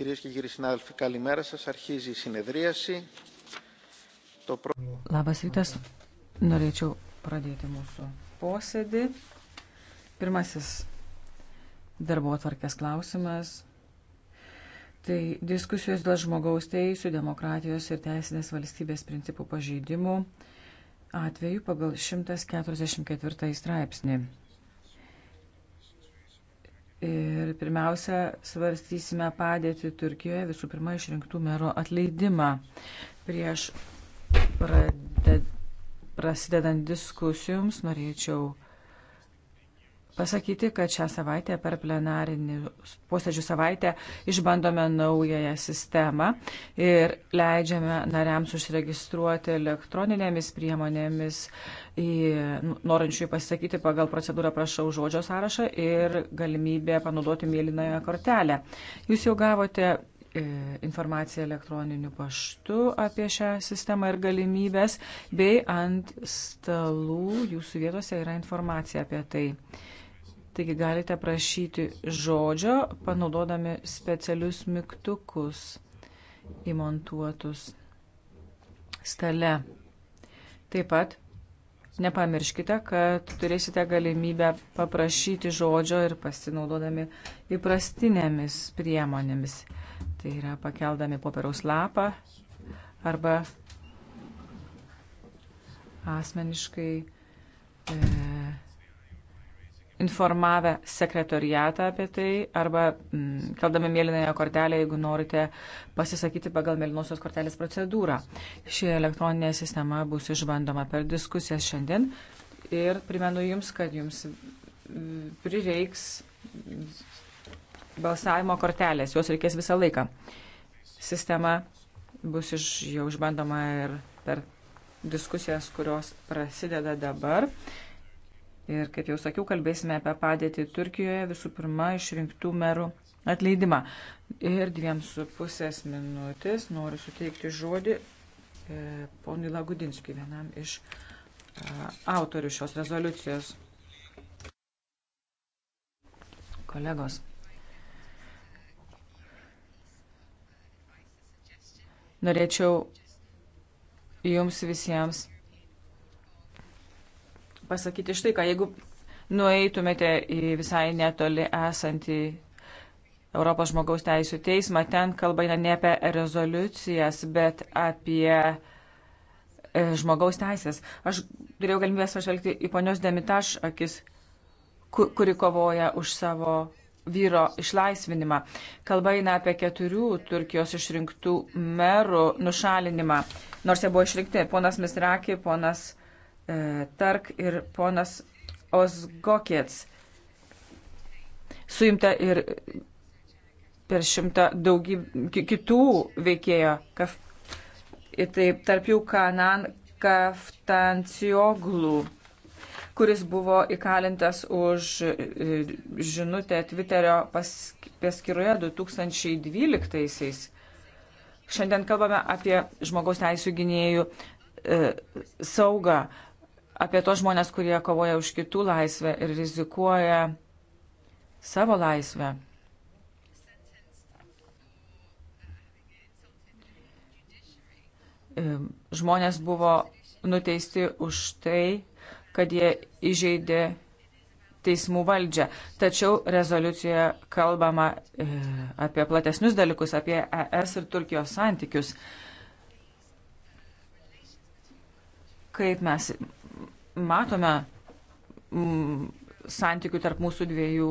Κυρίες και κύριοι συνάδελφοι, καλημέρα σας. Αρχίζει η συνεδρίαση. Το προ... Labas rytas. Norėčiau pradėti mūsų posėdį. Pirmasis darbo atvarkės klausimas. Tai diskusijos dėl žmogaus teisų, demokratijos ir teisinės valstybės principų pažeidimų atveju pagal 144 straipsnį. Ir pirmiausia, svarstysime padėti Turkijoje visų pirma išrinktų mero atleidimą. Prieš pradedant diskusijoms norėčiau pasakyti, kad šią savaitę per plenarinį posėdžių savaitę išbandome naująją sistemą ir leidžiame nariams užsiregistruoti elektroninėmis priemonėmis, į, nu, norinčių pasakyti pagal procedūrą prašau žodžio sąrašą ir galimybę panaudoti mėlynąją kortelę. Jūs jau gavote e, informaciją elektroniniu paštu apie šią sistemą ir galimybės, bei ant stalų jūsų vietose yra informacija apie tai. Taigi galite prašyti žodžio, panaudodami specialius mygtukus įmontuotus stale. Taip pat nepamirškite, kad turėsite galimybę paprašyti žodžio ir pasinaudodami įprastinėmis priemonėmis. Tai yra pakeldami popieriaus lapą arba asmeniškai e, informavę sekretoriatą apie tai arba mm, keldami mėlynąją kortelę, jeigu norite pasisakyti pagal mėlynosios kortelės procedūrą. Ši elektroninė sistema bus išbandoma per diskusijas šiandien ir primenu Jums, kad Jums prireiks balsavimo kortelės, jos reikės visą laiką. Sistema bus iš, jau išbandoma ir per diskusijas, kurios prasideda dabar. Ir kaip jau sakiau, kalbėsime apie padėtį Turkijoje, visų pirma, išrinktų merų atleidimą. Ir dviem su pusės minutės noriu suteikti žodį e, ponui Lagudinskiui, vienam iš e, autorių šios rezoliucijos. Kolegos. Norėčiau jums visiems pasakyti štai ką, jeigu nueitumėte į visai netoli esantį Europos žmogaus teisų teismą, ten kalba eina ne apie rezoliucijas, bet apie e, žmogaus teisės. Aš turėjau galimybę pažvelgti į ponios Demitaš akis, kuri kovoja už savo vyro išlaisvinimą. Kalba eina apie keturių Turkijos išrinktų merų nušalinimą. Nors jie buvo išrinkti ponas Misraki, ponas E, Tark ir ponas Osgokėts. Suimta ir per šimtą daugybę kitų veikėjo. Kaf, taip, tarp jų Kanan Kaftancijoglų, kuris buvo įkalintas už e, žinutę Twitterio paskyroje 2012-aisiais. Šiandien kalbame apie žmogaus teisų gynėjų e, saugą. E, apie tos žmonės, kurie kovoja už kitų laisvę ir rizikuoja savo laisvę. Žmonės buvo nuteisti už tai, kad jie įžeidė teismų valdžią. Tačiau rezoliucijoje kalbama e, apie platesnius dalykus, apie ES ir Turkijos santykius. Kaip mes matome mm, santykių tarp mūsų dviejų,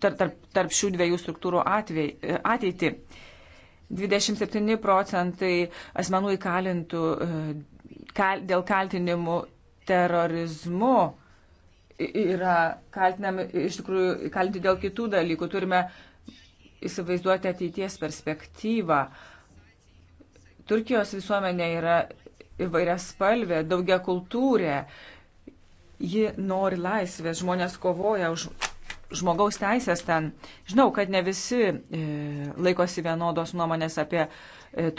tarp, tarp, tarp šių dviejų struktūrų atvej, ateitį. 27 procentai asmenų įkalintų e, kal, dėl kaltinimų terorizmu yra kaltinami, iš tikrųjų, kaltinti dėl kitų dalykų. Turime įsivaizduoti ateities perspektyvą. Turkijos visuomenė yra įvairias spalvę, daugia kultūrę. Ji nori laisvės, žmonės kovoja už žmogaus teisės ten. Žinau, kad ne visi e, laikosi vienodos nuomonės apie e,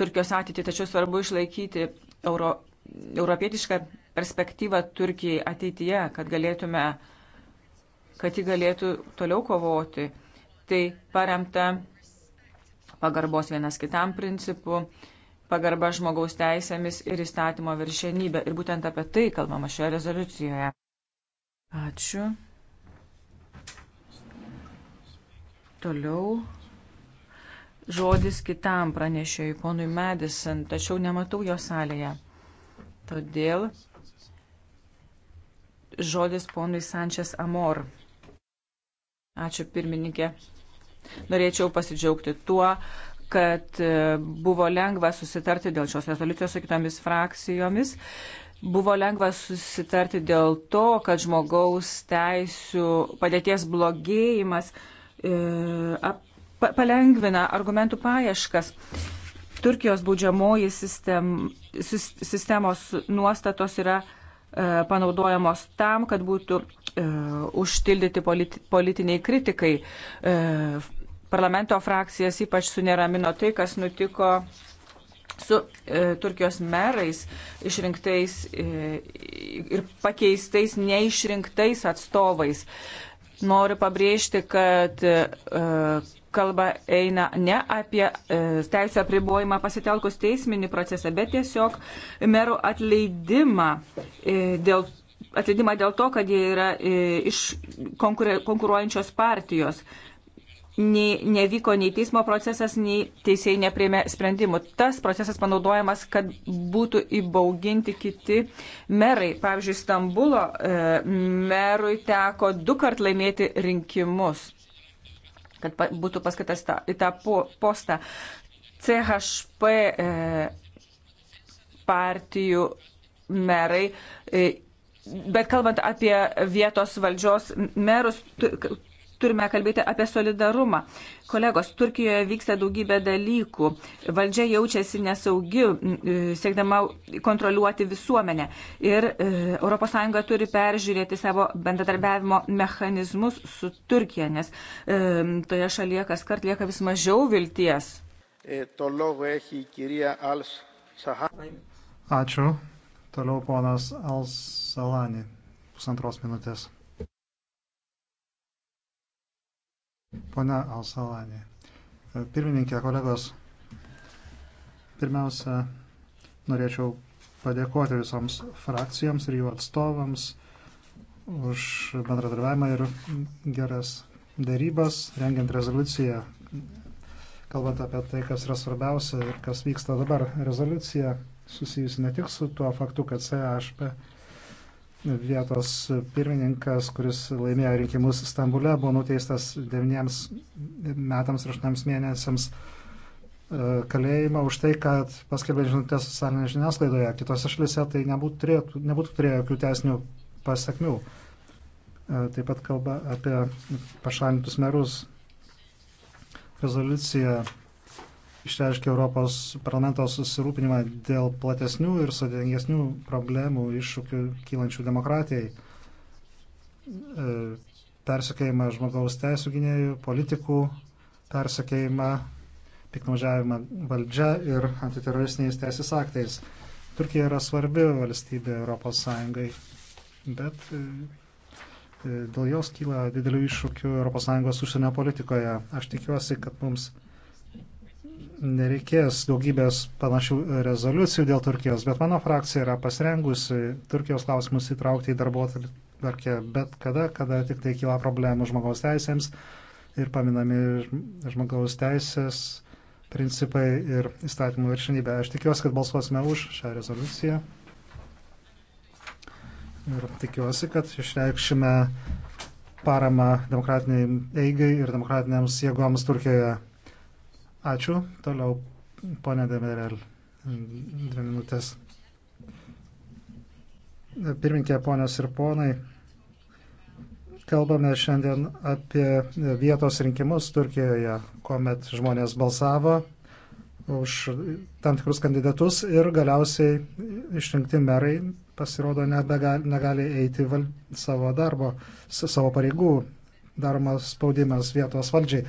Turkijos ateitį, tačiau svarbu išlaikyti euro, europietišką perspektyvą Turkijai ateityje, kad galėtume, kad ji galėtų toliau kovoti. Tai paremta pagarbos vienas kitam principu, pagarba žmogaus teisėmis ir įstatymo viršenybė. Ir būtent apie tai kalbama šioje rezoliucijoje. Ačiū. Toliau žodis kitam pranešėjui, ponui Madison, tačiau nematau jo salėje. Todėl žodis ponui Sančias Amor. Ačiū pirmininkė. Norėčiau pasidžiaugti tuo, kad e, buvo lengva susitarti dėl šios rezoliucijos su kitomis frakcijomis. Buvo lengva susitarti dėl to, kad žmogaus teisų padėties blogėjimas e, palengvina argumentų paieškas. Turkijos baudžiamoji sistem, sistemos nuostatos yra e, panaudojamos tam, kad būtų e, užtildyti politi, politiniai kritikai. E, Parlamento frakcijas ypač suneramino tai, kas nutiko su e, Turkijos merais išrinktais e, ir pakeistais neišrinktais atstovais. Noriu pabrėžti, kad e, kalba eina ne apie e, teisę apribojimą pasitelkus teisminį procesą, bet tiesiog merų atleidimą e, dėl atleidimą dėl to, kad jie yra e, iš konkuruojančios partijos nei, nevyko nei teismo procesas, nei teisėjai neprėmė sprendimų. Tas procesas panaudojamas, kad būtų įbauginti kiti merai. Pavyzdžiui, Stambulo e, merui teko du kart laimėti rinkimus, kad pa, būtų paskatas ta, į tą po, postą. CHP e, partijų merai. E, Bet kalbant apie vietos valdžios merus, turime kalbėti apie solidarumą. Kolegos, Turkijoje vyksta daugybė dalykų. Valdžia jaučiasi nesaugi, e, siekdama kontroliuoti visuomenę. Ir ES turi peržiūrėti savo bendradarbiavimo mechanizmus su Turkija, nes e, toje šalyje kas kart lieka vis mažiau vilties. E, Ačiū. Toliau ponas Alsalani, pusantros minutės. Pone Alsalanė. Pirmininkė, kolegos, pirmiausia, norėčiau padėkoti visoms frakcijoms ir jų atstovams už bendradarbiavimą ir geras darybas, rengiant rezoliuciją, kalbant apie tai, kas yra svarbiausia ir kas vyksta dabar. Rezoliucija susijusi ne tik su tuo faktu, kad CHP vietos pirmininkas, kuris laimėjo rinkimus Stambule, buvo nuteistas devyniems metams ir aštuoniams mėnesiams e, kalėjimą už tai, kad paskelbė žinutės socialinėje žiniasklaidoje. Kitose šalise tai nebūtų turėjo, nebūtų turėjo jokių teisinių pasakmių. E, taip pat kalba apie pašalintus merus. Rezoliucija išreiškė Europos parlamento susirūpinimą dėl platesnių ir sudėtingesnių problemų iššūkių kylančių demokratijai. E, persekėjimą žmogaus teisų gynėjų, politikų persekėjimą, piknaudžiavimą valdžia ir antiteroristiniais teisės aktais. Turkija yra svarbi valstybė Europos Sąjungai, bet e, e, dėl jos kyla didelių iššūkių Europos Sąjungos užsienio politikoje. Aš tikiuosi, kad mums nereikės daugybės panašių rezoliucijų dėl Turkijos, bet mano frakcija yra pasirengusi Turkijos klausimus įtraukti į darbo atvarkę bet kada, kada tik tai kyla problemų žmogaus teisėms ir paminami žmogaus teisės principai ir įstatymų viršinybė. Aš tikiuosi, kad balsuosime už šią rezoliuciją ir tikiuosi, kad išreikšime paramą demokratiniai eigai ir demokratiniams jėgoms Turkijoje. Ačiū. Toliau, ponė Demerel, dvi minutės. Pirminkė, ponios ir ponai, kalbame šiandien apie vietos rinkimus Turkijoje, kuomet žmonės balsavo už tam tikrus kandidatus ir galiausiai išrinkti merai pasirodo nebegali, negali eiti val, savo darbo, savo pareigų, daromas spaudimas vietos valdžiai.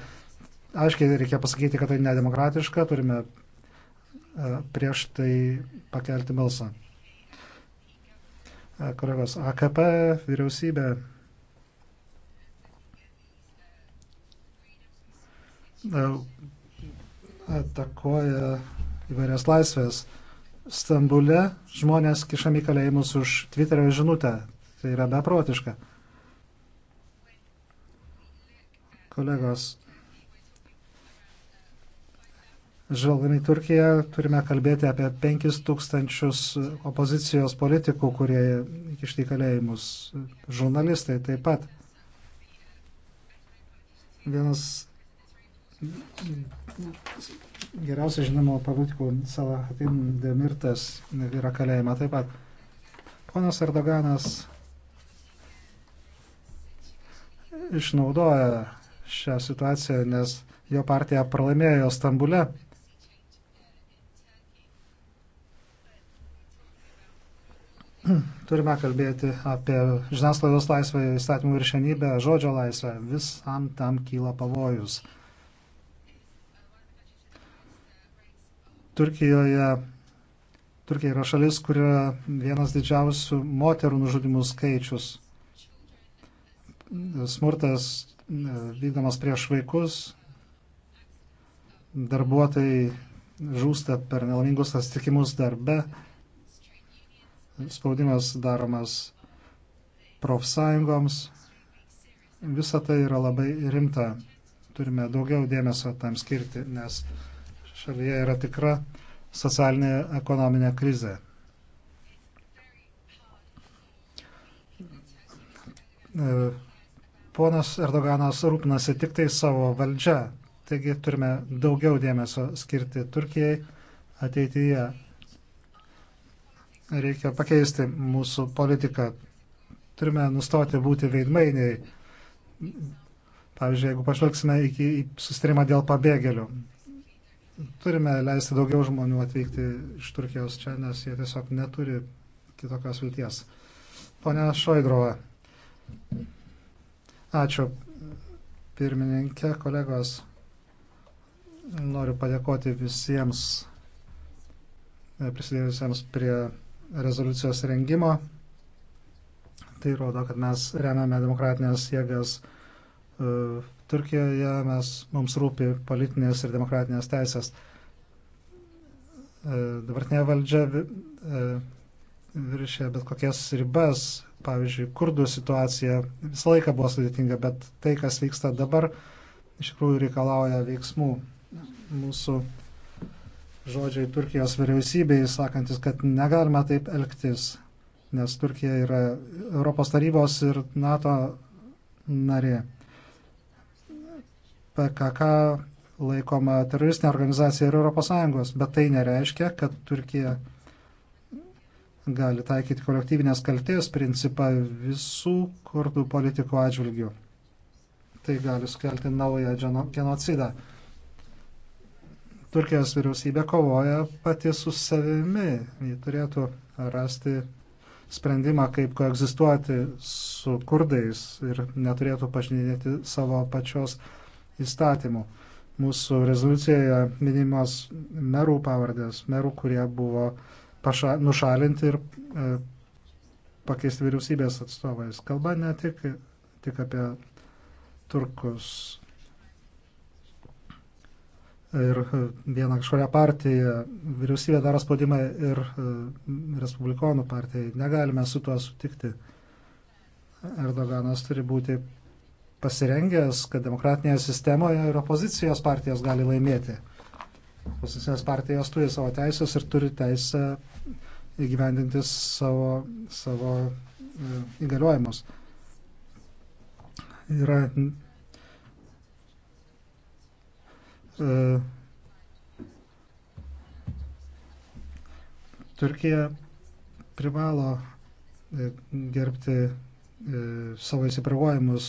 Aiškiai reikia pasakyti, kad tai nedemokratiška, turime e, prieš tai pakelti balsą. E, kolegos, AKP vyriausybė e, atakoja įvairias laisvės. Stambule žmonės kišami kalėjimus už Twitterio žinutę. Tai yra beprotiška. Kolegos, Žvelgdami į Turkiją turime kalbėti apie 5000 opozicijos politikų, kurie išti kalėjimus, žurnalistai taip pat. Vienas geriausiai žinomo politikų Salahatin Demirtas yra kalėjime taip pat. Ponas Erdoganas išnaudoja šią situaciją, nes jo partija pralaimėjo Stambule turime kalbėti apie žiniasklaidos laisvę, įstatymų viršenybę, žodžio laisvę. Visam tam kyla pavojus. Turkijoje, Turkija yra šalis, kur yra vienas didžiausių moterų nužudimų skaičius. Smurtas e, vykdomas prieš vaikus, darbuotojai žūsta per nelaimingus atsitikimus darbe spaudimas daromas profsąjungoms. Visa tai yra labai rimta. Turime daugiau dėmesio tam skirti, nes šalyje yra tikra socialinė ekonominė krizė. E, ponas Erdoganas rūpinasi tik tai savo valdžia, taigi turime daugiau dėmesio skirti Turkijai ateityje reikia pakeisti mūsų politiką. Turime nustoti būti veidmainiai. Pavyzdžiui, jeigu pažvelgsime iki sustarimą dėl pabėgėlių, turime leisti daugiau žmonių atvykti iš Turkijos čia, nes jie tiesiog neturi kitokios vilties. Pone Šoidrova, ačiū pirmininkė, kolegos. Noriu padėkoti visiems prisidėjusiems prie rezoliucijos rengimo. Tai rodo, kad mes remiame demokratinės jėgas e, Turkijoje, mes, mums rūpi politinės ir demokratinės teisės. E, dabartinė valdžia e, viršė bet kokias ribas, pavyzdžiui, kurdų situacija visą laiką buvo sudėtinga, bet tai, kas vyksta dabar, iš tikrųjų reikalauja veiksmų. Mūsų žodžiai Turkijos vyriausybei, sakantis, kad negalima taip elgtis, nes Turkija yra Europos tarybos ir NATO narė. PKK laikoma teroristinė organizacija ir ES, bet tai nereiškia, kad Turkija gali taikyti kolektyvinės kalties principą visų kurdų politikų atžvilgių. Tai gali sukelti naują genocidą. Turkijos vyriausybė kovoja pati su savimi. Ji turėtų rasti sprendimą, kaip koegzistuoti su kurdais ir neturėtų pažinėti savo pačios įstatymų. Mūsų rezoliucijoje minimos merų pavardės, merų, kurie buvo paša, nušalinti ir e, pakeisti vyriausybės atstovais. Kalba ne tik, tik apie turkus ir e, vieną kažkokią partiją. Vyriausybė daro spaudimą ir e, Respublikonų partijai. Negalime su tuo sutikti. Erdoganas turi būti pasirengęs, kad demokratinėje sistemoje ir opozicijos partijos gali laimėti. Opozicijos partijos turi savo teisės ir turi teisę įgyvendinti savo, savo e, įgaliojimus. Yra E, Turkija privalo e, gerbti e, savo įsipareigojimus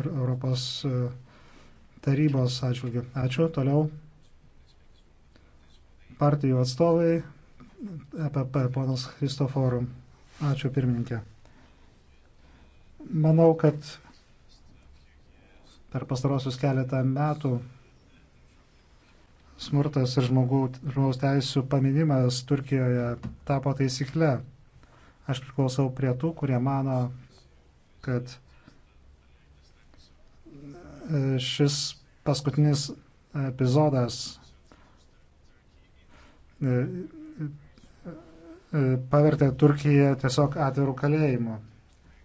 ir Europos tarybos atžvilgių. Ačiū. Toliau partijų atstovai EPP ponas Kristoforum. Ačiū pirmininkė. Manau, kad Per pastarosius keletą metų smurtas ir žmogaus teisų paminimas Turkijoje tapo taisykle. Aš priklausau prie tų, kurie mano, kad e, šis paskutinis epizodas e, e, pavertė Turkiją tiesiog atvirų kalėjimų.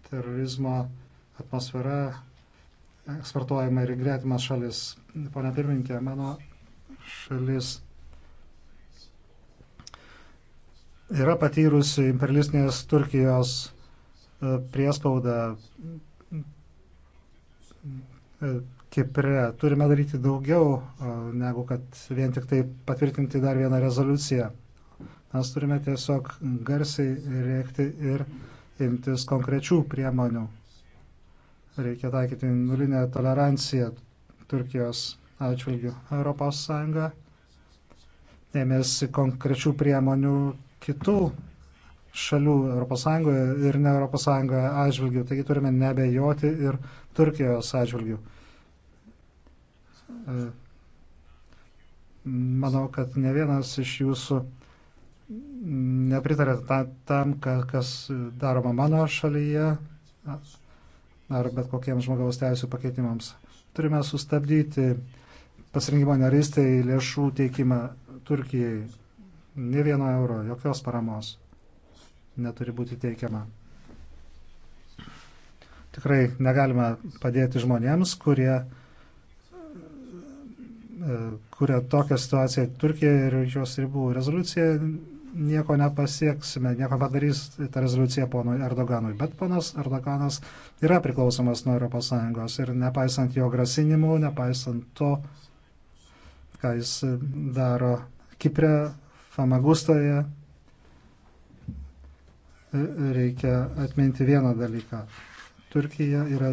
Terorizmo atmosfera eksportuojama ir gretimas šalis. Pone pirmininkė, mano šalis yra patyrusi imperialistinės Turkijos e, priespaudą e, Kipre. Turime daryti daugiau, e, negu kad vien tik tai patvirtinti dar vieną rezoliuciją. Mes turime tiesiog garsiai rėkti ir imtis konkrečių priemonių reikia taikyti nulinę toleranciją Turkijos atžvilgių. Europos Sąjunga ėmėsi konkrečių priemonių kitų šalių Europos Sąjungoje ir ne Europos Sąjungoje atžvilgių. Taigi turime nebejoti ir Turkijos atžvilgių. Manau, kad ne vienas iš jūsų nepritarė tam, kas daroma mano šalyje ar bet kokiems žmogaus teisų pakeitimams. Turime sustabdyti pasirinkimo naristai lėšų teikimą Turkijai. Ne vieno euro, jokios paramos neturi būti teikiama. Tikrai negalime padėti žmonėms, kurie e, kuria tokią situaciją Turkijoje ir jos ribų. Rezoliucija nieko nepasieksime, nieko padarys ta rezoliucija ponui Erdoganui. Bet ponas Erdoganas yra priklausomas nuo ES ir nepaisant jo grasinimų, nepaisant to, ką jis daro Kiprė, Famagustoje, reikia atminti vieną dalyką. Turkija yra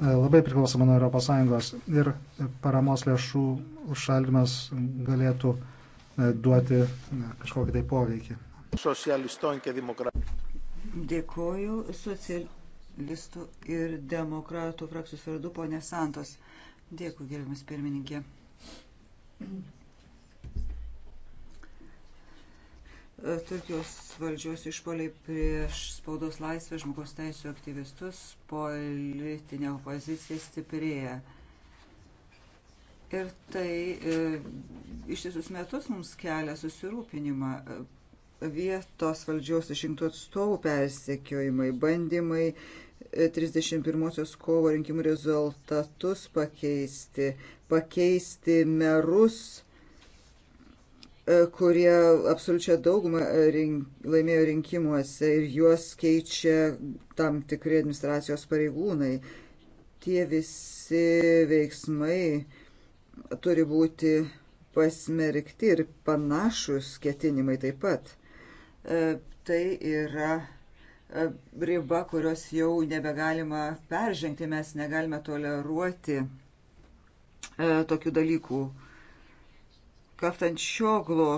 labai priklausoma nuo ES ir paramos lėšų užšaldimas galėtų uh, E, duoti e, kažkokį tai poveikį. Dėkoju socialistų ir demokratų frakcijos vardu, ponė Santos. Dėkui, gerbimas pirmininkė. E, Turkijos valdžios išpoliai prieš spaudos laisvę, žmogaus teisų aktyvistus, politinė opozicija stiprėja. Ir tai e, ištisus metus mums kelia susirūpinimą. E, vietos valdžios išrinktų atstovų persekiojimai, bandymai 31-osios e, kovo rinkimų rezultatus pakeisti, pakeisti merus, e, kurie absoliučią daugumą rink, laimėjo rinkimuose ir juos keičia tam tikri administracijos pareigūnai. Tie visi veiksmai turi būti pasmerkti ir panašus ketinimai taip pat. E, tai yra e, riba, kurios jau nebegalima peržengti, mes negalime toleruoti e, tokių dalykų. Kaftančioglo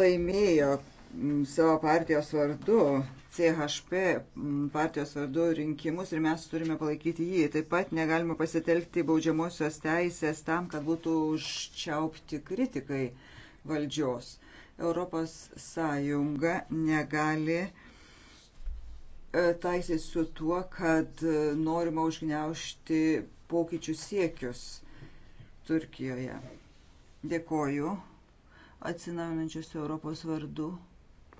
laimėjo savo partijos vardu CHP partijos vardu rinkimus ir mes turime palaikyti jį. Taip pat negalima pasitelkti baudžiamosios teisės tam, kad būtų užčiaupti kritikai valdžios. Europos Sąjunga negali e, taisys su tuo, kad e, norima užgneušti pokyčių siekius Turkijoje. Dėkoju atsinaujančios Europos vardu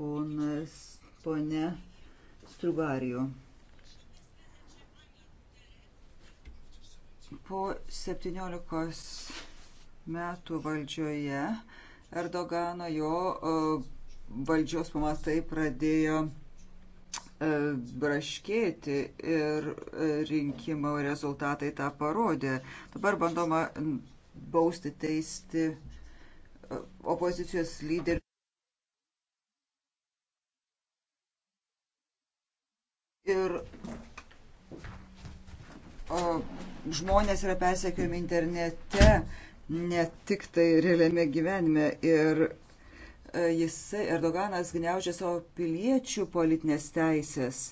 ponas, ponė Strubarijo. Po 17 metų valdžioje Erdogano jo e, valdžios pamatai pradėjo e, braškėti ir e, rinkimų rezultatai tą parodė. Dabar bandoma bausti teisti opozicijos lyderį. ir o, žmonės yra persekiojami internete, ne tik tai realiame gyvenime. Ir e, jisai, Erdoganas, gniaužia savo piliečių politinės teisės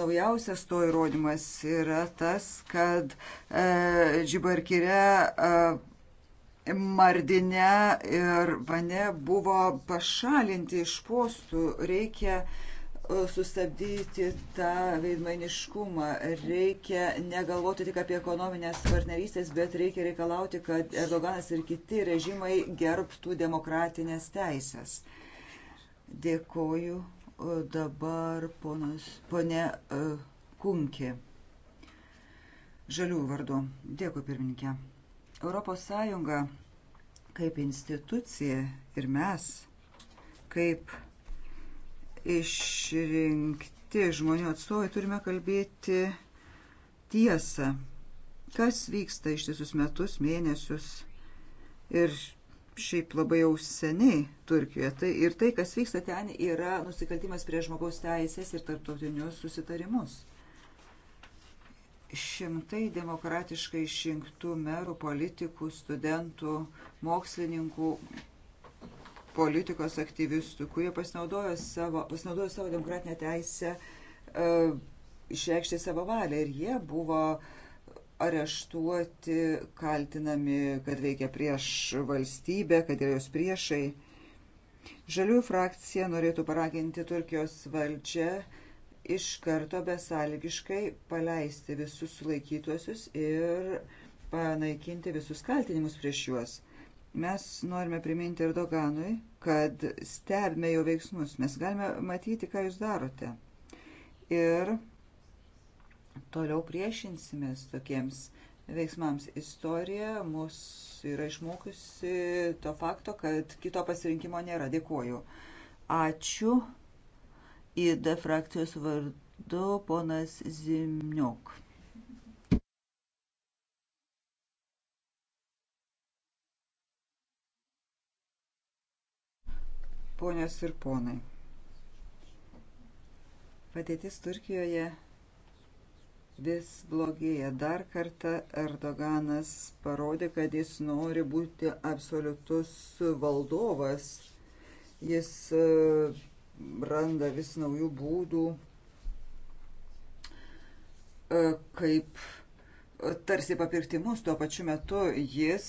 naujausias to įrodymas yra tas, kad e, Džibarkire, e, Mardine ir Vane buvo pašalinti iš postų. Reikia e, sustabdyti tą veidmainiškumą. Reikia negalvoti tik apie ekonominės partnerystės, bet reikia reikalauti, kad Erdoganas ir kiti režimai gerbtų demokratinės teisės. Dėkoju e, dabar ponas, ponė e, Kunkė. Žalių vardu. Dėkui, pirmininkė. Europos Sąjunga kaip institucija ir mes, kaip išrinkti žmonių atstovai turime kalbėti tiesą, kas vyksta ištisus metus, mėnesius ir šiaip labai jau seniai Turkijoje. Tai ir tai, kas vyksta ten, yra nusikaltimas prie žmogaus teisės ir tarptautinius susitarimus. Šimtai demokratiškai išrinktų merų, politikų, studentų, mokslininkų politikos aktyvistų, kurie pasinaudojo savo, pasinaudojo savo demokratinę teisę e, išreikšti savo valią. Ir jie buvo areštuoti, kaltinami, kad veikia prieš valstybę, kad yra jos priešai. Žaliųjų frakcija norėtų paraginti Turkijos valdžią iš karto besalgiškai paleisti visus sulaikytuosius ir panaikinti visus kaltinimus prieš juos. Mes norime priminti Erdoganui, kad stebime jo veiksmus. Mes galime matyti, ką jūs darote. Ir toliau priešinsimės tokiems veiksmams. Istorija mus yra išmokusi to fakto, kad kito pasirinkimo nėra. Dėkuoju. Ačiū. ID frakcijos vardu ponas Zimniuk. ponios ir ponai. Padėtis Turkijoje vis blogėja. Dar kartą Erdoganas parodė, kad jis nori būti absoliutus valdovas. Jis e, randa vis naujų būdų, e, kaip e, tarsi papirkti mus tuo pačiu metu jis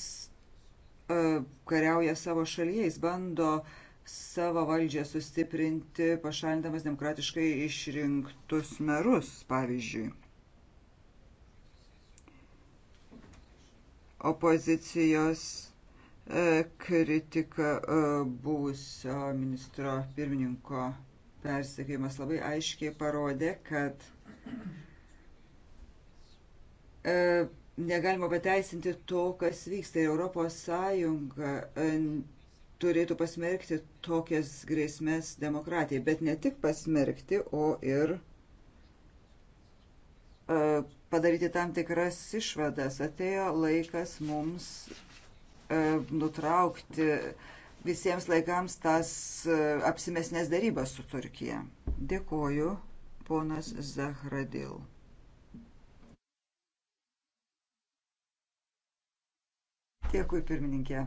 kariauja savo šalyje, jis bando uh, savo valdžią sustiprinti, pašalindamas demokratiškai išrinktus merus, pavyzdžiui. Opozicijos e, kritika e, buvusio ministro pirmininko persekėjimas labai aiškiai parodė, kad e, negalima pateisinti to, kas vyksta. Ir Europos Sąjunga turėtų pasmerkti tokias grėsmės demokratijai, bet ne tik pasmerkti, o ir e, padaryti tam tikras išvadas. Atėjo laikas mums e, nutraukti visiems laikams tas e, apsimesnės darybas su Turkija. Dėkoju, ponas Zahradil. Dėkui, pirmininkė.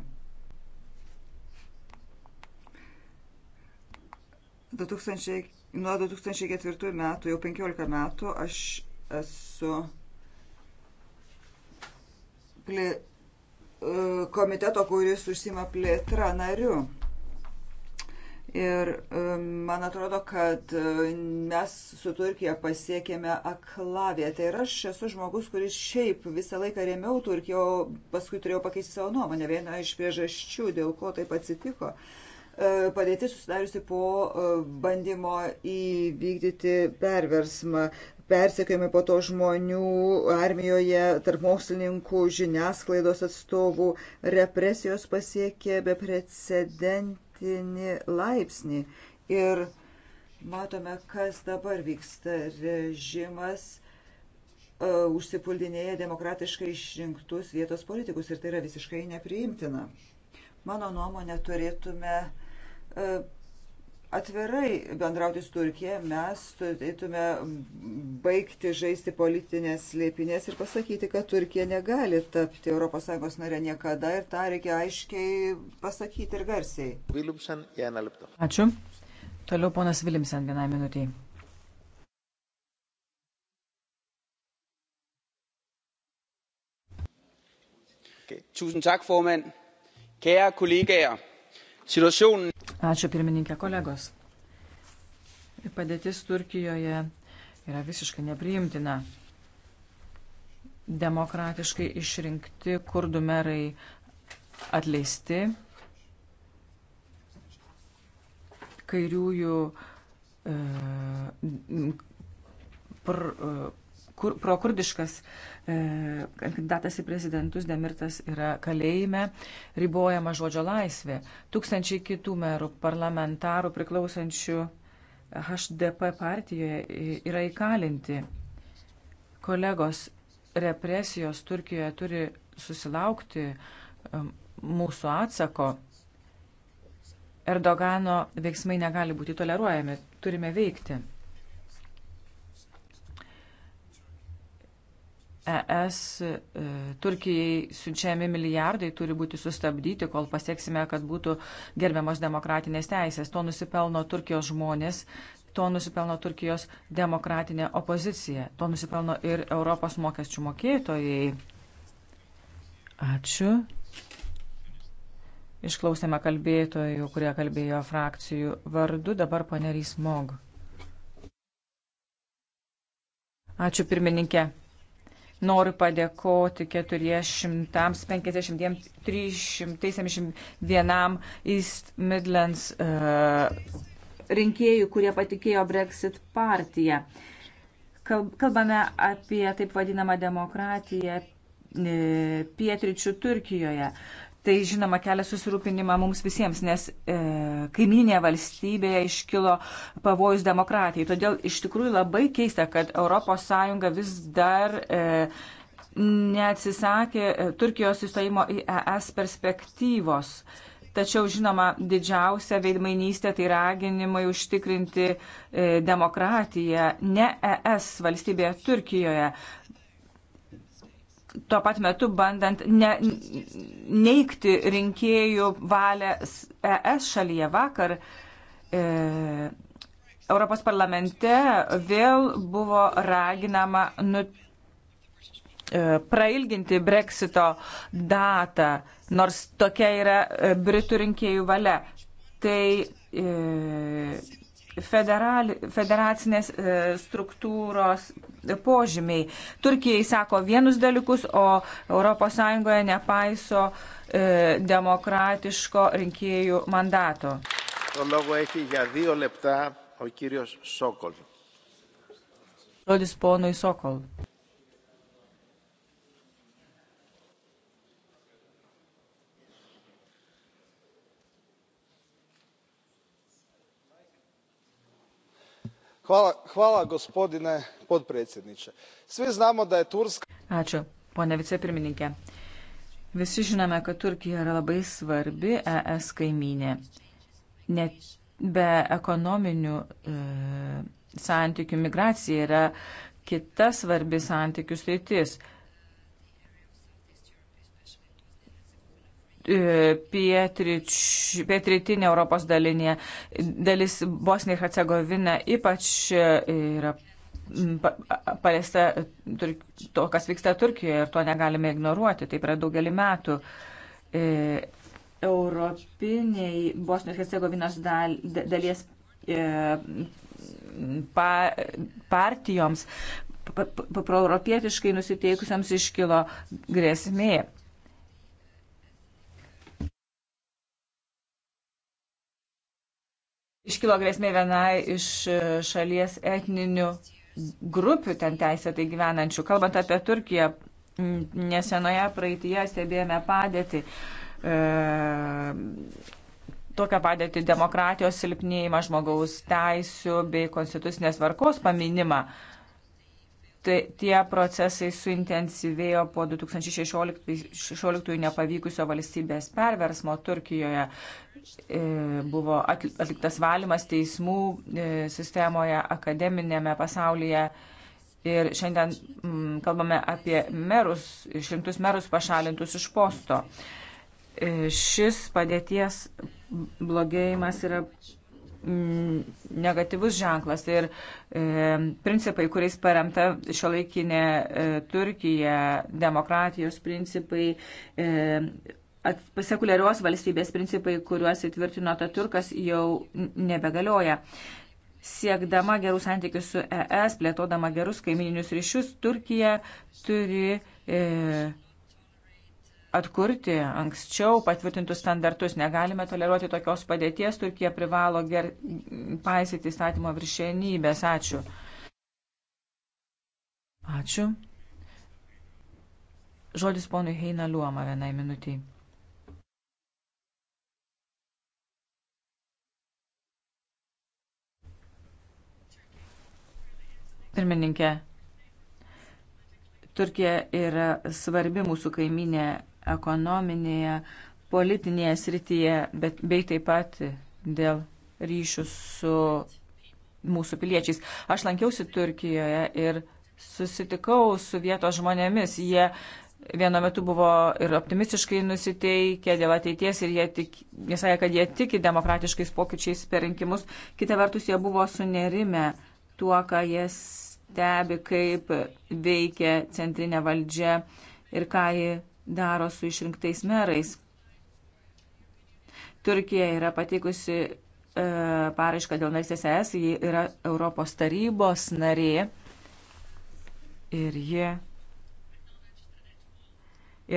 2000, nuo 2004 metų, jau 15 metų, aš esu plė, e, komiteto, kuris užsima plėtra nariu. Ir e, man atrodo, kad e, mes su Turkija pasiekėme aklavietę. Tai ir aš esu žmogus, kuris šiaip visą laiką rėmiau Turkiją, o paskui turėjau pakeisti savo nuomonę. Viena iš priežasčių, dėl ko taip atsitiko, uh, E, padėtis susidariusi po e, bandymo įvykdyti perversmą. Persekiojami po to žmonių armijoje, tarp mokslininkų, žiniasklaidos atstovų, represijos pasiekė beprecedentinį laipsnį. Ir matome, kas dabar vyksta. Režimas uh, užsipuldinėja demokratiškai išrinktus vietos politikus ir tai yra visiškai nepriimtina. Uh, Mano nuomonė, turėtume e, atvirai bendrauti su Turkija, mes turėtume baigti žaisti politinės slėpinės ir pasakyti, kad Turkija negali tapti ES nare niekada ir tą reikia aiškiai pasakyti ir garsiai. Ačiū. Toliau ponas Vilimsen vienai minutiai. tusind tak formand Ačiū pirmininkė kolegos. Padėtis Turkijoje yra visiškai nepriimtina. Demokratiškai išrinkti kurdų merai atleisti. Kairiųjų e, pr, e, kur, prokurdiškas e, kandidatas į prezidentus Demirtas yra kalėjime, ribojama žodžio laisvė. Tūkstančiai kitų merų, parlamentarų priklausančių HDP partijoje yra įkalinti. Kolegos, represijos Turkijoje turi susilaukti e, mūsų atsako. Erdogano veiksmai negali būti toleruojami, turime veikti. ES e, Turkijai siunčiami milijardai turi būti sustabdyti, kol pasieksime, kad būtų gerbiamos demokratinės teisės. To nusipelno Turkijos žmonės, to nusipelno Turkijos demokratinė opozicija, to nusipelno ir Europos mokesčių mokėtojai. Ačiū. Išklausėme kalbėtojų, kurie kalbėjo frakcijų vardu, dabar panerys Mog. Ačiū pirmininkė. Noriu padėkoti 450-371 East Midlands uh, e, rinkėjų, kurie patikėjo Brexit partiją. Kalbame apie taip vadinamą demokratiją e, pietričių Turkijoje. Tai žinoma kelia susirūpinimą mums visiems, nes e, kaiminėje valstybėje iškilo pavojus demokratijai. Todėl iš tikrųjų labai keista, kad ES vis dar e, neatsisakė e, Turkijos įstojimo į ES perspektyvos. Tačiau, žinoma, didžiausia veidmainystė tai raginimai užtikrinti e, demokratiją ne ES valstybėje Turkijoje tuo pat metu bandant ne, neikti rinkėjų valią ES e šalyje vakar. E, Europos parlamente vėl buvo raginama nu, e, prailginti breksito datą, nors tokia yra e, Britų rinkėjų valia. Tai e, federal, federacinės e, struktūros požymiai. Turkijai sako vienus dalykus, o ES nepaiso e, demokratiško rinkėjų mandato. Žodis ponui Sokol. gospodine potpredsjedniče svi znamo da je turska. ačiū pone vicepirmininke visi žinome kad turkija yra labai svarbi es kaimynė net be ekonominių e, santykių migracija yra kita svarbi santykių sritis. E, pietrič, pietrytinė Europos dalinė, dalis Bosnija ir Hercegovina ypač e, yra paliesta e, to, kas vyksta Turkijoje ir to negalime ignoruoti. Taip yra daugelį metų. Europiniai Bosnijos ir Hercegovinos dal, dalies e, pa, partijoms proeuropietiškai nusiteikusiams iškilo grėsmė. iškilo grėsmė vienai iš e, šalies etninių grupių ten teisėtai gyvenančių. Kalbant apie Turkiją, nesenoje praeitie stebėjome padėtį. E, Tokią padėtį demokratijos silpnėjimą, žmogaus teisų bei konstitucinės varkos paminimą. E, tai, tie procesai suintensyvėjo po 2016 nepavykusio valstybės perversmo Turkijoje. E, buvo atliktas valymas teismų e, sistemoje, akademinėme pasaulyje. Ir šiandien m, mm, kalbame apie merus, šimtus merus pašalintus iš posto. E, šis padėties blogėjimas yra Mm, negatyvus ženklas ir e, principai, kuriais paremta šio laikinė e, Turkija, demokratijos principai, e, sekuliarios valstybės principai, kuriuos įtvirtino ta turkas, jau nebegalioja. Siekdama gerų santykių su ES, plėtodama gerus kaimininius ryšius, Turkija turi e, atkurti anksčiau patvirtintus standartus. Negalime toleruoti tokios padėties, Turkija privalo ger... paisyti įstatymo viršienybės. Ačiū. Ačiū. Žodis ponui Heina Luoma vienai minutiai. Pirmininkė, Turkija yra svarbi mūsų kaiminė ekonominėje, politinėje srityje, bet bei taip pat dėl ryšių su mūsų piliečiais. Aš lankiausi Turkijoje ir susitikau su vietos žmonėmis. Jie vienu metu buvo ir optimistiškai nusiteikę dėl ateities ir jie, tik, jie sakė, kad jie tiki demokratiškais pokyčiais per rinkimus. Kita vertus, jie buvo sunerime tuo, ką jie stebi, kaip veikia centrinė valdžia ir ką ji daro su išrinktais merais. Turkija yra pateikusi e, paraišką dėl narystės ES, ji yra Europos tarybos narė ir ji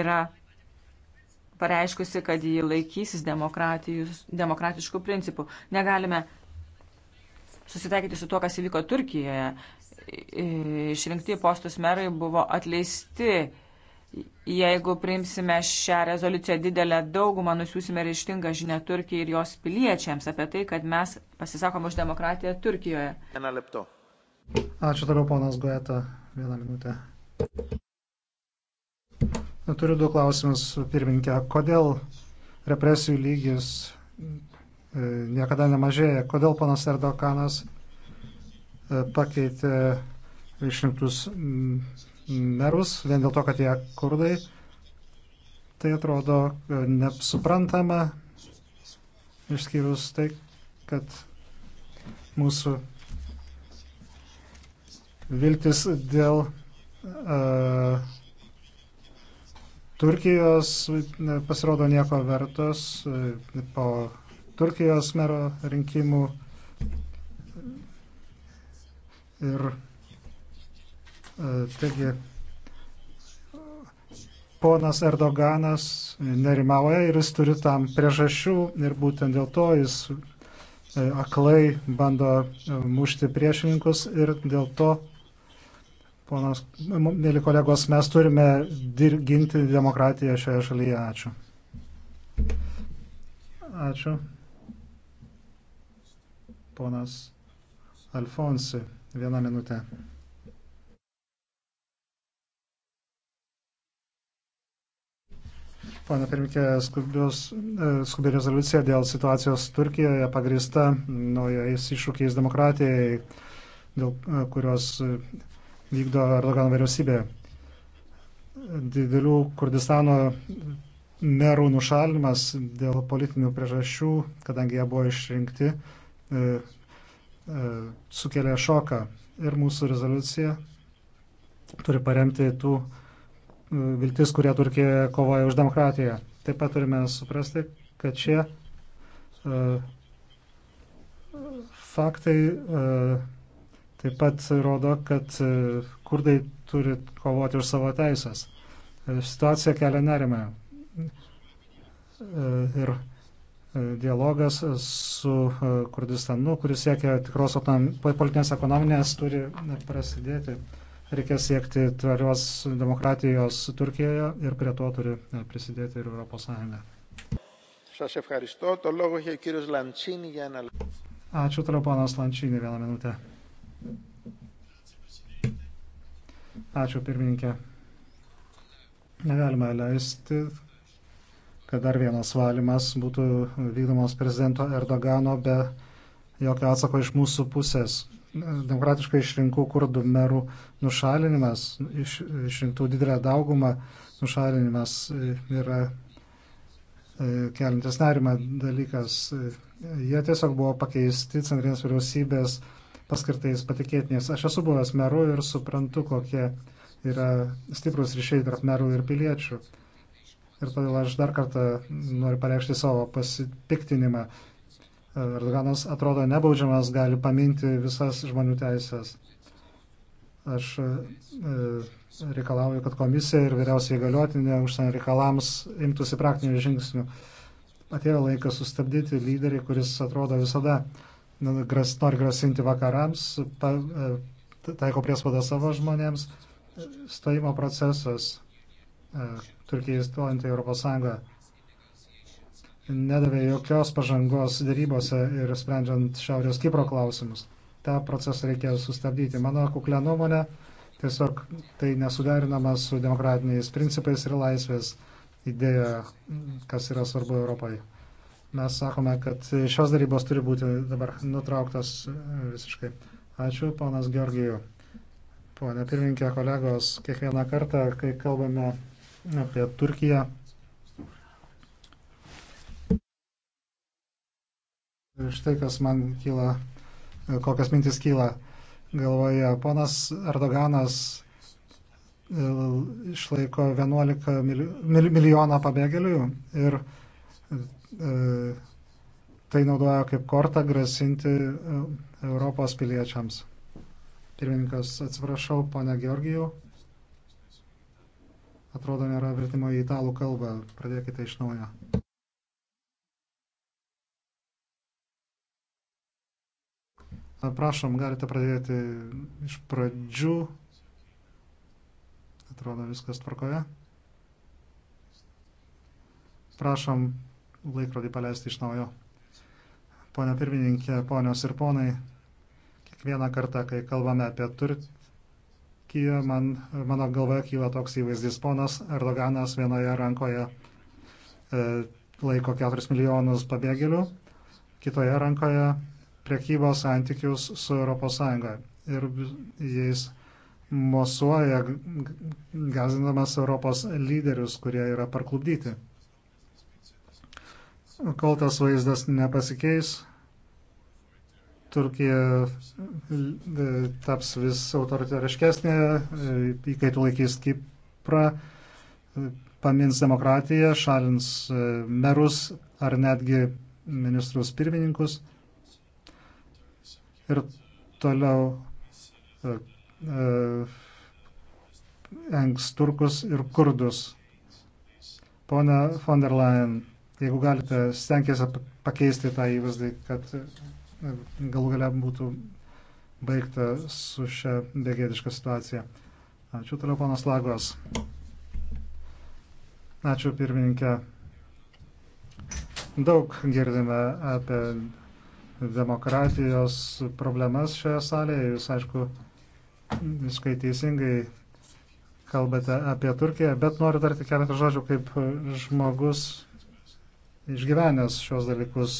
yra pareiškusi, kad ji laikysis demokratiškų principų. Negalime susitaikyti su tuo, kas įvyko Turkijoje. Išrinkti postus merai buvo atleisti jeigu priimsime šią rezoliuciją didelę daugumą, nusiųsime ryštingą žinę Turkijai ir jos piliečiams apie tai, kad mes pasisakom už demokratiją Turkijoje. Ačiū toliau, ponas Gueta. Vieną minutę. Turiu du klausimus, pirmininkė. Kodėl represijų lygis e, niekada nemažėja? Kodėl ponas Erdoganas e, pakeitė išrinktus merus, vien dėl to, kad jie kurdai. Tai atrodo e, nesuprantama, išskyrus tai, kad mūsų viltis dėl uh, Turkijos e, pasirodo nieko vertos uh, po Turkijos mero rinkimų ir E, taigi, ponas Erdoganas nerimauja ir jis turi tam priežasčių ir būtent dėl to jis e, aklai bando e, mušti priešininkus ir dėl to, ponas, mėly kolegos, mes turime ginti demokratiją šioje šalyje. Ačiū. Ačiū. Ponas Alfonsi, vieną minutę. Pane pirmininkė, e, skubi rezoliucija dėl situacijos Turkijoje pagrįsta naujais iššūkiais demokratijai, dėl e, kurios e, vykdo Erdogano vyriausybė. Didelių Kurdistano merų nušalimas dėl politinių priežasčių, kadangi jie buvo išrinkti, sukelia šoką. Ir mūsų rezoliucija turi paremti tų viltis, kurie Turkijoje kovoja už demokratiją. Taip pat turime suprasti, kad šie e, faktai e, taip pat rodo, kad e, kurdai turi kovoti už savo teisės. Situacija kelia nerimą. Ir dialogas su Kurdistanu, kuris siekia tikros politinės ekonominės, turi prasidėti. Reikia siekti tvarios demokratijos Turkijoje ir prie to turi e, prisidėti ir Europos Sąjunga. Ačiū, toliau ponas Lančinį, vieną minutę. Ačiū, pirmininkė. Negalime leisti, kad dar vienas valymas būtų vykdomas prezidento Erdogano be jokio atsako iš mūsų pusės demokratiškai išrinkų kurdų merų nušalinimas, iš, išrinktų didelę daugumą nušalinimas e, yra e, kelintis nerimą dalykas. E, jie tiesiog buvo pakeisti centrinės vyriausybės paskirtais patikėtiniais. Aš esu buvęs meru ir suprantu, kokie yra stiprus ryšiai tarp merų ir piliečių. Ir todėl aš dar kartą noriu pareikšti savo pasipiktinimą Erdoganas atrodo nebaudžiamas, gali paminti visas žmonių teisės. Aš e, e, reikalauju, kad komisija ir vyriausiai galiotinė užsienio reikalams imtųsi praktinių žingsnių. Atėjo laikas sustabdyti lyderį, kuris atrodo visada gras, nori grasinti vakarams, pa, e, taiko priespaudą savo žmonėms. Stojimo procesas Turkijai stojant į Europos Sąjungą nedavė jokios pažangos darybose ir sprendžiant Šiaurės Kipro klausimus. Ta procesą reikėjo sustabdyti. Mano kuklė nuomonė, tiesiog tai nesuderinama su demokratiniais principais ir laisvės idėja, kas yra svarbu Europai. Mes sakome, kad šios darybos turi būti dabar nutrauktos visiškai. Ačiū, ponas Georgijų. Pone pirmininkė, kolegos, kiekvieną kartą, kai kalbame apie Turkiją, Štai kas man kyla, e, kokias mintis kyla galvoje. Ponas Erdoganas e, išlaiko 11 milijoną pabėgėlių ir e, tai naudoja kaip kortą grasinti Europos piliečiams. Pirmininkas, atsiprašau, ponia Georgijau. Atrodo, nėra vertimo į italų kalbą. Pradėkite iš naujo. Prašom, galite pradėti iš pradžių. Atrodo, viskas tvarkoje. Prašom laikrodį paleisti iš naujo. Pone pirmininkė, ponios ir ponai, kiekvieną kartą, kai kalbame apie Turkiją, man, mano galvoje kyla toks įvaizdis. Ponas Erdoganas vienoje rankoje e, laiko 4 milijonus pabėgėlių, kitoje rankoje priekybos santykius su ES ir jais mosuoja gazindamas Europos lyderius, kurie yra parklubdyti. Kol tas vaizdas nepasikeis, Turkija e, taps vis autoritariškesnė, e, įkaitų laikys Kiprą, e, pamins demokratiją, šalins merus ar netgi ministrus pirmininkus ir toliau e, e, engs turkus ir kurdus. Pone von der Leyen, jeigu galite, stenkėsi pakeisti tą įvaizdį, kad e, galų galia būtų baigta su šia begėdiška situacija. Ačiū, toliau ponas Lagos. Ačiū, pirmininkė. Daug girdime apie demokratijos problemas šioje salėje. Jūs, aišku, viskai teisingai kalbate apie Turkiją, bet noriu dar tik keletą žodžių kaip žmogus išgyvenęs šios dalykus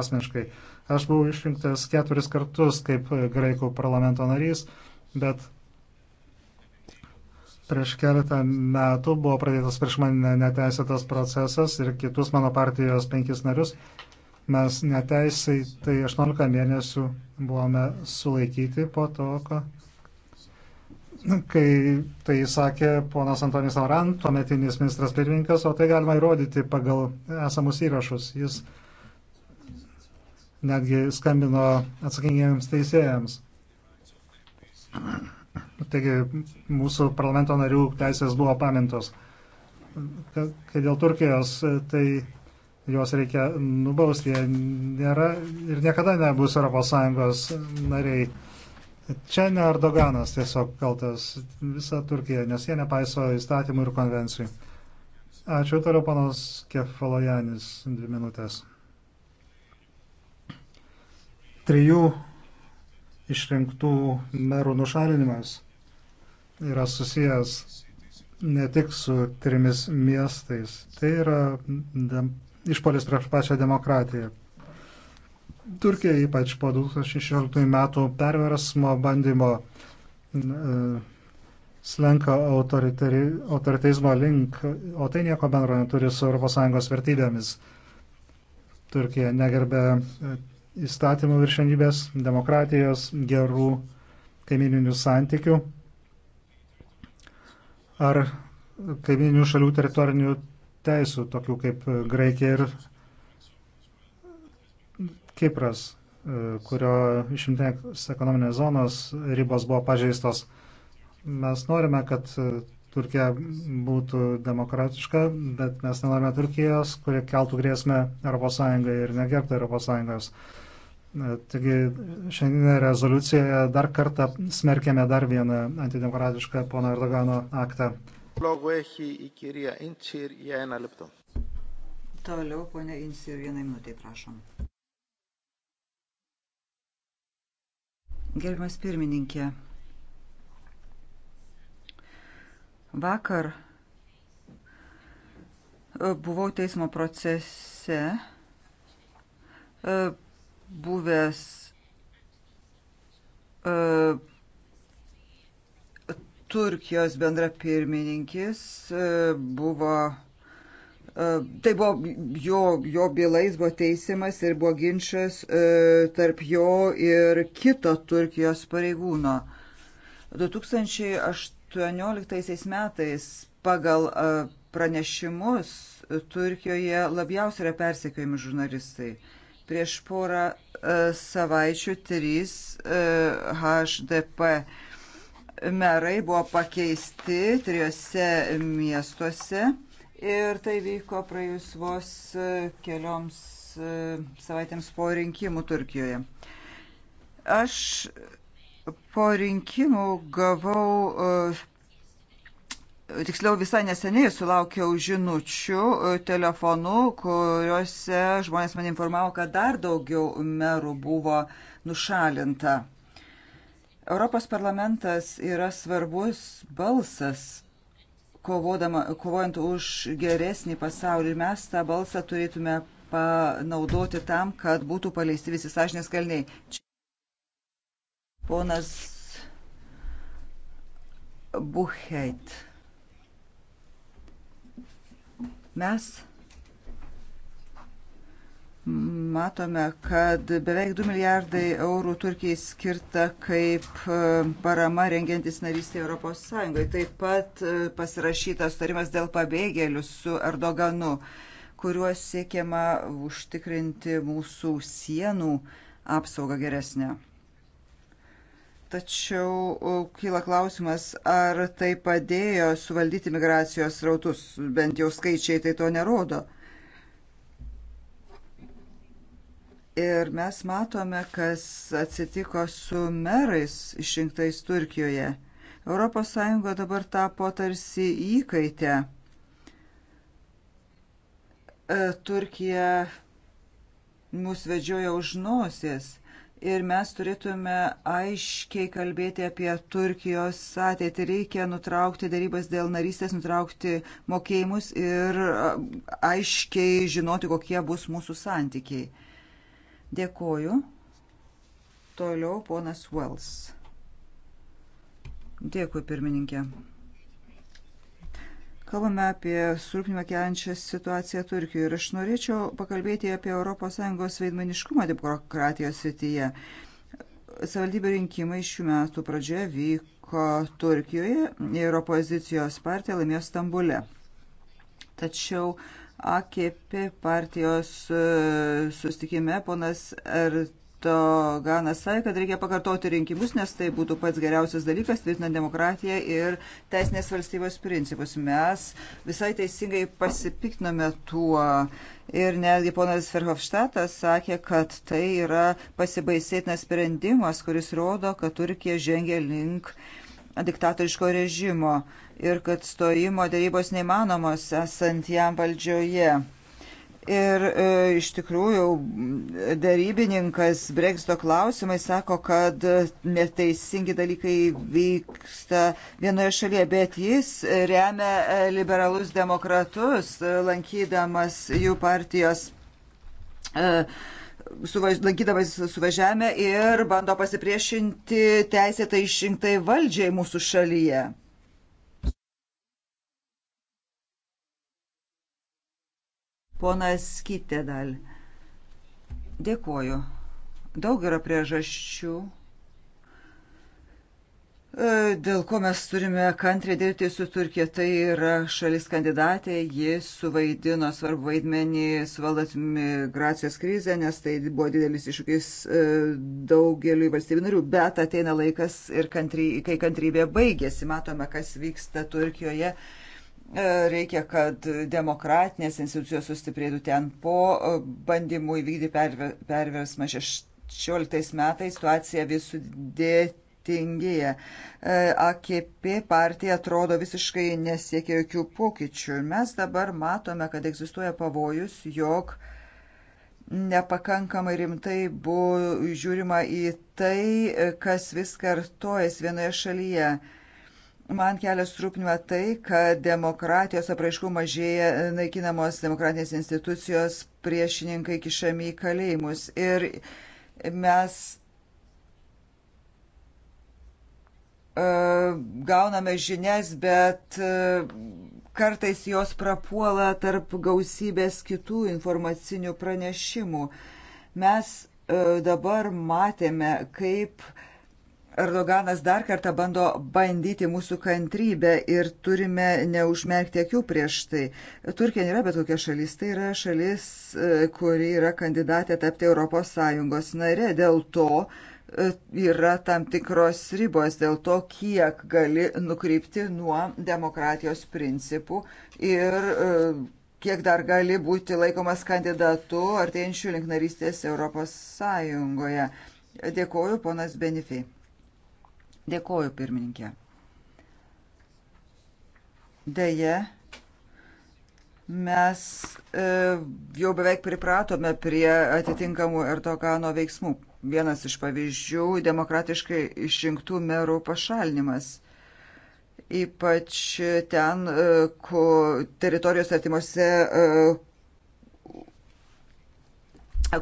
asmeniškai. Aš buvau išrinktas keturis kartus kaip graikų parlamento narys, bet prieš keletą metų buvo pradėtas prieš mane neteisėtas procesas ir kitus mano partijos penkis narius mes neteisai tai 18 mėnesių buvome sulaikyti po to, ko, kai tai sakė ponas Antonis Auran, tuometinis ministras pirmininkas, o tai galima įrodyti pagal esamus įrašus. Jis netgi skambino atsakingiems teisėjams. Taigi mūsų parlamento narių teisės buvo pamintos. Kai dėl Turkijos, tai juos reikia nubausti, jie nėra ir niekada nebus ES nariai. Čia ne Erdoganas tiesiog kaltas, visa Turkija, nes jie nepaiso įstatymų ir konvencijų. Ačiū toliau, panas Kefalojanis, dvi minutės. Trijų išrinktų merų nušalinimas yra susijęs ne tik su trimis miestais. Tai yra išpolis prieš pačią demokratiją. Turkija ypač po 2016 metų perversmo bandymo e, slenka autoritarizmo link, o tai nieko bendro neturi su ES vertybėmis. Turkija negerbė e, įstatymų viršenybės, demokratijos, gerų kaimininių santykių ar kaimininių šalių teritorinių teisų, tokių kaip Graikija ir Kipras, e, kurio išimtinės ekonominės zonos ribos buvo pažeistos. Mes norime, kad e, Turkija būtų demokratiška, bet mes nenorime Turkijos, kurie keltų grėsmę ES ir negerbtų ES. E, taigi šiandien rezoliucijoje dar kartą smerkėme dar vieną antidemokratišką pono Erdogano aktą. Λόγο έχει η κυρία Ιντσίρ για ένα λεπτό. Toliau, ponia Insir, vieną minutę, prašom. Gerbiamas pirmininkė, vakar e, buvau teismo procese e, buvęs e, Turkijos bendra pirmininkis e, buvo e, Tai buvo jo, jo bylais buvo teisiamas ir buvo ginčas e, tarp jo ir kito Turkijos pareigūno. 2018 metais pagal e, pranešimus Turkijoje labiausiai yra persekiojami žurnalistai. Prieš porą e, savaičių trys e, HDP e, merai buvo pakeisti trijose miestuose ir tai vyko praėjus vos e, kelioms e, savaitėms po rinkimų Turkijoje. Aš po rinkimų gavau e, tiksliau visai neseniai sulaukiau žinučių telefonu, kuriuose žmonės mane informavo, kad dar daugiau merų buvo nušalinta. Europos parlamentas yra svarbus balsas kovodama, kovojant už geresnį pasaulį ir mes tą balsą turėtume panaudoti tam, kad būtų paleisti visi sąžinės kalniai. Ponas Bucheit. Mes Matome, kad beveik 2 milijardai eurų Turkijai skirta kaip e, parama rengiantis narystė Europos Sąjungoje. Taip pat e, pasirašytas sutarimas dėl pabėgėlių su Erdoganu, kuriuos siekiama užtikrinti mūsų sienų apsaugą geresnę. Tačiau e, kyla klausimas, ar tai padėjo suvaldyti migracijos rautus, bent jau skaičiai tai to nerodo. Ir mes matome, kas atsitiko su merais išrinktais Turkijoje. ES dabar tapo tarsi įkaitę. E, Turkija mus vedžioja už nosies ir mes turėtume aiškiai kalbėti apie Turkijos ateitį. Reikia nutraukti darybas dėl narystės, nutraukti mokėjimus ir aiškiai žinoti, kokie bus mūsų santykiai. Dėkoju. Toliau ponas Wells. Dėkui, pirmininkė. Kalbame apie surūpinimą keliančią situaciją Turkijoje ir aš norėčiau pakalbėti apie ES veidmaniškumą demokratijos srityje. Savaldybių rinkimai šių metų pradžioje vyko Turkijoje ir opozicijos partija laimėjo Stambule. Tačiau uh, AKP partijos e, sustikime ponas Erdoganas sakė, kad reikia pakartoti rinkimus, nes tai būtų pats geriausias dalykas, tvirtinant demokratiją ir teisinės valstybės principus. Mes visai teisingai pasipiktiname tuo. Ir netgi ponas Verhofštatas sakė, kad tai yra pasibaisėtinas sprendimas, kuris rodo, kad Turkija žengia link uh, diktatoriško režimo ir kad stojimo dėrybos neįmanomos esant jam valdžioje. Ir e, iš tikrųjų darybininkas Brexito klausimai sako, kad neteisingi dalykai vyksta vienoje šalyje, bet jis remia e, liberalus demokratus, e, lankydamas jų partijos. E, suvaž, lankydamas suvažiavime ir bando pasipriešinti teisėtai išrinktai valdžiai mūsų šalyje. Ponas Kitedal. Dėkuoju. Daug yra priežasčių E, dėl ko mes turime kantriai dirbti su Turkija. Tai yra šalis kandidatė, ji suvaidino svarbu vaidmenį suvaldant migracijos krizę, nes tai buvo didelis iššūkis e, daugeliu valstybių narių, bet ateina laikas ir kantry, kai kantrybė baigėsi, matome, kas vyksta Turkijoje. E, reikia, kad demokratinės institucijos sustiprėtų ten po bandymų įvykdyti perversmą 16 metais. Situacija vis sudėti turtingėja. E, AKP partija atrodo visiškai nesiekia jokių pokyčių. Mes dabar matome, kad egzistuoja pavojus, jog nepakankamai rimtai buvo žiūrima į tai, kas vis kartojas vienoje šalyje. Man kelias rūpnima tai, kad demokratijos apraiškų mažėja, naikinamos demokratinės institucijos, priešininkai kišami į kalėjimus. Ir mes E, gauname žinias, bet e, kartais jos prapuola tarp gausybės kitų informacinių pranešimų. Mes e, dabar matėme, kaip Erdoganas dar kartą bando bandyti mūsų kantrybę ir turime neužmerkti akių prieš tai. Turkija nėra bet kokia šalis, tai yra šalis, kuri yra kandidatė tapti ES nare. Dėl to uh, yra tam tikros ribos dėl to, kiek gali nukrypti nuo demokratijos principų ir e, kiek dar gali būti laikomas kandidatu artėjančių link narystės Europos Sąjungoje. Dėkoju, ponas Benifei. Dėkoju, pirmininkė. Deja, mes e, jau beveik pripratome prie atitinkamų Erdogano veiksmų vienas iš pavyzdžių - demokratiškai išrinktų merų pašalinimas. Ypač ten, e, kur teritorijos artimuose e,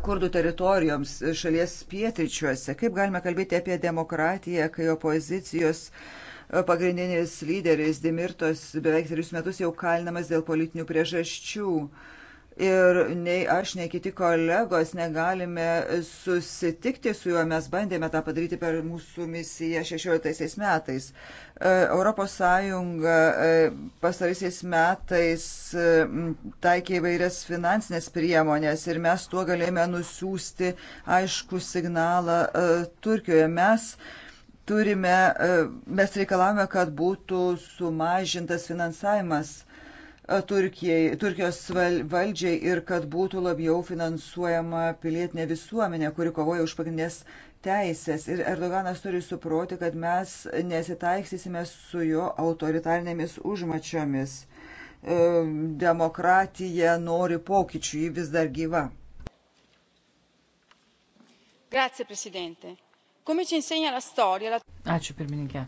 kurdų teritorijoms e, šalies pietryčiuose. Kaip galime kalbėti apie demokratiją, kai opozicijos pagrindinis lyderis Dimirtos beveik tris metus jau kalinamas dėl politinių priežasčių. Uh, ir nei aš, nei kiti kolegos negalime susitikti su juo. Mes bandėme tą padaryti per mūsų misiją 16 metais. E, Europos Sąjunga e, pastarysiais metais e, taikė įvairias finansinės priemonės ir mes tuo galėjome nusiųsti aišku signalą Turkijoje. Mes turime, mes reikalavome, kad būtų sumažintas finansavimas Turkijai, Turkijos valdžiai ir kad būtų labiau finansuojama pilietinė visuomenė, kuri kovoja už pagrindinės teisės. Ir Erdoganas turi suproti, kad mes nesitaiksysime su jo autoritarnėmis užmačiomis. E, demokratija nori pokyčių, ji vis dar gyva. Grazie, Presidente. Come ci insegna la storia? La... Ačiū, pirmininkė.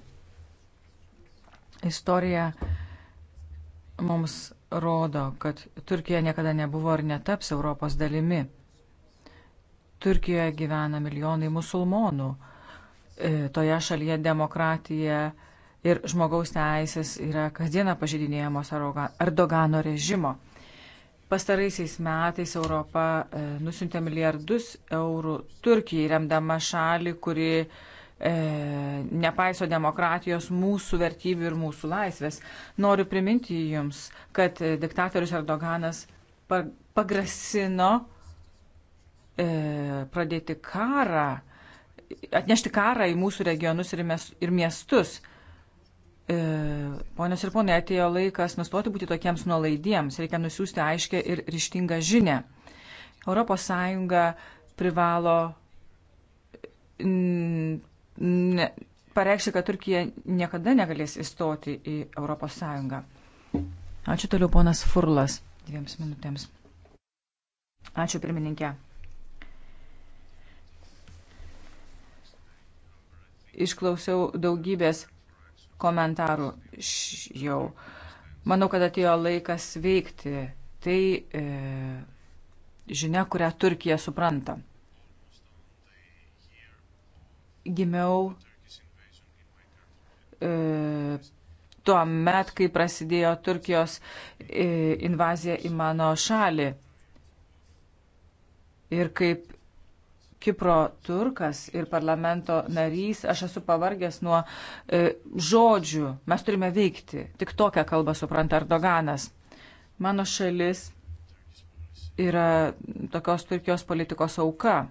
Istorija mums rodo, kad Turkija niekada nebuvo ir netaps Europos dalimi. Turkijoje gyvena milijonai musulmonų. E, toje šalyje demokratija ir žmogaus teisės yra kasdieną pažydinėjamos Erdogano režimo. Pastaraisiais metais Europa e, nusintė milijardus eurų Turkijai, remdama šalį, kuri uh, E, nepaiso demokratijos, mūsų vertybių ir mūsų laisvės. Noriu priminti Jums, kad diktatorius Erdoganas pagrasino e, pradėti karą, atnešti karą į mūsų regionus ir, mes, ir miestus. E, ponios ir ponai, atėjo laikas nustoti būti tokiems nuolaidiems, reikia nusiųsti aiškę ir ryštingą žinę. ES privalo ne, pareikšti, kad Turkija niekada negalės įstoti į ES. Ačiū toliau ponas Furlas dviems minutėms. Ačiū pirmininkė. Išklausiau daugybės komentarų jau. Manau, kad atėjo laikas veikti. Tai e, žinia, kurią Turkija supranta gimiau e, tuo met, kai prasidėjo Turkijos e, invazija į mano šalį. Ir kaip Kipro turkas ir parlamento narys, aš esu pavargęs nuo e, žodžių. Mes turime veikti. Tik tokią kalbą supranta Erdoganas. Mano šalis yra tokios Turkijos politikos auka.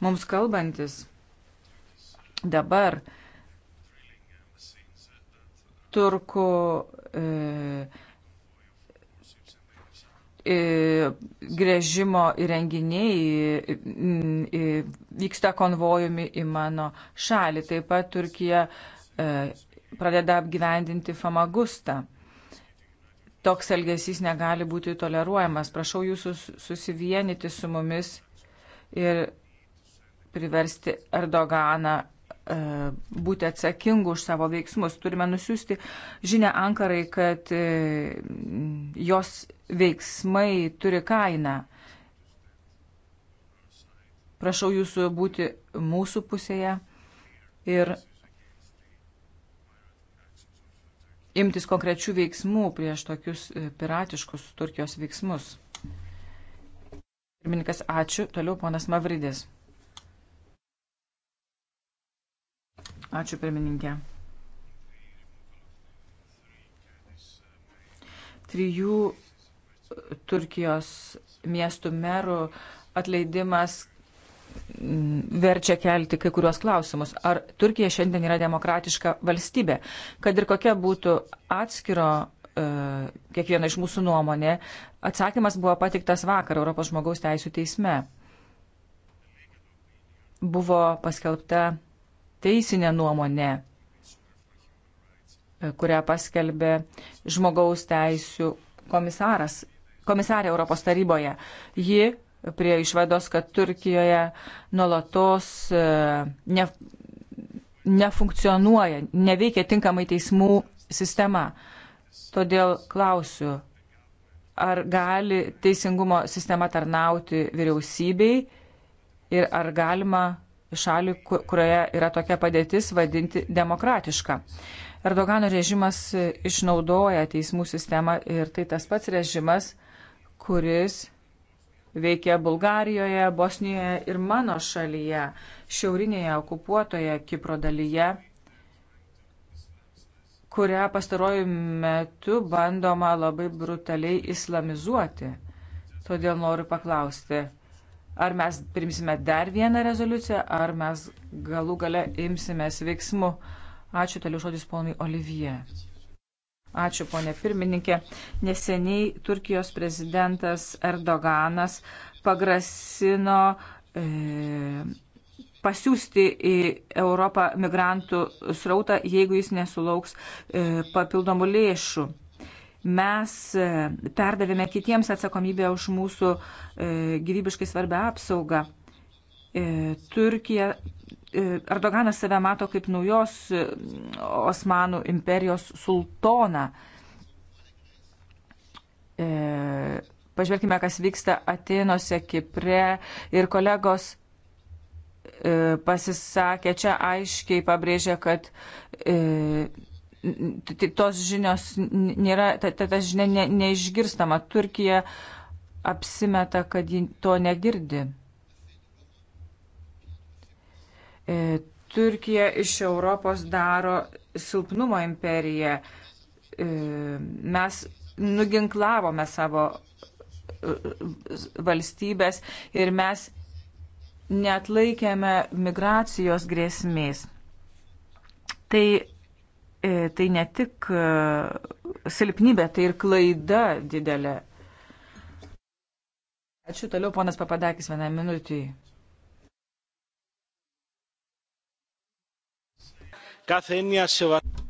Mums kalbantis dabar turkų e, e, grėžimo įrenginiai e, e, vyksta konvojumi į mano šalį. Taip pat Turkija e, pradeda apgyvendinti famagustą. Toks elgesys negali būti toleruojamas. Prašau jūsų susivienyti su mumis ir priversti Erdoganą E, būti atsakingų už savo veiksmus. Turime nusiųsti žinę Ankarai, kad e, jos veiksmai turi kainą. Prašau jūsų būti mūsų pusėje ir imtis konkrečių veiksmų prieš tokius e, piratiškus Turkijos veiksmus. Pirmininkas, ačiū. Toliau ponas Mavridis. Ačiū pirmininkė. Trijų Turkijos miestų merų atleidimas verčia kelti kai kuriuos klausimus. Ar Turkija šiandien yra demokratiška valstybė? Kad ir kokia būtų atskiro e, kiekviena iš mūsų nuomonė, atsakymas buvo patiktas vakar Europos žmogaus teisų teisme. Buvo paskelbta teisinę nuomonę, e, kurią paskelbė žmogaus teisų komisaras, komisarė Europos taryboje. Ji prie išvados, kad Turkijoje nuolatos e, ne, nefunkcionuoja, neveikia tinkamai teismų sistema. Todėl klausiu, ar gali teisingumo sistema tarnauti vyriausybei ir ar galima šalį, kurioje yra tokia padėtis, vadinti demokratišką. Erdogano režimas išnaudoja teismų sistemą ir tai tas pats režimas, kuris veikia Bulgarijoje, Bosnijoje ir mano šalyje, šiaurinėje okupuotoje Kipro dalyje, kurią pastaruoju metu bandoma labai brutaliai islamizuoti. Todėl noriu paklausti, ar mes primsime dar vieną rezoliuciją, ar mes galų gale imsimės veiksmų. Ačiū toliau žodis ponui Olivie. Ačiū, ponė pirmininkė. Neseniai Turkijos prezidentas Erdoganas pagrasino e, pasiūsti į Europą migrantų srautą, jeigu jis nesulauks e, papildomų lėšų mes e, perdavėme kitiems atsakomybę už mūsų e, gyvybiškai svarbę apsaugą. E, Turkija, Erdoganas save mato kaip naujos Osmanų imperijos sultoną. Pažvelkime, kas vyksta Atenose, Kipre ir kolegos pasisakė, čia aiškiai pabrėžė, kad e, Tai, tai tos žinios nėra, ta, ta, ta žinia ne, neišgirstama. Turkija apsimeta, kad ji to negirdi. E, Turkija iš Europos daro silpnumo imperiją. E, mes nuginklavome savo e, valstybės ir mes net laikėme migracijos grėsmės. Tai E, tai ne tik e, silpnybė, tai ir klaida didelė. Ačiū toliau, ponas Papadakis, vieną minutį.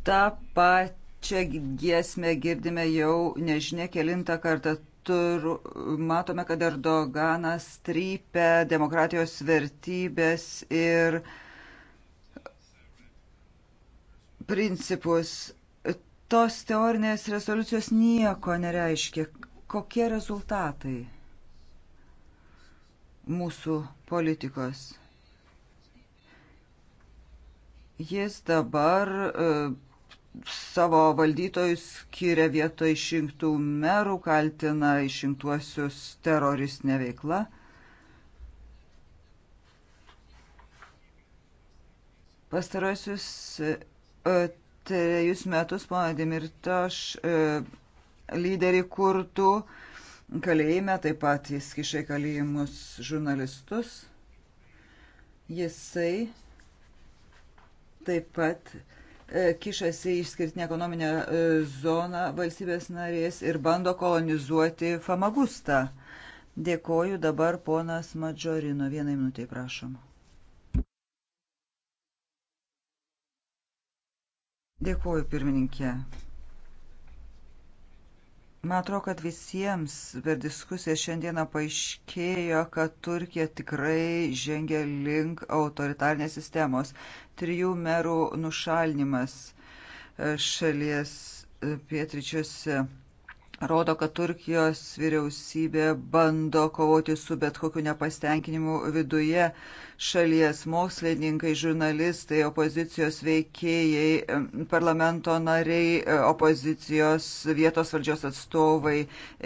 Ta pačia giesmė girdime jau nežinia kelintą kartą tur matome, kad Erdoganas trypia demokratijos vertybės ir uh, principus. Tos teorinės rezoliucijos nieko nereiškia. Kokie rezultatai mūsų politikos? Jis dabar e, savo valdytojus skiria vietą išrinktų merų, kaltina išrinktuosius teroristinė veikla. Pastarosius trejus metus poną Dimirtaš e, lyderį kurtų kalėjime, taip pat jis kišai kalėjimus žurnalistus. Jisai taip pat e, kišasi į išskirtinę ekonominę e, zoną valstybės narės ir bando kolonizuoti Famagustą. Dėkoju dabar ponas Madžorino. Vienai minutiai prašom. Dėkuoju, pirmininkė. Man atrodo, kad visiems per diskusiją šiandieną paaiškėjo, kad Turkija tikrai žengia link autoritarnės sistemos. Trijų merų nušalinimas e, šalies e, pietričiuose rodo, kad Turkijos vyriausybė bando kovoti su bet kokiu nepastenkinimu viduje šalies mokslininkai, žurnalistai, opozicijos veikėjai, parlamento nariai, opozicijos vietos valdžios atstovai,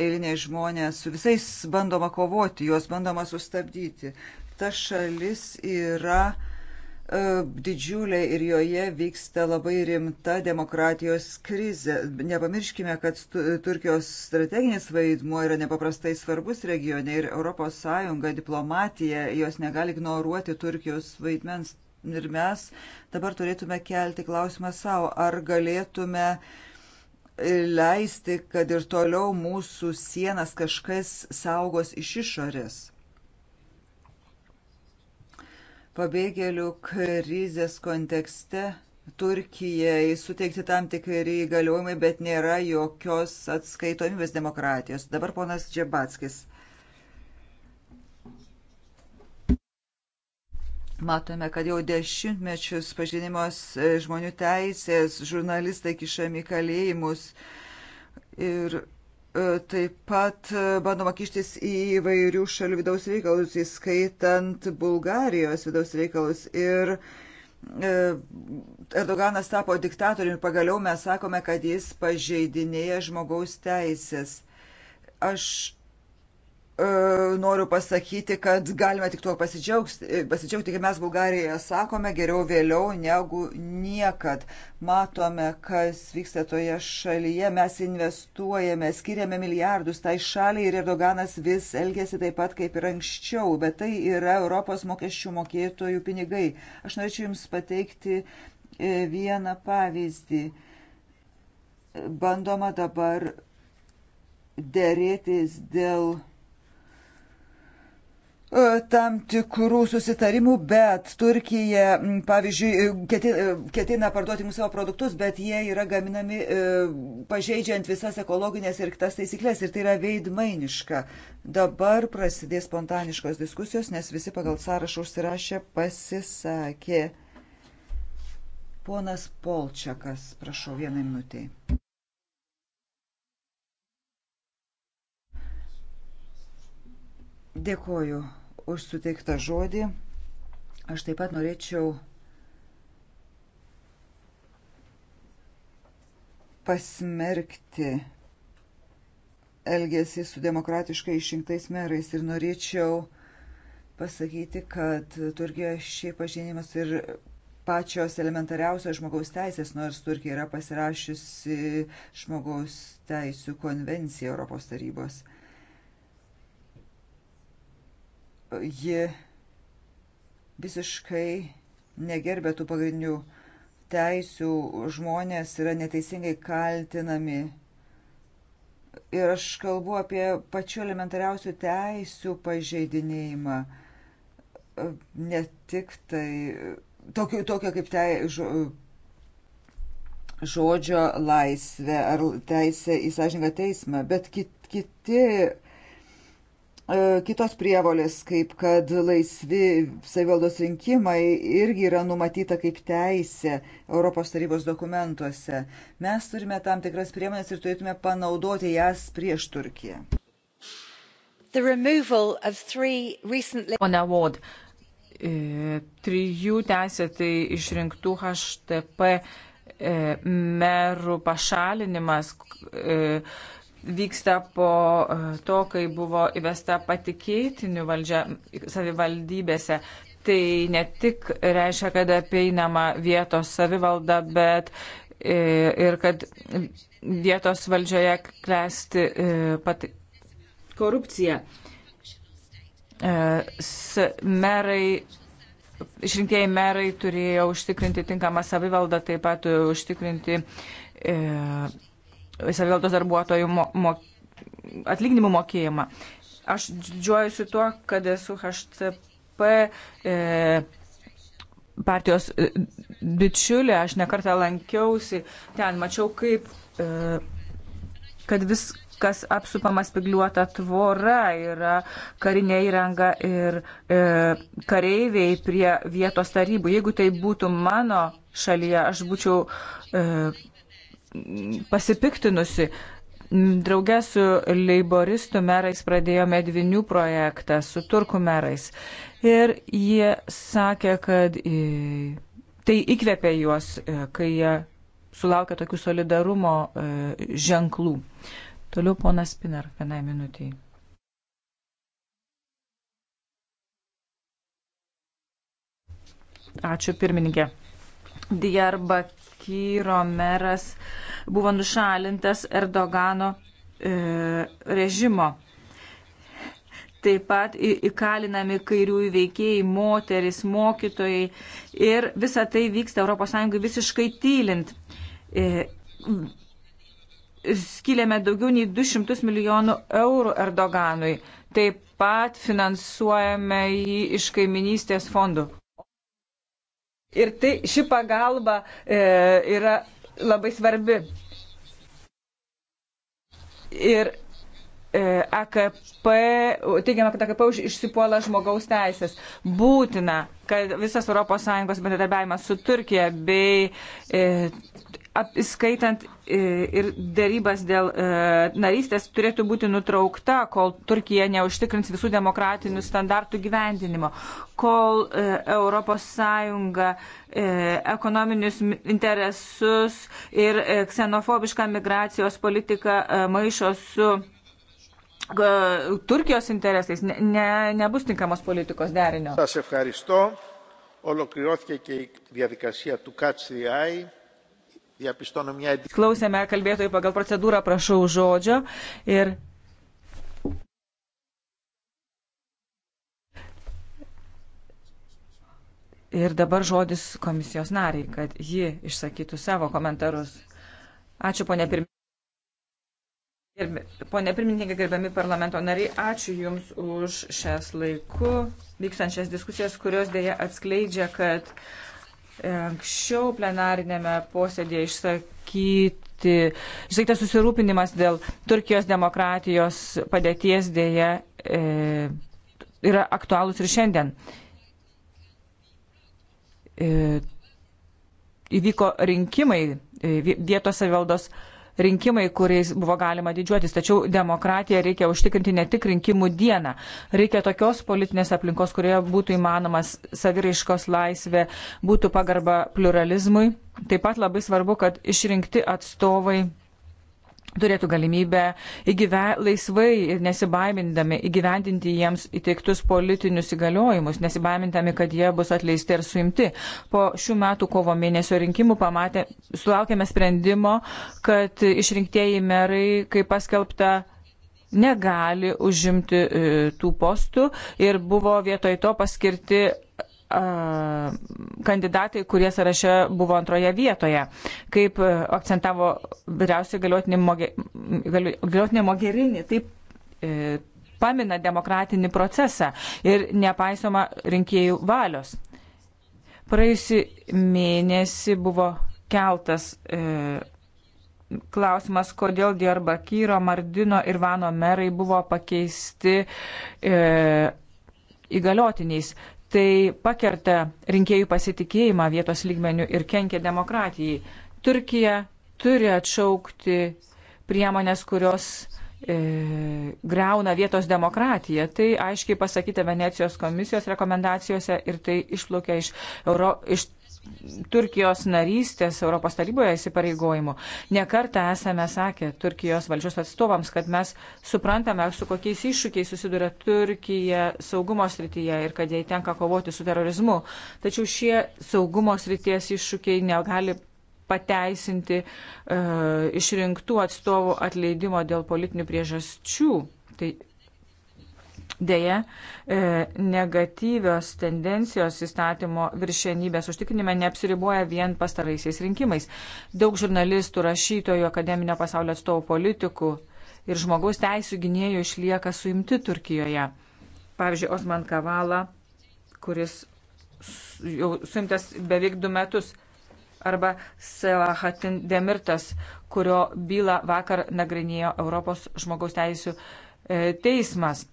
eiliniai žmonės, su visais bandoma kovoti, juos bandoma sustabdyti. Ta šalis yra uh, E, didžiulė ir joje vyksta labai rimta demokratijos krizė. Nepamirškime, kad Turkijos strateginis vaidmuo yra nepaprastai svarbus regione ir ES diplomatija jos negali ignoruoti Turkijos vaidmens. Ir mes dabar turėtume kelti klausimą savo, ar galėtume leisti, kad ir toliau mūsų sienas kažkas saugos iš išorės pabėgėlių krizės kontekste Turkijai suteikti tam tikri įgaliojimai, bet nėra jokios atskaitomybės demokratijos. Dabar ponas Džebatskis. Matome, kad jau dešimtmečius pažinimos e, žmonių teisės, žurnalistai kišami kalėjimus ir E, taip pat e, bandoma kištis į įvairių šalių vidaus reikalus, įskaitant Bulgarijos vidaus reikalus. Ir e, Erdoganas tapo diktatoriumi ir pagaliau mes sakome, kad jis pažeidinėja žmogaus teisės. Aš E, noriu pasakyti, kad galime tik tuo e, pasidžiaugti, kaip mes Bulgarijoje sakome, geriau vėliau negu niekad. Matome, kas vyksta toje šalyje, mes investuojame, skiriame milijardus tai šaliai ir Erdoganas vis elgesi taip pat kaip ir anksčiau, bet tai yra Europos mokesčių mokėtojų pinigai. Aš norėčiau Jums pateikti e, vieną pavyzdį. Bandoma dabar dėrėtis dėl E, tam tikrų susitarimų, bet Turkija, pavyzdžiui, e, e, ketina parduoti mūsų savo produktus, bet jie yra gaminami pažeidžiant visas ekologinės ir kitas taisyklės ir tai yra veidmainiška. Dabar prasidės spontaniškos diskusijos, nes visi pagal sąrašą užsirašė pasisakė. Ponas Polčiakas, prašau, vienai minutiai. Dėkoju už suteiktą žodį. Aš taip pat norėčiau pasmerkti elgesį su demokratiškai išrinktais merais ir norėčiau pasakyti, kad Turkijoje šiaip pažinimas ir pačios elementariausios žmogaus teisės, nors Turkija yra pasirašiusi žmogaus teisų konvenciją Europos tarybos. ji visiškai negerbė tų pagrindinių teisių, žmonės yra neteisingai kaltinami. Ir aš kalbu apie pačių elementariausių teisių pažeidinėjimą. Ne tik tai tokio, tokio kaip tai žodžio laisvė ar teisė į sąžininką teismą, bet kit, kiti E, kitos prievolės, kaip kad laisvi savivaldos rinkimai, irgi yra numatyta kaip teisė Europos tarybos dokumentuose. Mes turime tam tikras priemonės ir turėtume panaudoti jas prieš Turkiją. Recently... Pone Vod, e, trijų teisėtai išrinktų HTP e, merų pašalinimas vyksta po e, to, kai buvo įvesta patikėtinių valdžia savivaldybėse. Tai ne tik reiškia, kad apeinama vietos savivalda, bet e, ir kad vietos valdžioje klesti e, pat korupcija. Merai, išrinktieji merai turėjo užtikrinti tinkamą savivaldą, taip pat užtikrinti savivaldos darbuotojų mo, mo, atlyginimų mokėjimą. Aš didžiuojuosi tuo, kad esu HTP e, partijos e, bičiulė, aš nekartą lankiausi ten, mačiau kaip, e, kad viskas apsupama spigliuota tvora, yra karinė įranga ir e, kareiviai prie vietos tarybų. Jeigu tai būtų mano šalyje, aš būčiau. E, pasipiktinusi. Draugė su leiboristų merais pradėjome dvinių projektą su turkų merais. Ir jie sakė, kad e, tai įkvėpė juos, e, kai jie sulaukė tokių solidarumo e, ženklų. Toliau ponas Spinner, vienai minutiai. Ačiū pirmininkė. Diyarbak Kairo meras buvo nušalintas Erdogano e, režimo. Taip pat įkalinami kairiųjų veikėjai, moteris, mokytojai ir visa tai vyksta ES visiškai tylint. E, skiliame daugiau nei 200 milijonų eurų Erdoganui. Taip pat finansuojame jį iš kaiminystės fondų. Ir tai, ši pagalba e, yra labai svarbi. Ir e, AKP, teigiama, kad AKP išsipuola žmogaus teisės. Būtina, kad visas ES bendradarbiavimas su Turkija bei e, apskaitant e, ir darybas dėl e, narystės turėtų būti nutraukta, kol Turkija neužtikrins visų demokratinių standartų gyvendinimo, kol ES e, ekonominius interesus ir ksenofobišką migracijos politiką maišo su Turkijos interesais ne, ne, nebus tinkamos politikos derinio. Σας ευχαριστώ. Ολοκληρώθηκε και η διαδικασία του Catch the Eye. Klausėme kalbėtojų pagal procedūrą, prašau žodžio. Ir Ir dabar žodis komisijos nariai, kad ji išsakytų savo komentarus. Ačiū, ponė pirmininkė. Pone pirmininkė, gerbiami parlamento nariai, ačiū Jums už šias laiku vykstančias diskusijas, kurios dėja atskleidžia, kad uh, anksčiau plenarinėme posėdėje išsakyti, išsakytas susirūpinimas dėl Turkijos demokratijos padėties dėje e, yra aktualūs ir šiandien. E, įvyko rinkimai e, vietos savivaldos rinkimai, kuriais buvo galima didžiuotis. Tačiau demokratiją reikia užtikrinti ne tik rinkimų dieną. Reikia tokios politinės aplinkos, kurioje būtų įmanomas saviraiškos laisvė, būtų pagarba pluralizmui. Taip pat labai svarbu, kad išrinkti atstovai turėtų galimybę įgyve, laisvai ir nesibaimindami įgyvendinti jiems įteiktus politinius įgaliojimus, nesibaimindami, kad jie bus atleisti ir suimti. Po šių metų kovo mėnesio rinkimų pamatė, sulaukėme sprendimo, kad išrinktieji merai, kaip paskelbta, negali užimti e, tų postų ir buvo vietoj to paskirti kandidatai, kurie sąraše buvo antroje vietoje. Kaip akcentavo vyriausiai galiotinė Mogerini, taip e, pamina demokratinį procesą ir nepaisoma rinkėjų valios. Praėjusį mėnesį buvo keltas e, klausimas, kodėl Dierbakyro, Mardino ir Vano merai buvo pakeisti e, įgaliotiniais tai pakerta rinkėjų pasitikėjimą vietos lygmenių ir kenkia demokratijai. Turkija turi atšaukti priemonės, kurios e, greuna vietos demokratiją. Tai aiškiai pasakyta Venecijos komisijos rekomendacijose ir tai išplaukia iš, Euro, iš Turkijos narystės Europos taryboje įsipareigojimų. Nekartą esame sakę Turkijos valdžios atstovams, kad mes suprantame, su kokiais iššūkiais susiduria Turkija saugumo srityje ir kad jai tenka kovoti su terorizmu. Tačiau šie saugumo srities iššūkiai negali pateisinti e, išrinktų atstovų atleidimo dėl politinių priežasčių. Tai Deja, e, negatyvios tendencijos įstatymo viršienybės užtikrinime neapsiriboja vien pastaraisiais rinkimais. Daug žurnalistų, rašytojų, akademinio pasaulio atstovų politikų ir žmogaus teisų gynėjų išlieka suimti Turkijoje. Pavyzdžiui, Osman Kavala, kuris jau suimtas beveik du metus, arba Selahatin Demirtas, kurio bylą vakar nagrinėjo Europos žmogaus teisų e, teismas.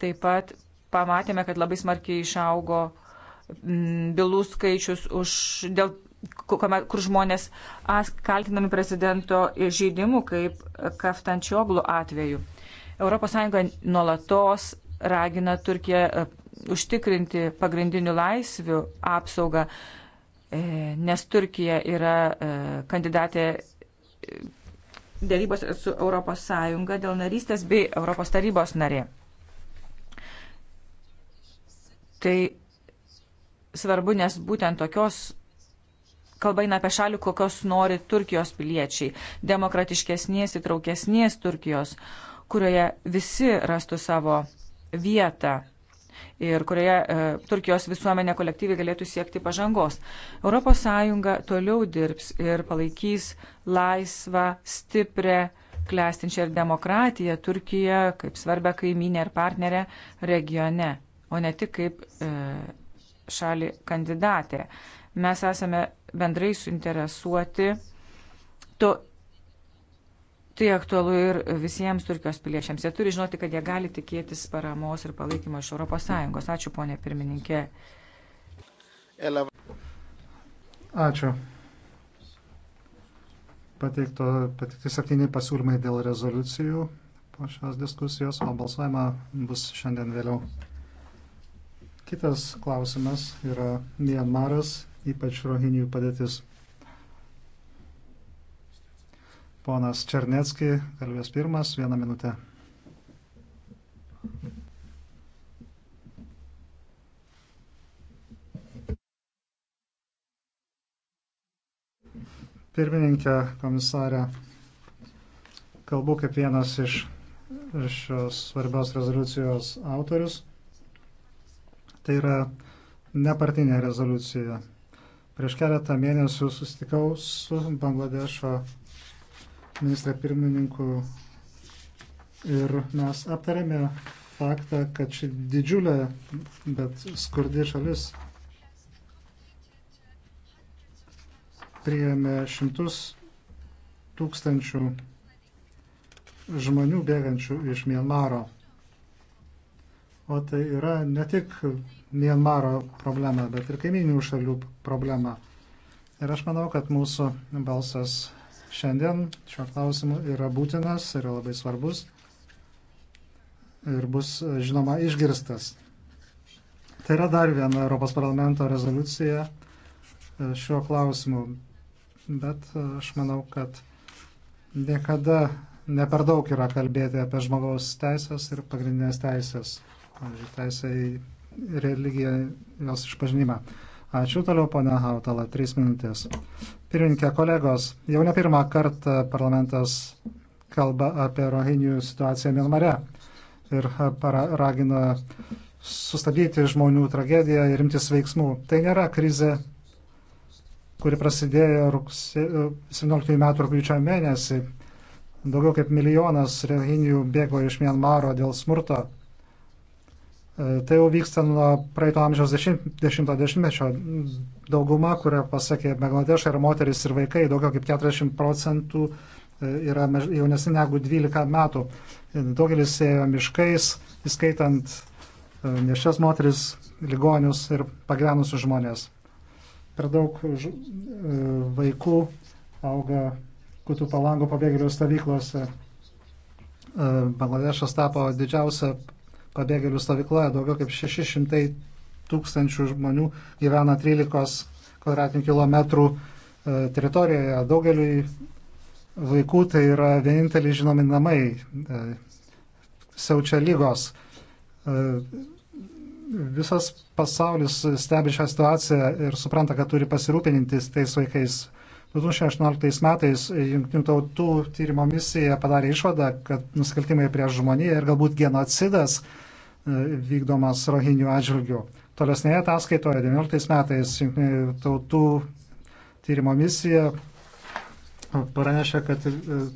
Taip pat pamatėme, kad labai smarkiai išaugo mm, bylų skaičius už, dėl, kur žmonės kaltinami prezidento žaidimu, kaip Kaftančioglu atveju. ES nuolatos ragina Turkiją e, užtikrinti pagrindinių laisvių apsaugą, e, nes Turkija yra e, kandidatė dėrybos su ES dėl narystės bei ES narė. Tai svarbu, nes būtent tokios kalba eina apie šalį, kokios nori Turkijos piliečiai - demokratiškesnės, įtraukesnės Turkijos, kurioje visi rastų savo vietą ir kurioje e, Turkijos visuomenė kolektyviai galėtų siekti pažangos. ES toliau dirbs ir palaikys laisvą, stiprią, klestinčią ir demokratiją Turkiją kaip svarbę kaiminę ir partnerę regione o ne tik kaip e, šalį kandidatę. Mes esame bendrai suinteresuoti. To, tai aktualu ir visiems Turkijos piliečiams. Jie turi žinoti, kad jie gali tikėtis paramos ir palaikymo iš ES. Ačiū, ponė pirmininkė. Ačiū. Pateikto, pateikti septyni pasiūlymai dėl rezoliucijų po šios diskusijos, o balsuojama bus šiandien vėliau. Kitas klausimas yra Mianmaras, ypač rohinių padėtis. Ponas Černecki kalbės pirmas, vieną minutę. Pirmininkė, komisarė, kalbu kaip vienas iš šios svarbios rezoliucijos autorius. Tai yra nepartinė rezoliucija. Prieš keletą mėnesių susitikau su Bangladešo ministrė pirmininku ir mes aptarėme faktą, kad ši didžiulė, bet skurdi šalis priėmė šimtus tūkstančių žmonių bėgančių iš Mienmaro. O tai yra ne tik Mienmaro problema, bet ir kaiminių šalių problema. Ir aš manau, kad mūsų balsas šiandien šiuo klausimu yra būtinas, yra labai svarbus ir bus, žinoma, išgirstas. Tai yra dar viena Europos parlamento rezoliucija e, šiuo klausimu. Bet e, aš manau, kad niekada ne per daug yra kalbėti apie žmogaus teisės ir pagrindinės teisės pavyzdžiui, teisę į religiją, jos išpažinimą. Ačiū toliau, ponia Hautala, trys minutės. Pirminkė, kolegos, jau ne pirmą kartą parlamentas kalba apie rohinių situaciją Milmare ir ragina sustabdyti žmonių tragediją ir rimtis veiksmų. Tai nėra krize, kuri prasidėjo rugsė, 17 metų rugpjūčio mėnesį. Daugiau kaip milijonas rohinių bėgo iš Mianmaro dėl smurto E, tai jau vyksta nuo praeito amžiaus 10-mečio. Dauguma, kurią pasakė Bangladešai, yra moteris ir vaikai, daugiau kaip 40 procentų e, yra jaunesni negu 12 metų. E, daugelis ėjo miškais, įskaitant nešias moteris, ligonius ir pagyvenusius žmonės. Per daug vaikų auga kutų palangų pabėgėlių stovyklose. Bangladešas tapo didžiausia pabėgėlių stovykla. Daugiau kaip 600 tūkstančių žmonių gyvena 13 kvadratinių kilometrų e, teritorijoje. Daugeliui vaikų tai yra vieninteliai žinomi namai. E, siaučia lygos. E, visas pasaulis stebi šią situaciją ir supranta, kad turi pasirūpinintis tais vaikais. 2016 metais Junktinių tautų tyrimo misija padarė išvadą, kad nusikaltimai prieš žmoniją ir galbūt genocidas e, vykdomas rohinių atžvilgių. Tolesnėje ataskaitoje 19 metais Junktinių tautų tyrimo misija pranešė, kad e,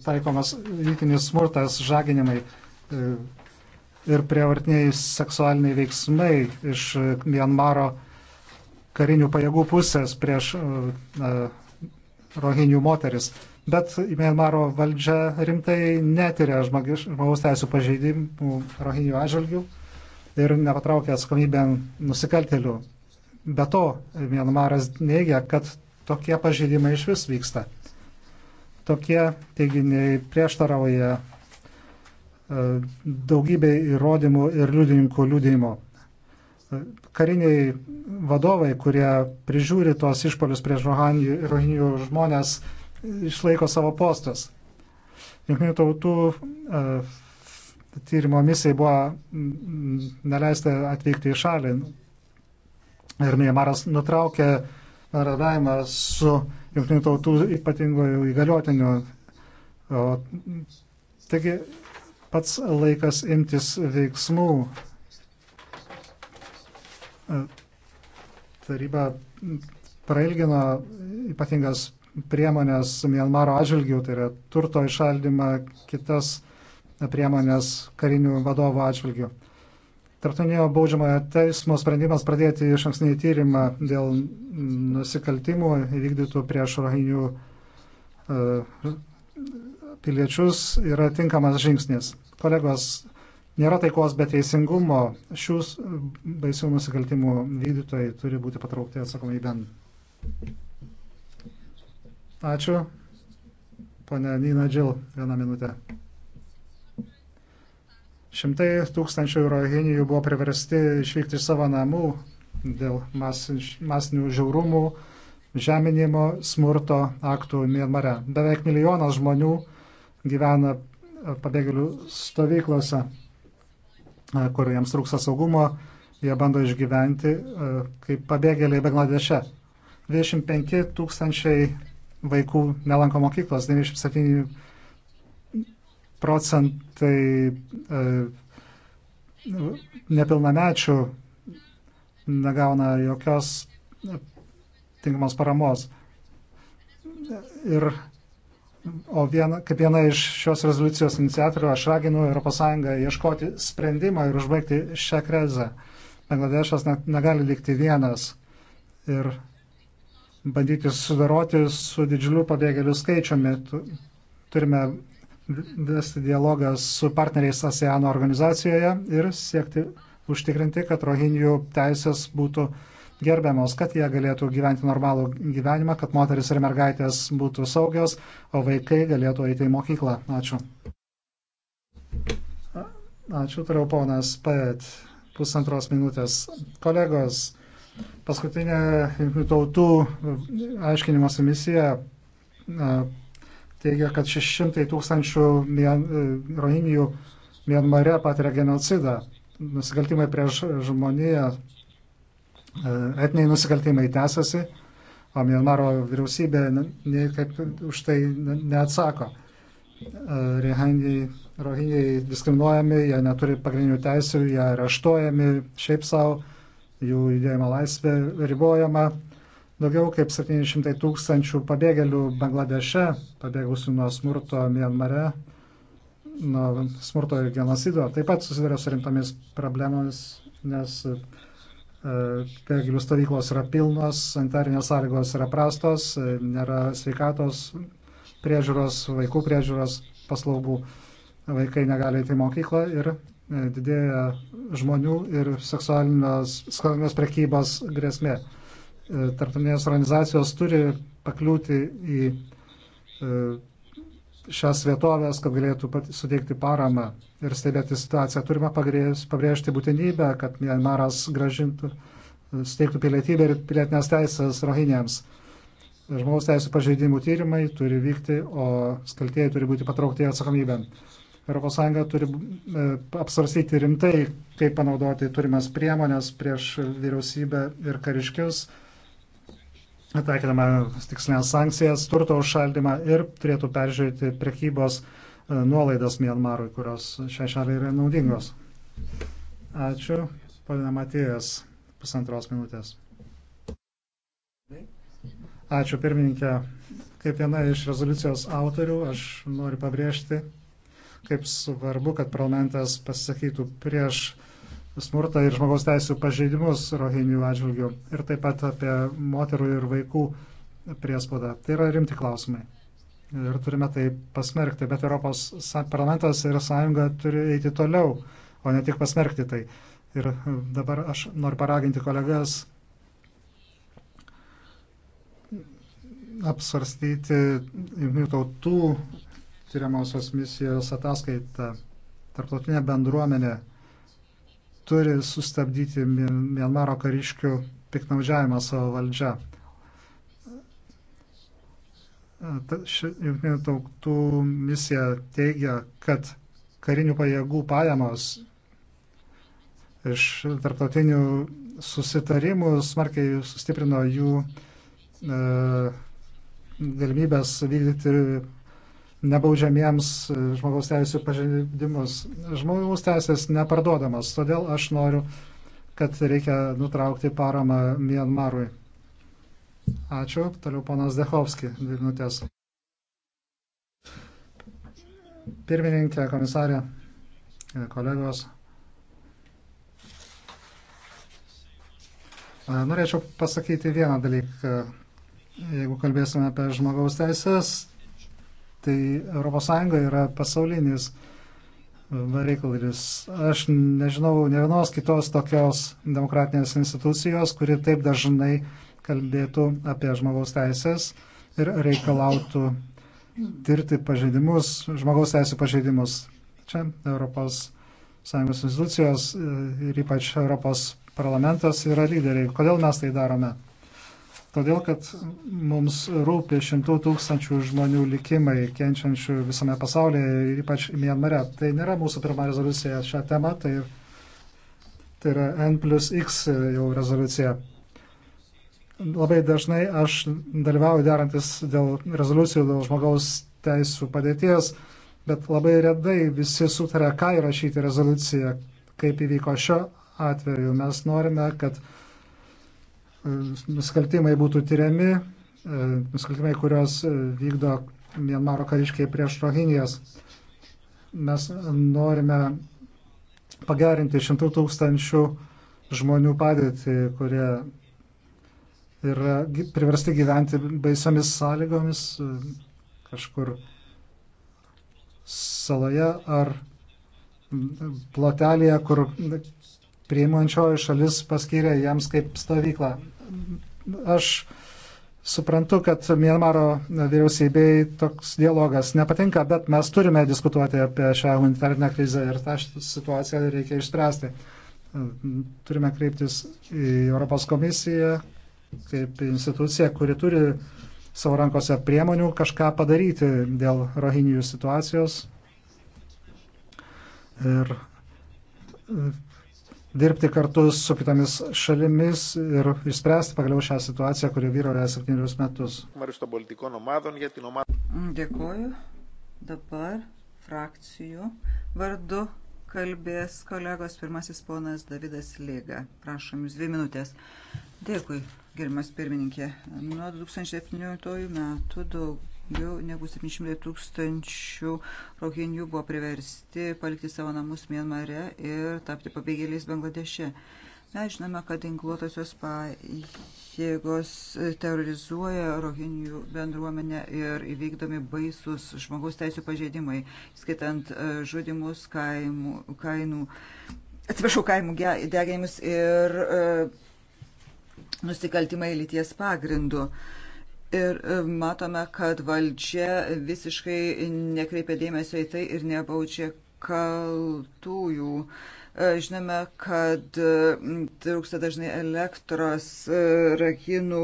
taikomas lytinis smurtas, žaginimai e, ir prievartiniai seksualiniai veiksmai iš Mianmaro karinių pajėgų pusės prieš rohinių moteris. Bet Mianmaro valdžia rimtai netiria žmogaus teisų pažeidimų rohinių atžvilgių ir nepatraukia atsakomybę nusikaltelių. Be to, Mianmaras neigia, kad tokie pažeidimai iš vis vyksta. Tokie teiginiai prieštarauja e, daugybė įrodymų ir liudininkų liudėjimo kariniai vadovai, kurie prižiūri tuos išpolius prieš rohinijų žmonės, išlaiko savo postus. Junktinių tautų e, tyrimo misijai buvo neleista atvykti į šalį. Ir Mėmaras nutraukė radavimą su Junktinių tautų ypatingojo įgaliotiniu. O, taigi pats laikas imtis veiksmų taryba prailgino ypatingas priemonės Mianmaro atžvilgių, tai yra turto išaldymą, kitas priemonės karinių vadovų atžvilgių. Tartunėjo baudžiamojo teismo sprendimas pradėti iš anksnį tyrimą dėl nusikaltimų įvykdytų prieš rohinių e, piliečius yra tinkamas žingsnis. Kolegos, Nėra taikos be teisingumo. Šių baisių nusikaltimų vykdytojai turi būti patraukti atsakomybėn. Ačiū. Pone Nina Džil, vieną minutę. Šimtai tūkstančių rohinijų buvo priversti išvykti iš savo namų dėl masinių žiaurumų, žeminimo, smurto aktų Mienmare. Beveik milijonas žmonių gyvena pabėgėlių stovyklose kur jiems trūksta saugumo, jie bando išgyventi e, kaip pabėgėliai Bangladeše. 25 tūkstančiai vaikų nelanko mokyklos, 97 procentai e, nepilnamečių negauna jokios tinkamos paramos. Ir O viena, kaip viena iš šios rezoliucijos iniciatorių, aš raginu ES ieškoti sprendimą ir užbaigti šią krizę. Bangladešas net negali likti vienas ir bandyti sudaroti su didžiuliu pabėgėlių skaičiumi. Turime vesti dialogą su partneriais ASEANO organizacijoje ir siekti užtikrinti, kad rohinių teisės būtų uh, gerbiamos, kad jie galėtų gyventi normalų gyvenimą, kad moteris ir mergaitės būtų saugios, o vaikai galėtų eiti į mokyklą. Ačiū. Ačiū, toliau ponas Paet, pusantros minutės. Kolegos, paskutinė tautų aiškinimosi misija teigia, kad 600 tūkstančių e, rohinijų Mienmare patiria genocidą. Nusikaltimai prieš žmoniją etniai nusikaltimai tęsiasi, o Mianmaro vyriausybė niekaip už tai neatsako. E, Rohingiai diskriminuojami, jie neturi pagrindinių teisių, jie areštuojami šiaip savo, jų judėjimo laisvė ribojama. Daugiau kaip 700 tūkstančių pabėgėlių Bangladeše, pabėgusių nuo smurto Mianmare, nuo smurto ir genocido, taip pat susiduria su rimtomis problemomis, nes pabėgėlių stovyklos yra pilnos, sanitarinės sąlygos yra prastos, nėra sveikatos priežiūros, vaikų priežiūros paslaugų, vaikai negali eiti į mokyklą ir e, didėja žmonių ir seksualinės prekybos grėsmė. E, tarptautinės organizacijos turi pakliūti į e, šias vietovės, kad galėtų suteikti paramą ir stebėti situaciją. Turime pabrėžti būtinybę, kad Mianmaras gražintų, suteiktų pilietybę ir pilietinės teisės rohinėms. Žmogaus teisų pažeidimų tyrimai turi vykti, o skaltieji turi būti patraukti atsakomybę. ES turi e, apsvarsyti rimtai, kaip panaudoti turimas priemonės prieš vyriausybę ir kariškius taikydama tikslinės sankcijas, turto užšaldymą ir turėtų peržiūrėti prekybos e, nuolaidas Mianmarui, kurios šiai šaliai yra naudingos. Ačiū. Palina Matėjas, pusantros minutės. Ačiū pirmininkė. Kaip viena iš rezoliucijos autorių, aš noriu pabrėžti, kaip svarbu, kad parlamentas pasisakytų prieš smurtą ir žmogaus teisų pažeidimus rohinių atžvilgių ir taip pat apie moterų ir vaikų priespaudą. Tai yra rimti klausimai. Ir turime tai pasmerkti, bet Europos parlamentas ir sąjunga turi eiti toliau, o ne tik pasmerkti tai. Ir dabar aš noriu paraginti kolegas apsvarstyti jungtinių tautų tyriamosios misijos ataskaitą. Tarptautinė bendruomenė turi sustabdyti Mianmaro kariškių piknaudžiavimą savo valdžią. Junktinių tautų misija teigia, kad karinių pajėgų pajamos iš tarptautinių susitarimų smarkiai sustiprino jų e, galimybės vykdyti nebaudžiamiems e, žmogaus teisų pažeidimus. Žmogaus teisės neparduodamos, todėl aš noriu, kad reikia nutraukti paramą Mianmarui. Ačiū. Toliau ponas Dehovski, dvi minutės. Pirmininkė, komisarė, e, kolegos. E, norėčiau pasakyti vieną dalyką. Jeigu kalbėsime apie žmogaus teisės, tai ES yra pasaulinis e, reikalas. Aš nežinau ne vienos kitos tokios demokratinės institucijos, kuri taip dažnai kalbėtų apie žmogaus teisės ir reikalautų tirti pažeidimus, žmogaus teisų pažeidimus. Čia ES institucijos e, ir ypač ES parlamentas yra lyderiai. Kodėl mes tai darome? Todėl, kad mums rūpi šimtų tūkstančių žmonių likimai, kenčiančių visame pasaulyje, ypač Mienmare. Tai nėra mūsų pirma rezoliucija šią temą, tai, tai yra N plus X jau rezoliucija. Labai dažnai aš dalyvauju derantis dėl rezoliucijų, dėl žmogaus teisų padėties, bet labai redai visi sutarė, ką įrašyti rezoliuciją, kaip įvyko šio atveju. Mes norime, kad nusikaltimai būtų tyriami, e, nusikaltimai, kurios e, vykdo Mienmaro kariškiai prieš Rohinijas. Mes norime pagerinti šimtų tūkstančių žmonių padėtį, kurie yra priversti gyventi baisiomis sąlygomis e, kažkur saloje ar plotelėje, kur priimančioji šalis paskyrė jiems kaip stovyklą. Aš suprantu, kad Mienmaro vyriausybei toks dialogas nepatinka, bet mes turime diskutuoti apie šią humanitarinę krizę ir tą situaciją reikia išspręsti. Turime kreiptis į Europos komisiją kaip instituciją, kuri turi savo rankose priemonių kažką padaryti dėl rohinijų situacijos. Ir dirbti kartu su kitomis šalimis ir išspręsti pagaliau šią situaciją, kuri vyroja septynerius metus. Dėkuoju. Dabar frakcijų vardu kalbės kolegos pirmasis ponas Davidas Lyga. Prašom, jūs dvi minutės. Dėkui, gerimas pirmininkė. Nuo 2017 metų daug Daugiau negu 700 tūkstančių rohinių buvo priversti palikti savo namus Mienmare ir tapti pabėgėliais Bangladeše. Mes žinome, kad ginkluotosios pajėgos terrorizuoja rohinių bendruomenę ir įvykdomi baisus žmogaus teisų pažeidimai, skaitant e, žudimus, kaimų, kainų, atsiprašau, kaimų deginimus ir e, nusikaltimai lyties pagrindu. E, Ir e, matome, kad valdžia visiškai nekreipia dėmesio į tai ir nebaudžia kaltųjų. E, žinome, kad trūksta dažnai elektros e, rakinų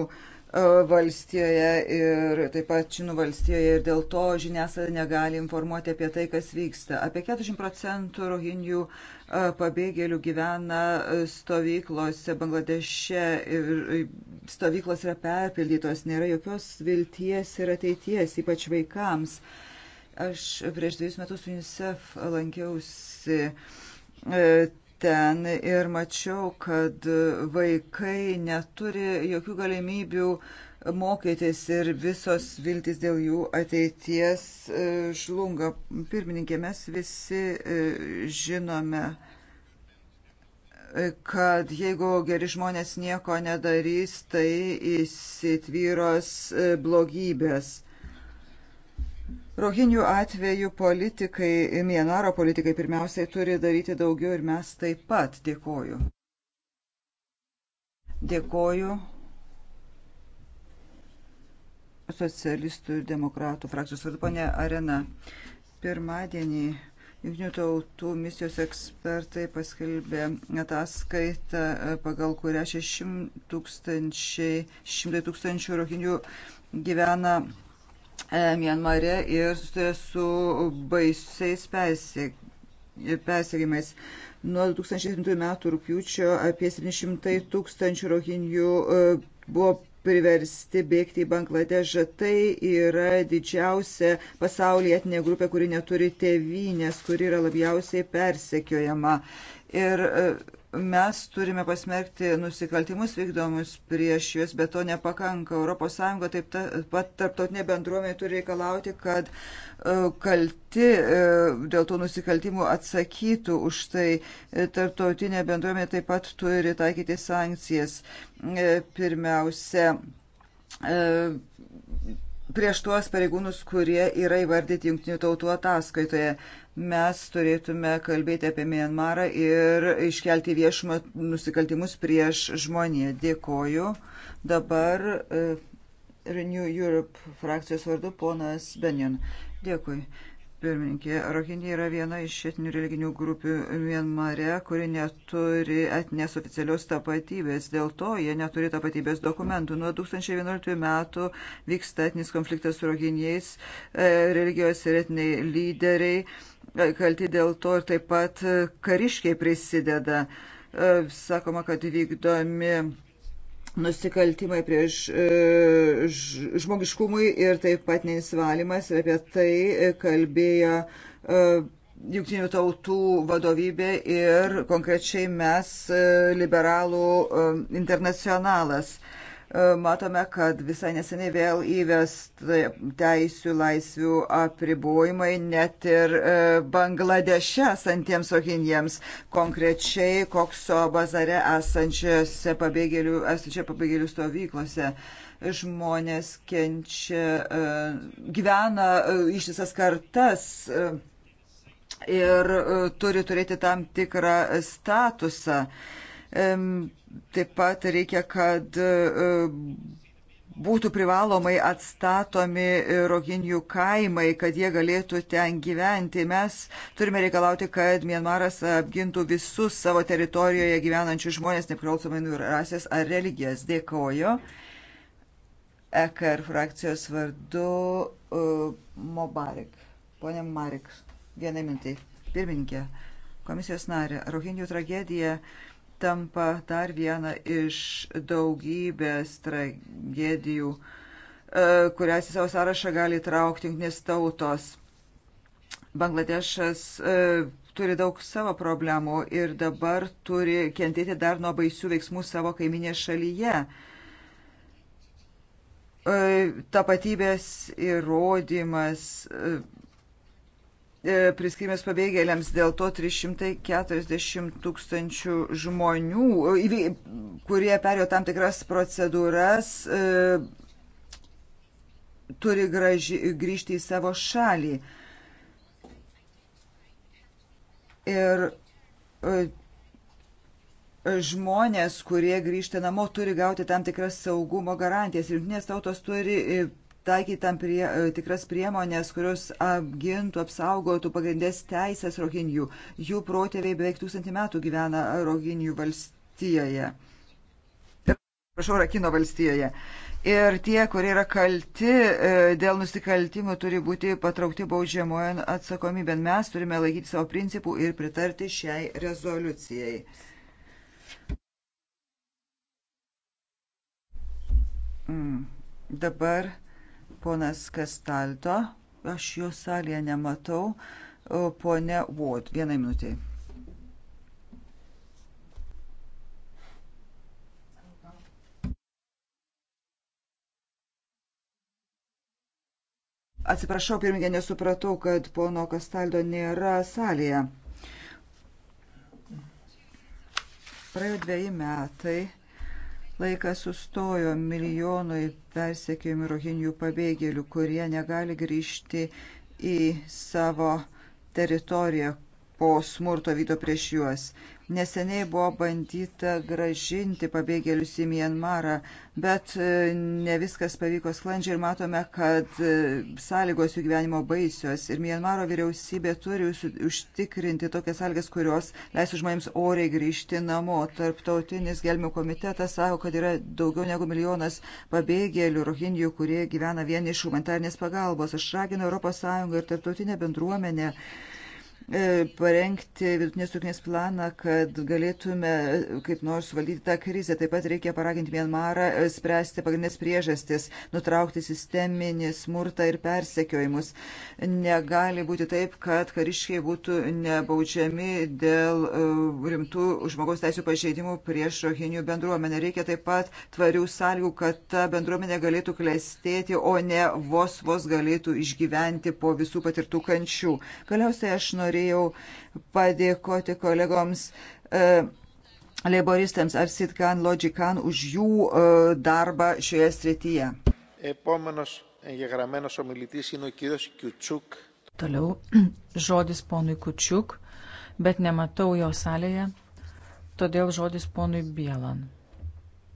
E, valstijoje ir taip pat Činų valstijoje ir dėl to žiniasklaida negali informuoti apie tai, kas vyksta. Apie 40 procentų rohingių e, pabėgėlių gyvena e, stovyklose, Bangladeše ir stovyklos yra perpildytos, nėra jokios vilties ir ateities, ypač vaikams. Aš prieš dviejus metus UNICEF lankiausi ten ir mačiau, kad vaikai neturi jokių galimybių mokytis ir visos viltis dėl jų ateities e, žlunga. Pirmininkė, mes visi e, žinome, kad jeigu geri žmonės nieko nedarys, tai įsitvyros e, blogybės Rohinių atveju politikai, Mienaro politikai pirmiausiai turi daryti daugiau ir mes taip pat dėkoju. Dėkoju socialistų ir demokratų frakcijos vardu, ponė Arena. Pirmadienį Junktinių tautų misijos ekspertai paskelbė ataskaitą, pagal kurią 600 tūkstančiai, 600 tūkstančių rohinių gyvena E, Mienmare ir susiduria su baisiais persiekimais. Nuo 2007 metų rūpiučio apie 700 tūkstančių rohinių e, buvo priversti bėgti į Bangladežą. Tai yra didžiausia pasaulyje etinė grupė, kuri neturi tėvynės, kuri yra labiausiai persekiojama. Ir e, mes turime pasmerkti nusikaltimus vykdomus prieš juos, bet to nepakanka. ES taip ta, pat tarptautinė bendruomenė turi reikalauti, kad e, kalti e, dėl tų nusikaltimų atsakytų už tai. E, tarptautinė bendruomenė taip pat turi taikyti sankcijas. Pirmiausia, prieš tuos pareigūnus, kurie yra įvardyti jungtinių tautų ataskaitoje mes turėtume kalbėti apie Mianmarą ir iškelti viešumą nusikaltimus prieš žmoniją. Dėkoju. Dabar e, Renew Europe frakcijos vardu ponas Benjon. Dėkui. Pirmininkė, Rohingya yra viena iš etinių religinių grupių Mienmare, kuri neturi etinės oficialios tapatybės. Dėl to jie neturi tapatybės dokumentų. Nuo 2011 metų vyksta etinis konfliktas su Rohingyais, e, religijos ir etiniai lyderiai. E, kalti dėl to ir taip pat kariškiai prisideda. E, sakoma, kad vykdomi nusikaltimai prieš e, žmogiškumui ir taip pat neįsivalymas. Ir apie tai e, kalbėjo e, Junktinių tautų vadovybė ir konkrečiai mes, liberalų internacionalas. E, matome, kad visai neseniai vėl įvest teisių laisvių apribojimai net ir e, Bangladeše esantiems rohinjiems, konkrečiai kokso bazare esančiose pabėgėlių, esančia pabėgėlių stovyklose. Žmonės kenčia, e, gyvena ištisas kartas ir turi turėti tam tikrą statusą. Taip pat reikia, kad e, būtų privalomai atstatomi roginijų kaimai, kad jie galėtų ten gyventi. Mes turime reikalauti, kad Mienmaras apgintų visus savo teritorijoje gyvenančius žmonės, nepriklausomai nuo rasės ar religijos. Dėkoju. EKR frakcijos vardu uh, Mobarek. Pone Marek, vienai mintai. Pirmininkė, komisijos narė, roginijų tragedija. Uh, tampa dar viena iš daugybės tragedijų, e, kurias į savo sąrašą gali traukti jungtinės tautos. Bangladešas e, turi daug savo problemų ir dabar turi kentėti dar nuo baisių veiksmų savo kaiminės šalyje. E, tapatybės įrodymas E, priskirimas pabėgėliams, dėl to 340 tūkstančių žmonių, e, kurie perėjo tam tikras procedūras, e, turi graži, grįžti į savo šalį. Ir žmonės, kurie grįžta namo, turi gauti tam tikras saugumo garantijas. Junktinės tautos turi taikytam prie, e, tikras priemonės, kurios apgintų, apsaugotų pagrindės teisės roginijų. Jų protėviai beveik tūkstantį metų gyvena roginijų valstijoje. Prašau, Rakino valstijoje. Ir tie, kurie yra kalti e, dėl nusikaltimų, turi būti patraukti baudžiamojan atsakomybėn. Mes turime laikyti savo principų ir pritarti šiai rezoliucijai. Mm. Dabar ponas Kastalto, aš jo salėje nematau, ponė Vod, vienai minutiai. Atsiprašau, pirmininkė, nesupratau, kad pono Kastaldo nėra salėje. Praėjo dviejai metai Laikas sustojo milijonui persekiojimų rohinių pabėgėlių, kurie negali grįžti į savo teritoriją po smurto vydo prieš juos. Neseniai buvo bandyta gražinti pabėgėlius į Mienmarą, bet e, ne viskas pavyko sklandžiai ir matome, kad e, sąlygos jų gyvenimo baisios. Ir Mienmaro vyriausybė turi užtikrinti tokias sąlygas, kurios leisų žmonėms oriai grįžti namo. Tarptautinis gelmių komitetas sako, kad yra daugiau negu milijonas pabėgėlių rohindijų, kurie gyvena vien iš humanitarnės pagalbos. Aš raginu ES ir tarptautinę bendruomenę E, parengti vidutinės trukmės planą, kad galėtume e, kaip nors valdyti tą krizę. Taip pat reikia paraginti Mienmarą e, spręsti pagrindinės priežastis, nutraukti sisteminį smurtą ir persekiojimus. Negali būti taip, kad kariškiai būtų nebaudžiami dėl rimtų žmogaus teisų pažeidimų prieš rohinių bendruomenę. Reikia taip pat tvarių sąlygų, kad ta bendruomenė galėtų klestėti, o ne vos vos galėtų išgyventi po visų patirtų kančių. Galiausiai aš norėjau norėjau padėkoti kolegoms e, leiboristams Arsitkan, Logikan už jų e, darbą šioje srityje. Epomenos εγγεγραμμένος ομιλητής είναι ο κύριος Κιουτσούκ. Toliau žodis ponui Kučiuk, bet nematau jo salėje, todėl žodis ponui Bielan.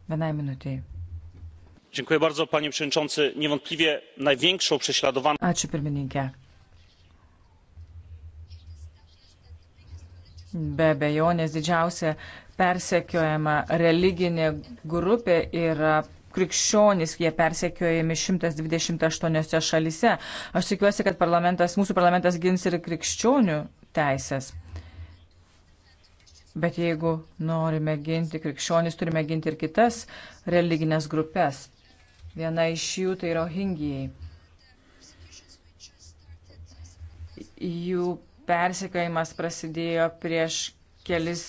Vienai minutiai. Dziękuję bardzo, panie przewodniczący. Niewątpliwie największą prześladowaną. Ačiū pirmininkė. Be bejonės didžiausia persekiojama religinė grupė yra krikščionys, jie persekiojami 128 šalise. Aš tikiuosi, kad parlamentas, mūsų parlamentas gins ir krikščionių teisės. Bet jeigu norime ginti krikščionis, turime ginti ir kitas religinės grupės. Viena iš jų tai rohingijai. Jų persikėjimas prasidėjo prieš kelis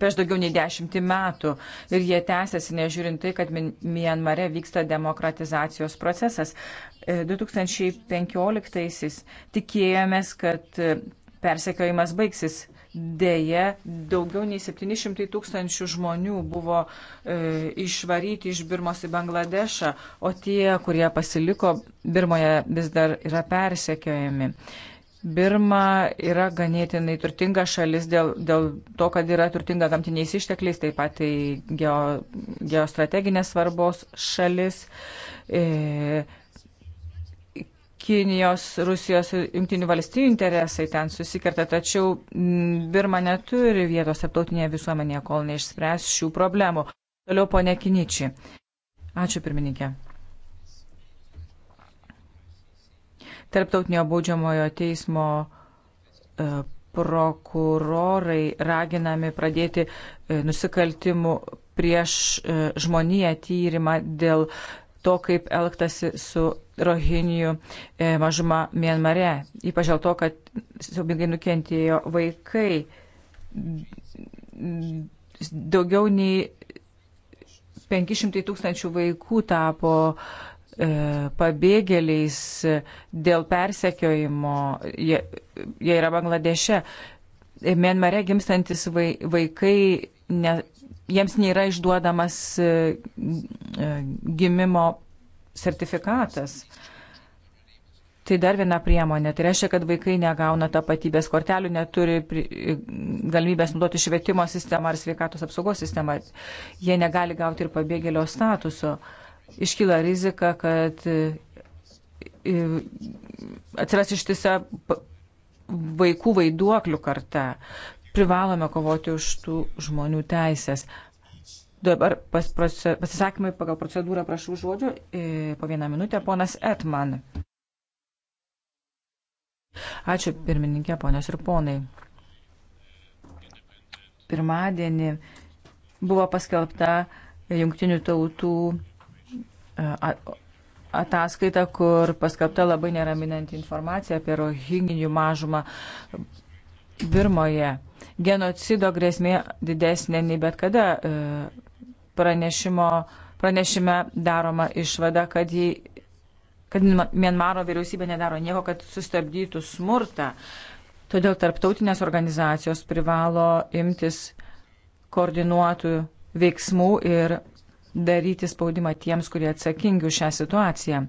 prieš daugiau nei dešimtį metų ir jie tęsiasi, nežiūrint tai, kad Mianmare vyksta demokratizacijos procesas. 2015-aisiais e, tikėjomės, kad e, persekiojimas baigsis. Deja, daugiau nei 700 tūkstančių žmonių buvo e, išvaryti iš Birmos į Bangladešą, o tie, kurie pasiliko Birmoje, vis dar yra persekiojami. E, Birma yra ganėtinai turtinga šalis dėl, dėl to, kad yra turtinga gamtiniais ištekliais, taip pat tai geo, geostrateginės svarbos šalis. E, Kinijos, Rusijos ir Junktinių valstybių interesai ten susikerta, tačiau mm, Birma neturi vietos aptautinėje visuomenėje, kol neišspręs šių problemų. Toliau ponė Kiničiai. Ačiū pirmininkė. Tarptautinio baudžiamojo teismo e, prokurorai raginami pradėti e, nusikaltimų prieš e, žmoniją tyrimą dėl to, kaip elgtasi su rohinijų mažuma Mienmare. Ypač dėl to, kad siaubingai nukentėjo vaikai. Daugiau nei 500 tūkstančių vaikų tapo E, pabėgėliais dėl persekiojimo, jie, jie yra Bangladeše. Mienmare gimstantis vaikai, ne, jiems nėra išduodamas e, e, gimimo sertifikatas. Tai dar viena priemonė. Tai reiškia, kad vaikai negauna tapatybės kortelių, neturi galimybės naudoti švietimo sistemą ar sveikatos apsaugos sistemą. Jie negali gauti ir pabėgėlio statuso. Uh, iškyla rizika, kad e, e, atsiras ištisa vaikų vaiduoklių karta. Privalome kovoti už tų žmonių teisės. Dabar pas, pas, pasisakymai pagal procedūrą prašau žodžio. E, po vieną minutę ponas Etman. Ačiū pirmininkė, ponios ir ponai. Pirmadienį buvo paskelbta Junktinių tautų ataskaitą, kur paskapta labai neraminanti informacija apie rohinginių mažumą Birmoje. Genocido grėsmė didesnė nei bet kada e, pranešimo, pranešime daroma išvada, kad jį kad Mienmaro vyriausybė nedaro nieko, kad sustabdytų smurtą. Todėl tarptautinės organizacijos privalo imtis koordinuotų veiksmų ir daryti spaudimą tiems, kurie atsakingi už šią situaciją.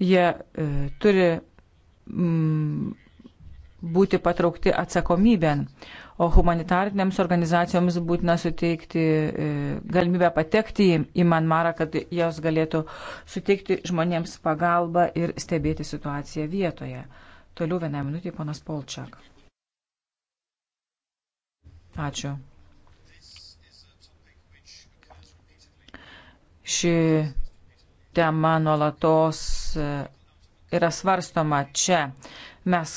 Jie e, turi m, mm, būti patraukti atsakomybėn, o humanitariniams organizacijoms būtina suteikti e, galimybę patekti į, į Manmarą, kad jos galėtų suteikti žmonėms pagalbą ir stebėti situaciją vietoje. Toliau vieną minutį, ponas Polčiak. Ačiū. Ši tema nuolatos e, yra svarstoma čia. Mes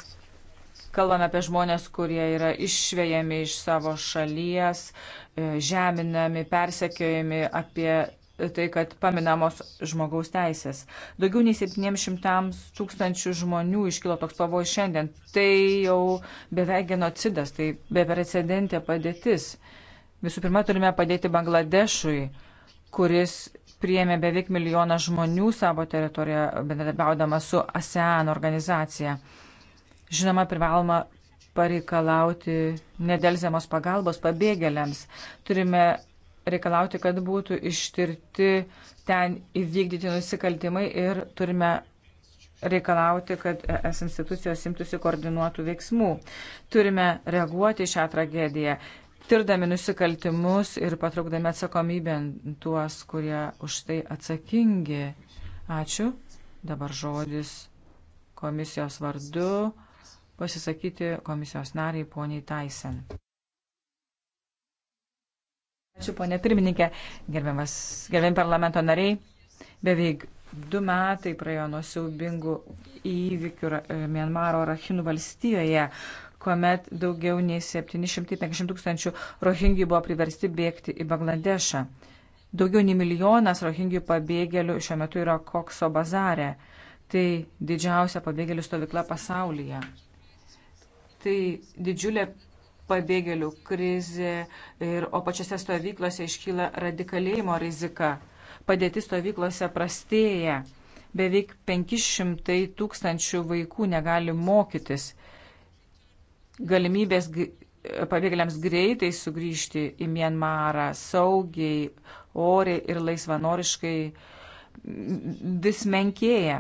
kalbame apie žmonės, kurie yra išvėjami iš savo šalies, e, žeminami, persekiojami apie tai, kad paminamos žmogaus teisės. Daugiau nei 700 tūkstančių žmonių iškilo toks pavojus šiandien. Tai jau beveik genocidas, tai beprecedentė padėtis. Visų pirma, turime padėti Bangladešui, kuris priėmė beveik milijoną žmonių savo teritoriją, bendradarbiaudama su ASEAN organizacija. Žinoma, privaloma pareikalauti nedelsiamos pagalbos pabėgėliams. Turime reikalauti, kad būtų ištirti ten įvykdyti nusikaltimai ir turime reikalauti, kad es institucijos imtųsi koordinuotų veiksmų. Turime reaguoti šią tragediją tirdami nusikaltimus ir patraukdami atsakomybę tuos, kurie už tai atsakingi. Ačiū. Dabar žodis komisijos vardu pasisakyti komisijos nariai poniai Taisen. Ačiū, ponė pirmininkė, gerbiamas, gerbiam parlamento nariai. Beveik du metai praėjo nuo siaubingų įvykių Mienmaro Rahinų valstijoje, kuomet daugiau nei 750 tūkstančių rohingių buvo priversti bėgti į Bangladešą. Daugiau nei milijonas rohingių pabėgėlių šiuo metu yra Kokso bazare. Tai didžiausia pabėgėlių stovykla pasaulyje. Tai didžiulė pabėgėlių krizė, ir, o pačiose stovyklose iškyla radikalėjimo rizika. Padėti stovyklose prastėja. Beveik 500 tūkstančių vaikų negali mokytis galimybės pabėgėliams greitai sugrįžti į Mienmarą saugiai, oriai ir laisvanoriškai vis menkėja.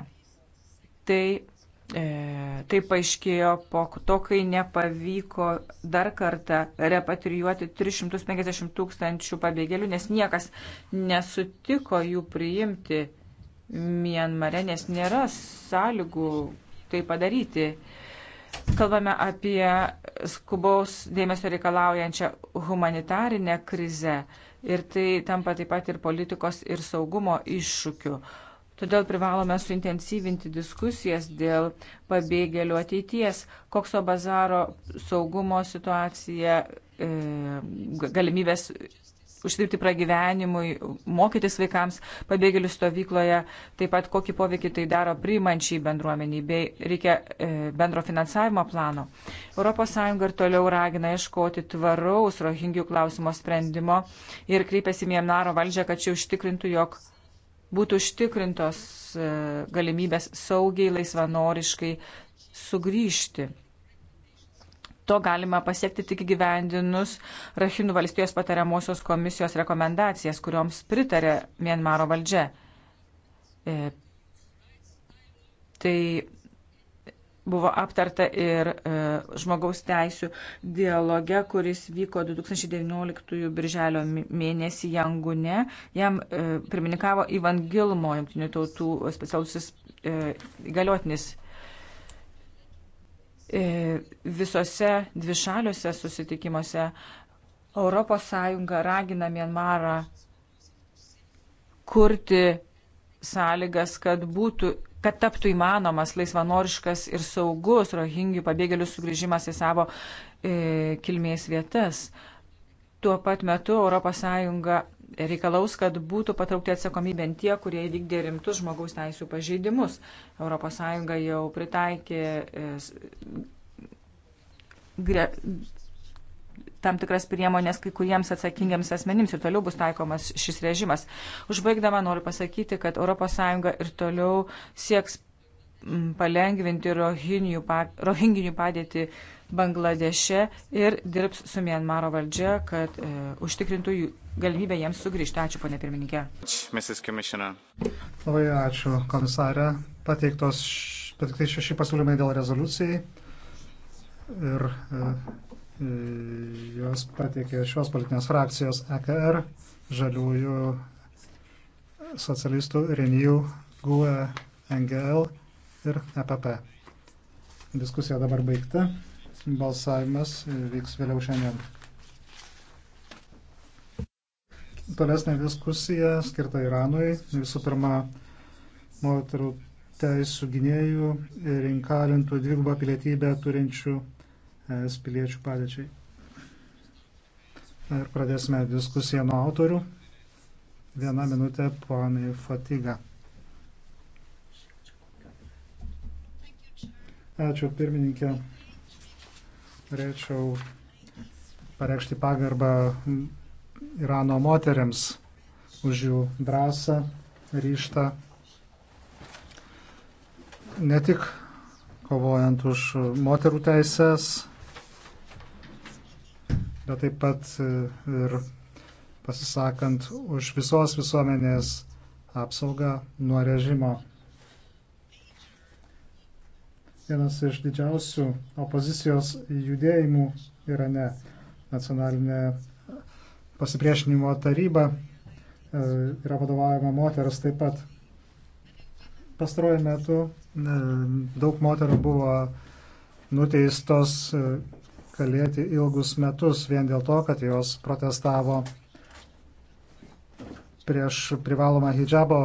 Tai e, Tai paaiškėjo po to, kai nepavyko dar kartą repatrijuoti 350 tūkstančių pabėgėlių, nes niekas nesutiko jų priimti Mienmare, nes nėra sąlygų tai padaryti. Kalbame apie skubaus dėmesio reikalaujančią humanitarinę krizę ir tai tampa taip pat ir politikos ir saugumo iššūkiu. Todėl privalome suintensyvinti diskusijas dėl pabėgėlių ateities, kokso bazaro saugumo situacija, e, galimybės uždirbti pragyvenimui, mokytis vaikams pabėgėlių stovykloje, taip pat kokį poveikį tai daro priimančiai bendruomeniai, bei reikia e, bendro finansavimo plano. ES ir toliau ragina ieškoti tvaraus rohingių klausimo sprendimo ir kreipiasi Miemnaro valdžią, kad ši užtikrintų, jog būtų užtikrintos e, galimybės saugiai, laisvanoriškai sugrįžti to galima pasiekti tik gyvendinus Rahinų valstijos patariamosios komisijos rekomendacijas, kurioms pritarė Mienmaro valdžia. E, tai buvo aptarta ir e, žmogaus teisų dialoge, kuris vyko 2019 birželio mėnesį Jangune. Jam e, pirmininkavo Ivan Gilmo, jungtinių tautų specialusis e, galiotinis E, visose dvišaliuose susitikimuose ES ragina Mienmarą kurti sąlygas, kad būtų kad taptų įmanomas laisvanoriškas ir saugus rohingių pabėgėlių sugrįžimas į savo e, kilmės vietas. Tuo pat metu ES reikalaus, kad būtų patraukti atsakomybė tie, kurie įvykdė rimtus žmogaus teisų pažeidimus. ES jau pritaikė e, gre, tam tikras priemonės kai kuriems atsakingiams asmenims ir toliau bus taikomas šis režimas. Užbaigdama noriu pasakyti, kad ES ir toliau sieks palengvinti rohinginių padėtį Bangladeše ir dirbs su Mienmaro valdžia, kad e, užtikrintų jų galimybę jiems sugrįžti. Ačiū, ponė pirmininkė. Labai ačiū, komisarė. Pateiktos pateikti šeši pasiūlymai dėl rezoliucijai ir e, e juos pateikė šios politinės frakcijos EKR, žaliųjų socialistų, Renijų, GUE, NGL ir EPP. Diskusija dabar baigta. Balsavimas vyks vėliau šiandien. Tolesnė diskusija skirta Iranui. Visų pirma, moterų teisų gynėjų ir inkalintų dvigubą pilietybę turinčių es piliečių padėčiai. Ir pradėsime diskusiją nuo autorių. Viena minutė ponai Fatiga. Ačiū pirmininkė. Norėčiau pareikšti pagarbą Irano moteriams už jų drąsą, ryštą. Ne tik kovojant už moterų teises, bet taip pat ir pasisakant už visos visuomenės apsaugą nuo režimo vienas iš didžiausių opozicijos judėjimų Irane. Nacionalinė pasipriešinimo taryba e, yra vadovaujama moteris taip pat. Pastaruoju metu e, daug moterų buvo nuteistos e, kalėti ilgus metus vien dėl to, kad jos protestavo prieš privalomą hijabo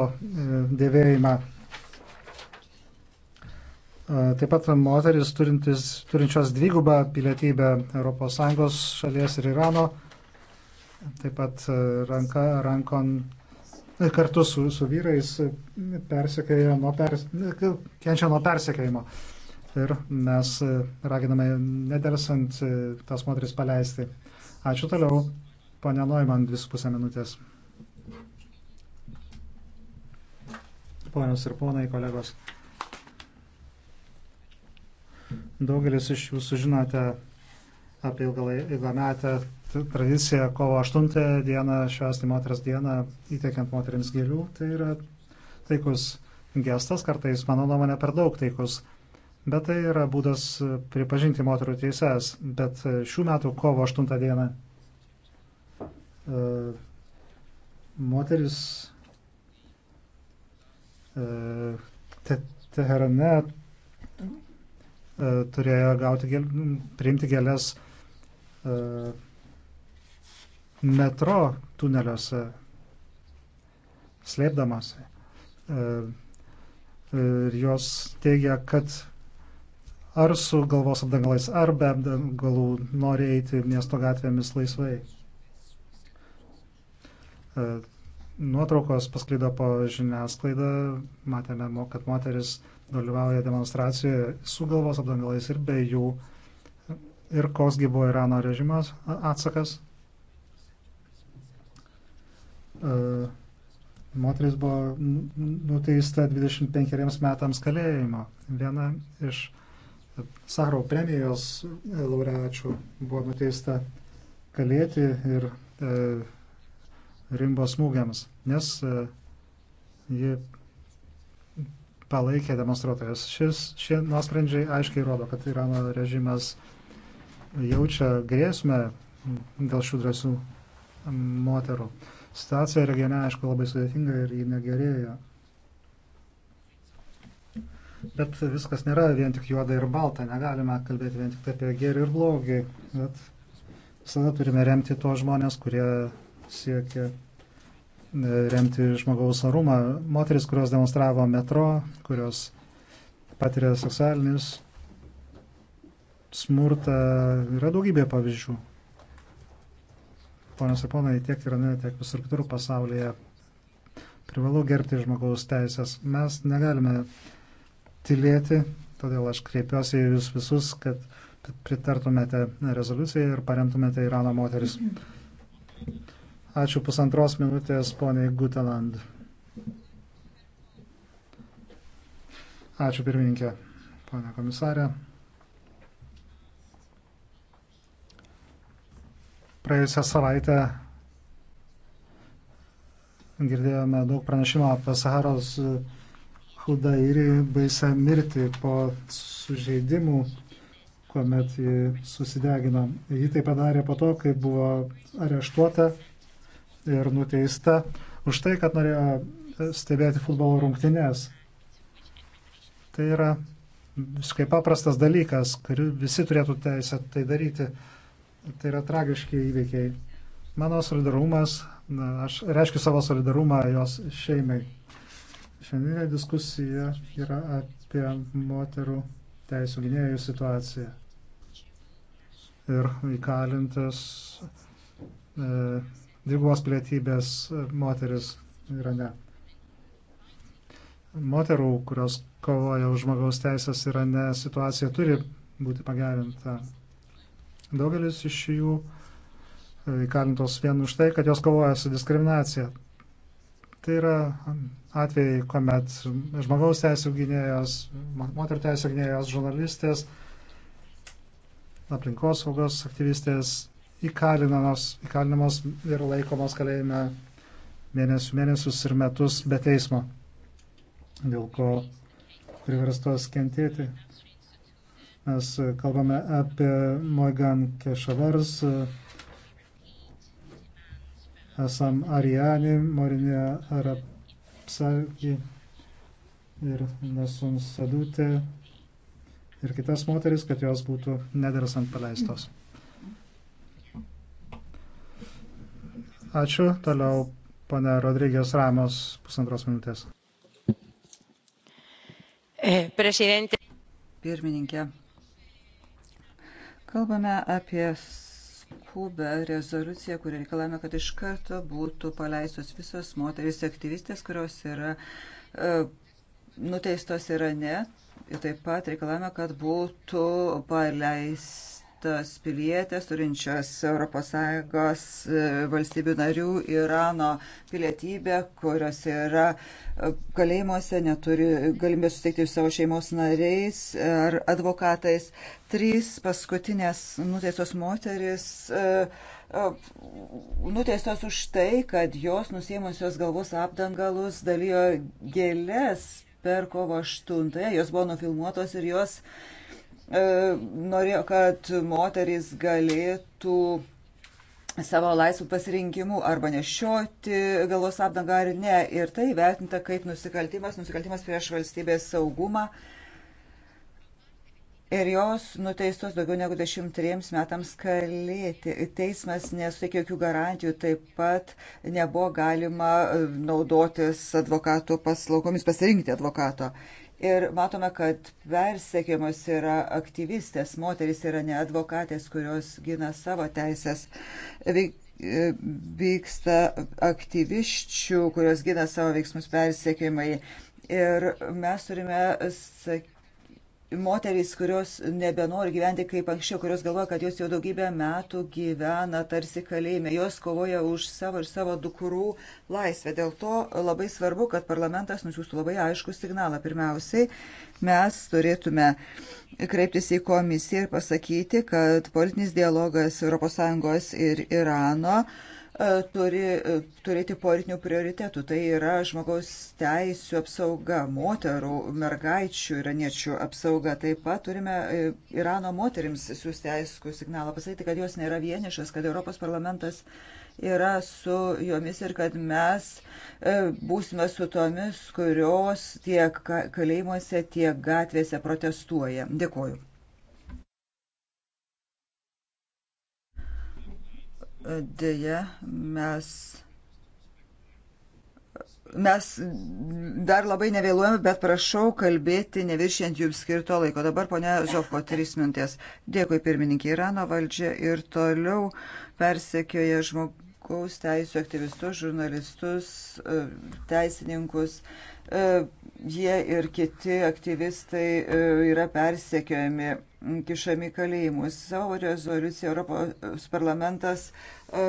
dėvėjimą Taip pat moteris turintis, turinčios dvigubą pilietybę ES šalies ir Irano, taip pat ranka, rankon e, kartu su, su vyrais nuo pers, kenčia nuo persekėjimo. Ir mes e, raginame nedersant e, tas moteris paleisti. Ačiū toliau. Pane Noiman, 2,5 minutės. Ponios ir ponai, kolegos. Daugelis iš jūsų žinote apie ilgametę tradiciją kovo 8 dieną, švęsti moters dieną, įteikiant moteriams gėlių. Tai yra taikus gestas, kartais, mano nuomonė, per daug taikus. Bet tai yra būdas pripažinti moterų teises. Bet šių metų kovo 8 dieną e, moteris e, Teherane te E, turėjo gauti, gėl, priimti gėlės e, metro tuneliuose, slėpdamasi. E, ir jos teigia, kad ar su galvos apdangalais, ar be apdangalų nori eiti miesto gatvėmis laisvai. Nuotraukos pasklydo po žiniasklaidą, matėme, kad moteris dalyvauja demonstracijoje su galvos apdangalais ir be jų. Ir kosgi buvo Irano režimas atsakas. E, moteris buvo nuteista 25 metams kalėjimo. Viena iš Saro premijos e, laureačių buvo nuteista kalėti ir e, rimbo smūgiams, nes e, ji palaikė demonstruotojas. Šis, šie nuosprendžiai aiškiai rodo, kad Irano režimas jaučia grėsmę dėl šių drąsių moterų. Situacija regione, aišku, labai sudėtinga ir ji negerėja. Bet viskas nėra vien tik juoda ir balta, negalime kalbėti vien tik apie gerį ir blogį, bet visada turime remti tuos žmonės, kurie siekia remti žmogaus arumą. Moteris, kurios demonstravo metro, kurios patiria seksualinius smurtą, yra daugybė pavyzdžių. Ponios ir ponai, tiek Irane, tiek visur kitur pasaulyje privalu gerbti žmogaus teisės. Mes negalime tylėti, todėl aš kreipiuosi į jūs visus, kad pritartumėte rezoliucijai ir paremtumėte Irano moteris. Mhm. Ačiū pusantros minutės poniai Guteland. Ačiū pirmininkė, ponia komisarė. Praėjusią savaitę girdėjome daug pranešimų apie Saharos Hudairį baisę mirtį po sužeidimų kuomet ji susidegino. Ji tai padarė po to, kai buvo areštuota ir nuteista už tai, kad norėjo e, stebėti futbolo rungtynės. Tai yra visiškai paprastas dalykas, kurį visi turėtų teisę tai daryti. Tai yra tragiški įveikiai. Mano solidarumas, na, aš reiškiu savo solidarumą jos šeimai. Šiandienė diskusija yra apie moterų teisų gynėjų situaciją. Ir įkalintas e, dvigubos pilietybės moteris Irane. Moterų, kurios kovoja už žmogaus teisės Irane, situacija turi būti pagerinta. Daugelis iš jų e, įkalintos vien už tai, kad jos kovoja su diskriminacija. Tai yra atvejai, kuomet žmogaus teisų gynėjos, moterų teisų gynėjos, žurnalistės, aplinkosaugos aktyvistės įkalinamos, įkalinamos ir laikomos kalėjime mėnesių, mėnesius ir metus be teismo, dėl ko priverstos kentėti. Mes kalbame apie Moigan Kešavars, esam Arijani, Morinė Arapsagi ir Nesun Sadutė ir kitas moteris, kad jos būtų nedersant paleistos. Ačiū. Toliau pane Rodrygės Ramos pusantros minutės. E, Prezidentė. Pirmininkė. Kalbame apie skubę rezoliuciją, kurį reikalavome, kad iš karto būtų paleistos visos moteris aktyvistės, kurios yra e, nuteistos Irane. Ir taip pat reikalavome, kad būtų paleistos vietos pilietės, turinčios ES e, valstybių narių Irano pilietybę, kurios yra e, kalėjimuose, neturi galimybės susitikti su savo šeimos nariais ar advokatais. Trys paskutinės nuteisos moteris e, nuteistos už tai, kad jos nusėmusios galvos apdangalus dalijo gėlės per kovo 8. Jos buvo nufilmuotos ir jos uh, E, norėjo, kad moteris galėtų savo laisvų pasirinkimų arba nešioti galvos apdangą ar ne. Ir tai vertinta kaip nusikaltimas, nusikaltimas prieš valstybės saugumą. Ir jos nuteistos daugiau negu 23 metams kalėti. Teismas nesuteikė jokių garantijų, taip pat nebuvo galima naudotis advokato paslaugomis, pasirinkti advokato. Ir matome, kad persekiamos yra aktyvistės, moteris yra ne advokatės, kurios gina savo teisės. E, vyksta aktyviščių, kurios gina savo veiksmus persekiojimai. Ir mes turime sakyti, moterys, kurios nebenori gyventi kaip anksčiau, kurios galvoja, kad jos jau daugybę metų gyvena tarsi kalėjime, jos kovoja už savo ir savo dukurų laisvę. Dėl to labai svarbu, kad parlamentas nusiųstų labai aišku signalą. Pirmiausiai, mes turėtume kreiptis į komisiją ir pasakyti, kad politinis dialogas ES ir Irano uh, E, turi e, turėti politinių prioritetų. Tai yra žmogaus teisų apsauga, moterų, mergaičių, iraniečių apsauga. Taip pat turime e, Irano moterims siūsti aišku signalą, pasakyti, kad jos nėra vienišas, kad Europos parlamentas yra su jomis ir kad mes būsime su tomis, kurios tiek kalėjimuose, tiek gatvėse protestuoja. Dėkuoju. Deja, mes mes dar labai nevėluojame, bet prašau kalbėti neviršiant jums skirto laiko. Dabar, ponia Žofko, trys minutės. Dėkui, pirmininkė. Irano valdžia ir toliau persekioja žmogaus teisų aktyvistus, žurnalistus, e, teisininkus. E, jie ir kiti aktyvistai e, yra persekiojami, kišami kalėjimus. Savo rezoliuciją Europos parlamentas e,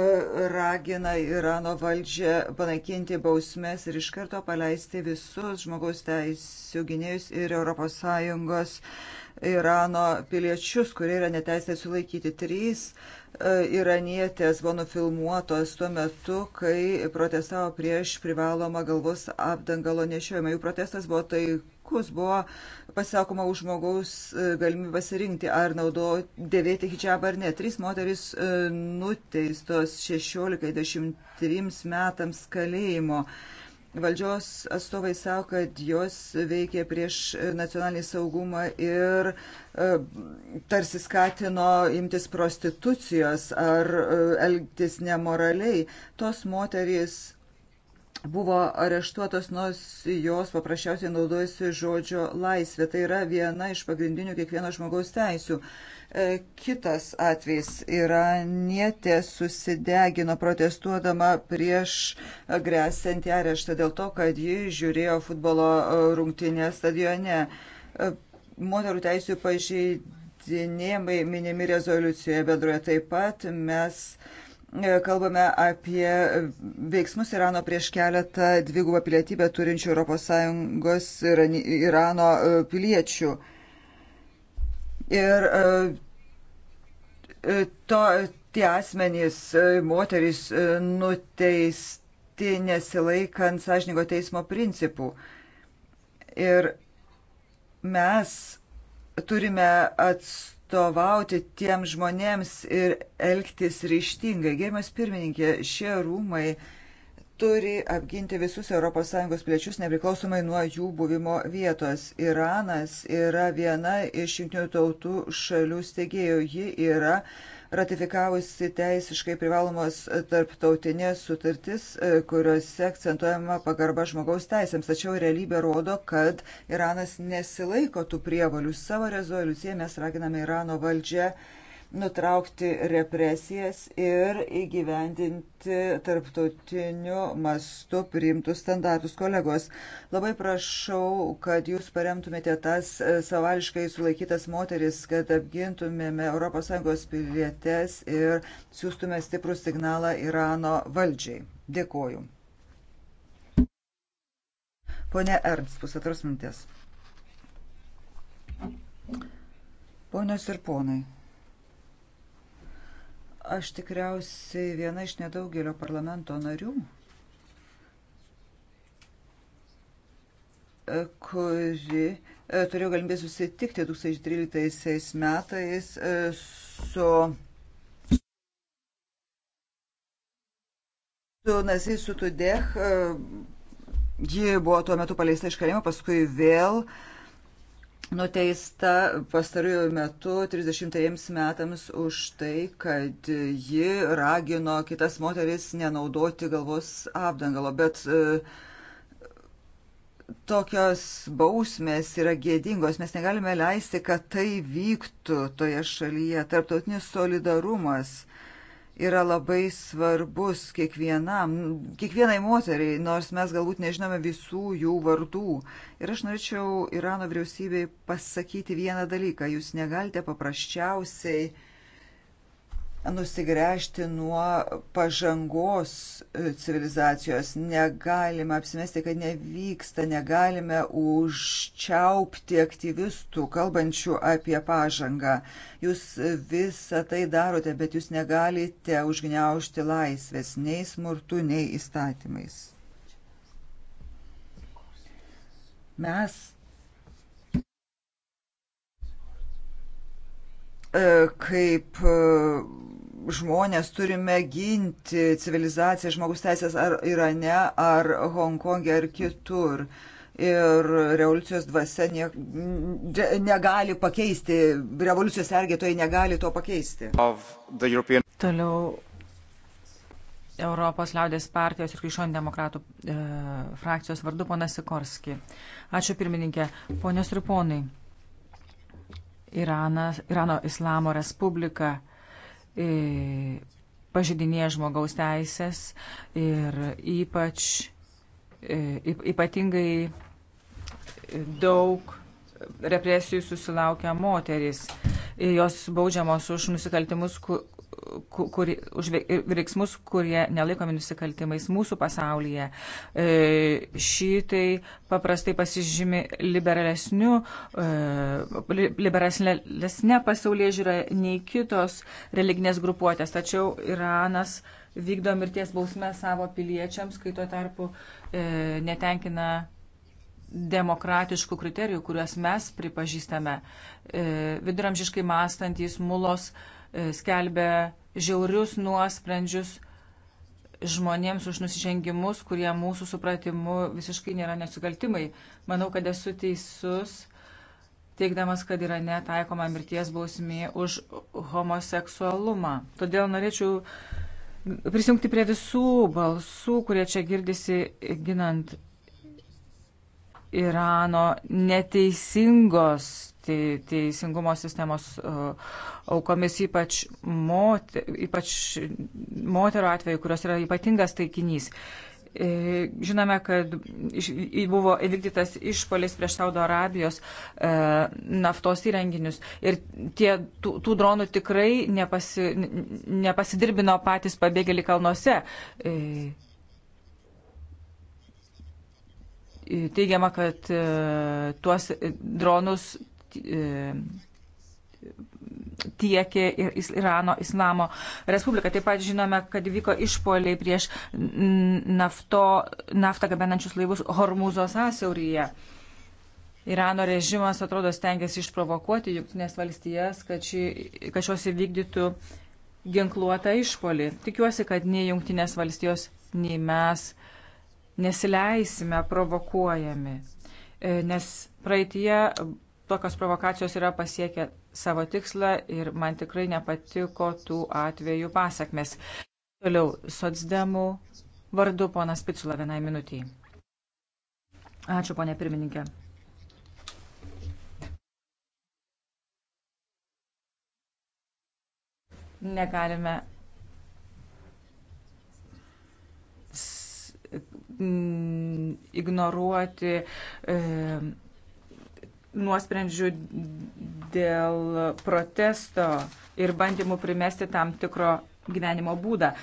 ragina Irano valdžią panaikinti bausmes ir iš karto paleisti visus žmogaus teisų gynėjus ir ES Irano piliečius, kurie yra neteisėtai sulaikyti. Trys uh, iranietės buvo nufilmuotos tuo metu, kai protestavo prieš privalomą galvos apdangalo nešiojimą. Jų protestas buvo taikus, buvo pasakoma už žmogaus e, galimybę pasirinkti, ar naudo dėvėti hijabą ar ne. Trys moteris e, nuteistos 16-23 metams kalėjimo. Valdžios atstovai savo, kad jos veikė prieš nacionalinį saugumą ir e, tarsi skatino imtis prostitucijos ar e, elgtis nemoraliai. Tos moterys buvo areštuotos, nors jos paprasčiausiai naudojasi žodžio laisvė. Tai yra viena iš pagrindinių kiekvieno žmogaus teisių. E, kitas atvejs iranietė susidegino protestuodama prieš grėsinti areštą dėl to, kad ji žiūrėjo futbolo e, rungtinę stadione. E, moterų teisų pažeidinėjimai minimi rezoliucijoje bendroje taip pat mes kalbame apie veiksmus Irano prieš keletą dvigubą pilietybę turinčių ES ir Irano piliečių. Ir e, e, to, tie asmenys, e, moterys nuteisti nesilaikant sąžininko teismo principų. Ir mes turime atstovauti atstovauti tiem žmonėms ir elgtis ryštingai. Gerimas pirmininkė, šie rūmai turi apginti visus ES piliečius nepriklausomai nuo jų buvimo vietos. Iranas yra viena iš jungtinių tautų šalių steigėjų. Ji yra ratifikavusi teisiškai privalomos tarptautinės sutartis, e, kuriuose akcentuojama pagarba žmogaus teisėms. Tačiau realybė rodo, kad Iranas nesilaiko tų prievalių. Savo rezoliuciją mes raginame Irano valdžią nutraukti represijas ir įgyvendinti tarptautiniu mastu priimtus standartus. Kolegos, labai prašau, kad jūs paremtumėte tas e, savališkai sulaikytas moteris, kad apgintumėme ES pilietės ir siūstume stiprų signalą Irano valdžiai. Dėkoju. Pone Ernst, pusantros minutės. Ponios ir ponai. Aš tikriausiai viena iš nedaugelio parlamento narių, kuri e, turėjo galimybę susitikti 2013 metais e, su su Nazis Sutudech. E, ji buvo tuo metu paleista iš kalėjimo, paskui vėl uh, nuteista pastaruoju metu 33 metams už tai, kad ji ragino kitas moteris nenaudoti galvos apdangalo, bet e, tokios bausmės yra gėdingos, mes negalime leisti, kad tai vyktų toje šalyje. Tarptautinis solidarumas yra labai svarbus kiekvienam, kiekvienai moteriai, nors mes galbūt nežinome visų jų vardų. Ir aš norėčiau Irano vyriausybei pasakyti vieną dalyką. Jūs negalite paprasčiausiai uh, nusigręžti nuo pažangos e, civilizacijos. Negalime apsimesti, kad nevyksta, negalime užčiaupti aktyvistų, kalbančių apie pažangą. Jūs visą tai darote, bet jūs negalite užgniaužti laisvės nei smurtu, nei įstatymais. Mes e, kaip e, žmonės turime ginti civilizaciją, žmogus teisės ar Irane, ar Hongkongė, ar kitur. Ir revoliucijos dvasia ne, negali pakeisti, revoliucijos sergėtojai negali to pakeisti. European... Toliau Europos liaudės partijos ir krikščionių demokratų e, frakcijos vardu ponas Sikorski. Ačiū pirmininkė. Ponios ir ponai, Iranas, Irano Islamo Respublika E, pažydinėja žmogaus teisės ir ypač, e, ypatingai daug represijų susilaukia moteris. Jos baudžiamos už nusikaltimus, kuri, už veiksmus, kurie nelaikomi nusikaltimais mūsų pasaulyje. E, šitai paprastai pasižymi liberalesniu, e, liberalesnė pasaulyje žiūra nei kitos religinės grupuotės. Tačiau Iranas vykdo mirties bausmę savo piliečiams, kai tuo tarpu e, netenkina demokratiškų kriterijų, kuriuos mes pripažįstame. E, viduramžiškai mąstantys mulos e, E, skelbia žiaurius nuosprendžius žmonėms už nusižengimus, kurie mūsų supratimu visiškai nėra nesukaltimai. Manau, kad esu teisus, teikdamas, kad yra netaikoma mirties bausmė už homoseksualumą. Todėl norėčiau prisijungti prie visų balsų, kurie čia girdisi ginant Irano neteisingos rūpesti teisingumo sistemos e, aukomis, ypač, moter, ypač moterų atveju, kurios yra ypatingas taikinys. E, žinome, kad buvo įvykdytas išpolis prieš Saudo Arabijos e, naftos įrenginius ir tie, tų, tų dronų tikrai nepasi, nepasidirbino patys pabėgėliai kalnuose. Teigiama, kad tuos dronus tiekė ir Irano Islamo Respubliką. Taip pat žinome, kad vyko išpoliai prieš nafto, naftą gabenančius laivus Hormūzo sąsiauryje. Irano režimas atrodo stengiasi išprovokuoti Junktinės valstijas, kad, ši, kad šios įvykdytų ginkluotą išpolį. Tikiuosi, kad nei Junktinės valstijos, nei mes nesileisime provokuojami, e, nes praeitie tokios provokacijos yra pasiekę savo tikslą ir man tikrai nepatiko tų atvejų pasakmes. Toliau, socdemų vardu ponas Picula vienai minutiai. Ačiū, ponė pirmininkė. Negalime ignoruoti e, nuosprendžių dėl protesto ir bandymų primesti tam tikro gyvenimo būdą.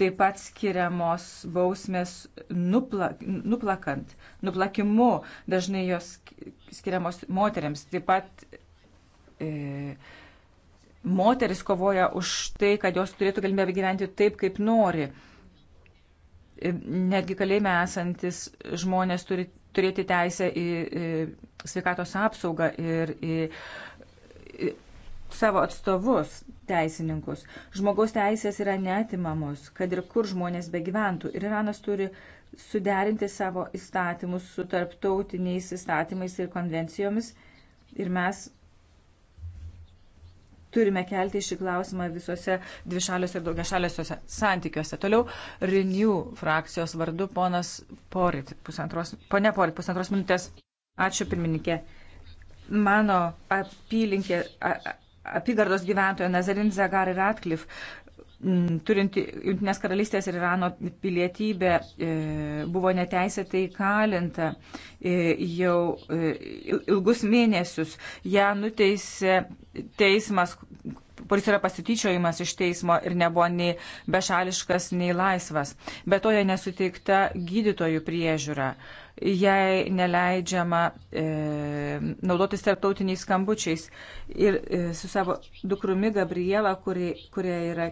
Taip pat skiriamos bausmės nupla, nuplakant, nuplakimu, dažnai jos skiriamos moteriams. Taip pat e, moteris kovoja už tai, kad jos turėtų galimybę gyventi taip, kaip nori. E, netgi kalėjime esantis žmonės turi turėti teisę į, į sveikatos apsaugą ir į, į savo atstovus teisininkus. Žmogaus teisės yra netimamos, kad ir kur žmonės begyventų. Ir Iranas turi suderinti savo įstatymus su tarptautiniais įstatymais ir konvencijomis. Ir mes turime kelti šį klausimą visose dvišaliuose ir daugiašaliuose santykiuose. Toliau Renew frakcijos vardu ponas Porit, pusantros, ponia Porit, pusantros minutės. Ačiū pirmininkė. Mano apylinkė, a, apygardos gyventoja Nazarin Zagar ir Atklif Mm, turint Junktinės karalystės ir Irano pilietybę, e, buvo neteisėtai įkalinta e, jau e, ilgus mėnesius. Ja nuteisė teismas, kuris yra pasityčiojimas iš teismo ir nebuvo nei bešališkas, nei laisvas. Be to, jai nesuteikta gydytojų priežiūra. Jai neleidžiama e, naudotis tarptautiniais skambučiais. Ir e, su savo dukrumi Gabriela, kuri, kurie yra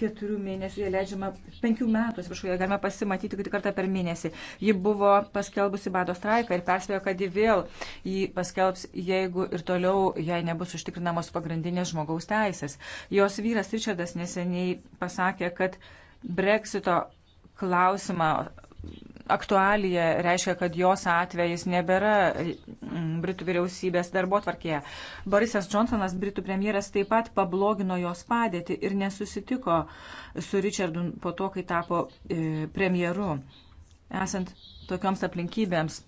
keturių mėnesių, jie leidžiama penkių metų, atsiprašau, jie galima pasimatyti tik kartą per mėnesį. Ji buvo paskelbusi bado straiką ir perspėjo, kad ji vėl jį paskelbs, jeigu ir toliau jai nebus užtikrinamos pagrindinės žmogaus teisės. Jos vyras Richardas neseniai pasakė, kad Brexito klausimą aktualija reiškia, kad jos atvejais nebėra mm, Britų vyriausybės darbo tvarkėje. Borisas Johnsonas, Britų premjeras, taip pat pablogino jos padėtį ir nesusitiko su Richardu po to, kai tapo e, premjeru. Esant tokioms aplinkybėms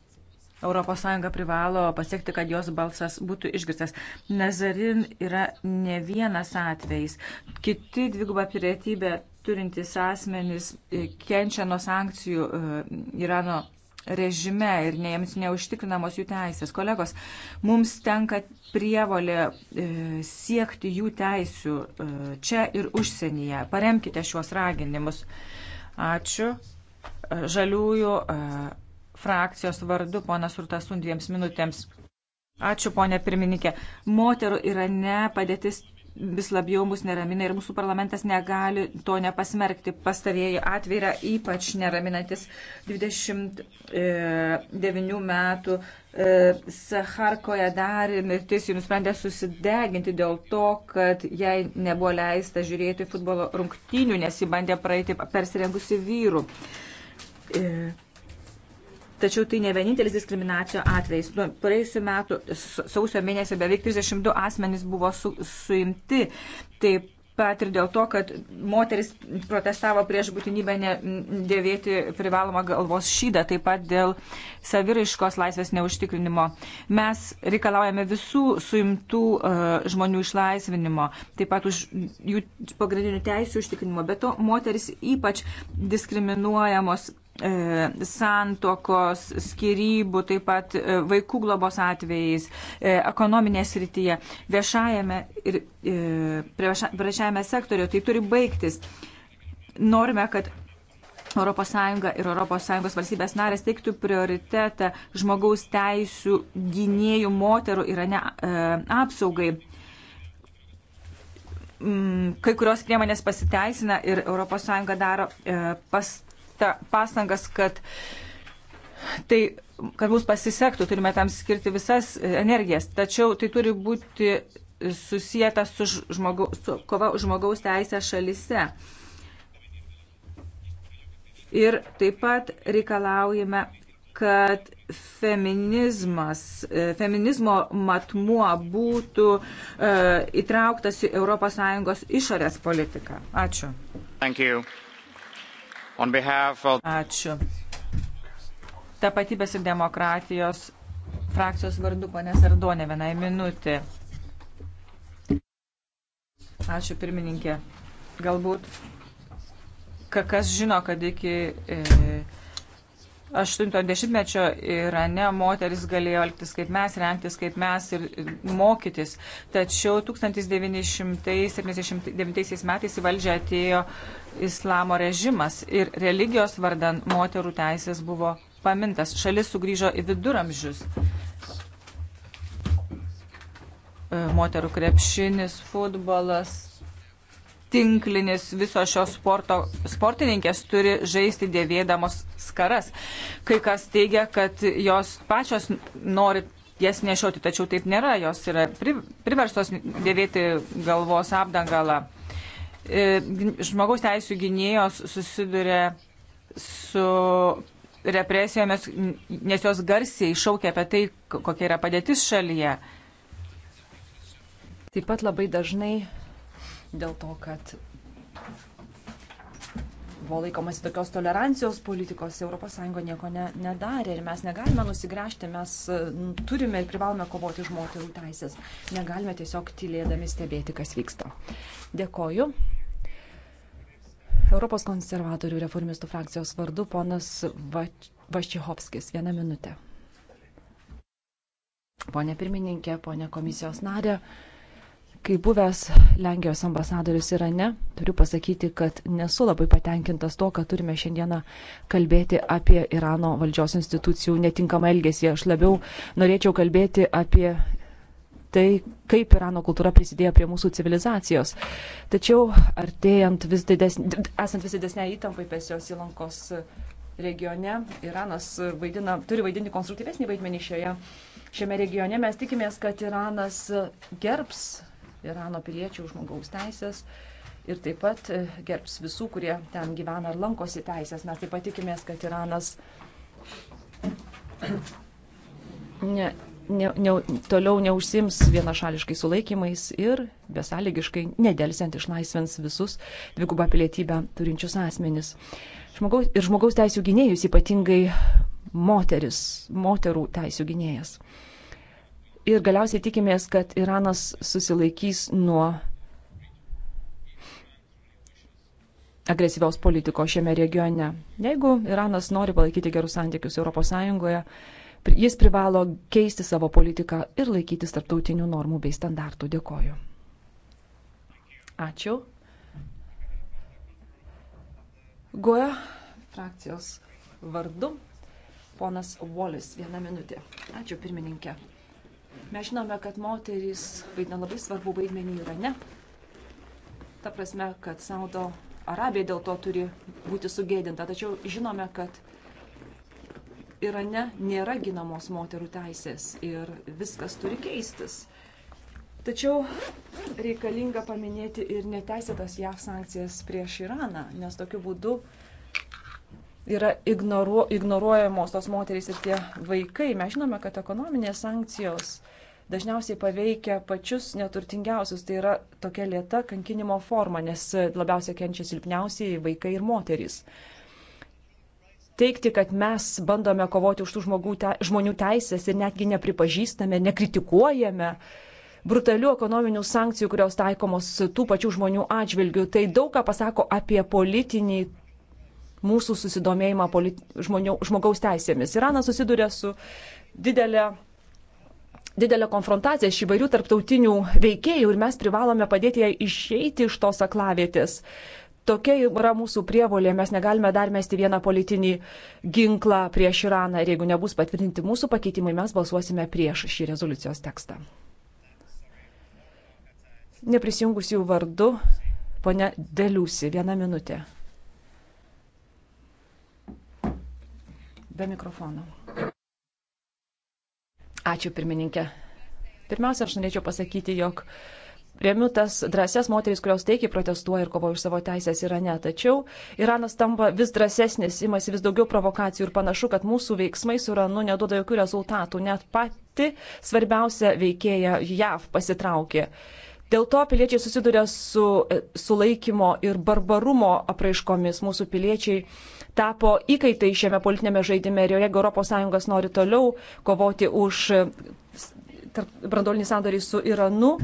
ES privalo pasiekti, kad jos balsas būtų išgirstas. Nazarin yra ne vienas atvejis. Kiti dvigubą pilietybę turintys asmenys e, kenčia nuo sankcijų e, Irano režime ir ne jiems neužtikrinamos jų teisės. Kolegos, mums tenka prievolė e, siekti jų teisių e, čia ir užsienyje. Paremkite šiuos raginimus. Ačiū. E, žaliųjų. E, frakcijos vardu, ponas Urtasun, dviems minutėms. Ačiū, ponė pirmininkė. Moterų Irane padėtis vis labiau mus neramina ir mūsų parlamentas negali to nepasmerkti. Pastarėjai atvira ypač neraminantis 29 e, metų e, Saharkoje dar mirtis ir nusprendė susideginti dėl to, kad jai nebuvo leista žiūrėti futbolo rungtynių, nes ji bandė praeiti persirengusi vyrų. E, Tačiau tai ne vienintelis diskriminacijos atvejis. Nu, praėjusiu metu sausio mėnesio beveik 32 asmenys buvo su, suimti. Taip pat ir dėl to, kad moteris protestavo prieš būtinybę dėvėti privalomą galvos šydą, taip pat dėl saviraiškos laisvės neužtikrinimo. Mes reikalaujame visų suimtų uh, žmonių išlaisvinimo, taip pat už jų pagrindinių teisų užtikrinimo. Be to, moteris ypač diskriminuojamos E, santokos, skirybų, taip pat e, vaikų globos atvejais, e, ekonominės rytyje, viešajame ir priešajame sektoriu. Tai turi baigtis. Norime, kad ES ir ES valstybės narės teiktų prioritetą žmogaus teisų gynėjų moterų ir ne apsaugai mm, kai kurios priemonės pasiteisina ir ES daro pas, pasta, pastangas, kad tai kad mums pasisektų, turime tam skirti visas energijas. Tačiau tai turi būti susijęta su, žmogu, su kova už žmogaus teisę šalise. Ir taip pat reikalaujame, kad feminizmas, e, feminizmo matmuo būtų e, įtrauktas į ES išorės politiką. Ačiū. Thank you. Of... Ačiū. Tapatybės ir demokratijos frakcijos vardu, ponė Sardonė, vienai minutė. Ačiū pirmininkė. Galbūt, kas žino, kad iki. E, 80-mečio Irane moteris galėjo elgtis kaip mes, rengtis kaip mes ir mokytis. Tačiau 1979 metais į valdžią atėjo islamo režimas ir religijos vardan moterų teisės buvo pamintas. Šalis sugrįžo į viduramžius. Moterų krepšinis, futbolas, tinklinis visos šios sporto, sportininkės turi žaisti dėvėdamos skaras. Kai kas teigia, kad jos pačios nori jas nešioti, tačiau taip nėra, jos yra priverstos dėvėti galvos apdangalą. E, žmogaus teisų gynėjos susiduria su represijomis, nes jos garsiai šaukia apie tai, kokia yra padėtis šalyje. Taip pat labai dažnai dėl to, kad buvo laikomasi tokios tolerancijos politikos, ES nieko ne, nedarė ir mes negalime nusigręžti, mes turime ir privalome kovoti už moterų teisės. Negalime tiesiog tylėdami stebėti, kas vyksta. Dėkoju. Europos konservatorių reformistų frakcijos vardu ponas Vaščihovskis. Vieną minutę. Pone pirmininkė, pone komisijos narė. Kai buvęs Lenkijos ambasadorius Irane, turiu pasakyti, kad nesu labai patenkintas to, kad turime šiandieną kalbėti apie Irano valdžios institucijų netinkamą elgesį. Aš labiau norėčiau kalbėti apie tai, kaip Irano kultūra prisidėjo prie mūsų civilizacijos. Tačiau, artėjant vis didesnį, esant vis didesnė įtampai Pesijos įlankos regione, Iranas vaidina, turi vaidinti konstruktyvesnį vaidmenį šioje. Šiame regione mes tikimės, kad Iranas gerbs Irano piliečių žmogaus teisės ir taip pat e, gerbs visų, kurie ten gyvena ar lankosi teisės. Mes taip pat tikimės, kad Iranas ne, ne, ne, toliau neužsims vienašališkai sulaikymais ir besąlygiškai nedelsiant išlaisvins visus dvigubą pilietybę turinčius asmenis. Žmogaus, ir žmogaus teisų gynėjus, ypatingai moteris, moterų teisų gynėjas. Ir galiausiai tikimės, kad Iranas susilaikys nuo agresyvios politikos šiame regione. Jeigu Iranas nori palaikyti gerus santykius ES, jis privalo keisti savo politiką ir laikytis tarptautinių normų bei standartų. Dėkoju. Ačiū. Goja frakcijos vardu. Ponas Volis, viena minutė. Ačiū pirmininkė. Mes žinome, kad moterys vaidina labai svarbu vaidmenį Irane. Ta prasme, kad Saudo Arabija dėl to turi būti sugėdinta. Tačiau žinome, kad Irane nėra ginamos moterų teisės ir viskas turi keistis. Tačiau reikalinga paminėti ir neteisėtas JAV sankcijas prieš Iraną, nes tokiu būdu yra ignoruo, ignoruojamos tos moterys ir tie vaikai. Mes žinome, kad ekonominės sankcijos dažniausiai paveikia pačius neturtingiausius. Tai yra tokia lėta kankinimo forma, nes labiausiai kenčia silpniausiai vaikai ir moterys. Teikti, kad mes bandome kovoti už tų te, žmonių teisės ir netgi nepripažįstame, nekritikuojame brutalių ekonominių sankcijų, kurios taikomos tų pačių žmonių atžvilgių, tai daug ką pasako apie politinį mūsų susidomėjimą žmonių, žmogaus teisėmis. Iranas susiduria su didelė, didelė konfrontacija iš įvairių tarptautinių veikėjų ir mes privalome padėti jai išeiti iš tos aklavietės. Tokia yra mūsų prievolė, mes negalime dar mesti vieną politinį ginklą prieš Iraną ir jeigu nebus patvirtinti mūsų pakeitimai, mes balsuosime prieš šį rezoliucijos tekstą. Neprisijungusių vardu, ponia Deliusi, vieną minutę. be mikrofono. Ačiū pirmininkė. Pirmiausia, aš norėčiau pasakyti, jog remiu tas drąsias moteris, kurios teikiai protestuoja ir kovoja už savo teisės Irane. Tačiau Iranas tampa vis drąsesnis, imasi vis daugiau provokacijų ir panašu, kad mūsų veiksmai su Iranu neduoda jokių rezultatų. Net pati svarbiausia veikėja JAV pasitraukė. Dėl to piliečiai susiduria su e, sulaikymo ir barbarumo apraiškomis. Mūsų piliečiai tapo įkaitai šiame politinėme žaidime ir jeigu ES nori toliau kovoti už e, brandolinį sandorį su Iranu,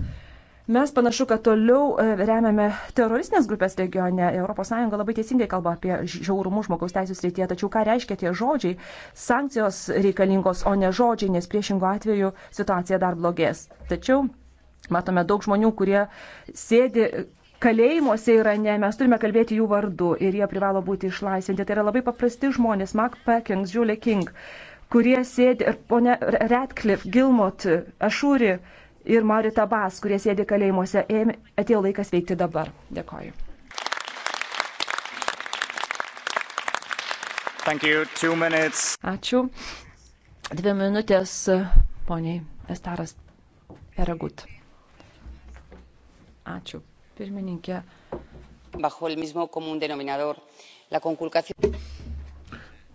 mes panašu, kad toliau e, remiame teroristinės grupės regione. ES labai teisingai kalba apie žiaurumų žmogaus teisų srityje, tačiau ką reiškia tie žodžiai? Sankcijos reikalingos, o ne žodžiai, nes priešingų atveju situacija dar blogės. Tačiau Matome daug žmonių, kurie sėdi kalėjimuose Irane, mes turime kalbėti jų vardu ir jie privalo būti išlaisvinti. Tai yra labai paprasti žmonės, Mark Perkins, Julie King, kurie sėdi, ir ponia Radcliffe, Gilmot, Ašūri ir Mari Tabas, kurie sėdi kalėjimuose, ėmė, atėjo laikas veikti dabar. Dėkoju. Ačiū. Dvi minutės, poniai Estaras Eragut. Ačiū, pirmininkė.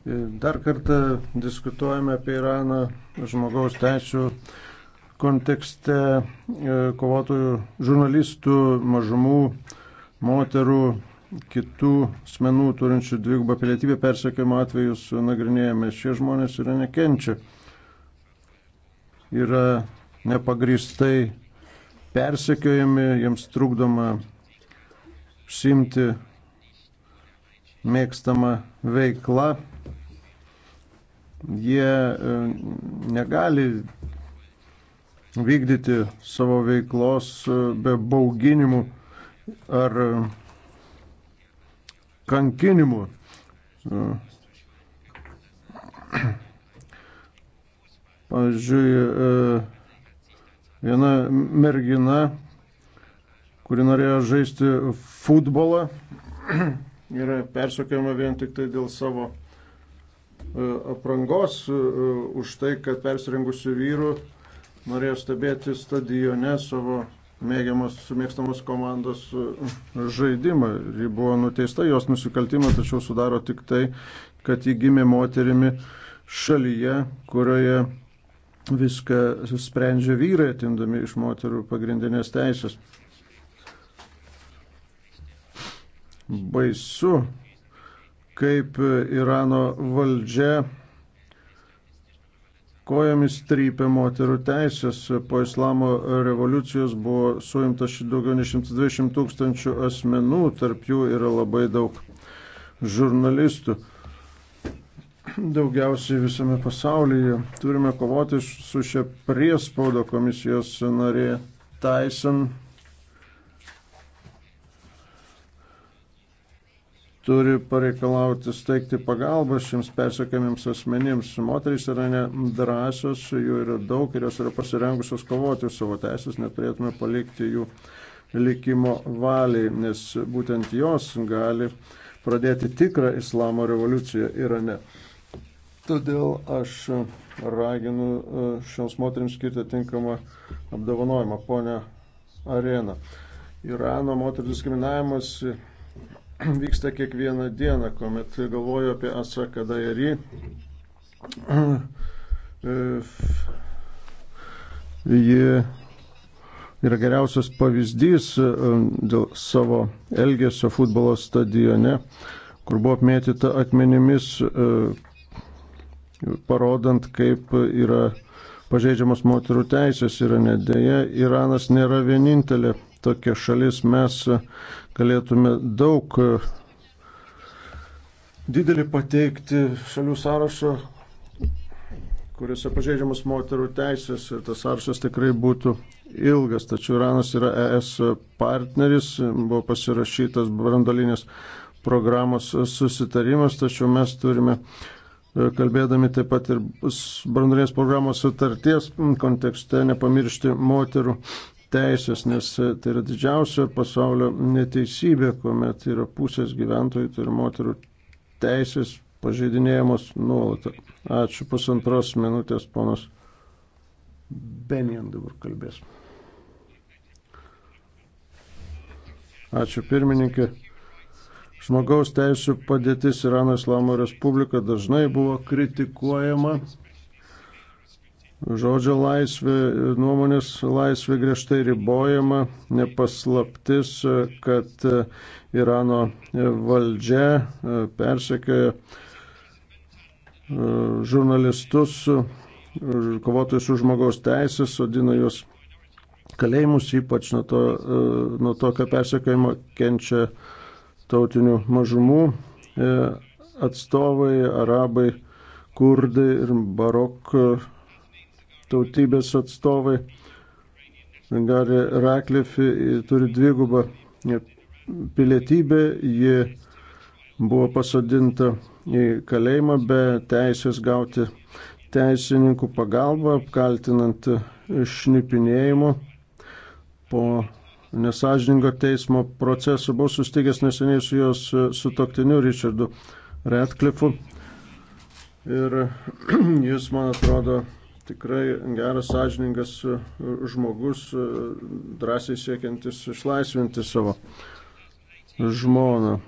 E, dar kartą diskutuojame apie Iraną žmogaus teisų kontekste e, kovotojų žurnalistų, mažumų, moterų, kitų asmenų turinčių dvigubą pilietybę persekiojimo atvejus nagrinėjame. Šie žmonės yra nekenčia. Yra nepagristai persekiojami, jiems trukdoma užsimti mėgstamą veiklą. Jie e, negali vykdyti savo veiklos e, be bauginimų ar e, kankinimų. Pavyzdžiui, Viena mergina, kuri norėjo žaisti futbolą, yra persokiama vien tik tai dėl savo e, aprangos, e, už tai, kad persirengusių vyrų norėjo stebėti stadione savo mėgiamos, mėgstamos komandos e, žaidimą. Ji buvo nuteista jos nusikaltimą, tačiau sudaro tik tai, kad ji gimė moterimi šalyje, kurioje viską sprendžia vyrai, atindami iš moterų pagrindinės teisės. Baisu, kaip Irano valdžia kojomis trypė moterų teisės. Po islamo revoliucijos buvo suimta daugiau nei 120 tūkstančių asmenų, tarp jų yra labai daug žurnalistų daugiausiai visame pasaulyje. Turime kovoti su šia priespaudo komisijos narė Tyson. turi pareikalauti steigti pagalbą šiems persiekiamiems asmenims. Moterys yra nedrasios, jų yra daug ir jos yra pasirengusios kovoti už savo teisės, neturėtume palikti jų likimo valiai, nes būtent jos gali pradėti tikrą islamo revoliuciją Irane. Todėl aš e, raginu e, šioms moteriams skirti tinkamą apdovanojimą, ponę Areną. Irano moterų diskriminavimas e, vyksta kiekvieną dieną, kuomet galvoju apie Asa Kadairi. Ji yra geriausias pavyzdys dėl savo elgesio futbolo stadione, kur buvo apmėtyta akmenimis, parodant, kaip yra pažeidžiamas moterų teisės Irane. Deja, Iranas nėra vienintelė tokia šalis. Mes galėtume daug didelį pateikti šalių sąrašą, kuriuose pažeidžiamas moterų teisės ir tas sąrašas tikrai būtų ilgas, tačiau Iranas yra ES partneris, buvo pasirašytas brandolinės programos susitarimas, tačiau mes turime E, kalbėdami taip pat ir branduolės programos sutarties kontekste nepamiršti moterų teisės, nes tai yra didžiausia pasaulio neteisybė, kuomet yra pusės gyventojų, tai yra moterų teisės pažeidinėjamos nuolat. Ačiū pusantros minutės, ponas Benjan dabar kalbės. Ačiū pirmininkė. Žmogaus teisų padėtis Irano Islamo Respublika dažnai buvo kritikuojama. Žodžio laisvė, nuomonės laisvė griežtai ribojama, nepaslaptis, kad Irano valdžia e, persekioja e, žurnalistus, e, kovotojus už žmogaus teisės, sodina juos kalėjimus, ypač nuo to, nuo to ką persekiojimo kenčia tautinių mažumų e, atstovai, arabai, kurdai ir barok e, tautybės atstovai. Gari Raklifi e, turi dvigubą pilietybę, ji buvo pasodinta į kalėjimą be teisės gauti teisininkų pagalbą, apkaltinant šnipinėjimu po nesažiningo teismo proceso. Buvau sustikęs neseniai su jos e, sutoktiniu Richardu Redcliffu. Ir jis, man atrodo, tikrai geras, sąžiningas e, žmogus, e, drąsiai siekiantis išlaisvinti savo žmoną.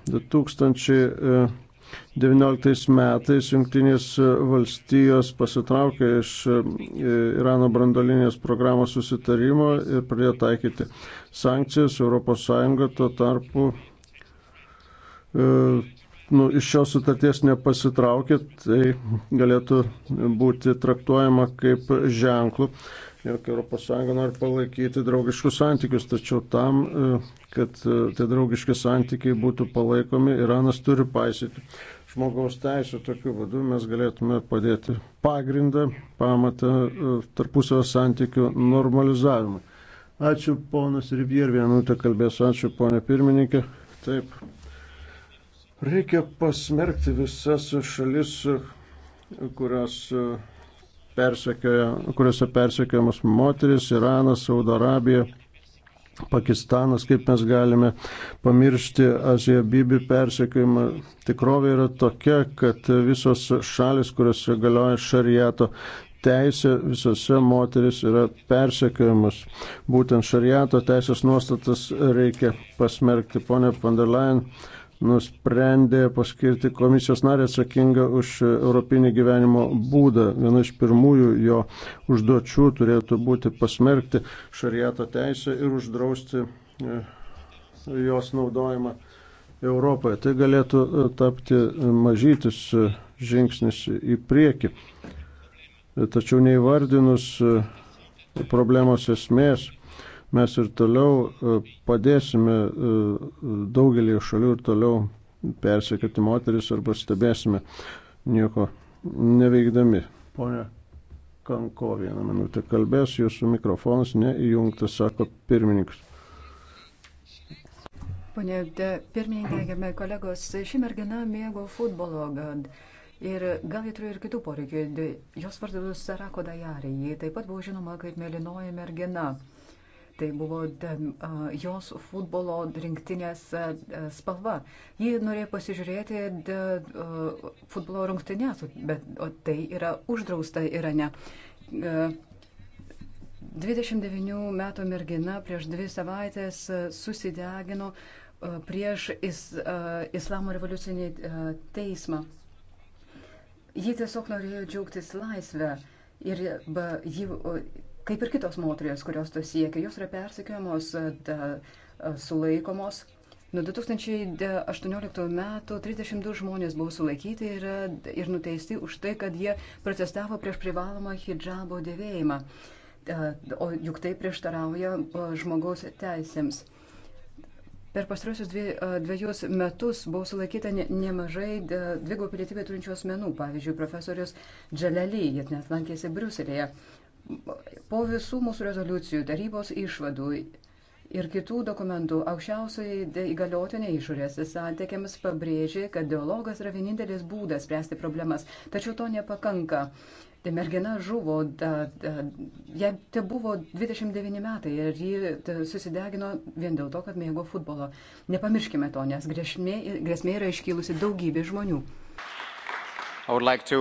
2019 metais Junktinės valstijos pasitraukė iš Irano brandolinės programos susitarimo ir pradėjo taikyti sankcijas, ES tuo tarpu e, nu, iš šios sutarties nepasitraukė, tai galėtų būti traktuojama kaip ženklų. Ir kai ES nori palaikyti draugiškus santykius, tačiau tam, e, kad e, tie draugiški santykiai būtų palaikomi, Iranas turi paisyti žmogaus teisų. Tokiu būdu mes galėtume padėti pagrindą, pamatą e, tarpusio santykių normalizavimui. Ačiū ponas Rivier, vieną minutę kalbėsiu, ačiū ponė pirmininkė. Taip, reikia pasmerkti visas šalis, kurios kuriuose persekiojamos moteris, Iranas, Saudo Arabija, Pakistanas, kaip mes galime pamiršti Aziją Bibi persekiojimą. Tikrovė yra tokia, kad visos šalis, kuriuose galioja šariato teisė visose moteris yra persekiojamas. Būtent šariato teisės nuostatas reikia pasmerkti. Pone Pandelain nusprendė paskirti komisijos narį atsakingą už europinį gyvenimo būdą. Viena iš pirmųjų jo užduočių turėtų būti pasmerkti šariato teisę ir uždrausti e, jos naudojimą Europoje. Tai galėtų e, tapti mažytis e, žingsnis į priekį. Tačiau neįvardinus e, problemos esmės, mes ir toliau e, padėsime e, daugelį šalių ir toliau persekėti moteris arba stebėsime nieko neveikdami. Pone Kanko, vieną minutę kalbės, jūsų mikrofonas neįjungtas, sako pirmininkas. Pone pirmininkė, gerbėjai kolegos, ši mergina mėgo futbolo, kad Ir gal jie turėjo ir kitų poreikių. Jos vardu Sarako Dajarė. Ji taip pat buvo žinoma kaip Melinoji mergina. Tai buvo de, uh, jos futbolo rinktinės uh, spalva. Ji norėjo pasižiūrėti de, uh, futbolo rungtinės, bet tai yra uždrausta Irane. Uh, 29 metų mergina prieš dvi savaitės susidegino prieš is, uh, Islamo revoliucinį uh, teismą. Ji tiesiog norėjo džiaugtis laisvę ir ba, ji, kaip ir kitos moteris, kurios to siekia, jos yra persekiojamos, sulaikomos. Nuo 2018 metų 32 žmonės buvo sulaikyti ir, ir nuteisti už tai, kad jie protestavo prieš privalomą hijabo dėvėjimą. O juk tai prieštarauja žmogaus teisėms. Per pastrosius dviejus metus buvo sulaikyta nemažai dvigubą pilietybę turinčių asmenų. Pavyzdžiui, profesorius Džalely, jie net lankėsi Briuselėje. Po visų mūsų rezoliucijų, tarybos išvadų ir kitų dokumentų aukščiausiai įgaliotinė išorės santykiams pabrėžė, kad dialogas yra vienintelis būdas spręsti problemas. Tačiau to nepakanka. Tai mergina žuvo, jai te buvo 29 metai ir ji susidegino vien dėl to, kad mėgo futbolą. Nepamirškime to, nes grėsmė, grėsmė yra iškilusi daugybė žmonių. Like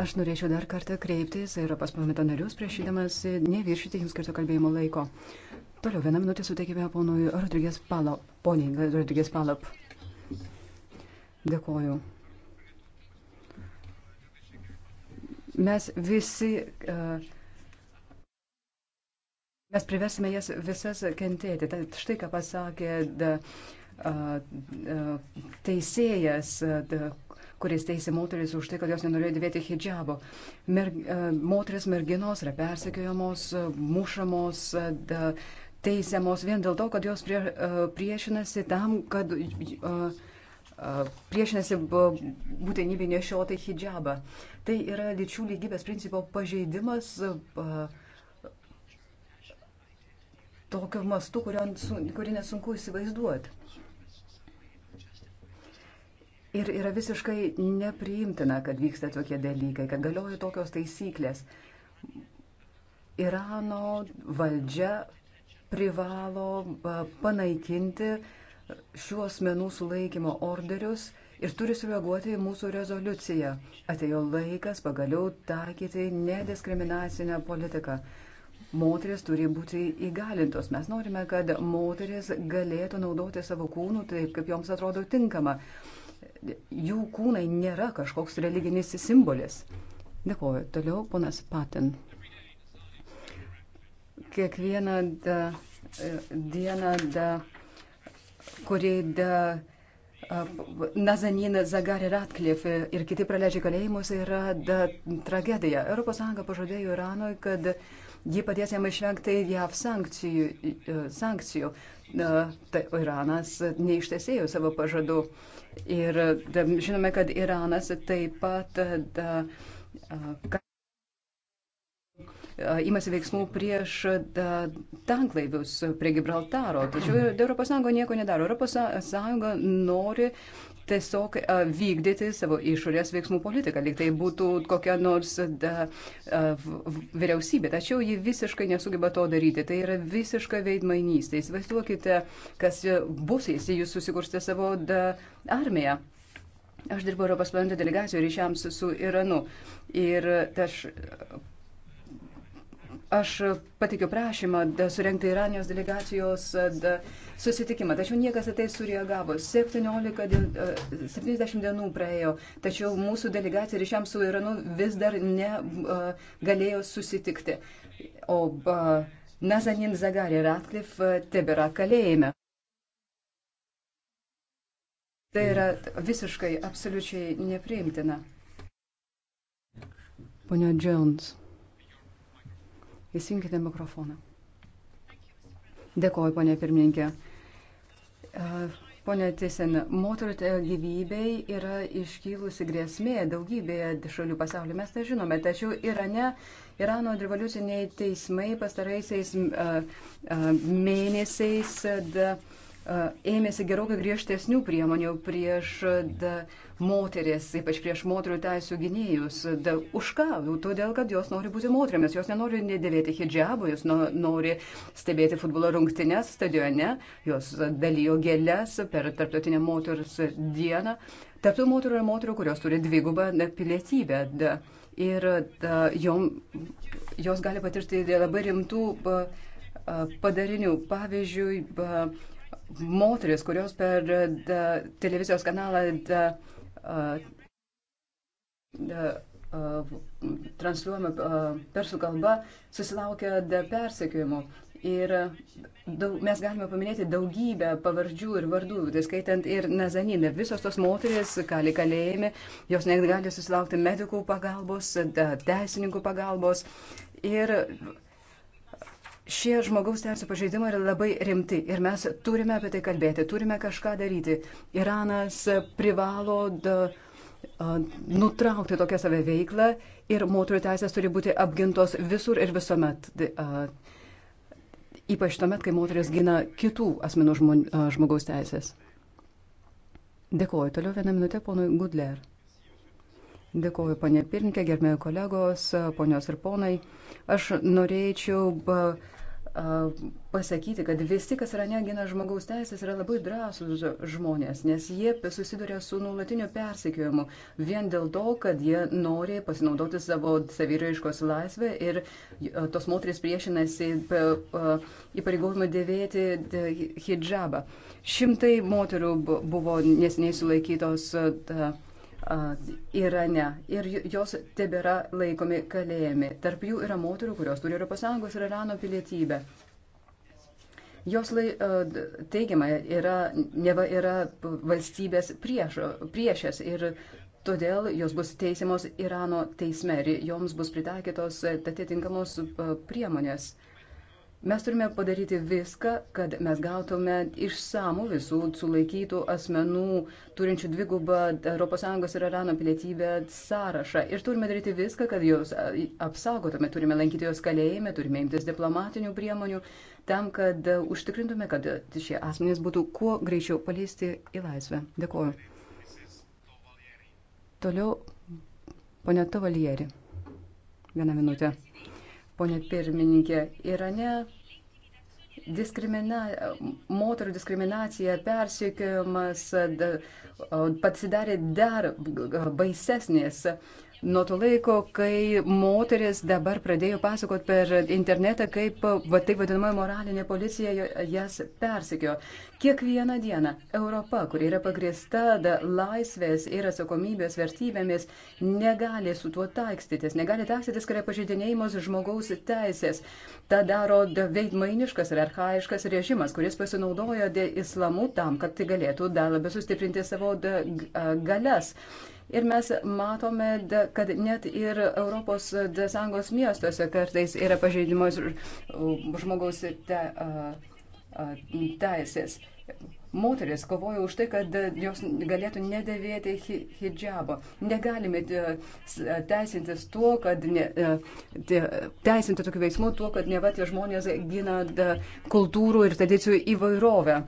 Aš norėčiau dar kartą kreiptis Europos parlamento narius priešydamas neviršyti jums skirto kalbėjimo laiko. Toliau vieną minutę suteikime ponui Rodrygės Palop. Poniai Rodrygės Palop. Dėkoju. mes visi. E, mes priversime jas visas kentėti. Tai štai ką pasakė da, a, a, teisėjas, da, kuris teisė moteris už tai, kad jos nenorėjo dėvėti hijabo. Mer, moteris merginos yra persekiojamos, mušamos, teisiamos vien dėl to, kad jos prie, priešinasi tam, kad. A, priešinasi būtinybė nešioti hijabą. Tai yra lyčių lygybės principo pažeidimas tokio mastu, kurį nesunku įsivaizduoti. Ir yra visiškai nepriimtina, kad vyksta tokie dalykai, kad galioja tokios taisyklės. Irano valdžia privalo panaikinti uh, šių asmenų sulaikymo orderius ir turi sureaguoti į mūsų rezoliuciją. Atėjo laikas pagaliau taikyti nediskriminacinę politiką. Moteris turi būti įgalintos. Mes norime, kad moteris galėtų naudoti savo kūnų taip, kaip joms atrodo tinkama. Jų kūnai nėra kažkoks religinis simbolis. Dėkuoju. Toliau ponas Patin. Kiekvieną da, e, dieną da, kuri da, Nazanin Zagari Ratcliffe ir kiti praleidžia kalėjimuose yra da, tragedija. ES pažadėjo Iranui, kad ji padės jam išvengti JAV sankcijų. sankcijų. Tai Iranas neištesėjo savo pažadų. Ir da, žinome, kad Iranas taip pat. Da, ka, E, imasi veiksmų prieš e, tanklaivius prie Gibraltaro. Tačiau ES nieko nedaro. ES nori tiesiog e, vykdyti savo išorės veiksmų politiką, lyg tai būtų kokia nors da, vyriausybė. Tačiau ji visiškai nesugeba to daryti. Tai yra visiška veidmainystė. Įsivaizduokite, kas bus, jei jūs susikursite savo da, armiją. Aš dirbu Europos parlamento delegacijoje ryšiams su Iranu. Ir aš Aš patikiu prašymą surenkti Iranijos delegacijos susitikimą, tačiau niekas į tai sureagavo. 17 dien, 70 dienų praėjo, tačiau mūsų delegacija ryšiam su Iranu vis dar negalėjo susitikti. O Nazanin Zagari Ratcliff tebėra kalėjime. Tai yra visiškai, absoliučiai nepriimtina. Ponia Jones. Įsijunkite mikrofoną. Dėkoju, ponė pirmininkė. E, Pone Tisen, moterų gyvybei yra iškylusi grėsmė daugybėje šalių pasaulio. Mes tai žinome, tačiau Irane, Irano revoliuciniai teismai pastaraisiais e, e, mėnesiais. Da, E, ėmėsi gerokai griežtesnių priemonių prieš e, da, moteris, ypač prieš moterų teisų gynėjus. Da, už ką? Nu, todėl, kad jos nori būti moteriamis, jos nenori nedėvėti hijabų, jos no, nori stebėti futbolo rungtynes stadione, jos dalyjo gėlės per tarptautinę moters dieną. Tarptų moterų yra moterų, kurios turi dvigubą pilietybę. Da, ir da, jom, jos gali patirti labai rimtų. Ba, e, padarinių. Pavyzdžiui, moteris, kurios per da, televizijos kanalą da, da, transliuojama persų kalba, susilaukia persekiojimo. Ir daug, mes galime paminėti daugybę pavardžių ir vardų, tai skaitant ir Nazaniną. Visos tos moteris kali kalėjime, jos net gali susilaukti medikų pagalbos, teisininkų pagalbos. Ir Šie žmogaus teisų pažeidimai yra labai rimti ir mes turime apie tai kalbėti, turime kažką daryti. Iranas privalo da, nutraukti tokią save veiklą ir moterų teisės turi būti apgintos visur ir visuomet. Ypač tuomet, kai moteris gina kitų asmenų žmogaus teisės. Dėkuoju. Toliau vieną minutę ponui Gudler. Dėkuoju, ponė Pirnkė, gerbėjai kolegos, ponios ir ponai. Aš norėčiau. Ba, pasakyti, kad visi, kas yra negina žmogaus teisės, yra labai drąsūs žmonės, nes jie susiduria su nuolatiniu persekiojimu vien dėl to, kad jie nori pasinaudoti savo saviraiškos laisvę ir tos moteris priešinasi įpareigojimą dėvėti hijabą. Šimtai moterų buvo nesiniai sulaikytos. Ta, Irane ir jos tebėra laikomi kalėjami. Tarp jų yra moterų, kurios turi ES ir Irano pilietybę. Jos lai, teigiama yra, neva yra valstybės priešo, priešės ir todėl jos bus teisiamos Irano teisme ir joms bus pritaikytos atitinkamos priemonės. Uh, Mes turime padaryti viską, kad mes gautume išsamų visų sulaikytų asmenų, turinčių dvigubą ES ir Irano pilietybę sąrašą. Ir turime daryti viską, kad juos apsaugotume, turime lankyti juos kalėjime, turime imtis diplomatinių priemonių, tam, kad e, užtikrintume, kad šie asmenys būtų kuo greičiau paleisti į laisvę. Dėkuoju. Toliau, ponia Tavalieri. Vieną minutę ponė pirmininkė, Irane diskrimina, moterų diskriminacija, persiekiojimas pasidarė dar baisesnės. Nuo to laiko, kai moteris dabar pradėjo pasakot per internetą, kaip va, taip vadinama moralinė policija jas persikio. Kiekvieną dieną Europa, kuri yra pagrįsta laisvės ir atsakomybės vertybėmis, negali su tuo taikstytis, negali taikstytis, kai yra pažydinėjimas žmogaus teisės. Ta daro veidmainiškas ir arhaiškas režimas, kuris pasinaudojo islamu tam, kad tai galėtų dar labiau sustiprinti savo galias. Ir mes matome, kad net ir Europos sąjungos miestuose kartais yra pažeidimos žmogaus te, teisės. Moteris kovoja už tai, kad jos galėtų nedėvėti hijabo. Negalime e, e, teisintis tuo, kad ne, e, teisinti tokių veiksmų tuo, kad ne va tie žmonės gina kultūrų ir tradicijų įvairovę.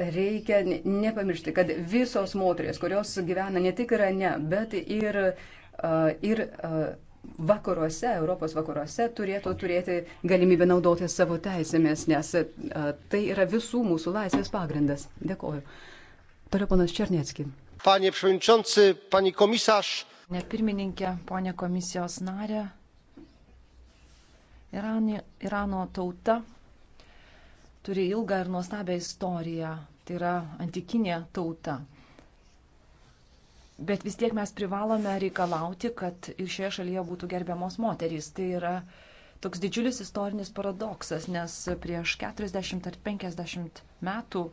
Reikia nepamiršti, kad visos moteris, kurios gyvena ne tik Irane, bet ir, uh, ir uh, vakaruose, Europos vakaruose turėtų turėti galimybę naudoti savo teisėmis, nes uh, tai yra visų mūsų laisvės pagrindas. Dėkoju. Toliau panas Černiecki. Panie Przewodniczący, Pani Komisarz. Ne pirmininkė, ponė komisijos narė. Iranė, Irano tauta turi ilgą ir nuostabią istoriją tai yra antikinė tauta. Bet vis tiek mes privalome reikalauti, kad ir šioje šalyje būtų gerbiamos moterys. Tai yra toks didžiulis istorinis paradoksas, nes prieš 40 ar 50 metų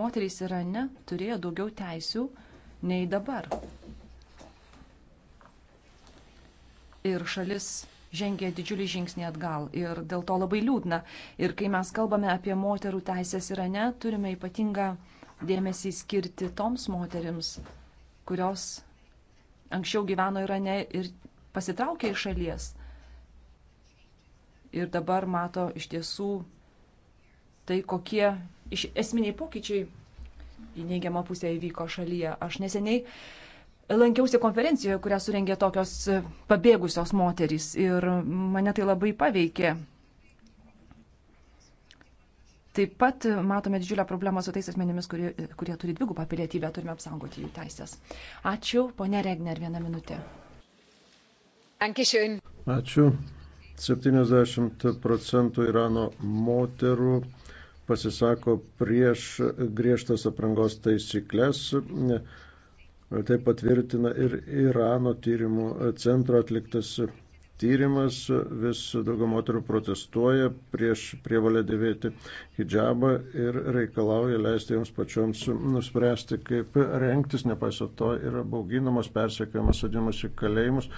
moterys Irane turėjo daugiau teisių nei dabar. Ir šalis žengė didžiulį žingsnį atgal ir dėl to labai liūdna. Ir kai mes kalbame apie moterų teisės Irane, turime ypatingą dėmesį skirti toms moterims, kurios anksčiau gyveno Irane ir pasitraukė iš šalies. Ir dabar mato iš tiesų tai, kokie esminiai pokyčiai į neigiamą pusę įvyko šalyje. Aš neseniai lankiausi konferencijoje, kurią surengė tokios pabėgusios moterys ir mane tai labai paveikė. Taip pat matome didžiulę problemą su tais asmenimis, kurie, kurie turi dvigubą pilietybę, turime apsaugoti jų teisės. Ačiū, ponė Regner, vieną minutę. Ačiū. 70 procentų Irano moterų pasisako prieš griežtas aprangos taisyklės. Ne, Tai patvirtina ir Irano tyrimų centro atliktas tyrimas. Vis daugiau moterų protestuoja prieš prievalę dėvėti hijabą ir reikalauja leisti joms pačioms nuspręsti, kaip rengtis. Nepaisant to yra bauginamas, persekiojamas, sodinamas į kalėjimus.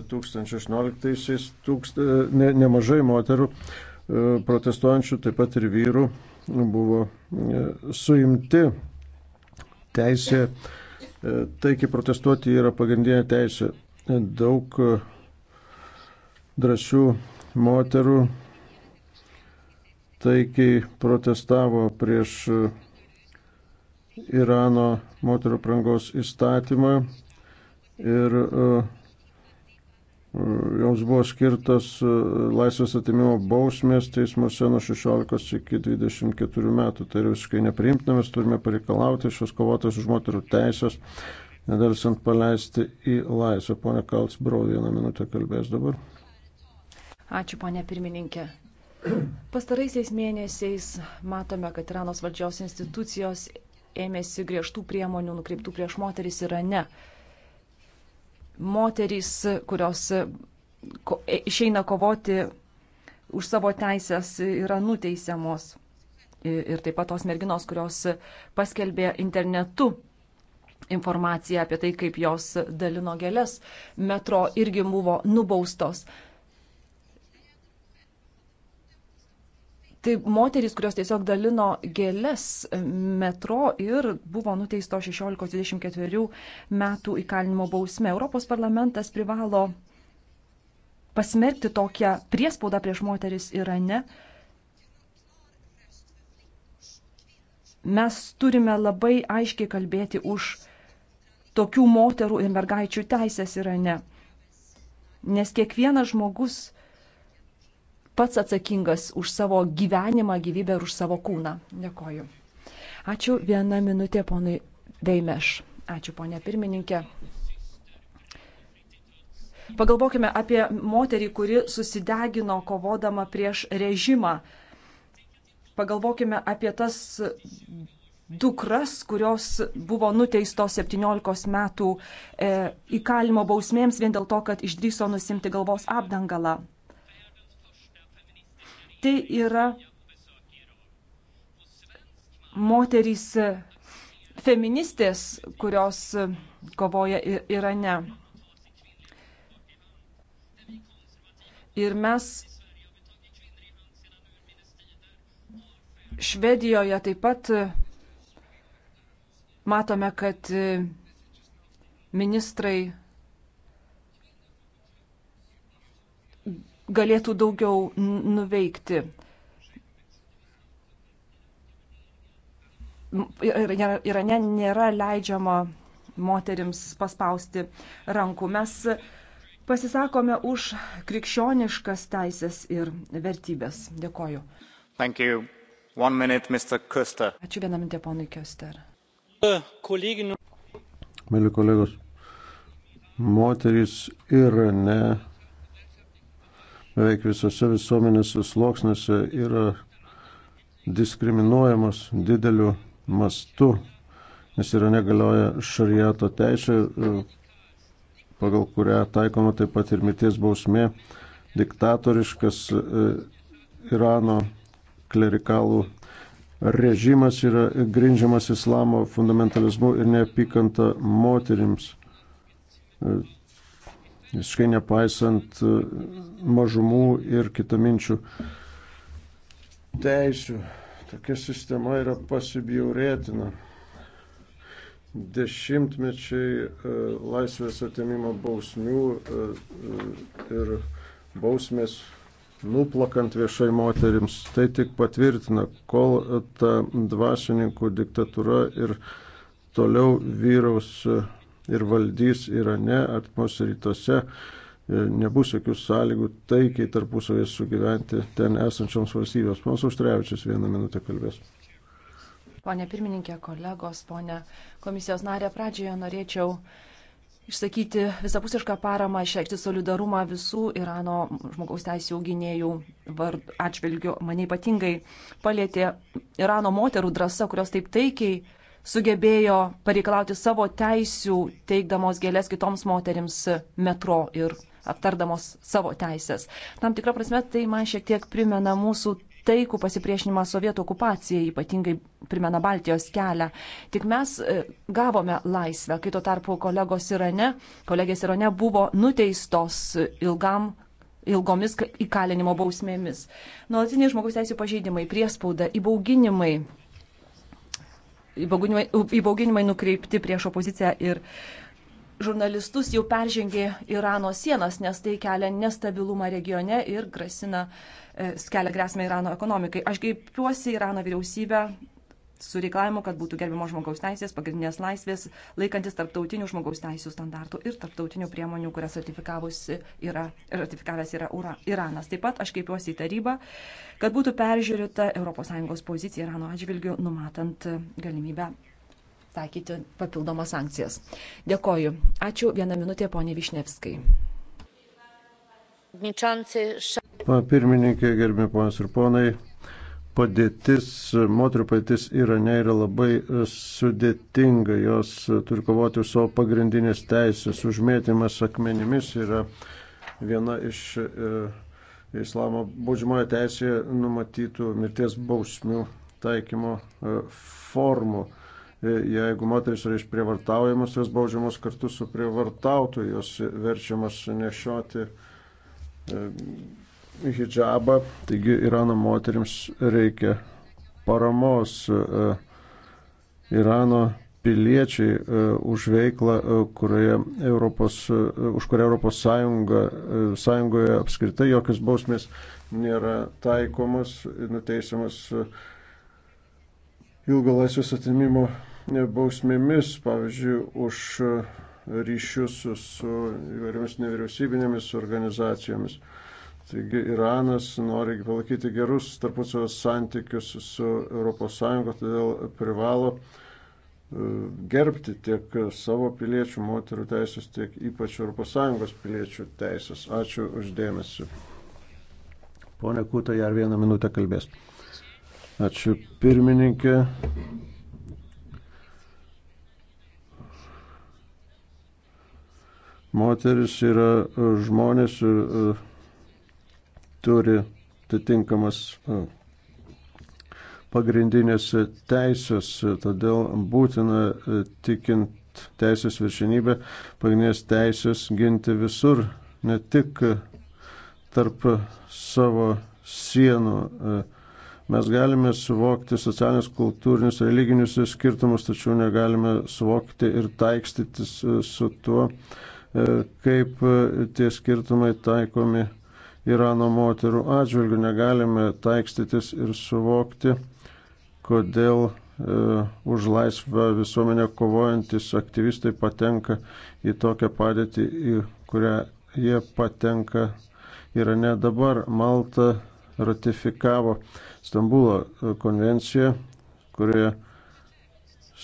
2016-aisiais tūkst... ne, nemažai moterų e, protestuojančių, taip pat ir vyrų, buvo e, suimti teisė. Yeah E, Taigi protestuoti yra pagrindinė teisė. E, daug e, drąsių moterų taikiai protestavo prieš Irano moterų prangos įstatymą ir uh, joms buvo skirtas e, laisvės atimimo bausmės teismuose nuo 16 iki 24 metų. Tai yra visiškai nepriimtina, mes turime pareikalauti šios kovotojus už moterų teisės, nedelsant paleisti į laisvę. Pone Kaltsbrau, vieną minutę kalbės dabar. Ačiū, ponė pirmininkė. Pastaraisiais mėnesiais matome, kad Iranos valdžios institucijos ėmėsi griežtų priemonių nukreiptų prieš moteris Irane. Ir moterys, kurios e, e, išeina kovoti už savo teisės, yra nuteisiamos. Ir taip pat tos merginos, kurios paskelbė internetu informaciją apie tai, kaip jos dalino gėlės metro, irgi buvo nubaustos. Tai moterys, kurios tiesiog dalino gėles metro ir buvo nuteisto 16-24 metų įkalinimo bausme. Europos parlamentas privalo pasmerkti tokią priespaudą prieš moteris Irane. Mes turime labai aiškiai kalbėti už tokių moterų ir mergaičių teisės Irane. Nes kiekvienas žmogus pats atsakingas už savo gyvenimą, gyvybę ir už savo kūną. Dėkoju. Ačiū vieną minutę ponui Veimeš. Ačiū ponė pirmininkė. Pagalvokime apie moterį, kuri susidegino kovodama prieš režimą. Pagalvokime apie tas dukras, kurios buvo nuteistos 17 metų e, įkalimo bausmėms vien dėl to, kad išdryso nusimti galvos apdangalą tai yra moterys feministės, kurios kovoja Irane. Ir mes Švedijoje taip pat matome, kad ministrai galėtų daugiau nuveikti. Irane nėra leidžiama moterims paspausti rankų. Mes pasisakome už krikščioniškas teisės ir vertybės. Dėkoju. Minute, Ačiū vieną minutę, ponui Kester. Mėly kolegos, moteris Irane beveik visose visuomenės sluoksniuose yra diskriminuojamos dideliu mastu, nes yra negalioja šariato teisė, pagal kurią taikoma taip pat ir mirties bausmė, diktatoriškas e, Irano klerikalų režimas yra grindžiamas islamo fundamentalizmu ir neapykanta moterims. E, visiškai nepaisant e, mažumų ir kitaminčių teisių. Tokia sistema yra pasibjaurėtina. Dešimtmečiai e, laisvės atėmimo bausmių e, ir bausmės nuplakant viešai moterims, tai tik patvirtina, kol ta dvasininkų diktatūra ir toliau vyraus ir valdys Irane, artimuose rytuose, e, nebus jokių sąlygų taikiai tarpusavėje sugyventi ten esančioms valstybėms. Ponas Užtrevičius vieną minutę kalbės. Pone pirmininkė, kolegos, ponė komisijos narė, pradžioje norėčiau išsakyti visapusišką paramą, išreikšti solidarumą visų Irano žmogaus teisų gynėjų atžvilgių. Mane ypatingai palėtė Irano moterų drąsa, kurios taip taikiai sugebėjo pareikalauti savo teisių, teikdamos gėlės kitoms moterims metro ir aptardamos savo teisės. Tam tikrą prasme tai man šiek tiek primena mūsų taikų pasipriešinimą sovietų okupacijai, ypatingai primena Baltijos kelią. Tik mes e, gavome laisvę, kai tuo tarpu kolegos Irane, kolegės Irane buvo nuteistos ilgam ilgomis įkalinimo bausmėmis. Nuolatiniai žmogus teisų pažeidimai, priespauda, įbauginimai, įbauginimai, įbauginimai nukreipti prieš opoziciją ir žurnalistus jau peržengė Irano sienas, nes tai kelia nestabilumą regione ir grasina, e, kelia grėsmę Irano ekonomikai. Aš kreipiuosi Irano vyriausybę su reikalavimu, kad būtų gerbimo žmogaus teisės, pagrindinės laisvės, laikantis tarptautinių žmogaus teisų standartų ir tarptautinių priemonių, kurias yra, ratifikavęs yra Ura, Iranas. Taip pat aš kreipiuosi į tarybą, kad būtų peržiūrėta ES pozicija Irano atžvilgiu, numatant galimybę taikyti papildomas sankcijas. Dėkoju. Ačiū. Vieną minutę, ponė Višnevskai. Pirmininkė, gerbimi ponas ir ponai, padėtis, moterų padėtis Irane yra labai e, sudėtinga, jos e, turi kovoti už savo pagrindinės teisės, užmėtymas akmenimis yra viena iš e, islamo baudžiamojo teisėje numatytų mirties bausmių taikymo e, formų. E, jeigu moteris yra išprievartaujamos, jos baudžiamos kartu su prievartautoju, jos verčiamas nešioti e, hijabą, taigi Irano moteriams reikia paramos. E, Irano piliečiai e, už veiklą, e, kurioje Europos, už kurią Europos Sąjunga, Sąjungoje apskritai jokios bausmės nėra taikomas, nuteisiamas ilgo laisvės atimimo bausmėmis, pavyzdžiui, už ryšius su įvairiomis nevyriausybinėmis organizacijomis. Taigi Iranas nori palaikyti gerus tarpusavio santykius su ES, todėl privalo e, gerbti tiek savo piliečių moterų teisės, tiek ypač ES piliečių teisės. Ačiū uždėmesi. Pone Kūta, ar vieną minutę kalbės. Ačiū pirmininkė. Moteris yra žmonės ir e, turi atitinkamas e, pagrindinės teisės, todėl būtina e, tikint teisės viršinybę, pagrindinės teisės ginti visur, ne tik tarp savo sienų. E. Mes galime suvokti socialinius, kultūrinius, religinius skirtumus, tačiau negalime suvokti ir taikstytis su tuo, kaip tie skirtumai taikomi Irano moterų atžvilgių negalime taikstytis ir suvokti, kodėl e, už laisvą visuomenę kovojantis aktyvistai patenka į tokią padėtį, į kurią jie patenka Irane dabar. Malta ratifikavo Stambulo e, konvenciją, kurioje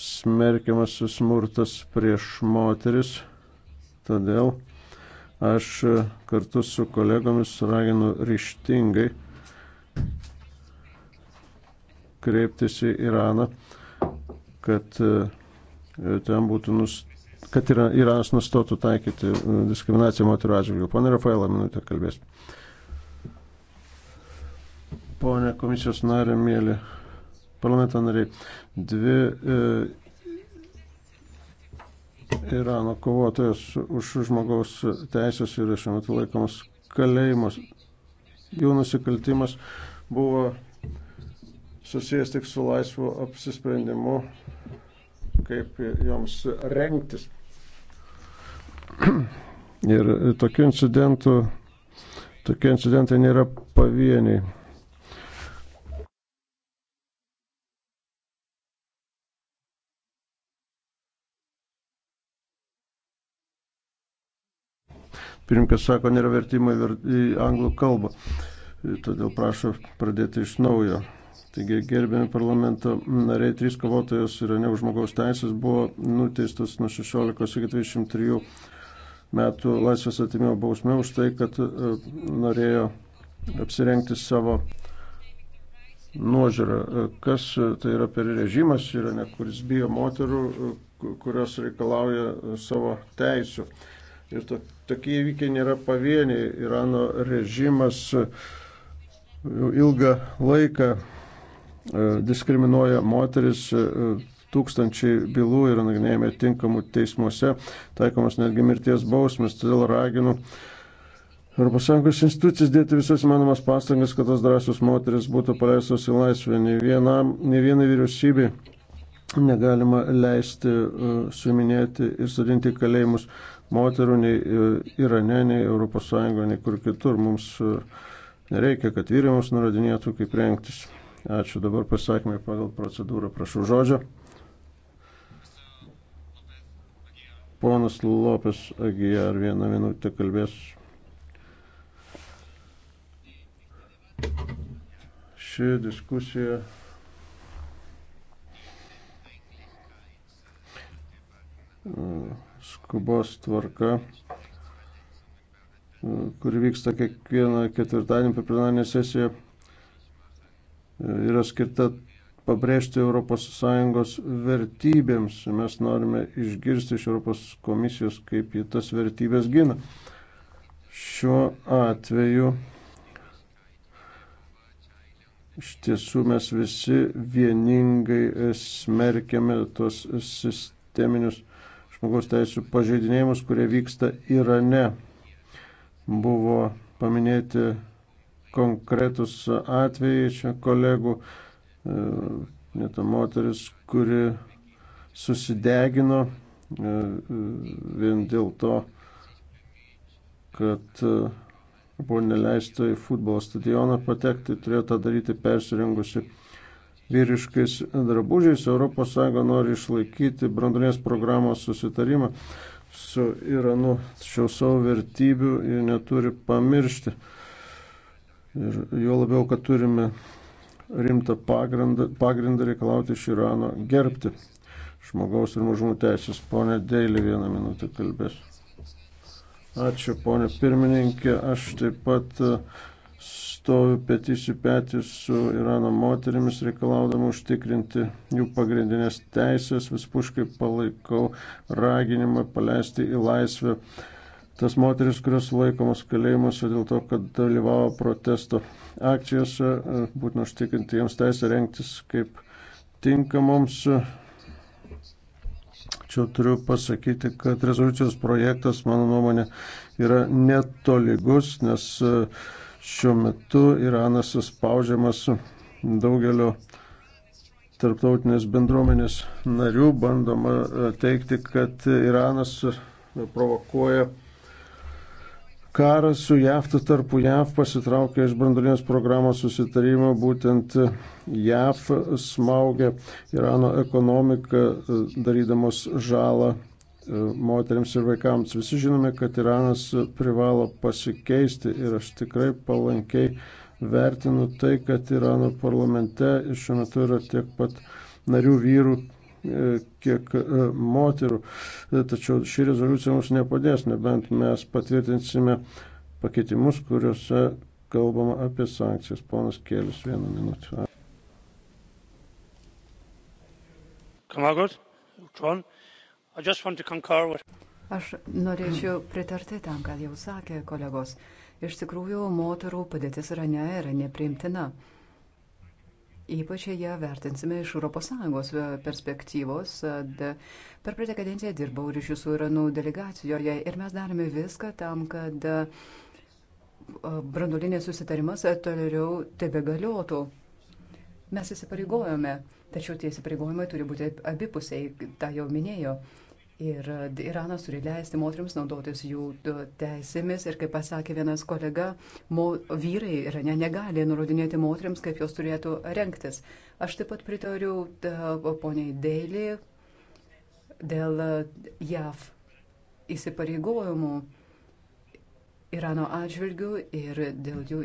smerkiamas smurtas prieš moteris. Todėl Aš e, kartu su kolegomis raginu ryštingai kreiptis į Iraną, kad e, ten būtų nustatyta kad Iranas nustotų taikyti e, diskriminaciją moterų atžvilgių. Pone Rafaela, minutę kalbės. Pone komisijos narė, mėly parlamento nariai, dvi e, Irano kovotojas už žmogaus teisės yra šiuo metu laikomas kalėjimas. Jų nusikaltimas buvo susijęs tik su laisvu apsisprendimu, kaip joms rengtis. Ir tokių incidentų, tokie incidentai nėra pavieniai. Pirmkas sako, nėra vertimo į anglų kalbą. Todėl prašo pradėti iš naujo. Taigi, gerbėmi parlamento nariai, trys kovotojos yra ne už žmogaus teisės, buvo nuteistas nuo 16 iki 23 metų laisvės atimimo bausmė už tai, kad e, norėjo apsirengti savo nuožiūrą. E, kas e, tai yra per režimas, yra ne kuris bijo moterų, kurios reikalauja savo teisų. Ir to, tokie įvykiai nėra pavieniai. Irano režimas e, ilgą laiką e, diskriminuoja moteris, e, tūkstančiai bylų yra nagrinėjami tinkamų teismuose, taikomas netgi mirties bausmės, todėl raginu ES institucijas dėti visas įmanomas pastangas, kad tos drąsios moteris būtų paleistos į laisvę. Ne, vienam, ne vienai vyriausybei negalima leisti uh, suiminėti ir sudinti kalėjimus moterų nei e, Irane, nei ES, nei kur kitur. Mums e, nereikia, kad vyrai mums nurodinėtų, kaip rengtis. Ačiū. Dabar pasakymai pagal procedūrą. Prašau žodžio. Ponas Lopes Agija, ar vieną minutę kalbės? Ši diskusija uh, skubos tvarka, e, kuri vyksta kiekvieną ketvirtadienį per plenarinę sesiją, e, yra skirta pabrėžti ES vertybėms. Mes norime išgirsti iš ES komisijos, kaip ji tas vertybės gina. Šiuo atveju iš tiesų mes visi vieningai smerkiame tuos sisteminius žmogaus teisų pažeidinėjimus, kurie vyksta Irane. Buvo paminėti konkretus atvejai čia kolegų, e, net moteris, kuri susidegino e, vien dėl to, kad e, buvo neleista į futbolo stadioną patekti, turėjo tą daryti persirengusi vyriškais drabužiais. ES nori išlaikyti branduolės programos susitarimą su Iranu, tačiau savo vertybių jie neturi pamiršti. Ir jo labiau, kad turime rimtą pagrindą, pagrindą reikalauti iš Irano gerbti žmogaus ir mažumų teisės. Pone Deilį vieną minutę kalbės. Ačiū, ponė pirmininkė. Aš taip pat uh, stovi petys į petį su Irano moterimis, reikalaudama užtikrinti jų pagrindinės teisės. Vispuškai palaikau raginimą paleisti į laisvę tas moteris, kurios laikomos kalėjimuose dėl to, kad dalyvavo protesto akcijose, būtina užtikrinti jiems teisę rengtis kaip tinkamoms. Čia turiu pasakyti, kad rezoliucijos projektas, mano nuomonė, yra netolygus, nes uh, Šiuo metu Iranas suspaudžiamas daugelio tarptautinės bendruomenės narių, bandoma e, teikti, kad Iranas e, provokuoja karą su JAV, tu tarpu JAV pasitraukė iš brandulinės programos susitarimo, būtent e, JAV smaugia Irano ekonomiką, darydamos žalą E, moteriams ir vaikams. Visi žinome, kad Iranas privalo pasikeisti ir aš tikrai palankiai vertinu tai, kad Irano parlamente šiuo metu yra tiek pat narių vyrų, e, kiek e, moterų. Tačiau ši rezoliucija mums nepadės, nebent mes patvirtinsime pakeitimus, kuriuose kalbama apie sankcijas. Ponas Kėlis, vieną minutę. Kamagos, Čon. Aš norėčiau pritarti tam, ką jau sakė kolegos. Iš tikrųjų, moterų padėtis Irane yra nepriimtina. Ypač ją vertinsime iš ES e, perspektyvos. E, per praeitą kadenciją dirbau ryšių su Iranu delegacijoje ir mes darėme viską tam, kad e, branduolinės susitarimas toliau tebegaliotų. Mes įsipareigojome, tačiau tie įsipareigojimai turi būti abipusiai, tą jau minėjau. Ir e, Iranas turi leisti moteriams naudotis jų e, teisėmis. Ir kaip pasakė vienas kolega, mo, vyrai Irane negali nurodinėti moteriams, kaip jos turėtų rengtis. Aš taip pat pritariu e, poniai Deilį dėl JAV įsipareigojimų Irano atžvilgių ir dėl jų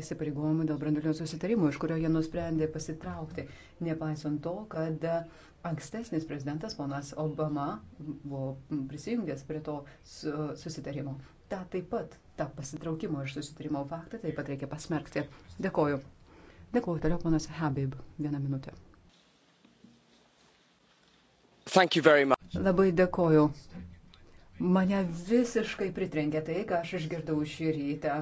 įsipareigojimų dėl branduolinio susitarimo, iš kurio jie nusprendė pasitraukti, nepaisant to, kad ankstesnis prezidentas ponas Obama buvo prisijungęs prie to susitarimo. Ta taip pat, tą pasitraukimo iš susitarimo faktą taip pat reikia pasmerkti. Dėkoju. Dėkoju toliau ponas Habib. Vieną minutę. Labai dėkoju. Mane visiškai pritrenkė tai, ką aš išgirdau šį rytą.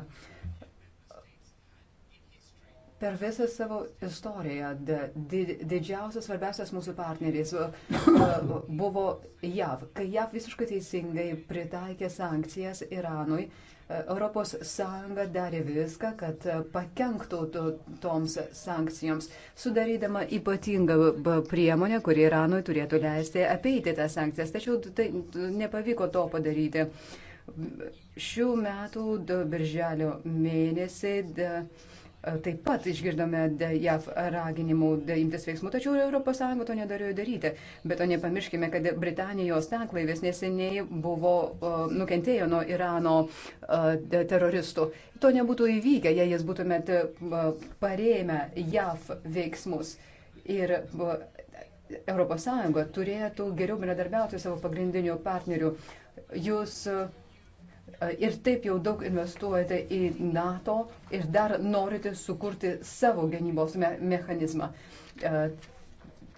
Per visą savo istoriją didžiausias, svarbiausias mūsų partneris uh, buvo JAV, kai JAV visiškai teisingai pritaikė sankcijas Iranui ES darė viską, kad pakenktų to, toms sankcijoms, sudarydama ypatingą priemonę, kuri Iranui turėtų leisti apeiti tas sankcijas. Tačiau tai nepavyko to padaryti. Šių metų birželio mėnesį. De, E, taip pat išgirdome JAV raginimų imtis veiksmų, tačiau ES to nedarėjo daryti. Bet to nepamirškime, kad Britanijos tanklaivis neseniai buvo e, nukentėjo nuo Irano e, teroristų. To nebūtų įvykę, jei jas būtumėt pareimę JAV veiksmus. Ir ES turėtų geriau bendradarbiauti savo pagrindiniu partneriu. Jūs uh, E, ir taip jau daug investuojate į NATO ir dar norite sukurti savo gynybos me mechanizmą. E,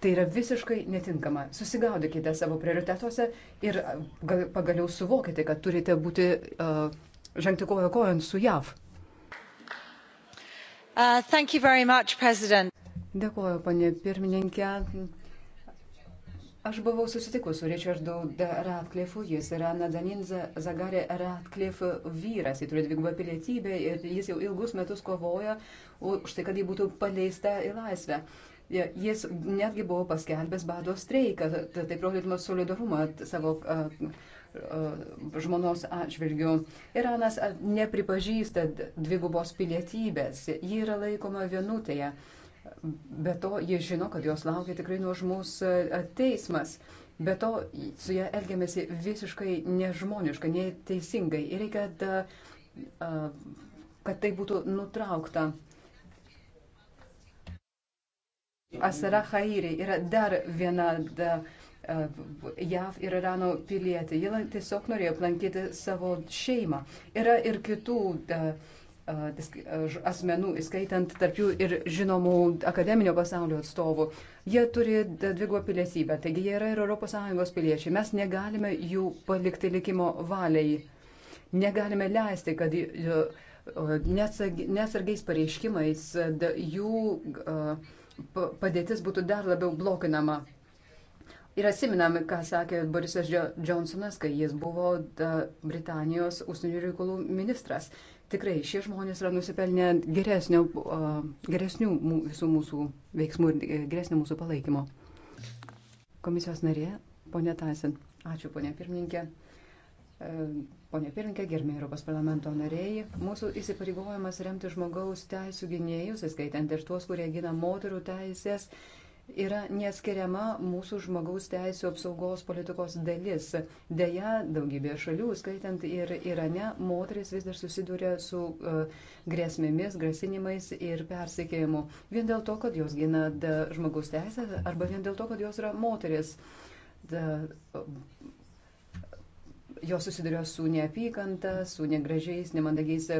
tai yra visiškai netinkama. Susigaudykite savo prioritetuose ir e, pagaliau suvokite, kad turite būti, uh, žengti kojo kojant su JAV. Uh, much, Dėkuoju, panė pirmininkė. Aš buvau susitikus su Richardu Ratcliffu, jis yra Nadanin Zagarė Ratcliffe vyras, jis turi dvigubą pilietybę ir jis jau ilgus metus kovoja už tai, kad jį būtų paleista į laisvę. Jis netgi buvo paskelbęs bado streiką, taip rodydamas solidarumą savo žmonos atžvilgių. Iranas nepripažįsta dvigubos pilietybės, ji yra laikoma vienutėje. Be to, jie žino, kad jos laukia tikrai nuožmus e, teismas. Be to, su ją elgiamėsi visiškai nežmoniškai, neteisingai. Ir reikia, da, kad tai būtų nutraukta. Asara Hairi yra dar viena da, JAV ir Irano pilietė. Ji tiesiog norėjo aplankyti savo šeimą. Yra ir kitų. Da, asmenų, įskaitant tarp jų ir žinomų akademinio pasaulio atstovų. Jie turi dvigubą pilietybę, taigi jie yra ir ES piliečiai. Mes negalime jų palikti likimo valiai. Negalime leisti, kad nesargiais pareiškimais jų padėtis būtų dar labiau blokinama. Ir asiminami, ką sakė Borisas Johnsonas, kai jis buvo Britanijos užsienio reikalų ministras. Tikrai šie žmonės yra nusipelnę geresnio, geresnių visų mūsų veiksmų ir e, geresnio mūsų palaikymo. Komisijos narė, ponė Taisin. Ačiū, ponė pirmininkė. E, Pone Pirinkė, gerbėjai Europos parlamento nariai, mūsų įsipareigojimas remti žmogaus teisų gynėjus, įskaitant ir tuos, kurie gina moterų teisės, yra neskiriama mūsų žmogaus teisų apsaugos politikos dalis. Deja, daugybė šalių, skaitant ir Irane, moteris vis dar susiduria su uh, grėsmėmis, grasinimais ir persikėjimu. Vien dėl to, kad jos gina žmogaus teisę arba vien dėl to, kad jos yra moteris. Da, uh, Jos susiduria su neapykanta, su negražiais, nemandagiais e,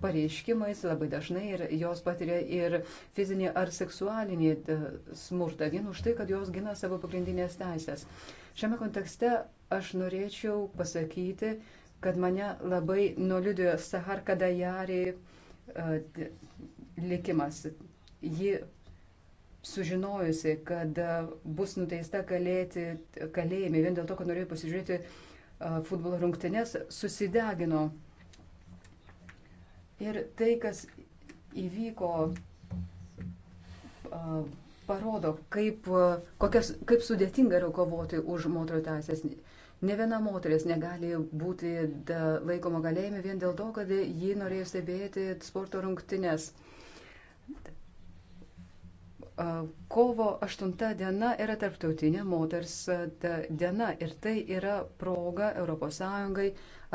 pareiškimais labai dažnai ir jos patiria ir fizinį ar seksualinį e, smurtą vien už tai, kad jos gina savo pagrindinės teisės. Šiame kontekste aš norėčiau pasakyti, kad mane labai nuliūdėjo Sahar Kadajari e, likimas. Ji sužinojusi, kad bus nuteista kalėti kalėjime vien dėl to, kad norėjo pasižiūrėti futbolo rungtynės, susidegino. Ir tai, kas įvyko, parodo, kaip, kokias, kaip sudėtinga yra kovoti už moterų teisės. Ne viena moteris negali būti laikoma galėjime vien dėl to, kad ji norėjo stebėti sporto rungtynės. Kovo 8 diena yra tarptautinė moters diena ir tai yra proga ES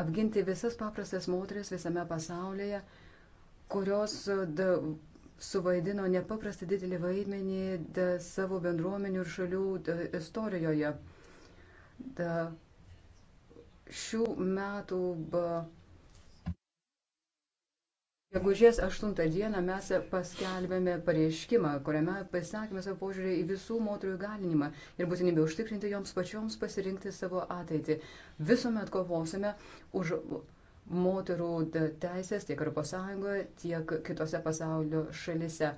apginti visas paprastas moteris visame pasaulyje, kurios da, suvaidino nepaprastai didelį vaidmenį da, savo bendruomenių ir šalių da, istorijoje. Da, šių metų ba, Gegužės 8 dieną mes paskelbėme pareiškimą, kuriame pasakėme savo požiūrį į visų moterų įgalinimą ir būtinybę užtikrinti joms pačioms pasirinkti savo ateitį. Visuomet kovosime už moterų teisės tiek Europos Sąjungoje, tiek kitose pasaulio šalise,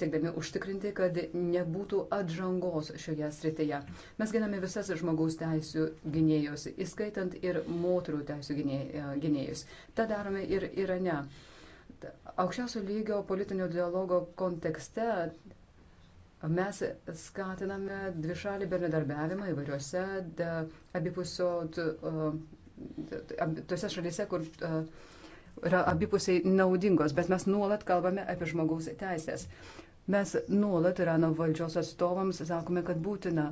siekdami užtikrinti, kad nebūtų atžangos šioje srityje. Mes giname visas žmogaus teisų gynėjus, įskaitant ir moterų teisų gynėjus. Ta darome ir Irane. Ir aukščiausio lygio politinio dialogo kontekste mes skatiname dvišalį bendradarbiavimą įvairiuose abipusio, tose šalyse, kur yra abipusiai naudingos, bet mes nuolat kalbame apie žmogaus teisės. Mes nuolat Irano valdžios atstovams sakome, kad būtina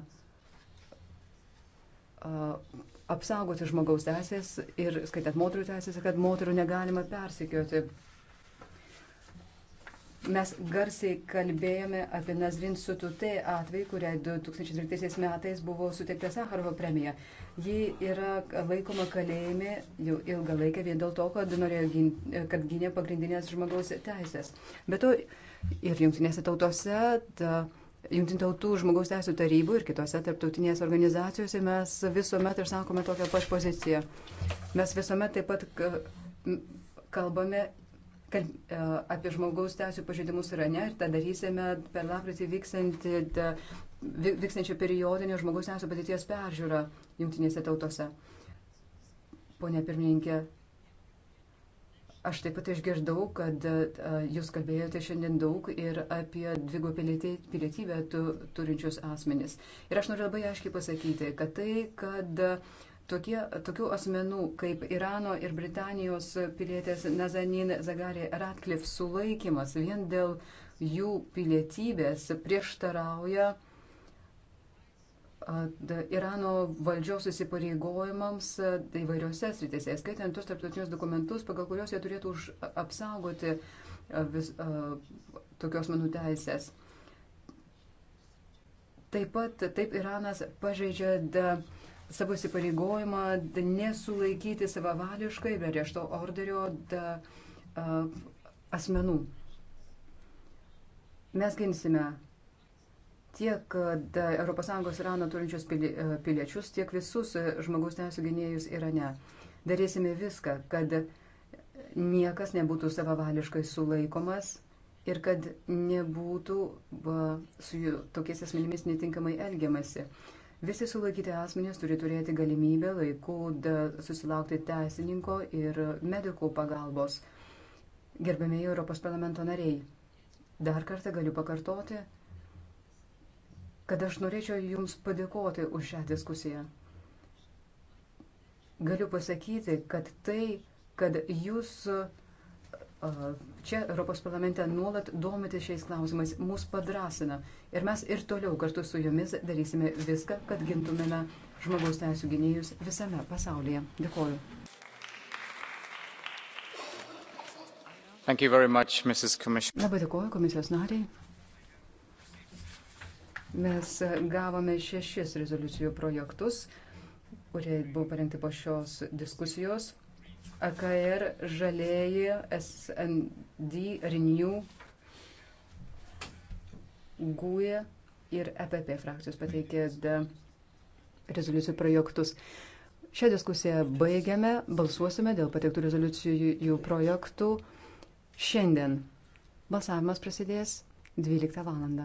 apsaugoti žmogaus teisės ir skaitant moterų teisės, kad moterų negalima persikioti mes garsiai kalbėjome apie Nazrin Sututė atvejį, kuriai 2013 metais buvo suteikta Sakarovo premija. Ji yra laikoma kalėjime jau ilgą laiką vien dėl to, kad norėjo ginti, kad gynė pagrindinės žmogaus teisės. Bet to ir jungtinėse tautose, ta, jungtinių tautų žmogaus teisų tarybų ir kitose tarptautinėse organizacijose mes visuomet ir sakome tokią pat poziciją. Mes visuomet taip pat kalbame kad, e, apie žmogaus teisų pažeidimus Irane ir tą darysime per lapkritį vykstančią e, periodinę žmogaus teisų padėties peržiūrą jungtinėse tautose. Pone pirmininkė, aš taip pat išgirdau, kad e, jūs kalbėjote šiandien daug ir apie dvigų pilietybę turinčius asmenis. Ir aš noriu labai aiškiai pasakyti, kad tai, kad uh, Tokie, tokių asmenų kaip Irano ir Britanijos pilietės Nazanin Zagarė Ratcliffe sulaikimas vien dėl jų pilietybės prieštarauja Irano valdžios įsipareigojimams įvairiose sritėse, skaitant tuos tarptautinius dokumentus, pagal kuriuos jie turėtų už, apsaugoti vis, a, tokios manų teisės. Taip pat taip Iranas pažeidžia da, savo įsipareigojimą nesulaikyti savavališkai be arešto orderio da, a, asmenų. Mes ginsime tiek ES Irano turinčius piliečius, tiek visus žmogaus teisų gynėjus Irane. Darysime viską, kad niekas nebūtų savavališkai sulaikomas ir kad nebūtų va, su tokiais asmenimis netinkamai elgiamasi. Uh, Visi sulaikyti asmenys turi turėti galimybę laiku susilaukti teisininko ir medikų pagalbos. Gerbėmiai Europos parlamento nariai, dar kartą galiu pakartoti, kad aš norėčiau Jums padėkoti už šią diskusiją. Galiu pasakyti, kad tai, kad Jūs čia Europos parlamente nuolat domitės šiais klausimais, mus padrasina. Ir mes ir toliau kartu su jumis darysime viską, kad gintumėme žmogaus teisų gynėjus visame pasaulyje. Dėkoju. Much, Labai dėkoju komisijos nariai. Mes gavome šešis rezoliucijų projektus, kurie buvo parengti po šios diskusijos. AKR, žalieji, SND, Renew, GUE ir EPP frakcijos pateikė rezoliucijų projektus. Šią diskusiją baigiame, balsuosime dėl pateiktų rezoliucijų projektų. Šiandien balsavimas prasidės 12 val.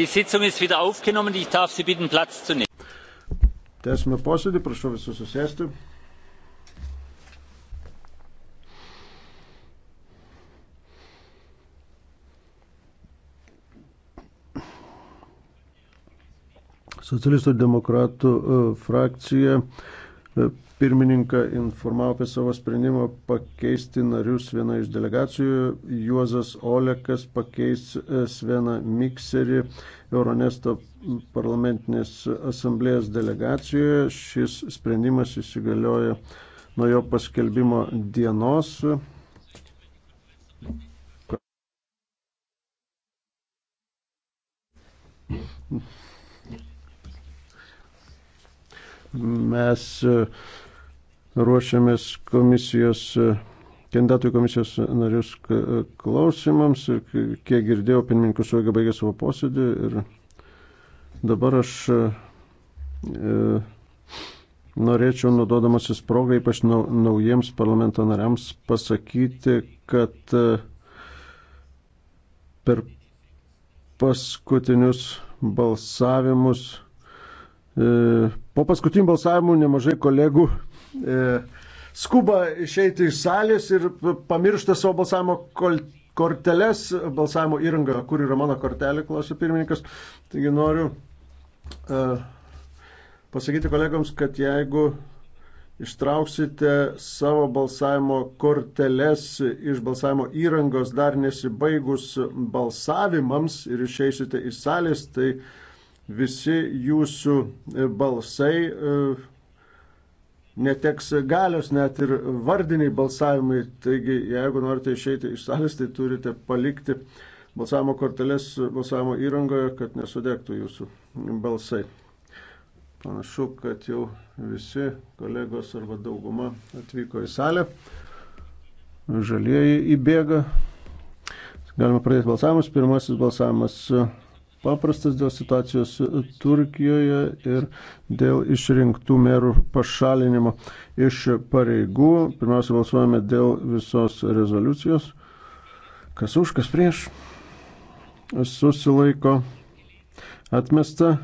Die Sitzung ist wieder aufgenommen. Ich darf Sie bitten, Platz zu nehmen. Tęsime posėdį, prašau visus susėsti. Socialistų demokratų e, frakcija E, pirmininką informavo apie savo sprendimą pakeisti narius viena iš delegacijų. Juozas Olekas pakeis e, Sveną Mikserį Euronesto parlamentinės asamblėjos delegacijoje. Šis sprendimas įsigalioja nuo jo paskelbimo dienos. mes e, ruošiamės komisijos, e, kandidatų į komisijos narius e, klausimams ir kiek girdėjau, pirmininkus suoga baigė savo posėdį ir dabar aš e, norėčiau, nuododamasis progą, ypač naujiems parlamento nariams pasakyti, kad per paskutinius balsavimus Po paskutinių balsavimų nemažai kolegų e, skuba išeiti iš salės ir pamiršta savo balsavimo korteles, balsavimo įrangą, kur yra mano kortelė, klausė pirmininkas. Taigi noriu e, pasakyti kolegams, kad jeigu ištrauksite savo balsavimo korteles iš balsavimo įrangos dar nesibaigus balsavimams ir išeisite iš salės, tai visi jūsų e, balsai e, neteks galios, net ir vardiniai balsavimai. Taigi, jeigu norite išeiti iš salės, tai turite palikti balsavimo korteles balsavimo įrangoje, kad nesudegtų jūsų balsai. Panašu, kad jau visi kolegos arba dauguma atvyko į salę. Žalieji įbėga. Galima pradėti balsavimus. Pirmasis balsavimas paprastas dėl situacijos Turkijoje ir dėl išrinktų merų pašalinimo iš pareigų. Pirmiausia, balsuojame dėl visos rezoliucijos. Kas už, kas prieš. Susilaiko. Atmesta.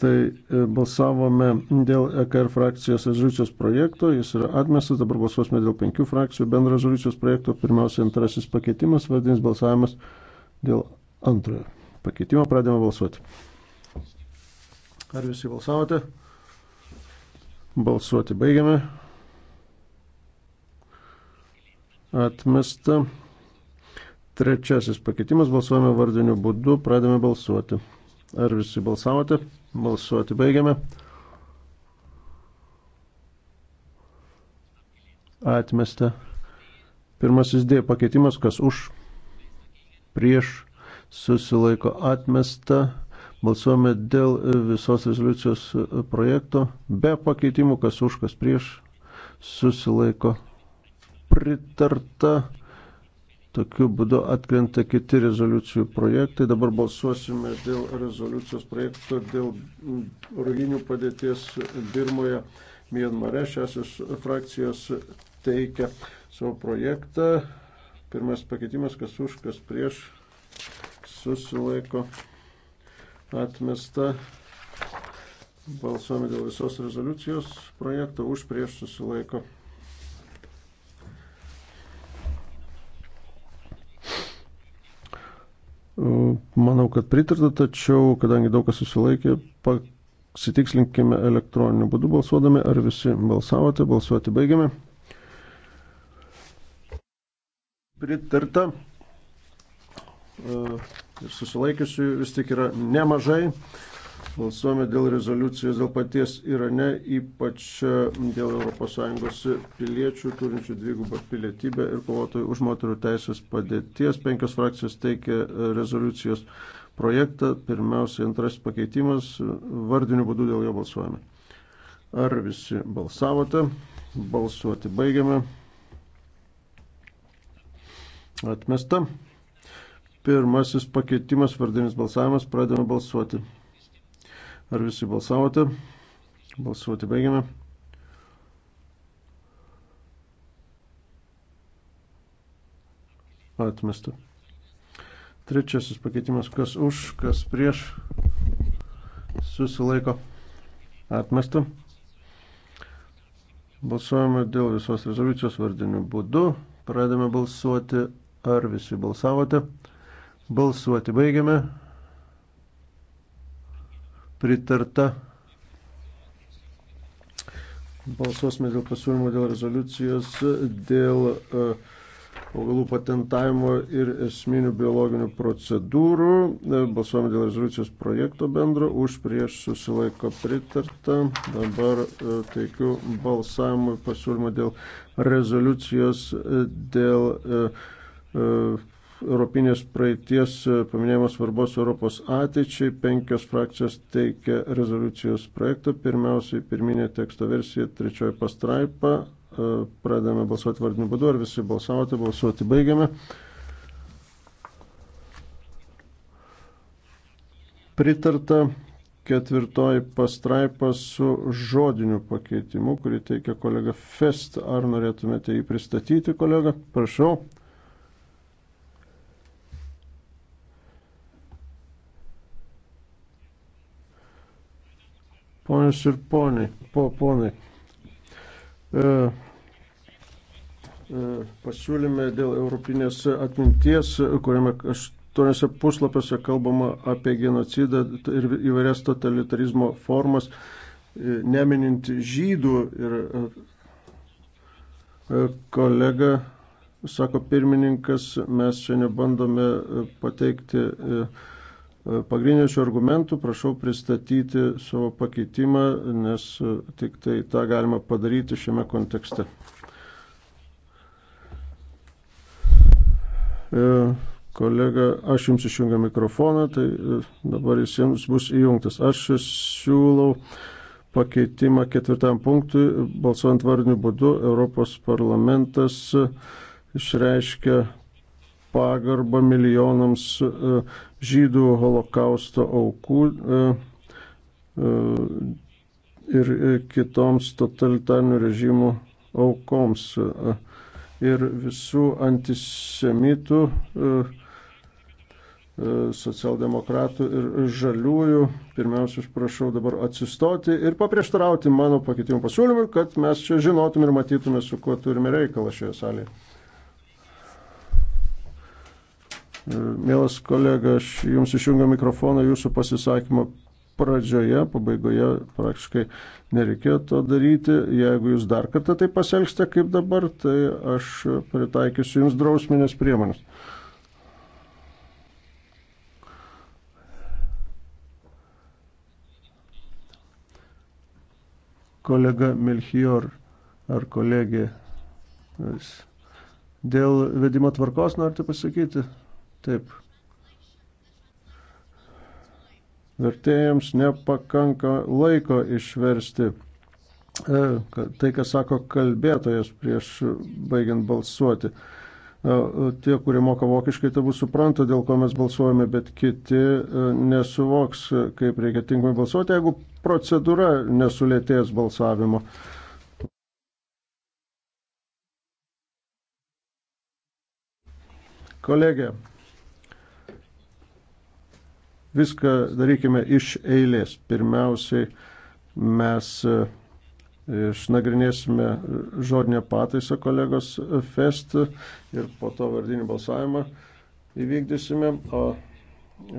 tai e, balsavome dėl EKR frakcijos rezoliucijos projekto, jis yra atmestas, dabar balsuosime dėl penkių frakcijų bendro rezoliucijos projekto, pirmiausia antrasis pakeitimas, vadinis balsavimas dėl antrojo pakeitimo, pradėjome balsuoti. Ar visi balsavote? Balsuoti baigiame. Atmesta. Trečiasis pakeitimas balsuojame vardiniu būdu, pradėjome balsuoti. Ar visi balsavote? Balsuoti baigiame. Atmesta. Pirmasis D pakeitimas, kas už, prieš, susilaiko atmesta. Balsuojame dėl visos rezoliucijos projekto. Be pakeitimų, kas už, kas prieš, susilaiko pritarta. Tokiu būdu atkrenta kiti rezoliucijų projektai. Dabar balsuosime dėl rezoliucijos projekto, dėl ruginių padėties Birmoje, Mienmare. Šiasios frakcijos teikia savo projektą. Pirmas pakeitimas, kas už, kas prieš, susilaiko atmesta. Balsuojame dėl visos rezoliucijos projekto, už prieš susilaiko Manau, kad pritarta, tačiau, kadangi daug kas susilaikė, pasitikslinkime elektroniniu būdu balsuodami, ar visi balsavote, balsuoti baigiame. Pritarta. E, ir susilaikiusių vis tik yra nemažai. Balsuojame dėl rezoliucijos dėl paties Irane, ypač e, dėl ES piliečių turinčių dvigubą pilietybę ir kovotojų už moterų teisės padėties. Penkios frakcijos teikia e, rezoliucijos projektą. Pirmiausia, antrasis pakeitimas. Vardiniu būdu dėl jo balsuojame. Ar visi balsavote? Balsuoti baigiame. Atmesta. Pirmasis pakeitimas, vardinis balsavimas, pradėjome balsuoti. Ar visi balsavote? Balsuoti baigiame. Atmesta. Trečiasis pakeitimas, kas už, kas prieš, susilaiko atmesta. Balsuojame dėl visos rezoliucijos vardiniu būdu. Pradame balsuoti, ar visi balsavote. Balsuoti baigiame pritarta. Balsuosime dėl pasiūlymo dėl rezoliucijos, dėl e, augalų patentavimo ir esminių biologinių procedūrų. E, balsuojame dėl rezoliucijos projekto bendro, už prieš susilaiko pritarta. Dabar e, teikiu balsavimui pasiūlymą dėl rezoliucijos, dėl. Uh, uh, Europinės praeities e, paminėjimas svarbos Europos ateičiai. Penkios frakcijos teikia rezoliucijos projektą. Pirmiausiai pirminė teksto versija, trečioji pastraipa. E, Pradėjome balsuoti vardiniu būdu, ar visi balsavote, balsuoti baigiame. Pritarta ketvirtoji pastraipa su žodiniu pakeitimu, kurį teikia kolega Fest. Ar norėtumėte jį pristatyti, kolega? Prašau. ponios ir poniai, po ponai. E, e, pasiūlyme dėl Europinės atminties, kuriame aštuoniuose puslapiuose kalbama apie genocidą ir įvairias totalitarizmo formas, e, neminint žydų ir e, e kolega, sako pirmininkas, mes čia nebandome pateikti e, E, pagrindinių šių argumentų prašau pristatyti savo pakeitimą, nes e, tik tai tą galima padaryti šiame kontekste. E, kolega, aš jums išjungiu mikrofoną, tai dabar jis jums bus įjungtas. Aš siūlau pakeitimą ketvirtam punktui, balsuojant vardiniu būdu, Europos parlamentas išreiškia pagarbą milijonams uh, žydų holokausto aukų e, e, ir kitoms totalitarnių režimų aukoms. E, ir visų antisemitų, socialdemokratų ir žaliųjų, pirmiausia, aš prašau dabar atsistoti ir paprieštarauti mano pakeitimų pasiūlymui, kad mes čia žinotume ir matytume, su kuo turime reikalą šioje salėje. Mielas kolega, aš jums išjungiu mikrofoną jūsų pasisakymo pradžioje, pabaigoje praktiškai nereikėjo to daryti. Jeigu jūs dar kartą tai pasielgsite kaip dabar, tai aš pritaikysiu jums drausminės priemonės. Kolega Melchior ar kolegė. Dėl vedimo tvarkos norite pasakyti? Taip. Vertėjams nepakanka laiko išversti e, tai, ką sako kalbėtojas prieš baigiant balsuoti. E, tie, kurie moka vokiškai, tai bus supranta, dėl ko mes balsuojame, bet kiti e, nesuvoks, kaip reikia tinkamai balsuoti, jeigu procedūra nesulėtės balsavimo. Kolegė, Viską darykime iš eilės. Pirmiausiai mes e, išnagrinėsime žodinę pataisą kolegos Fest ir po to vardinį balsavimą įvykdysime, o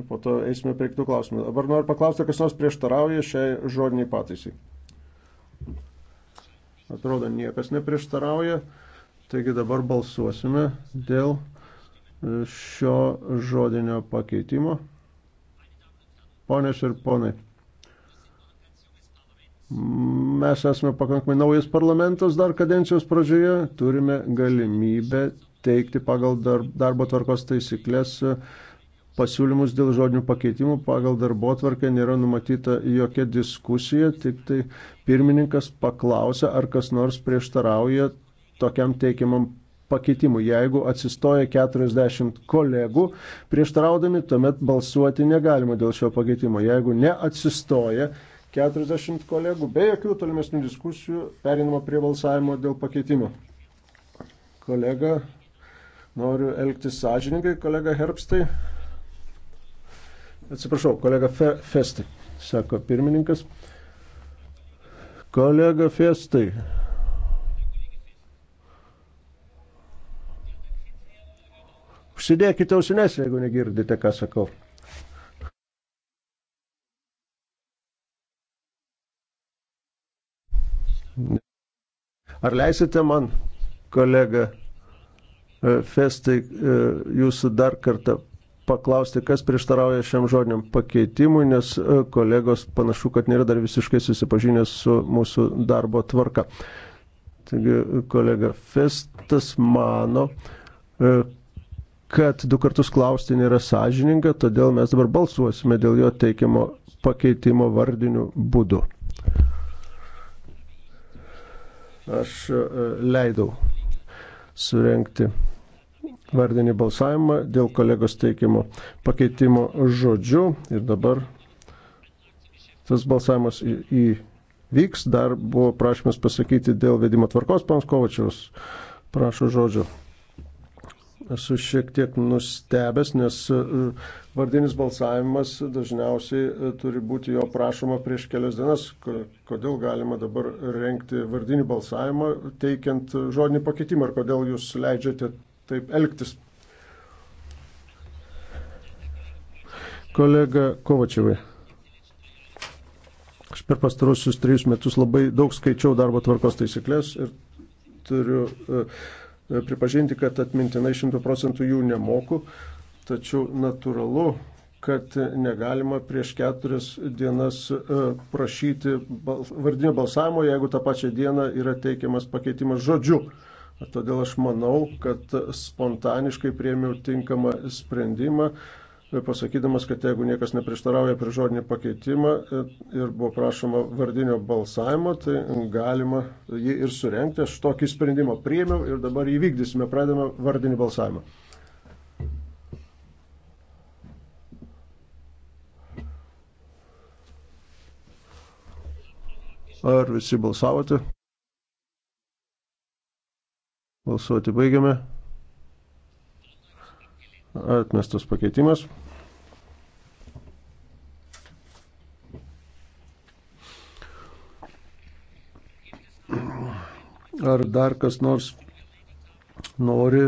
po to eisime prie kitų klausimų. Dabar noriu paklausti, kas nors prieštarauja šiai žodiniai pataisai. Atrodo, niekas neprieštarauja. Taigi dabar balsuosime dėl e, šio žodinio pakeitimo. Ponės ir ponai, mes esame pakankamai naujas parlamentas dar kadencijos pradžioje, turime galimybę teikti pagal darbo tvarkos taisyklės e, pasiūlymus dėl žodinių pakeitimų pagal darbo tvarkę nėra numatyta jokia diskusija, tik tai pirmininkas paklausia, ar kas nors prieštarauja tokiam teikiamam pakeitimų. Jeigu atsistoja 40 kolegų prieštaraudami, tuomet balsuoti negalima dėl šio pakeitimo. Jeigu neatsistoja 40 kolegų, be jokių tolimesnių diskusijų perinama prie balsavimo dėl pakeitimo. Kolega, noriu elgtis sąžininkai, kolega Herbstai. Atsiprašau, kolega Fe, Festai, sako pirmininkas. Kolega Festai, Užsidėkite ausines, jeigu negirdite, ką sakau. Ar leisite man, kolega e, Festai, e, jūsų dar kartą paklausti, kas prieštarauja šiam žodiniam pakeitimui, nes e, kolegos panašu, kad nėra dar visiškai susipažinęs su mūsų darbo tvarka. Taigi kolega Festas mano, kad du kartus klausti nėra sąžininga, todėl mes dabar balsuosime dėl jo teikiamo pakeitimo vardiniu būdu. Aš e, leidau surenkti vardinį balsavimą dėl kolegos teikimo pakeitimo žodžiu ir dabar tas balsavimas įvyks. Dar buvo prašymas pasakyti dėl vedimo tvarkos, panas Kovačiaus prašo žodžio esu šiek tiek nustebęs, nes e, vardinis balsavimas dažniausiai e, turi būti jo prašoma prieš kelias dienas. Kodėl galima dabar renkti vardinį balsavimą, teikiant žodinį pakeitimą ir kodėl jūs leidžiate taip elgtis? Kolega Kovačiavai. Aš per pastarusius trejus metus labai daug skaičiau darbo tvarkos taisyklės ir turiu uh, pripažinti, kad atmintinai 100 procentų jų nemoku, tačiau natūralu, kad negalima prieš keturias dienas e, prašyti vardinio balsavimo, jeigu tą pačią dieną yra teikiamas pakeitimas žodžiu. Todėl aš manau, kad spontaniškai priemiau tinkamą sprendimą pasakydamas, kad jeigu niekas neprieštarauja prie žodinį pakeitimą ir buvo prašoma vardinio balsavimo, tai galima jį ir surenkti. Aš tokį sprendimą priėmiau ir dabar įvykdysime, pradėme vardinį balsavimą. Ar visi balsavote? Balsuoti baigiame. Atmestas pakeitimas. Ar dar kas nors nori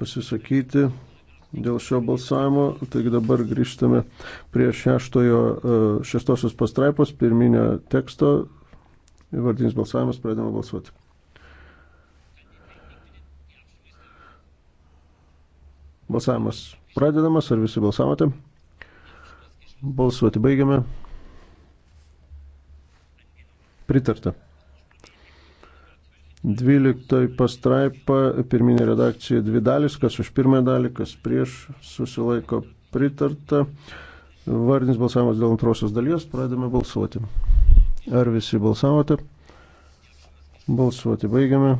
pasisakyti dėl šio balsavimo. Taigi dabar grįžtame prie šeštojo, e, šeštosios pastraipos pirminio teksto. Vardinis balsavimas pradėjome balsuoti. Balsavimas pradedamas, ar visi balsavote? Balsuoti baigiame. Pritarta. 12 pastraipa, pirminė redakcija dvi dalis, kas už pirmąją dalį, kas prieš, susilaiko pritarta. Vardinis balsavimas dėl antrosios dalies, pradedame balsuoti. Ar visi balsavote? Balsuoti baigiame.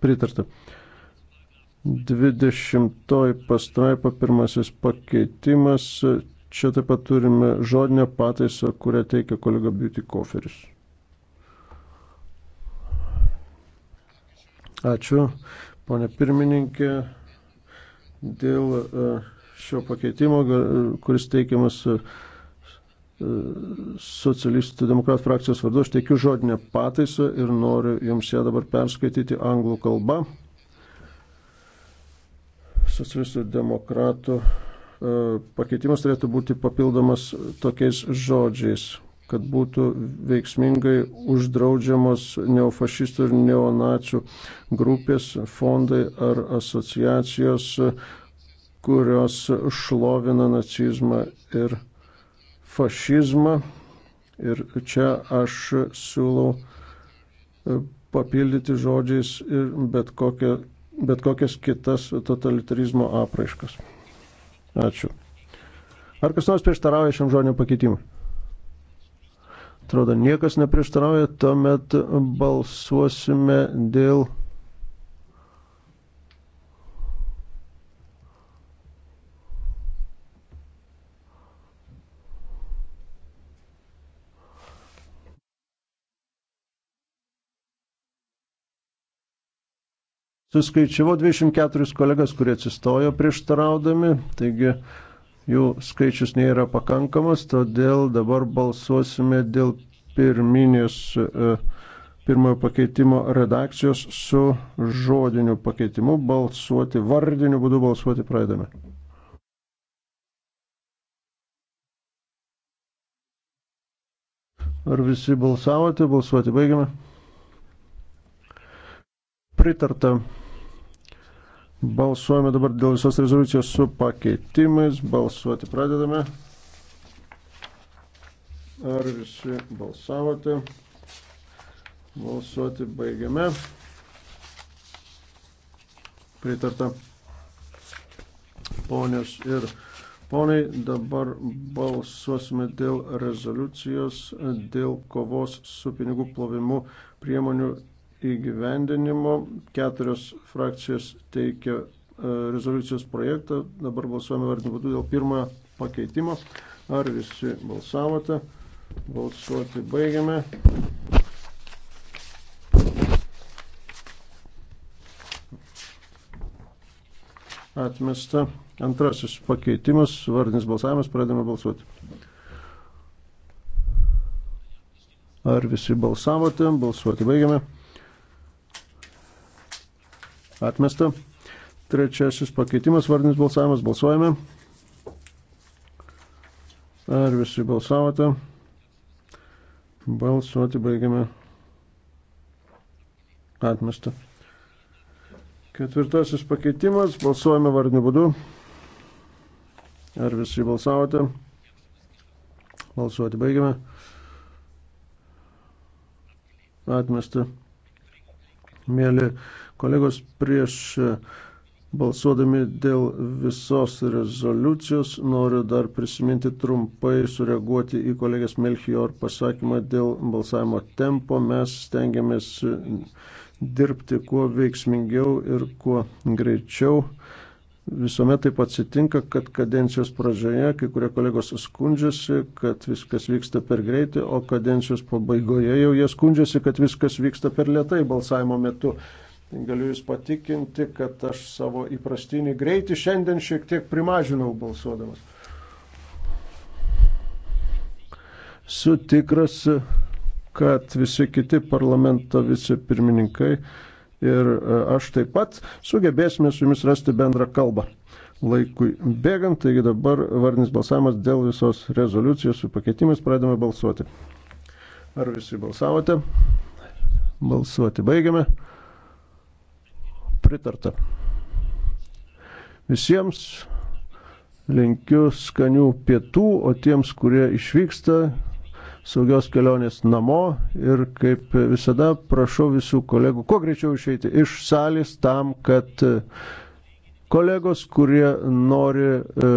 Pritarta. 20 pastraipa pirmasis pakeitimas. Čia taip pat turime žodinę pataisą, kurią teikia kolega Beauty Koferis. Ačiū, ponė pirmininkė, dėl e, šio pakeitimo, kuris teikiamas e, socialistų demokratų frakcijos vardu. Aš teikiu žodinę pataisą ir noriu jums ją dabar perskaityti anglų kalbą socialistų demokratų e, pakeitimas turėtų būti papildomas tokiais žodžiais, kad būtų veiksmingai uždraudžiamos neofašistų ir neonacių grupės, fondai ar asociacijos, kurios šlovina nacizmą ir fašizmą. Ir čia aš siūlau e, papildyti žodžiais ir bet kokią bet kokias kitas totalitarizmo apraiškas. Ačiū. Ar kas nors prieštarauja šiam žodžiam pakeitimui? Atrodo, niekas neprieštarauja, tuomet balsuosime dėl Suskaičiavau 24 kolegas, kurie atsistojo prieštaraudami, taigi jų skaičius nėra pakankamas, todėl dabar balsuosime dėl pirminės, e, pirmojo pakeitimo redakcijos su žodiniu pakeitimu balsuoti, vardiniu būdu balsuoti praeidame. Ar visi balsavote? Balsuoti baigiame. Pritarta. Balsuojame dabar dėl visos rezoliucijos su pakeitimais. Balsuoti pradedame. Ar visi balsavote? Balsuoti baigiame. Pritarta. Ponios ir ponai, dabar balsuosime dėl rezoliucijos, dėl kovos su pinigų plovimu priemonių įgyvendinimo. Keturios frakcijos teikia e, rezoliucijos projektą. Dabar balsuojame vardiniu būdu dėl pirmojo pakeitimo. Ar visi balsavote? Balsuoti baigiame. Atmesta antrasis pakeitimas, vardinis balsavimas, pradėjome balsuoti. Ar visi balsavote? Balsuoti baigiame. Atmesta. Trečiasis pakeitimas, vardinis balsavimas. Balsuojame. Ar visi balsavote? Balsuoti baigiame. Atmesta. Ketvirtasis pakeitimas. Balsuojame vardiniu būdu. Ar visi balsavote? Balsuoti baigiame. Atmesta. Mėly Kolegos, prieš e, balsuodami dėl visos rezoliucijos noriu dar prisiminti trumpai sureaguoti į kolegės Melchior pasakymą dėl balsavimo tempo. Mes stengiamės e, dirbti kuo veiksmingiau ir kuo greičiau. Visuomet taip atsitinka, kad kadencijos pradžioje kai kurie kolegos skundžiasi, kad viskas vyksta per greitai, o kadencijos pabaigoje jau jie skundžiasi, kad viskas vyksta per lietai balsavimo metu. Galiu Jūs patikinti, kad aš savo įprastinį greitį šiandien šiek tiek primažinau balsuodamas. Sutikras, kad visi kiti parlamento vicepirmininkai ir e, aš taip pat sugebėsime su Jumis rasti bendrą kalbą. Laikui bėgant, taigi dabar varnis balsavimas dėl visos rezoliucijos su pakeitimais pradame balsuoti. Ar visi balsavote? Balsuoti baigiame pritarta. Visiems linkiu skanių pietų, o tiems, kurie išvyksta, saugios kelionės namo ir kaip visada prašau visų kolegų kuo greičiau išeiti iš salės tam, kad e, kolegos, kurie nori e,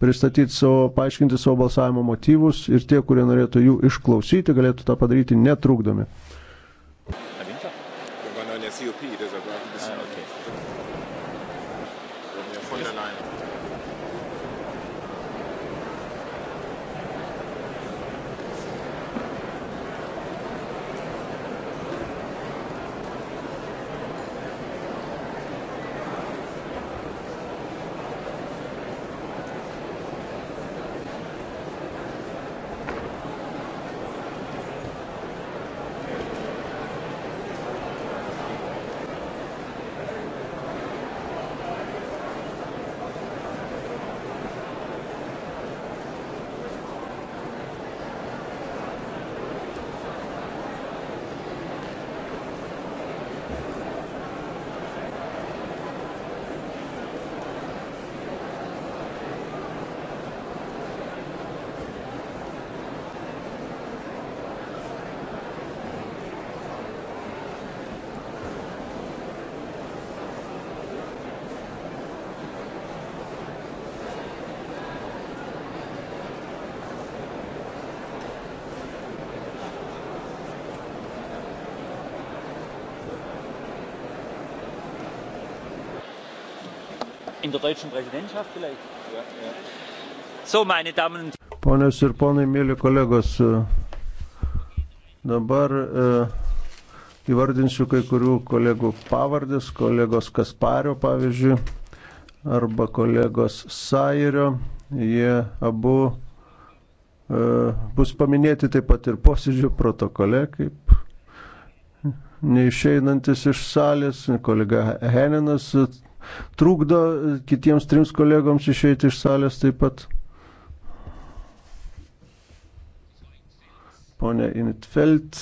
pristatyti savo, paaiškinti savo balsavimo motyvus ir tie, kurie norėtų jų išklausyti, galėtų tą padaryti netrukdomi. der deutschen Präsidentschaft vielleicht. Ja, ja. So, meine Damen und Ponios ir ponai, mėly kolegos, e, dabar e, įvardinsiu kai kurių kolegų pavardės, kolegos Kaspario pavyzdžiui, arba kolegos Sairio. Jie abu e, bus paminėti taip pat ir posėdžio protokole, kaip neišeinantis iš salės, kolega Heninas trukdo kitiems trims kolegoms išeiti iš salės taip pat. Pone Intfeld,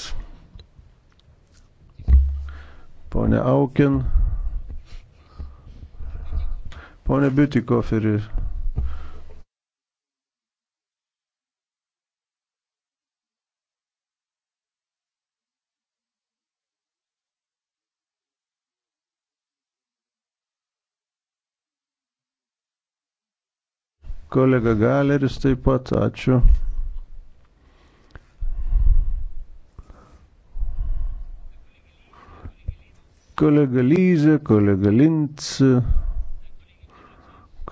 pone Aukin, pone Biutikoferi. Kolega Galeris taip pat, ačiū. Kolega Lyze, kolega Linc,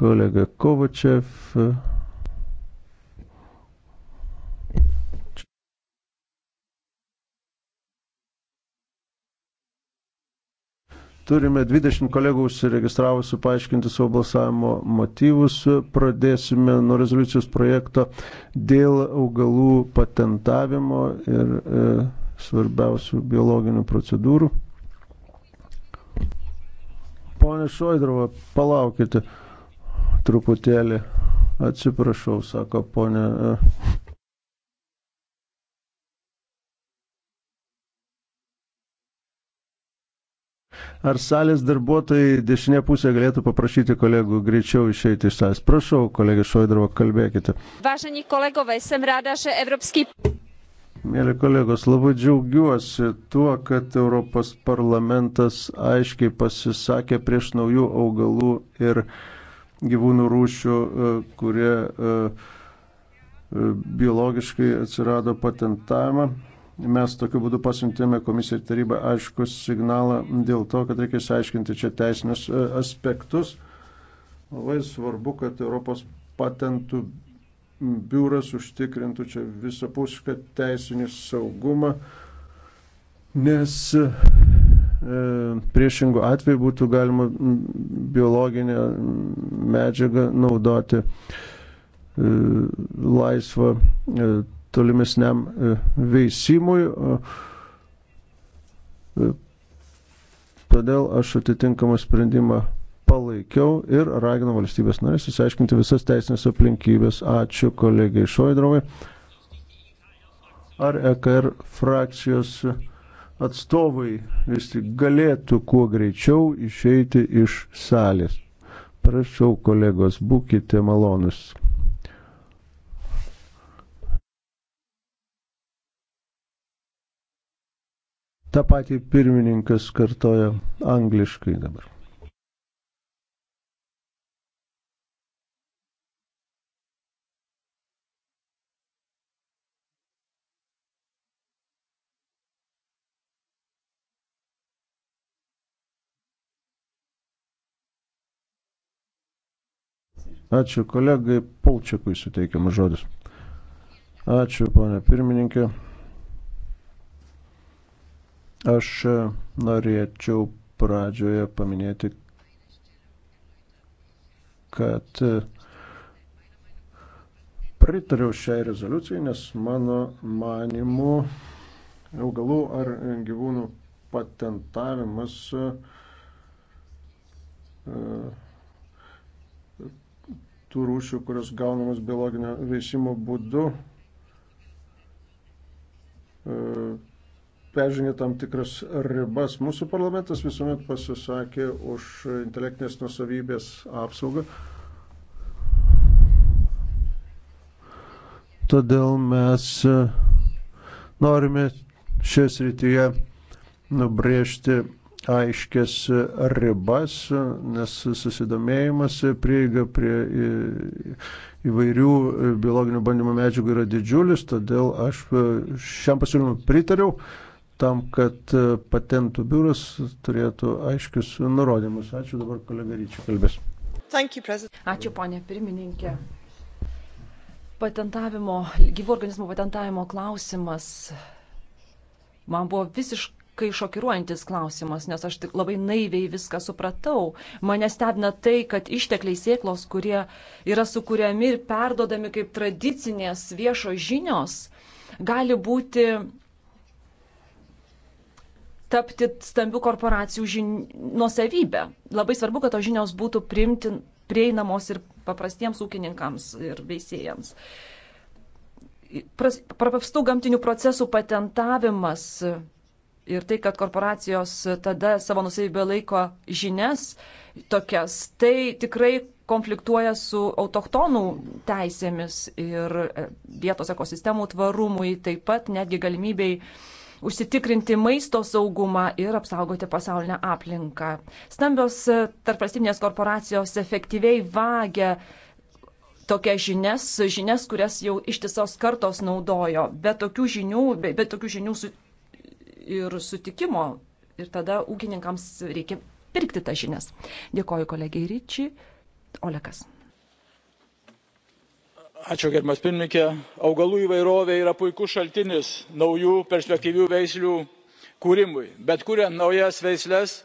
kolega Kovačev. Turime 20 kolegų užsiregistravusių paaiškinti savo balsavimo motyvus. Pradėsime nuo rezoliucijos projekto dėl augalų patentavimo ir e, svarbiausių biologinių procedūrų. Pone Šoidrova, palaukite truputėlį. Atsiprašau, sako ponė. E, Ar salės darbuotojai dešinė pusė galėtų paprašyti kolegų greičiau išeiti iš salės? Prašau, kolegė Šoidrovo, kalbėkite. Važeni kolegovai, sem rada, že Evropski. Mėly kolegos, labai džiaugiuosi tuo, kad Europos parlamentas aiškiai pasisakė prieš naujų augalų ir gyvūnų rūšių, e, kurie e, e, biologiškai atsirado patentavimą. Mes tokiu būdu pasiuntėme komisiją ir tarybą aiškus signalą dėl to, kad reikia išsiaiškinti čia teisinius e, aspektus. Labai svarbu, kad Europos patentų biuras užtikrintų čia visapusišką teisinį saugumą, nes e, priešingų atveju būtų galima biologinę medžiagą naudoti e, laisvą e, tolimesniam e, veisimui. E, todėl aš atitinkamą sprendimą palaikiau ir raginu valstybės narės įsiaiškinti visas teisinės aplinkybės. Ačiū kolegiai Šoidrovai. Ar EKR frakcijos atstovai vis tik galėtų kuo greičiau išeiti iš salės? Prašau, kolegos, būkite malonus. Ta pati pirmininkas kartoja angliškai dabar. Ačiū kolegai Polčiakui suteikiamas žodis. Ačiū, ponė pirmininkė. Aš e, norėčiau pradžioje paminėti, kad e, pritariau šiai rezoliucijai, nes mano manimu augalų ar gyvūnų patentavimas e, tų rūšių, kurios gaunamas biologinio veisimo būdu, peržengė tam tikras ribas. Mūsų parlamentas visuomet pasisakė už intelektinės nusavybės apsaugą. Todėl mes e, norime šioje srityje nubrėžti aiškės ribas, nes susidomėjimas prieiga prie e, įvairių e, biologinių bandymų medžiagų yra didžiulis, todėl aš šiam pasiūlymui pritariau tam, kad e, patentų biuras turėtų aiškius nurodymus. Ačiū dabar kolega Ryčiai kalbės. You, Ačiū ponė pirmininkė. Patentavimo, gyvų organizmų patentavimo klausimas man buvo visiškai šokiruojantis klausimas, nes aš tik labai naiviai viską supratau. Mane stebina tai, kad ištekliai sėklos, kurie yra sukūriami ir perdodami kaip tradicinės viešo žinios, gali būti tapti stambių korporacijų žin... nuosavybę. Labai svarbu, kad tos žinios būtų priimti, prieinamos ir paprastiems ūkininkams ir veisėjams. Prapapstų gamtinių procesų patentavimas ir tai, kad korporacijos tada savo nusavybę laiko žinias tokias, tai tikrai konfliktuoja su autochtonų teisėmis ir e, vietos ekosistemų tvarumui, taip pat netgi galimybei uh, užsitikrinti maisto saugumą ir apsaugoti pasaulinę aplinką. Stambios e, tarpvalstybinės korporacijos efektyviai vagia tokias žinias, žinias, kurias jau ištisos kartos naudojo, bet tokių žinių, be, be tokių žinių su, ir sutikimo. Ir tada ūkininkams reikia pirkti tas žinias. Dėkoju kolegiai Ryčiai. Olekas gerbiamas pirmininke augalų įvairovė yra puikus šaltinis naujų perspektyvių veislių kūrimui bet kuriant naujas veisles e,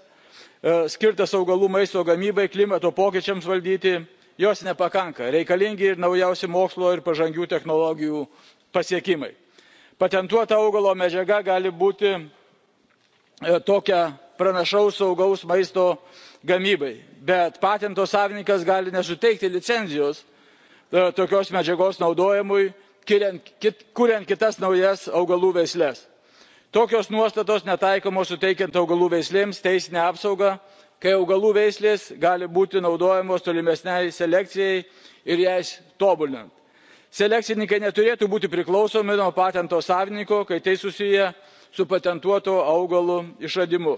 skirtas augalų maisto gamybai klimato pokyčiams valdyti jos nepakanka reikalingi ir naujausi mokslo ir pažangių technologijų pasiekimai. patentuota augalo medžiaga gali būti e, tokia pranašaus saugaus maisto gamybai bet patento savininkas gali nesuteikti licencijos E, tokios medžiagos naudojimui kuriant kitas naujas augalų veisles. tokios nuostatos netaikomos suteikiant augalų veislėms teisinę apsaugą kai augalų veislės gali būti naudojamos tolimesnei selekcijai ir jas tobulinant. selekcininkai neturėtų būti priklausomi nuo patento savininko kai tai susiję su patentuoto augalo išradimu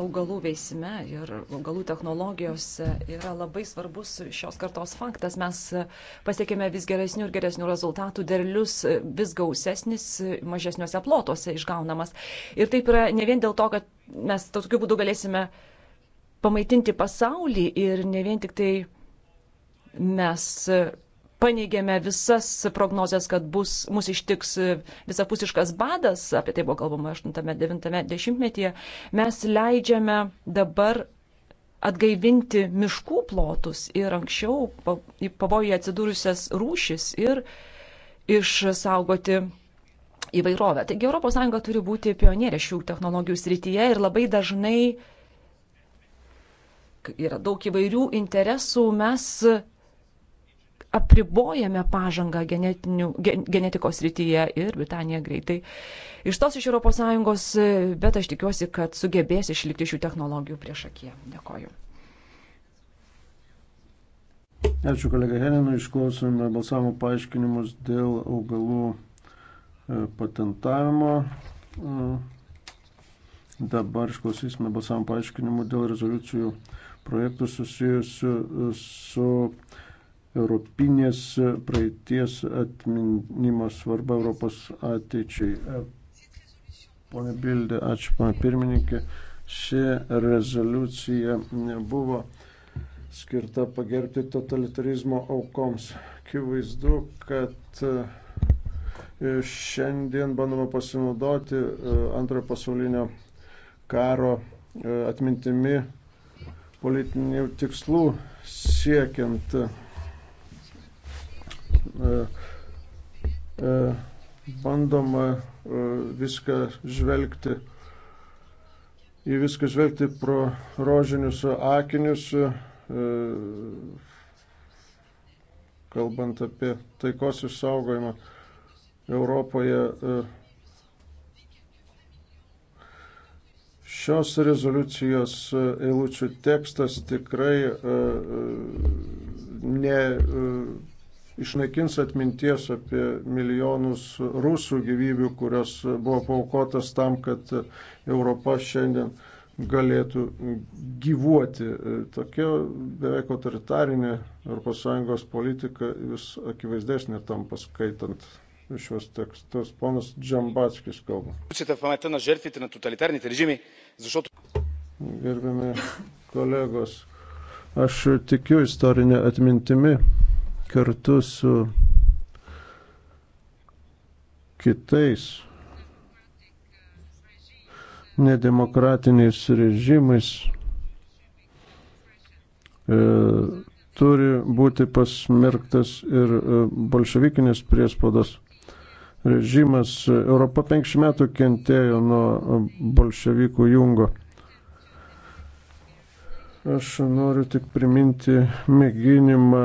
augalų veisime ir augalų technologijose yra labai svarbus šios kartos faktas. Mes pasiekėme vis geresnių ir geresnių rezultatų, derlius vis gausesnis, mažesniuose plotuose išgaunamas. Ir taip yra ne vien dėl to, kad mes tokiu būdu galėsime pamaitinti pasaulį ir ne vien tik tai mes paneigėme visas prognozes, kad bus, mus ištiks visapusiškas badas, apie tai buvo kalbama 8-9 metyje, mes leidžiame dabar atgaivinti miškų plotus ir anksčiau pavojai atsidūrusias rūšis ir išsaugoti įvairovę. Taigi ES turi būti pionierė šių technologijų srityje ir labai dažnai yra daug įvairių interesų, mes apribojame pažangą gen, genetikos rytyje ir Britanija greitai išstos iš ES, bet aš tikiuosi, kad sugebės išlikti šių technologijų prieš akiją. Dėkoju. Ačiū kolega Heninui, išklausome balsavimo paaiškinimus dėl augalų e, patentavimo. E, dabar išklausysime balsavimo paaiškinimų dėl rezoliucijų projektų susijusių e, su, su europinės praeities atminimo svarba Europos ateičiai. Pone Bildė, ačiū, pane pirmininkė. Ši rezoliucija nebuvo skirta pagerbti totalitarizmo aukoms. Akivaizdu, kad e, šiandien bandoma pasinaudoti e, antrojo pasaulinio karo e, atmintimi politinių tikslų siekiant E, e, bandoma e, viską žvelgti, į viską žvelgti pro rožinius akinius, kalbant apie taikos išsaugojimą Europoje. Šios rezoliucijos eilučių tekstas tikrai ne išnaikins atminties apie milijonus rusų gyvybių, kurios buvo paukotas tam, kad Europa šiandien galėtų gyvuoti. Tokia beveik autoritarinė ES politika vis akivaizdesnė tampa skaitant šios tekstus. Ponas Džambatskis kalba. Gerbiami kolegos, aš tikiu istorinę atmintimį kartu su kitais nedemokratiniais režimais e, turi būti pasmerktas ir e, bolševikinės priespaudos režimas. Europa 50 metų kentėjo nuo bolševikų jungo. Aš noriu tik priminti mėginimą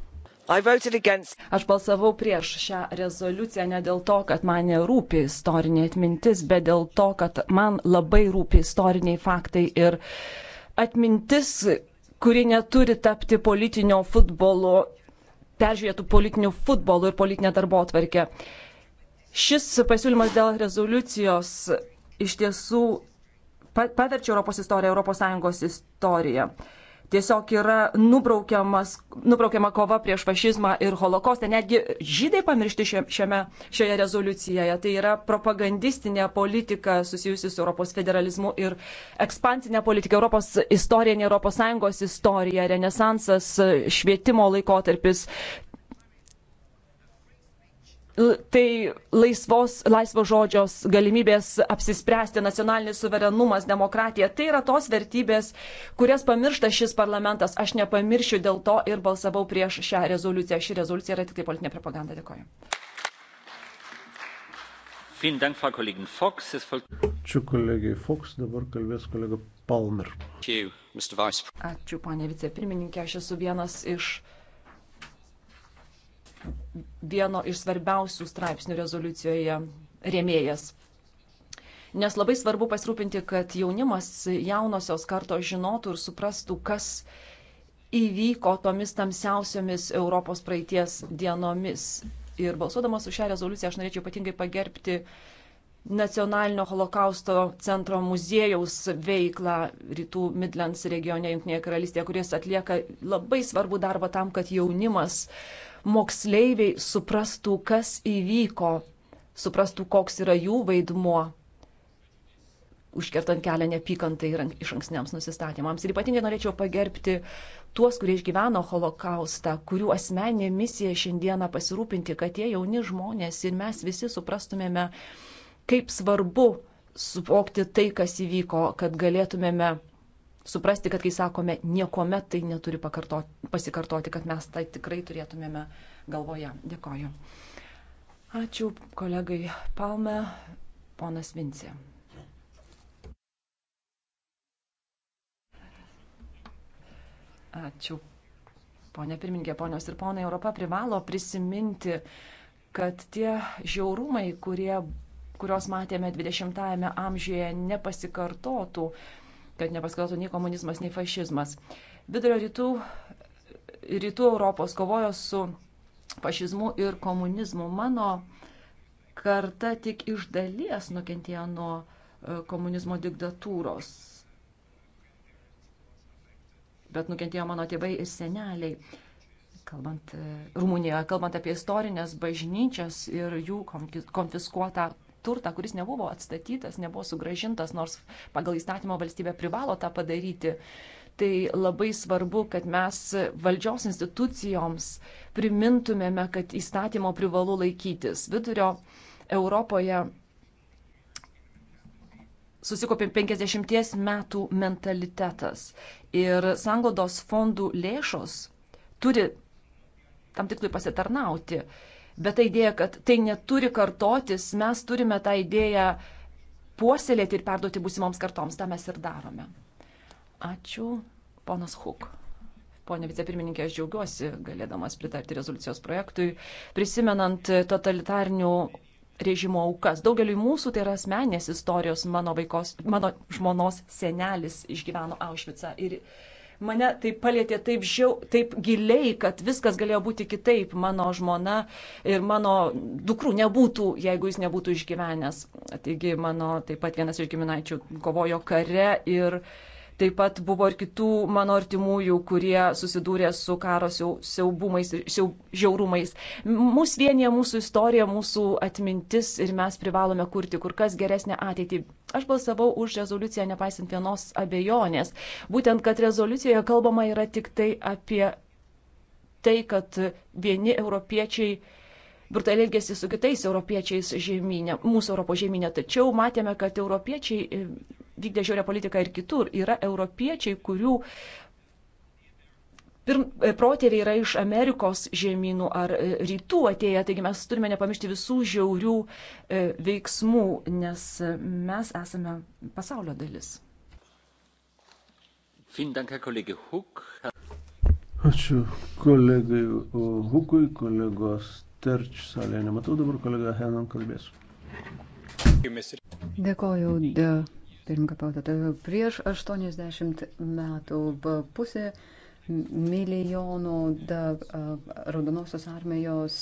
Aš balsavau prieš šią rezoliuciją ne dėl to, kad man nerūpi istorinė atmintis, bet dėl to, kad man labai rūpi istoriniai faktai ir atmintis, kuri neturi tapti politinio futbolo, peržiūrėtų politinių futbolų ir politinę darbo atvarkę. Šis pasiūlymas dėl rezoliucijos iš tiesų paverčia Europos istoriją Europos Sąjungos istoriją tiesiog yra nubraukiama kova prieš fašizmą ir holokostą. Netgi žydai pamiršti šiame, šioje rezoliucijoje. Tai yra propagandistinė politika susijusi su Europos federalizmu ir ekspansinė politika. Europos istorija, ne Europos Sąjungos istorija, renesansas, švietimo laikotarpis, tai laisvos, laisvo žodžios galimybės apsispręsti, nacionalinis suverenumas, demokratija. Tai yra tos vertybės, kurias pamiršta šis parlamentas. Aš nepamiršiu dėl to ir balsavau prieš šią rezoliuciją. Ši rezoliucija yra tik tai politinė propaganda. Dėkoju. Ačiū kolegijai Fox, dabar kalbės kolega Palmer. Ačiū, ponė vicepirmininkė, aš esu vienas iš vieno iš svarbiausių straipsnių rezoliucijoje rėmėjas. Nes labai svarbu pasirūpinti, kad jaunimas jaunosios kartos žinotų ir suprastų, kas įvyko tomis tamsiausiomis Europos praeities dienomis. Ir balsuodamas už šią rezoliuciją aš norėčiau ypatingai pagerbti Nacionalinio holokausto centro muziejaus veiklą Rytų Midlands regione Junktinėje karalystėje, kuris atlieka labai svarbu darbą tam, kad jaunimas uh, moksleiviai suprastų, kas įvyko, suprastų, koks yra jų vaidmuo, užkertant kelią neapykantai ir iš anksniams nusistatymams. Ir ypatingai norėčiau pagerbti tuos, kurie išgyveno holokaustą, kurių asmeninė misija šiandieną pasirūpinti, kad tie jauni žmonės ir mes visi suprastumėme, kaip svarbu suvokti tai, kas įvyko, kad galėtumėme suprasti, kad kai sakome niekuomet, tai neturi pasikartoti, kad mes tai tikrai turėtumėme galvoje. Dėkoju. Ačiū kolegai Palme, ponas Vinci. Ačiū. Pone pirmininkė, ponios ir ponai, Europa privalo prisiminti, kad tie žiaurumai, kurie, kurios matėme 20-ame amžiuje, nepasikartotų kad nepaskeltų nei komunizmas, nei fašizmas. Vidurio rytų, rytų Europos kovojo su fašizmu ir komunizmu. Mano karta tik iš dalies nukentėjo nuo e, komunizmo diktatūros. Bet nukentėjo mano tėvai ir seneliai kalbant e, Rumunijoje, kalbant apie istorinės bažnyčias ir jų konfiskuotą turtą, kuris nebuvo atstatytas, nebuvo sugražintas, nors pagal įstatymą valstybė privalo tą padaryti. Tai labai svarbu, kad mes valdžios institucijoms primintumėme, kad įstatymo privalu laikytis. Vidurio Europoje susikopė 50 metų mentalitetas ir sangodos fondų lėšos turi tam tiklui pasitarnauti bet ta idėja, kad tai neturi kartotis, mes turime tą idėją puoselėti ir perduoti būsimoms kartoms. Ta mes ir darome. Ačiū, ponas Huk. Pone vicepirmininkė, aš džiaugiuosi galėdamas pritarti rezoliucijos projektui, prisimenant totalitarnių režimo aukas. Daugeliui mūsų tai yra asmenės istorijos, mano, vaikos, mano žmonos senelis išgyveno Aušvicą ir mane tai palėtė taip, žiau, taip giliai, kad viskas galėjo būti kitaip. Mano žmona ir mano dukrų nebūtų, jeigu jis nebūtų išgyvenęs. Taigi mano taip pat vienas iš giminaičių kovojo kare ir uh, Taip pat buvo ir kitų mano artimųjų, kurie susidūrė su karo siaubumais, siaub, žiaurumais. Mūsų vienyje mūsų istorija, mūsų atmintis ir mes privalome kurti kur kas geresnę ateitį. Aš balsavau už rezoliuciją nepaisant vienos abejonės. Būtent, kad rezoliucijoje kalbama yra tik tai apie tai, kad vieni europiečiai brutaliai elgėsi su kitais europiečiais žemynė, mūsų Europos žemynė. Tačiau matėme, kad europiečiai vykdė žiaurę politiką ir kitur. Yra europiečiai, kurių e, protėviai yra iš Amerikos žemynų ar e, rytų atėję, taigi mes turime nepamiršti visų žiaurių e, veiksmų, nes mes esame pasaulio dalis. Ačiū kolegai Hukui, kolegos Terč salėje nematau, dabar kolega Henan kalbės. Dėkoju. De pirmininko pavaduotojo, tai prieš 80 metų pusė milijono da, Raudonosios armijos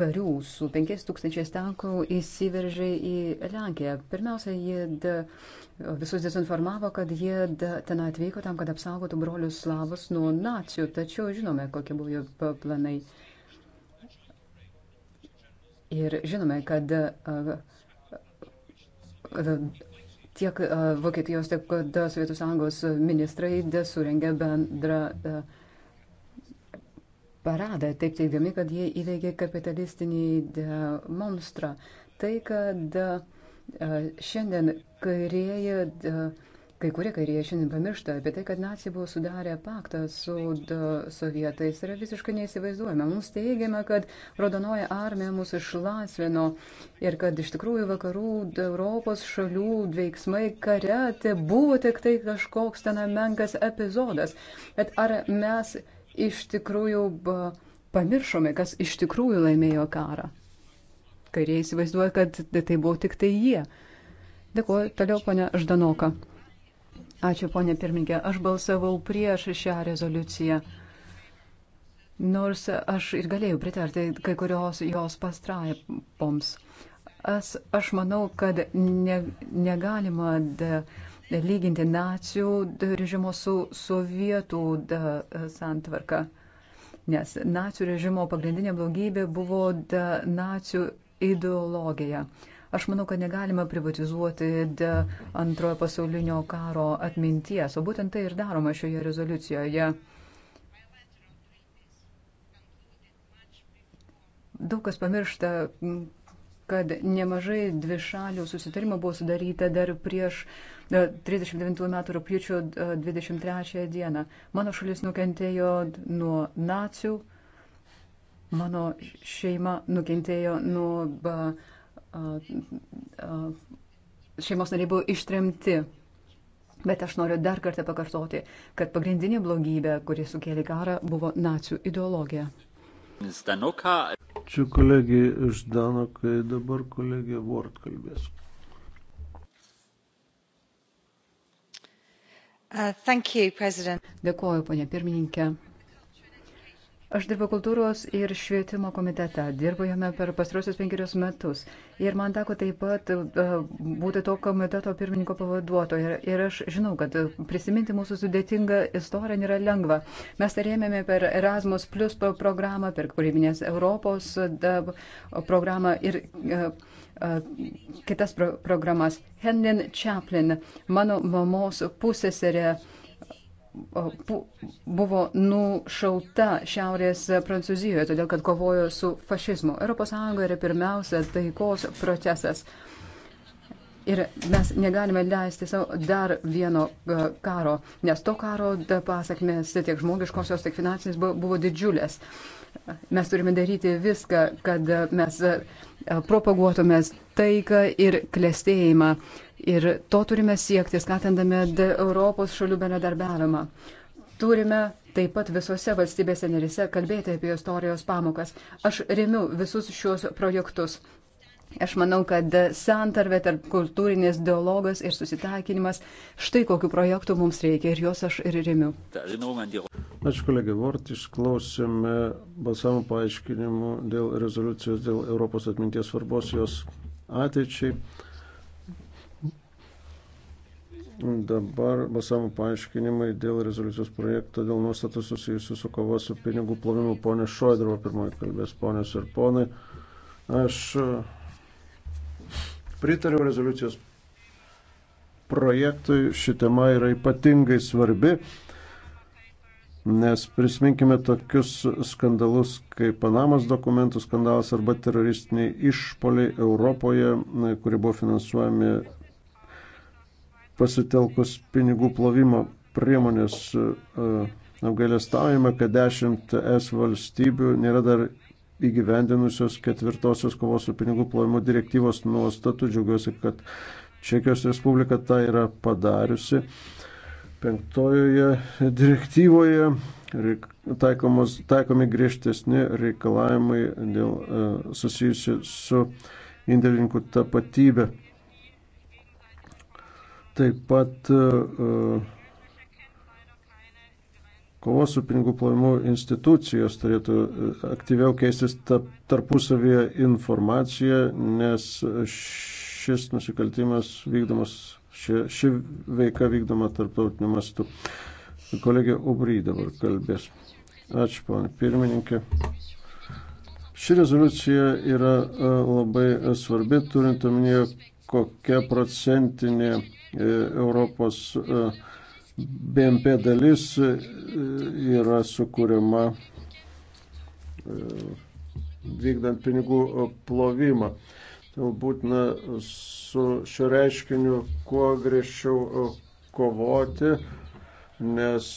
karių su 5000 tankų įsiveržė į Lenkiją. Pirmiausia, jie da, visus dezinformavo, kad jie da, ten atvyko tam, kad apsaugotų brolius slavus nuo nacijų, tačiau žinome, kokie buvo jų planai. Ir žinome, kad uh, tiek e, Vokietijos, tiek e, Sovietų sąjungos ministrai surengė bendrą e, paradą, taip teigdami, kad jie įveikė kapitalistinį monstrą. Tai, kad šiandien kairieji Kai kurie kairieji šiandien pamiršta apie tai, kad nacija buvo sudarę paktą su sovietais. Tai yra visiškai neįsivaizduojama. Mums teigiama, kad Rodonoja armija mus išlaisvino ir kad iš tikrųjų vakarų Europos šalių veiksmai kare tai buvo tik tai kažkoks ten menkas epizodas. Bet ar mes iš tikrųjų pamiršome, kas iš tikrųjų laimėjo karą? Kairiai įsivaizduoja, kad tai buvo tik tai jie. Dėkuoju, toliau ponia Ždanoka. Ačiū, ponė pirmininkė. Aš balsavau prieš šią rezoliuciją. Nors aš ir galėjau pritarti kai kurios jos pastraipoms. As, aš manau, kad ne, negalima de, lyginti nacijų režimo su sovietų de, santvarka. Nes nacijų režimo pagrindinė blogybė buvo de, nacijų ideologija. Uh, Aš manau, kad negalima privatizuoti antrojo pasaulinio karo atminties, o būtent tai ir daroma šioje rezoliucijoje. Daug kas pamiršta, kad nemažai dvišalių susitarimų buvo sudaryta dar prieš 39 e, metų rūpjūčio 23 e, dieną. Mano šalis nukentėjo nuo nacijų, mano šeima nukentėjo nuo e, šeimos nariai buvo ištrimti. Bet aš noriu dar kartą pakartoti, kad pagrindinė blogybė, kuri sukėlė karą, buvo nacių ideologija. Zdanoka. Čia kolegija Ždanokai, dabar kolegija Vort kalbės. Uh, you, Dėkuoju, ponė pirmininkė. Aš dirbu kultūros ir švietimo komitete, dirbu jame per pastrosius penkerius metus. Ir man teko taip pat e, būti to komiteto pirmininko pavaduotoja. Ir aš žinau, kad prisiminti mūsų sudėtingą istoriją nėra lengva. Mes tarėmėme per Erasmus Plus programą, per kūrybinės Europos programą ir e, e, kitas programas. Hendon Chaplin, mano mamos pusėserė buvo nušauta šiaurės Prancūzijoje, todėl kad kovojo su fašizmu. ES yra pirmiausia taikos procesas. Ir mes negalime leisti savo dar vieno e, karo, nes to karo e, pasakmės tiek žmogiškosios, tiek finansinės buvo didžiulės. Mes turime daryti viską, kad mes e, propaguotumės taiką ir klėstėjimą Ir to turime siekti, skatindami Europos šalių bendradarbiavimą. Turime taip pat visose valstybėse narise kalbėti apie istorijos pamokas. Aš remiu visus šios projektus. Aš manau, kad santarvė tarp kultūrinės dialogas ir susitaikinimas, štai kokiu projektu mums reikia ir juos aš ir remiu. Ačiū kolegai Vort, išklausėme balsavimo paaiškinimų dėl rezoliucijos dėl Europos atminties svarbos jos ateičiai. Dabar balsavimo paaiškinimai dėl rezoliucijos projekto, dėl nuostatų susijusių su kovos su pinigų plovimu. Pone Šoidrovo pirmoji kalbės, ponės ir ponai. Aš e, pritariu rezoliucijos projektui. Ši tema yra ypatingai svarbi, nes prisiminkime tokius skandalus kaip Panamos dokumentų skandalas arba teroristiniai išpoliai Europoje, kurie buvo finansuojami pasitelkus pinigų plovimo priemonės. E, apgailestaujame, kad 10 S valstybių nėra dar įgyvendinusios ketvirtosios kovos su pinigų plovimu direktyvos nuostatų. Džiaugiuosi, kad Čekijos Respublika tą tai yra padariusi. Penktojoje direktyvoje reik, taikomos, taikomi griežtesni reikalavimai dėl, e, susijusi su indėlininkų tapatybė. Taip pat e, e, kovos su pinigų plovimu institucijos turėtų e, aktyviau keistis tarpusavyje informaciją, nes šis nusikaltimas vykdomas, ši, ši veika vykdoma tarptautiniu mastu. Kolegė Ubry dabar kalbės. Ačiū, ponė pirmininkė. Ši rezoliucija yra labai svarbi, turint omenyje, kokia procentinė E, Europos e, BMP dalis e, yra sukūriama vykdant pinigų plovimą. Todėl būtina su šiuo reiškiniu kuo griežčiau kovoti, nes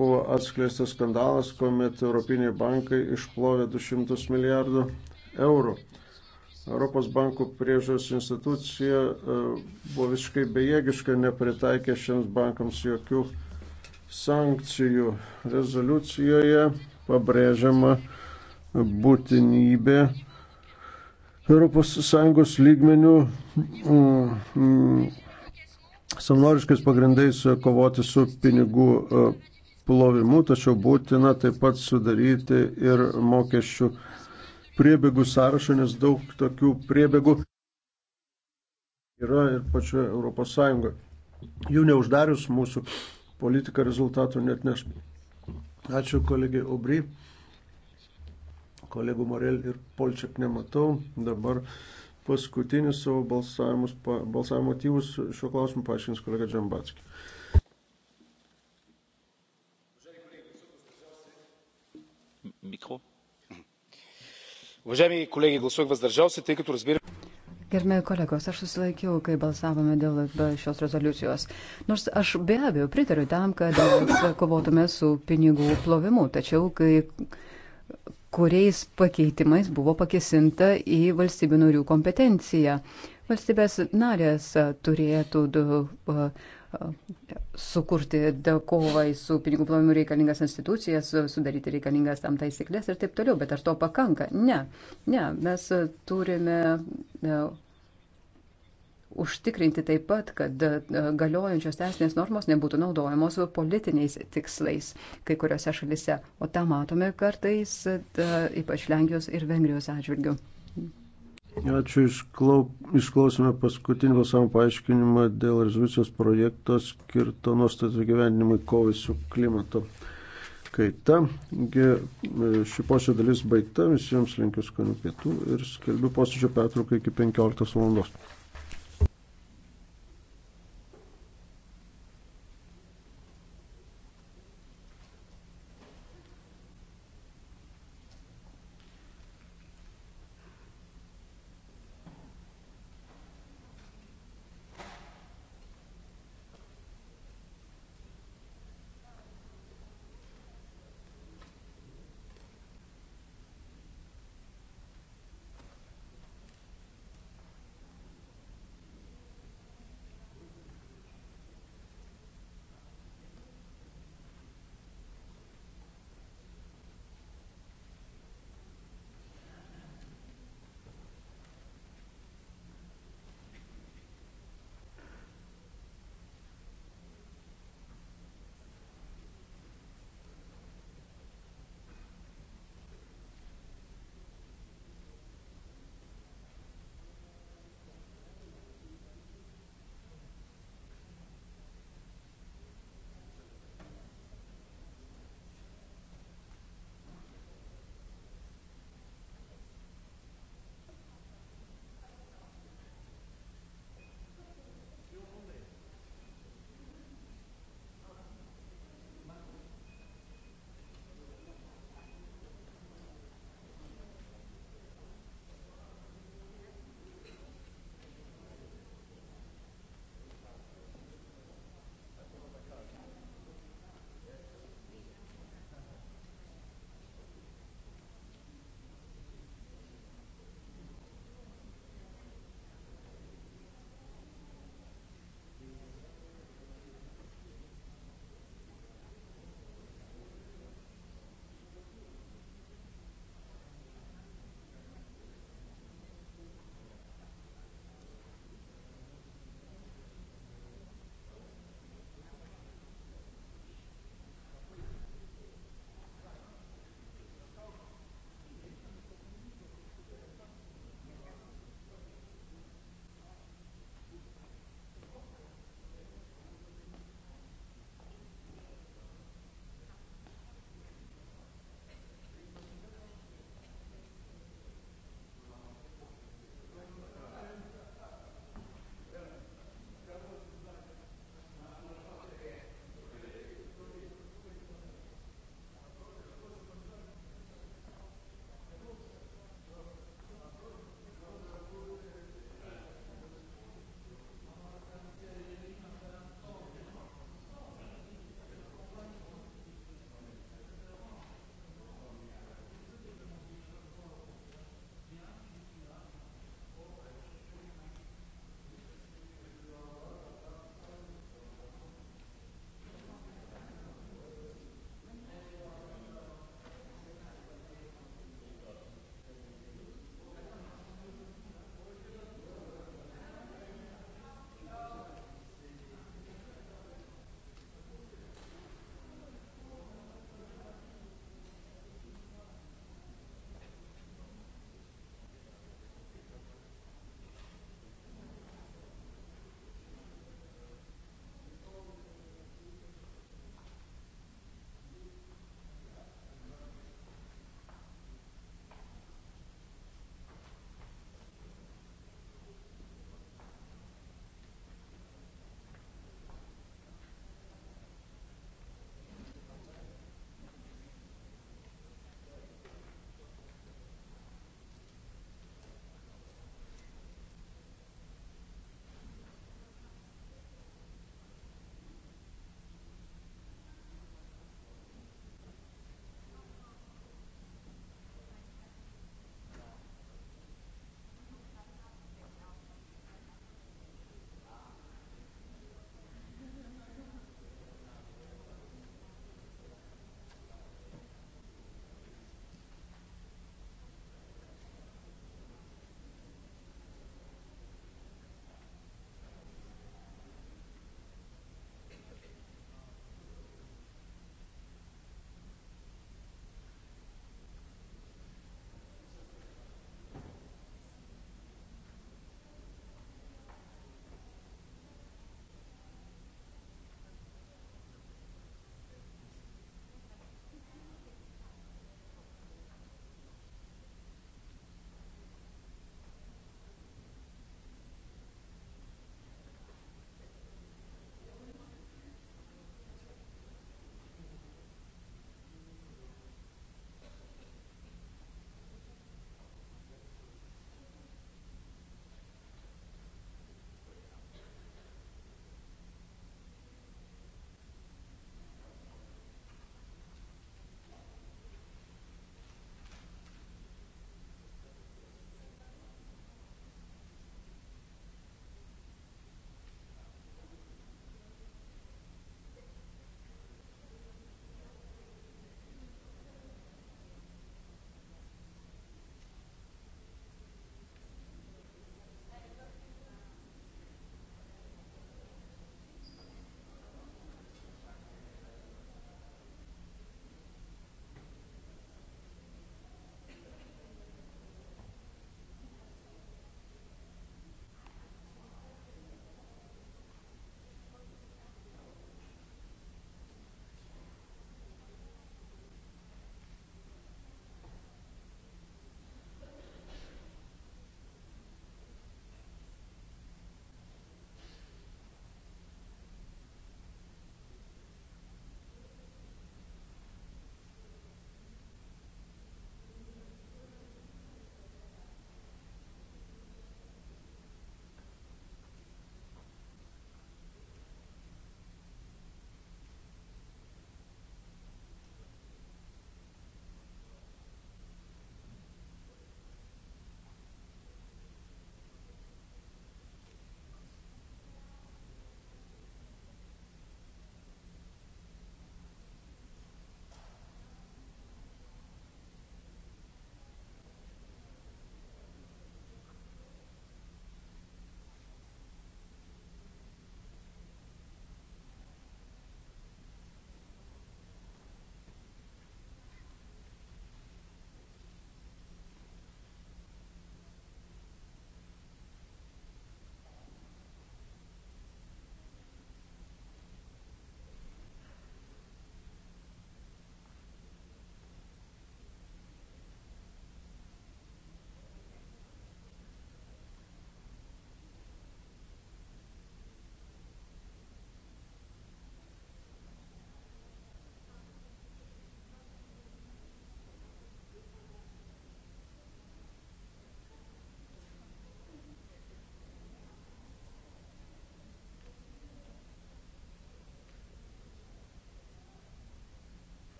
buvo atskleistas skandalas, kuomet Europiniai bankai išplovė 200 milijardų eurų. Europos bankų priežos institucija e, buvo visiškai bejėgiška, nepritaikė šiems bankams jokių sankcijų. Rezoliucijoje pabrėžiama būtinybė ES lygmenių mm, mm, savanoriškais pagrindais kovoti su pinigų e, plovimu, tačiau būtina taip pat sudaryti ir mokesčių priebėgų sąrašą, nes daug tokių priebėgų yra ir pačioje Europos Sąjungoje. Jų neuždarius mūsų politika rezultatų net neš. Ačiū kolegiai Obry, kolegų Morel ir Polčiak nematau. Dabar paskutinius savo balsavimus, balsavimo motyvus šiuo klausimu paaiškins kolega Džambatski. Mikro. Уважаеми колеги, гласувах въздържал се, тъй като разбирам. Gerbėjai kolegos, aš susilaikiau, kai balsavome dėl šios rezoliucijos. Nors aš be abejo pritariu tam, kad mes kovotume su pinigų plovimu, tačiau kai kuriais pakeitimais buvo pakesinta į valstybių narių kompetenciją. Valstybės narės turėtų du, uh, sukurti kovai su pinigų plovimu reikalingas institucijas, sudaryti reikalingas tam taisyklės ir taip toliau. Bet ar to pakanka? Ne. Ne, mes turime e, užtikrinti taip pat, kad e, galiojančios teisinės normos nebūtų naudojamos politiniais tikslais kai kuriuose šalise. O tą matome kartais, e, ypač Lenkijos ir Vengrijos atžvilgių. Ačiū, išklau, išklausime paskutinį balsavimo paaiškinimą dėl rezoliucijos projekto skirto nuostatų gyvenimui kovai su klimato kaita. E, ši posėdė dalis baigta, visiems linkiu skanių pietų ir skelbiu posėdžio pertrauką iki 15 valandos.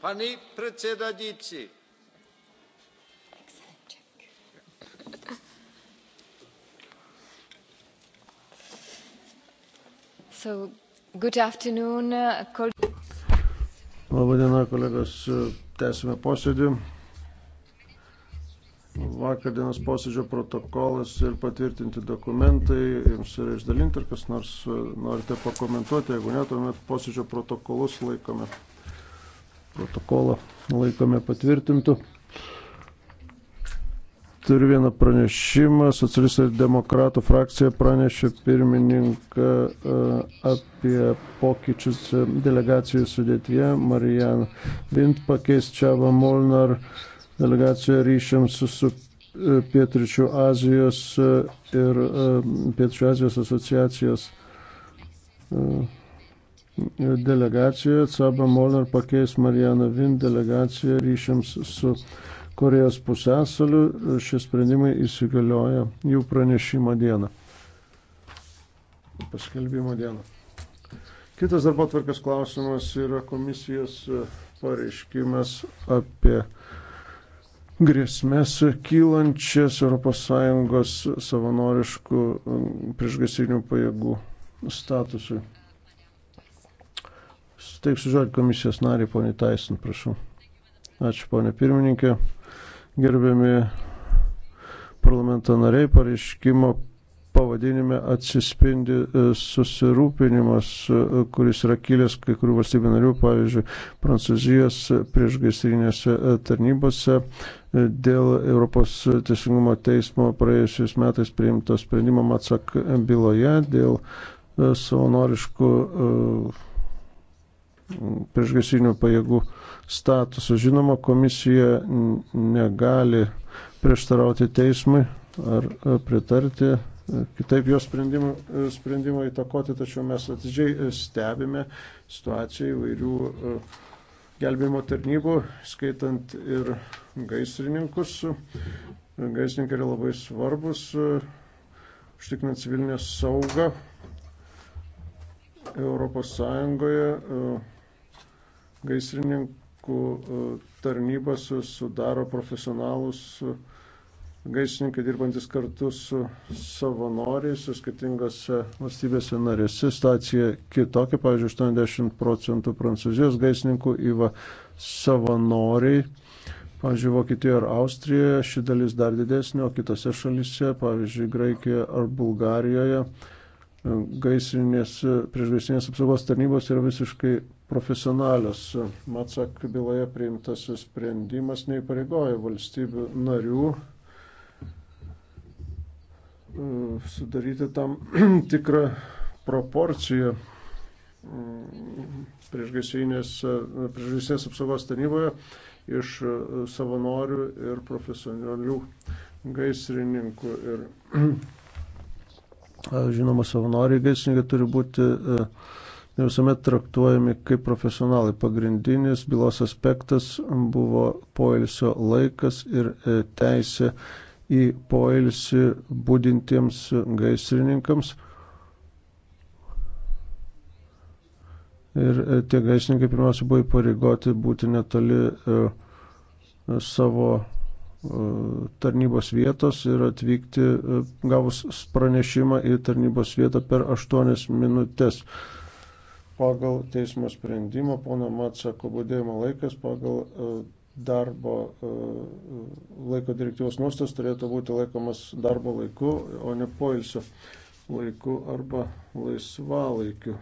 Pani predsedající. So, good afternoon, uh, kol... Labadiena, kolegos. Tęsime posėdį. Vakar dienos posėdžio protokolas ir patvirtinti dokumentai jums yra išdalinti, ar kas nors uh, norite pakomentuoti, jeigu ne, tuomet posėdžio protokolus laikome protokolą laikome patvirtintų. Turiu vieną pranešimą. Socialistų ir demokratų frakcija pranešė pirmininką e, apie pokyčius delegacijų sudėtyje. Marijan Vint pakeis Čiavą Molnar delegaciją ryšiams su e, Pietričių Azijos e, ir Pietričių Azijos asociacijos delegacijoje, Caba Molnar pakeis Marijaną Vin delegaciją ryšiams su Korejos pusėsaliu. Šie sprendimai įsigalioja jų pranešimo dieną. Paskelbimo dieną. Kitas darbo tvarkės klausimas yra komisijos pareiškimas apie grėsmės kylančias ES savanoriškų priešgasinių pajėgų statusui. Suteiksiu žodį komisijos nariai, poniai Taisin, prašau. Ačiū, ponė pirmininkė. Gerbiami parlamento nariai, pareiškimo pavadinime atsispindi e, susirūpinimas, e, kuris yra kilęs kai kurių valstybių narių, pavyzdžiui, Prancūzijos priešgaisrinėse e, tarnybose dėl Europos teisingumo teismo praėjusiais metais priimto sprendimo Matsak byloje dėl savanoriškų uh, priešgasinių pajėgų statusą. Žinoma, komisija negali prieštarauti teismui ar pritarti kitaip jo sprendimą, sprendimą įtakoti, tačiau mes atidžiai stebime situaciją įvairių e, gelbėjimo tarnybų, skaitant ir gaisrininkus. Gaisrininkai yra labai svarbus, e, užtikrinant civilinę saugą Europos Sąjungoje. E, Gaisrininkų e, tarnybas sudaro profesionalus e, gaisrininkai dirbantis kartu su savanoriais, su skirtingose valstybėse narėse. Stacija kitokia, pavyzdžiui, 80 procentų prancūzijos gaisrininkų įva savanoriai. Pavyzdžiui, Vokietijoje ar Austrijoje ši dalis dar didesnė, o kitose šalise, pavyzdžiui, Graikijoje ar Bulgarijoje, e, gaisrinės, priešgaisrinės apsaugos tarnybos yra visiškai profesionalios. Matsak byloje priimtas sprendimas neįpareigoja valstybių narių e, sudaryti tam tikrą proporciją priešgaisrinės mm, prieš e, apsaugos tarnyboje iš e, savanorių ir profesionalių gaisrininkų. Ir žinoma, savanoriai gaisrininkai turi būti uh, ne visuomet traktuojami kaip profesionalai. Pagrindinis bylos aspektas buvo poilsio laikas ir e, teisė į poilsį būdintiems gaisrininkams. Ir e, tie gaisrininkai pirmiausia buvo įpareigoti būti netoli e, savo tarnybos vietos ir atvykti, gavus pranešimą į tarnybos vietą per 8 minutės pagal teismo sprendimą pono Matsako būdėjimo laikas pagal e, darbo e, laiko direktyvos nuostas turėtų būti laikomas darbo laiku, o ne poilsio laiku arba laisvalaikiu.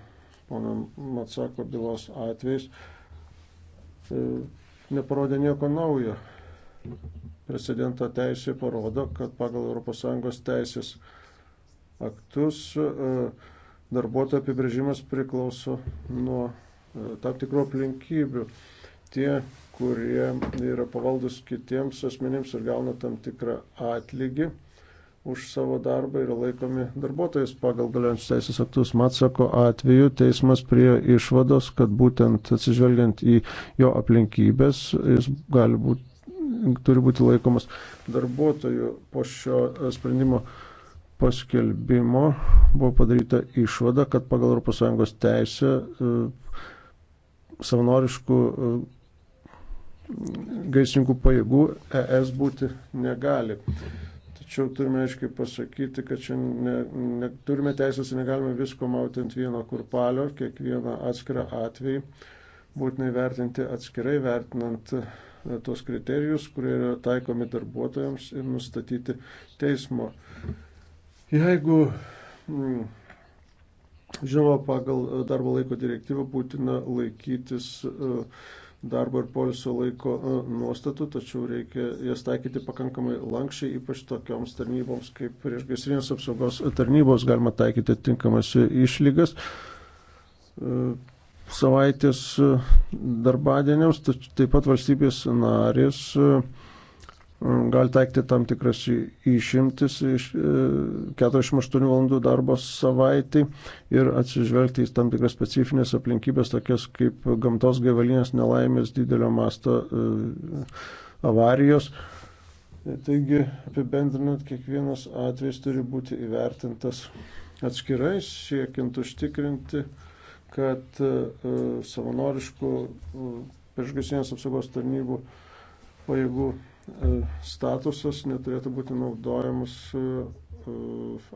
Pono Matsako bylos atvejais e, neparodė nieko naujo. Precedento teisė parodo, kad pagal ES teisės aktus uh, darbuotojo apibrėžimas priklauso nuo e, tam tikrų aplinkybių. Tie, kurie yra pavaldus kitiems asmenims ir gauna tam tikrą atlygį už savo darbą, yra laikomi darbuotojais pagal galiojančius teisės aktus. Matsako atveju teismas prie išvados, kad būtent atsižvelgiant į jo aplinkybės, jis gali būti, turi būti laikomas darbuotojų po šio e, sprendimo paskelbimo buvo padaryta išvada, kad pagal ES teisę e, savanoriškų e, gaisininkų pajėgų ES būti negali. Tačiau turime aiškiai pasakyti, kad čia neturime ne, teisės ir negalime visko mauti ant vieno kurpalio, kiekvieną atskirą atvejį būtinai vertinti atskirai, vertinant e, tos kriterijus, kurie yra taikomi darbuotojams ir nustatyti teismo Jeigu, mm, žinoma, pagal e, darbo laiko direktyvą būtina laikytis e, darbo ir poliso laiko e, nuostatų, tačiau reikia jas taikyti pakankamai lankščiai, ypač tokioms tarnyboms kaip priešgaisrinės apsaugos tarnybos galima taikyti tinkamas išlygas savaitės darbadieniams, taip pat valstybės narės Mm, gali taikti tam tikras išimtis iš 48 e, valandų darbo savaitį ir atsižvelgti į tam tikras specifines aplinkybės, tokias kaip gamtos gaivalinės nelaimės, didelio masto e, avarijos. Taigi, apibendrinant, kiekvienas atvejs turi būti įvertintas atskirai, siekiant užtikrinti, kad e, savanoriškų priešgasinės apsaugos tarnybų pajėgų E, statusas neturėtų būti naudojamas e, e,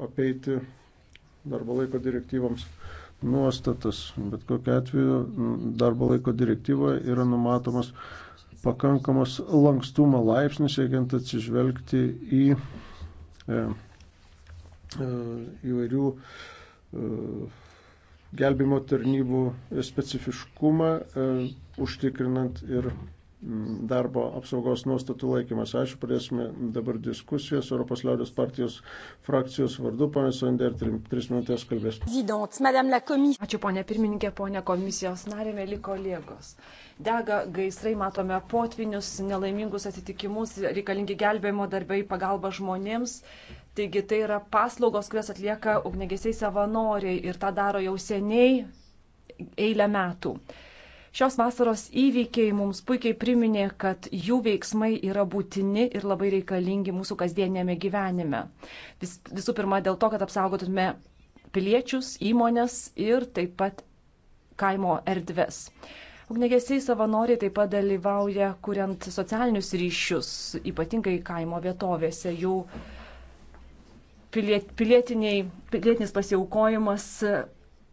apeiti darbo laiko direktyvams nuostatas. Bet kokiu atveju darbo laiko direktyvoje yra numatomas pakankamas lankstumo laipsnis, siekiant atsižvelgti į e, e, įvairių e, gelbimo tarnybų specifiškumą, e, užtikrinant ir darbo apsaugos nuostatų laikymas. Ačiū, pradėsime dabar diskusiją su Europos liaudės partijos frakcijos vardu. Pane Sander, tris minutės kalbės. Ačiū, ponė pirmininkė, ponė komisijos narė, mėly kolegos. Dega gaisrai, matome potvinius, nelaimingus atitikimus, reikalingi gelbėjimo darbai, pagalba žmonėms. Taigi tai yra paslaugos, kurias atlieka ugnegesiai savanoriai ir tą daro jau seniai eilę metų. Šios vasaros įvykiai mums puikiai priminė, kad jų veiksmai yra būtini ir labai reikalingi mūsų kasdienėme gyvenime. Vis, visų pirma, dėl to, kad apsaugotume piliečius, įmonės ir taip pat kaimo erdves. Ugnegesiai savanoriai taip pat dalyvauja, kuriant socialinius ryšius, ypatingai kaimo vietovėse. Jų pilietiniai, pilietinis pasiaukojimas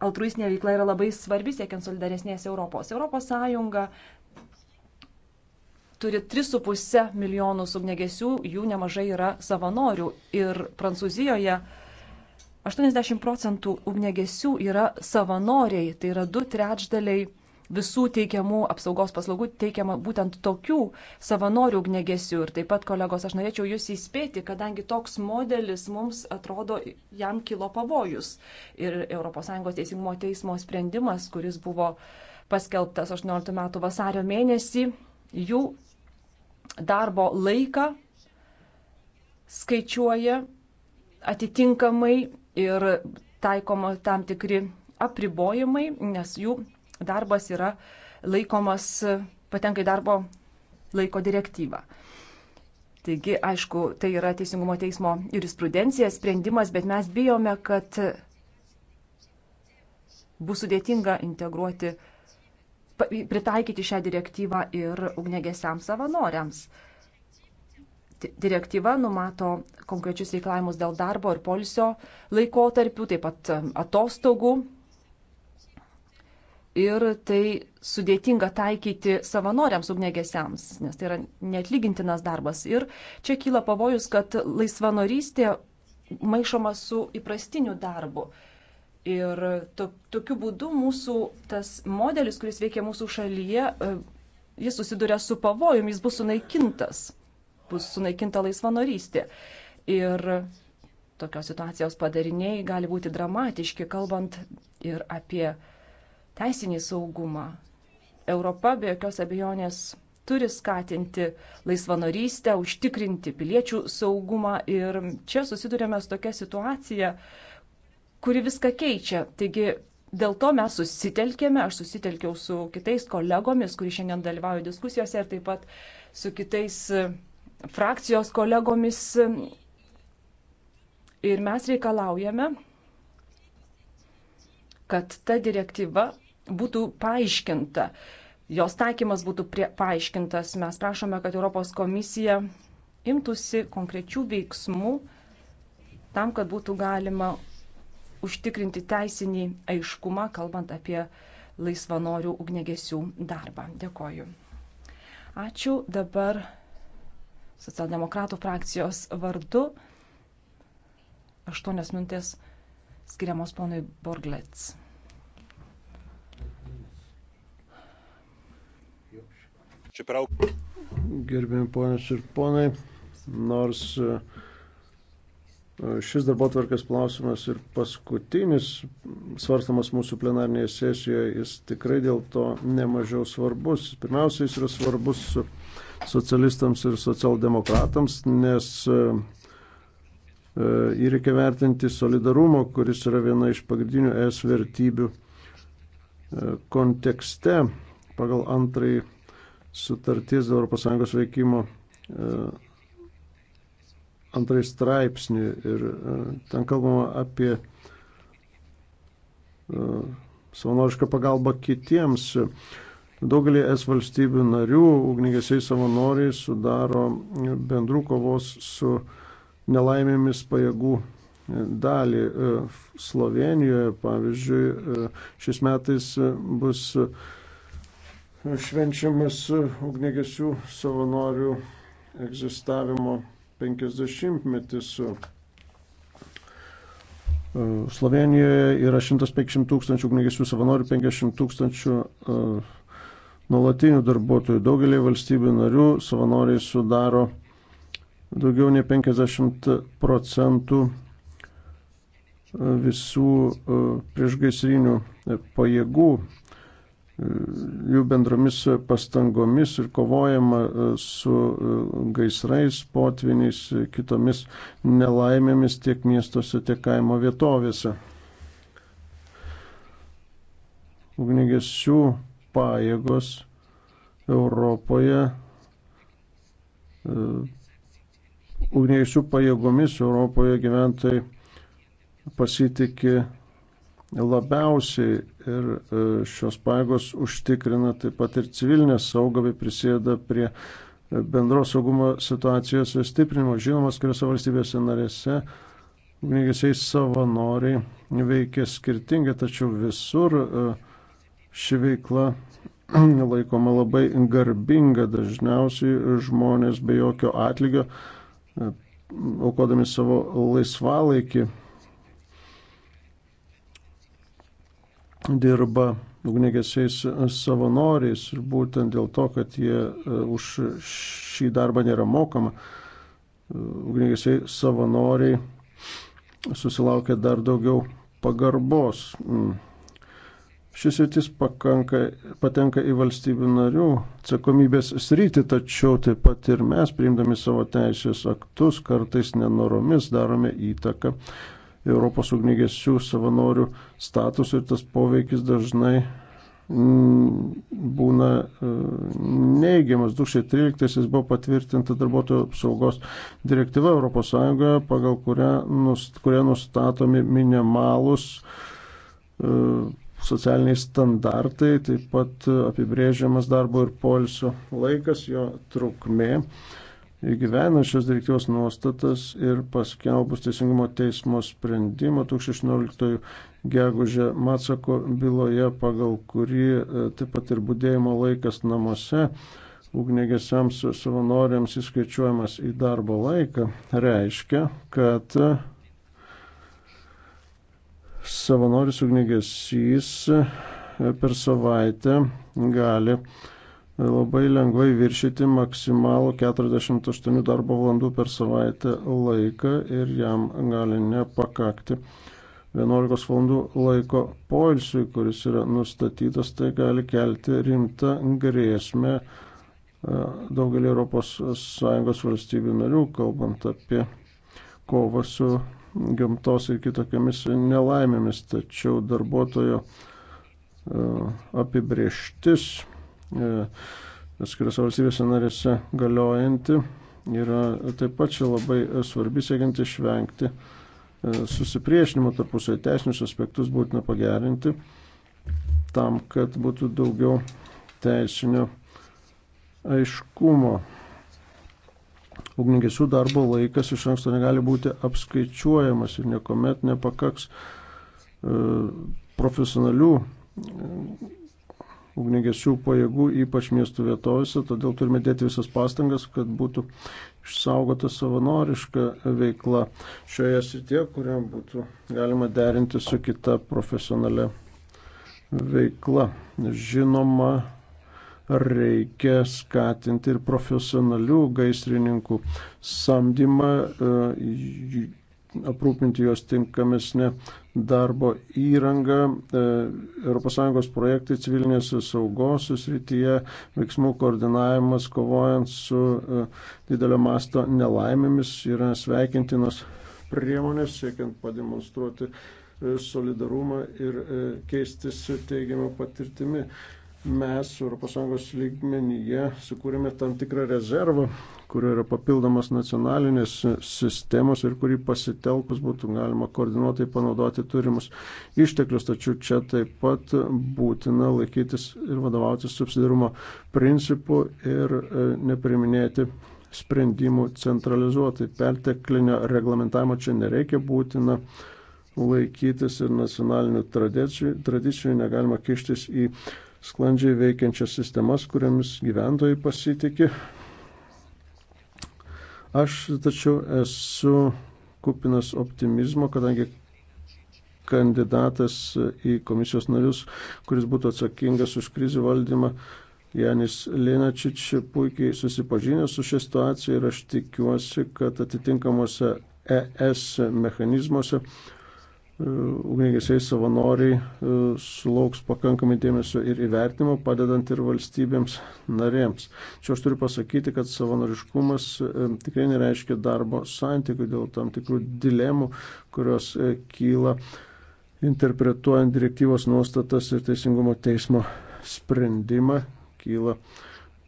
altruistinė veikla yra labai svarbi siekiant solidaresnės Europos. Europos Sąjunga turi 3,5 milijonus ugnegesių, jų nemažai yra savanorių. Ir Prancūzijoje 80 procentų ugnegesių yra savanoriai, tai yra du trečdaliai visų teikiamų apsaugos paslaugų teikiama būtent tokių savanorių ugnegesių. Ir taip pat, kolegos, aš norėčiau jūs įspėti, kadangi toks modelis mums atrodo, jam kilo pavojus. Ir ES teisingumo teismo sprendimas, kuris buvo paskelbtas 18 metų vasario mėnesį, jų darbo laiką skaičiuoja atitinkamai ir taikoma tam tikri apribojimai, nes jų darbas yra laikomas, patenka į darbo laiko direktyvą. Taigi, aišku, tai yra Teisingumo teismo jurisprudencija, sprendimas, bet mes bijome, kad bus sudėtinga integruoti, pritaikyti šią direktyvą ir ugnegesiams savanoriams. Direktyva numato konkrečius reikalavimus dėl darbo ir polsio laikotarpių, taip pat atostogų ir tai sudėtinga taikyti savanoriams ugnegesiams, nes tai yra neatlygintinas darbas. Ir čia kyla pavojus, kad laisvanorystė maišoma su įprastiniu darbu. Ir to, tokiu būdu mūsų tas modelis, kuris veikia mūsų šalyje, e, jis susiduria su pavojum, jis bus sunaikintas, bus sunaikinta laisvanorystė. Ir tokios situacijos padariniai gali būti dramatiški, kalbant ir apie teisinį saugumą. Europa be jokios abejonės turi skatinti laisvanorystę, užtikrinti piliečių saugumą ir čia susidurėme su tokia situacija, kuri viską keičia. Taigi dėl to mes susitelkėme, aš susitelkiau su kitais kolegomis, kurie šiandien dalyvauja diskusijose ir taip pat su kitais e, frakcijos kolegomis. Ir mes reikalaujame, kad ta direktyva būtų paaiškinta, jos taikymas būtų prie, paaiškintas. Mes prašome, kad Europos komisija imtųsi konkrečių veiksmų tam, kad būtų galima užtikrinti teisinį aiškumą, kalbant apie laisvanorių ugnegesių darbą. Dėkoju. Ačiū dabar socialdemokratų frakcijos vardu. Aštuonios minutės skiriamos ponui Borglets. Gerbėjim ponės ir ponai, nors e, šis darbo tvarkės klausimas ir paskutinis svarstamas mūsų plenarnėje sesijoje, jis tikrai dėl to nemažiau svarbus. Pirmiausia, jis yra svarbus socialistams ir socialdemokratams, nes ir e, e, reikia vertinti solidarumo, kuris yra viena iš pagrindinių es vertybių kontekste pagal antrąjį sutarties dėl ES veikimo e, antrąjį straipsnį ir e, ten kalbama apie e, savanorišką pagalbą kitiems. Daugelį es valstybių narių ugnigesiai savanoriai sudaro bendrų kovos su nelaimėmis pajėgų dalį. Slovenijoje, pavyzdžiui, šiais metais bus švenčiamas ugnegesių savanorių egzistavimo 50-metis. E, Slovenijoje yra 150 tūkstančių ugnegesių savanorių, 50 tūkstančių e, nuolatinių darbuotojų. Daugelį valstybių narių savanoriai sudaro daugiau nei 50 procentų e, visų priešgaisrinių pajėgų jų bendromis pastangomis ir kovojama e, su e, gaisrais, potviniais, e, kitomis nelaimėmis tiek miestuose, tiek kaimo vietovėse. Ugnigesių pajėgos Europoje, ugnigesių pajėgomis Europoje gyventojai pasitikė labiausiai ir e, šios paėgos užtikrina taip pat ir civilinę saugą bei prisėda prie e, bendros saugumo situacijos stiprinimo. Žinomas, kuriuose valstybėse narėse ugnigesiai savanoriai veikia skirtingai, tačiau visur e, ši veikla laikoma labai garbinga, dažniausiai žmonės be jokio atlygio aukodami savo laisvalaikį dirba ugnegesiais savanoriais ir būtent dėl to, kad jie e, už šį darbą nėra mokama, e, ugnegesiai savanoriai susilaukia dar daugiau pagarbos. Mm. Šis rytis patenka į valstybių narių atsakomybės sritį, tačiau taip pat ir mes, priimdami savo teisės aktus, kartais nenoromis darome įtaką Europos ugnigesių savanorių statusų ir tas poveikis dažnai mm, būna e, neigiamas. 2013 buvo patvirtinta darbuotojų apsaugos direktyva ES, pagal kurią, nust, kurią nustatomi minimalus e, socialiniai standartai, taip pat apibrėžiamas darbo ir polsio laikas, jo trukmė įgyvena šios direktyvos nuostatas ir paskelbus Teisingumo teismo sprendimą 2016 gegužė Matsako byloje, pagal kurį e, taip pat ir būdėjimo laikas namuose ugnėgesiams savanoriams įskaičiuojamas į darbo laiką, reiškia, kad savanoris ugnėgesys e, per savaitę gali labai lengvai viršyti maksimalų 48 darbo valandų per savaitę laiką ir jam gali nepakakti 11 valandų laiko poilsiui, kuris yra nustatytas, tai gali kelti rimtą grėsmę e, daugelį ES valstybių narių, kalbant apie kovą su gamtos ir kitokiamis nelaimėmis, tačiau darbuotojo e, apibrieštis E, atskirose valstybėse narėse galiojanti, yra taip pat čia labai e, svarbi siekiant išvengti e, susipriešinimo tarpusai teisinius aspektus būtina pagerinti tam, kad būtų daugiau teisinio aiškumo. Ugnigesių darbo laikas iš anksto negali būti apskaičiuojamas ir niekuomet nepakaks profesionalių ugnegesių pajėgų, ypač miestų vietovėse, todėl turime dėti visas pastangas, kad būtų išsaugota savanoriška veikla šioje srityje, kurią būtų galima derinti su kita profesionale veikla. Žinoma, reikia skatinti ir profesionalių gaisrininkų samdymą e, aprūpinti juos tinkamesnė darbo įranga. E, ES projektai civilinės saugos susrityje, veiksmų koordinavimas, kovojant su e, didelio masto nelaimėmis yra sveikintinos priemonės, siekiant pademonstruoti e, solidarumą ir keistis teigiamą patirtimi. Mes ES lygmenyje sukūrėme tam tikrą rezervą, kurio yra papildomas nacionalinės sistemos ir kurį pasitelkus būtų galima koordinuotai panaudoti turimus išteklius. Tačiau čia taip pat būtina laikytis ir vadovautis subsidirumo principu ir e, nepriminėti sprendimų centralizuotai. Perteklinio reglamentavimo čia nereikia būtina laikytis ir nacionalinių tradicijų, tradicijų negalima kištis į sklandžiai veikiančias sistemas, kuriamis gyventojai pasitikė, Aš tačiau esu kupinas optimizmo, kadangi kandidatas į komisijos narius, kuris būtų atsakingas už krizių valdymą, Janis Linačič puikiai susipažinęs su šią situaciją ir aš tikiuosi, kad atitinkamuose ES mechanizmuose ugnigesiai savanoriai e, sulauks pakankamai dėmesio ir įvertinimo, padedant ir valstybėms narėms. Čia aš turiu pasakyti, kad savanoriškumas e, tikrai nereiškia darbo santykių dėl tam tikrų dilemų, kurios e, kyla interpretuojant direktyvos nuostatas ir teisingumo teismo sprendimą, kyla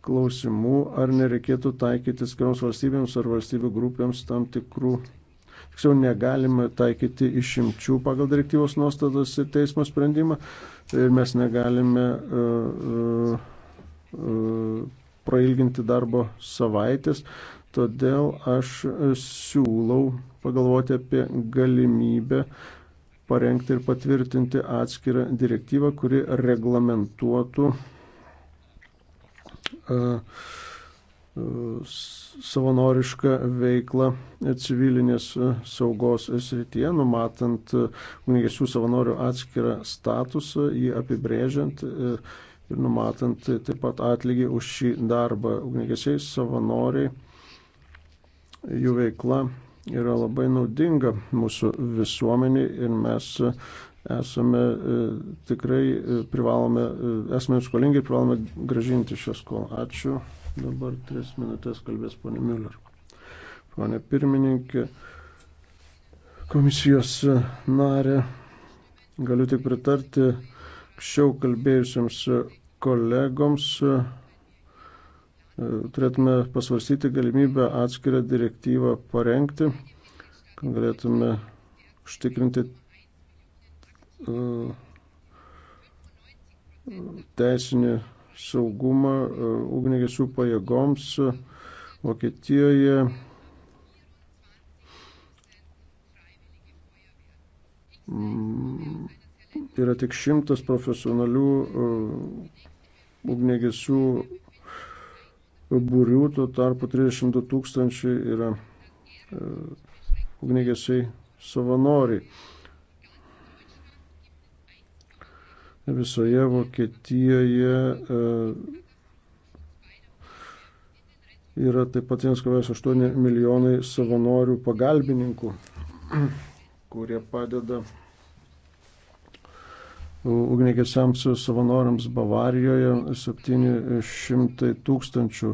klausimų, ar nereikėtų taikyti skirioms valstybėms ar valstybių grupėms tam tikrų tiksliau negalime taikyti išimčių pagal direktyvos nuostatas ir teismo sprendimą ir mes negalime uh, uh, prailginti darbo savaitės, todėl aš siūlau pagalvoti apie galimybę parengti ir patvirtinti atskirą direktyvą, kuri reglamentuotų uh, savanorišką veiklą civilinės e, saugos srityje, numatant e, ugniagesių savanorių atskirą statusą, jį apibrėžiant e, ir numatant taip pat atlygį už šį darbą. Ugniagesiai savanoriai, jų veikla yra labai naudinga mūsų visuomeniai ir mes esame tikrai privalome, esame skolingi ir privalome gražinti šią skolą. Ačiū. Dabar tris minutės kalbės ponė Miller. Pone pirmininkė, komisijos narė, galiu tik pritarti anksčiau kalbėjusiems kolegoms turėtume pasvarstyti galimybę atskirą direktyvą parengti, kad galėtume užtikrinti uh, teisinį saugumą e, ugnigesių pajėgoms e, Vokietijoje. Mm, yra tik šimtas profesionalių e, ugnigesių būrių, tuo tarpu 32 tūkstančiai yra ugnigesiai savanoriai. visoje Vokietijoje e, yra taip pat 1,8 milijonai savanorių pagalbininkų, kurie padeda ugnigesiams savanoriams Bavarijoje. 700 tūkstančių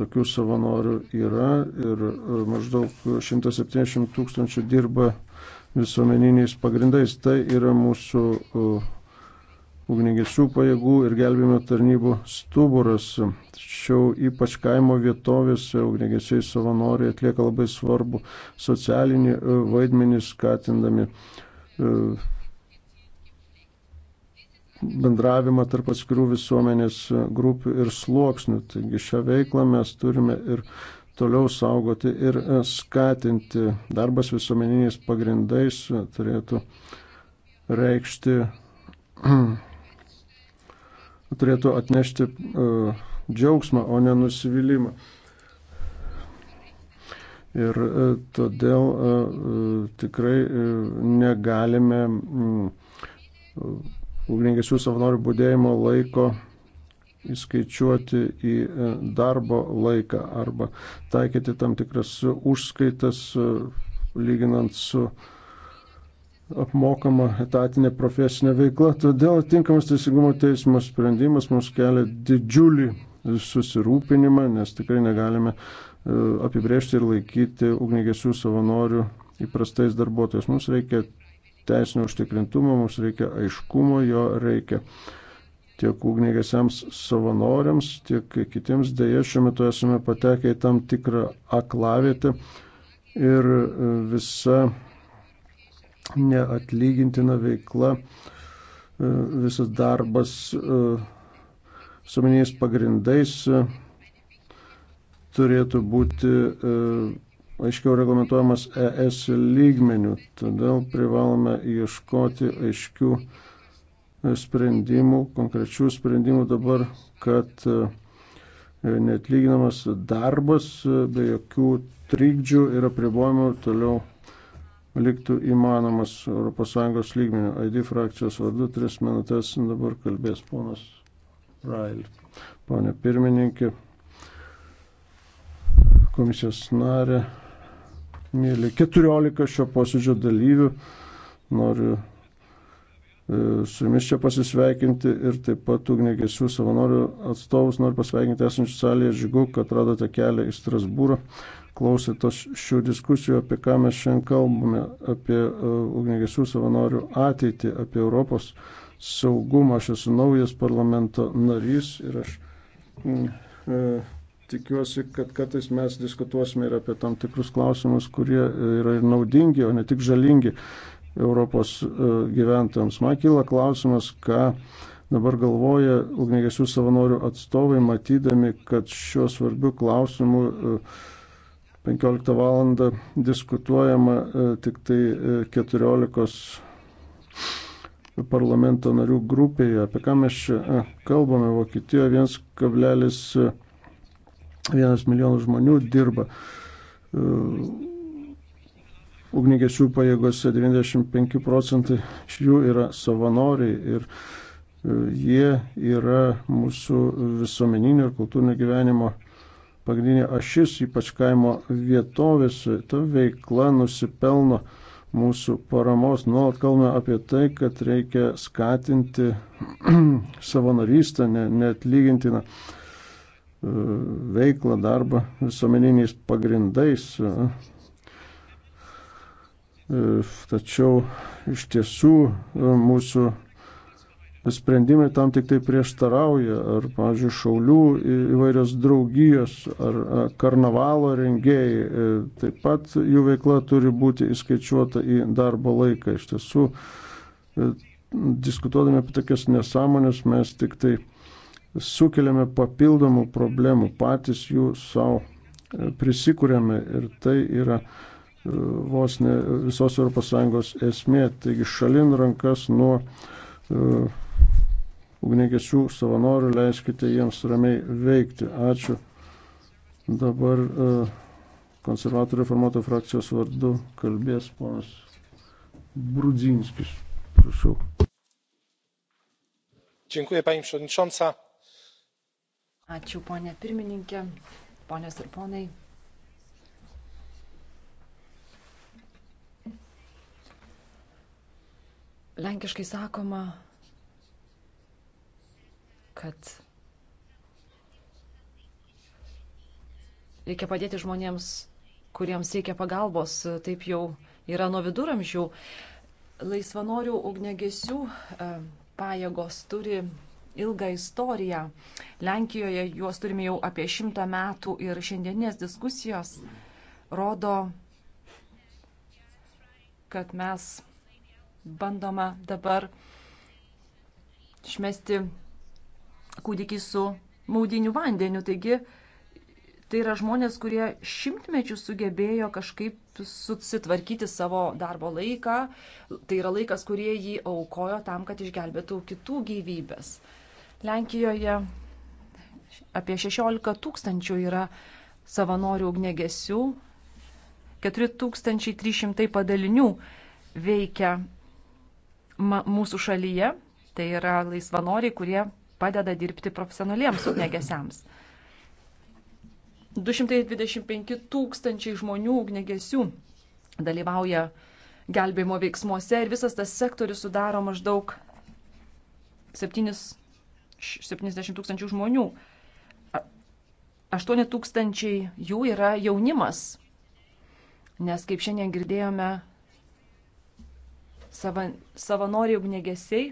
tokių savanorių yra ir maždaug 170 tūkstančių dirba visuomeniniais pagrindais. Tai yra mūsų ugnigesių pajėgų ir gelbėjimo tarnybų stuburas. Tačiau ypač kaimo vietovėse ugnigesiai savanoriai atlieka labai svarbu socialinį e, vaidmenį skatindami e, bendravimą tarp atskirų visuomenės e, grupių ir sluoksnių. Taigi šią veiklą mes turime ir toliau saugoti ir skatinti. Darbas visuomeniniais pagrindais turėtų reikšti turėtų atnešti uh, džiaugsmą, o ne nusivylimą. Ir uh, todėl uh, tikrai uh, negalime um, mm, ugningesių savanorių būdėjimo laiko įskaičiuoti į darbo laiką arba taikyti tam tikras užskaitas lyginant su uh, apmokama etatinė profesinė veikla. Todėl tinkamas teisingumo teismo sprendimas mums kelia didžiulį susirūpinimą, nes tikrai negalime e, apibriežti ir laikyti ugnigesių savanorių įprastais darbuotojais. Mums reikia teisinio užtikrintumo, mums reikia aiškumo, jo reikia tiek ugnigesiams savanoriams, tiek kitiems. Deja, šiuo metu esame patekę į tam tikrą aklavietę ir e, visa neatlygintina veikla, e, visas darbas visuomeniais e, pagrindais e, turėtų būti aiškiau reglamentuojamas ES lygmenių. Todėl privalome ieškoti aiškių sprendimų, konkrečių sprendimų dabar, kad netlyginamas darbas be jokių trikdžių ir apribojimų toliau liktų įmanomas ES lygmenių. ID frakcijos vardu tris minutės dabar kalbės ponas Rail. Pone pirmininkė, komisijos narė, mėly 14 šio posėdžio dalyvių, noriu e, su jumis čia pasisveikinti ir taip pat ugnėgesių savanorių atstovus noriu pasveikinti esančius salėje. Žiūrėjau, kad radote kelią į Strasbūrą klausėtos šių diskusijų, apie ką mes šiandien kalbame, apie e, ugnegesių savanorių ateitį, apie Europos saugumą. Aš esu naujas parlamento narys ir aš mm, e, tikiuosi, kad kartais mes diskutuosime ir apie tam tikrus klausimus, kurie yra ir naudingi, o ne tik žalingi Europos e, gyventojams. Man kyla klausimas, ką dabar galvoja ugnegesių savanorių atstovai, matydami, kad šiuo svarbiu klausimu e, 15 val. diskutuojama e, tik tai 14 e, parlamento narių grupėje. Apie ką mes čia e, kalbame? Vokietijoje 1,1 milijonų žmonių dirba. Ugnigesių pajėgose 95 procentai iš jų yra savanoriai ir jie yra mūsų visuomeninio ir kultūrinio gyvenimo pagrindinė ašis, ypač kaimo vietovėse. Ta veikla nusipelno mūsų paramos. Nuolat kalbame apie tai, kad reikia skatinti savanorystę, neatlygintiną e, veiklą, darbą visuomeniniais pagrindais. E, tačiau iš tiesų e, mūsų sprendimai tam tik tai prieštarauja, ar, pavyzdžiui, šaulių įvairios draugijos, ar karnavalo rengėjai, e, taip pat jų veikla turi būti įskaičiuota į darbo laiką. Iš tiesų, e, diskutuodami apie tokias nesąmonės, mes tik tai sukeliame papildomų problemų, patys jų savo e, prisikūrėme ir tai yra vos ne visos ES esmė. Taigi šalin rankas nuo uh, ugnegesių savanorių, leiskite jiems ramiai veikti. Ačiū. Dabar e, konservatorių formuoto frakcijos vardu kalbės ponas Brudzinskis. Prašau. Dziękuję pani przewodnicząca. Ačiū ponė pirmininkė, ponės ir ponai. Lenkiškai sakoma, kad reikia padėti žmonėms, kuriems reikia pagalbos, taip jau yra nuo viduramžių. Laisvanorių ugnegesių e, pajėgos turi ilgą istoriją. Lenkijoje juos turime jau apie šimtą metų ir šiandienės diskusijos rodo, kad mes bandoma dabar išmesti kūdikį su maudiniu vandeniu. Taigi tai yra žmonės, kurie šimtmečių sugebėjo kažkaip susitvarkyti savo darbo laiką. Tai yra laikas, kurie jį aukojo tam, kad išgelbėtų kitų gyvybės. Lenkijoje apie 16 tūkstančių yra savanorių ugnegesių, 4300 padalinių veikia mūsų šalyje, tai yra laisvanoriai, kurie padeda dirbti profesionaliems ugnegesiams. 225 tūkstančiai žmonių ugnegesių dalyvauja gelbėjimo veiksmuose ir visas tas sektorius sudaro maždaug 7, 70 tūkstančių žmonių. 8 tūkstančiai jų yra jaunimas, nes kaip šiandien girdėjome, sava, savanoriai ugnegesiai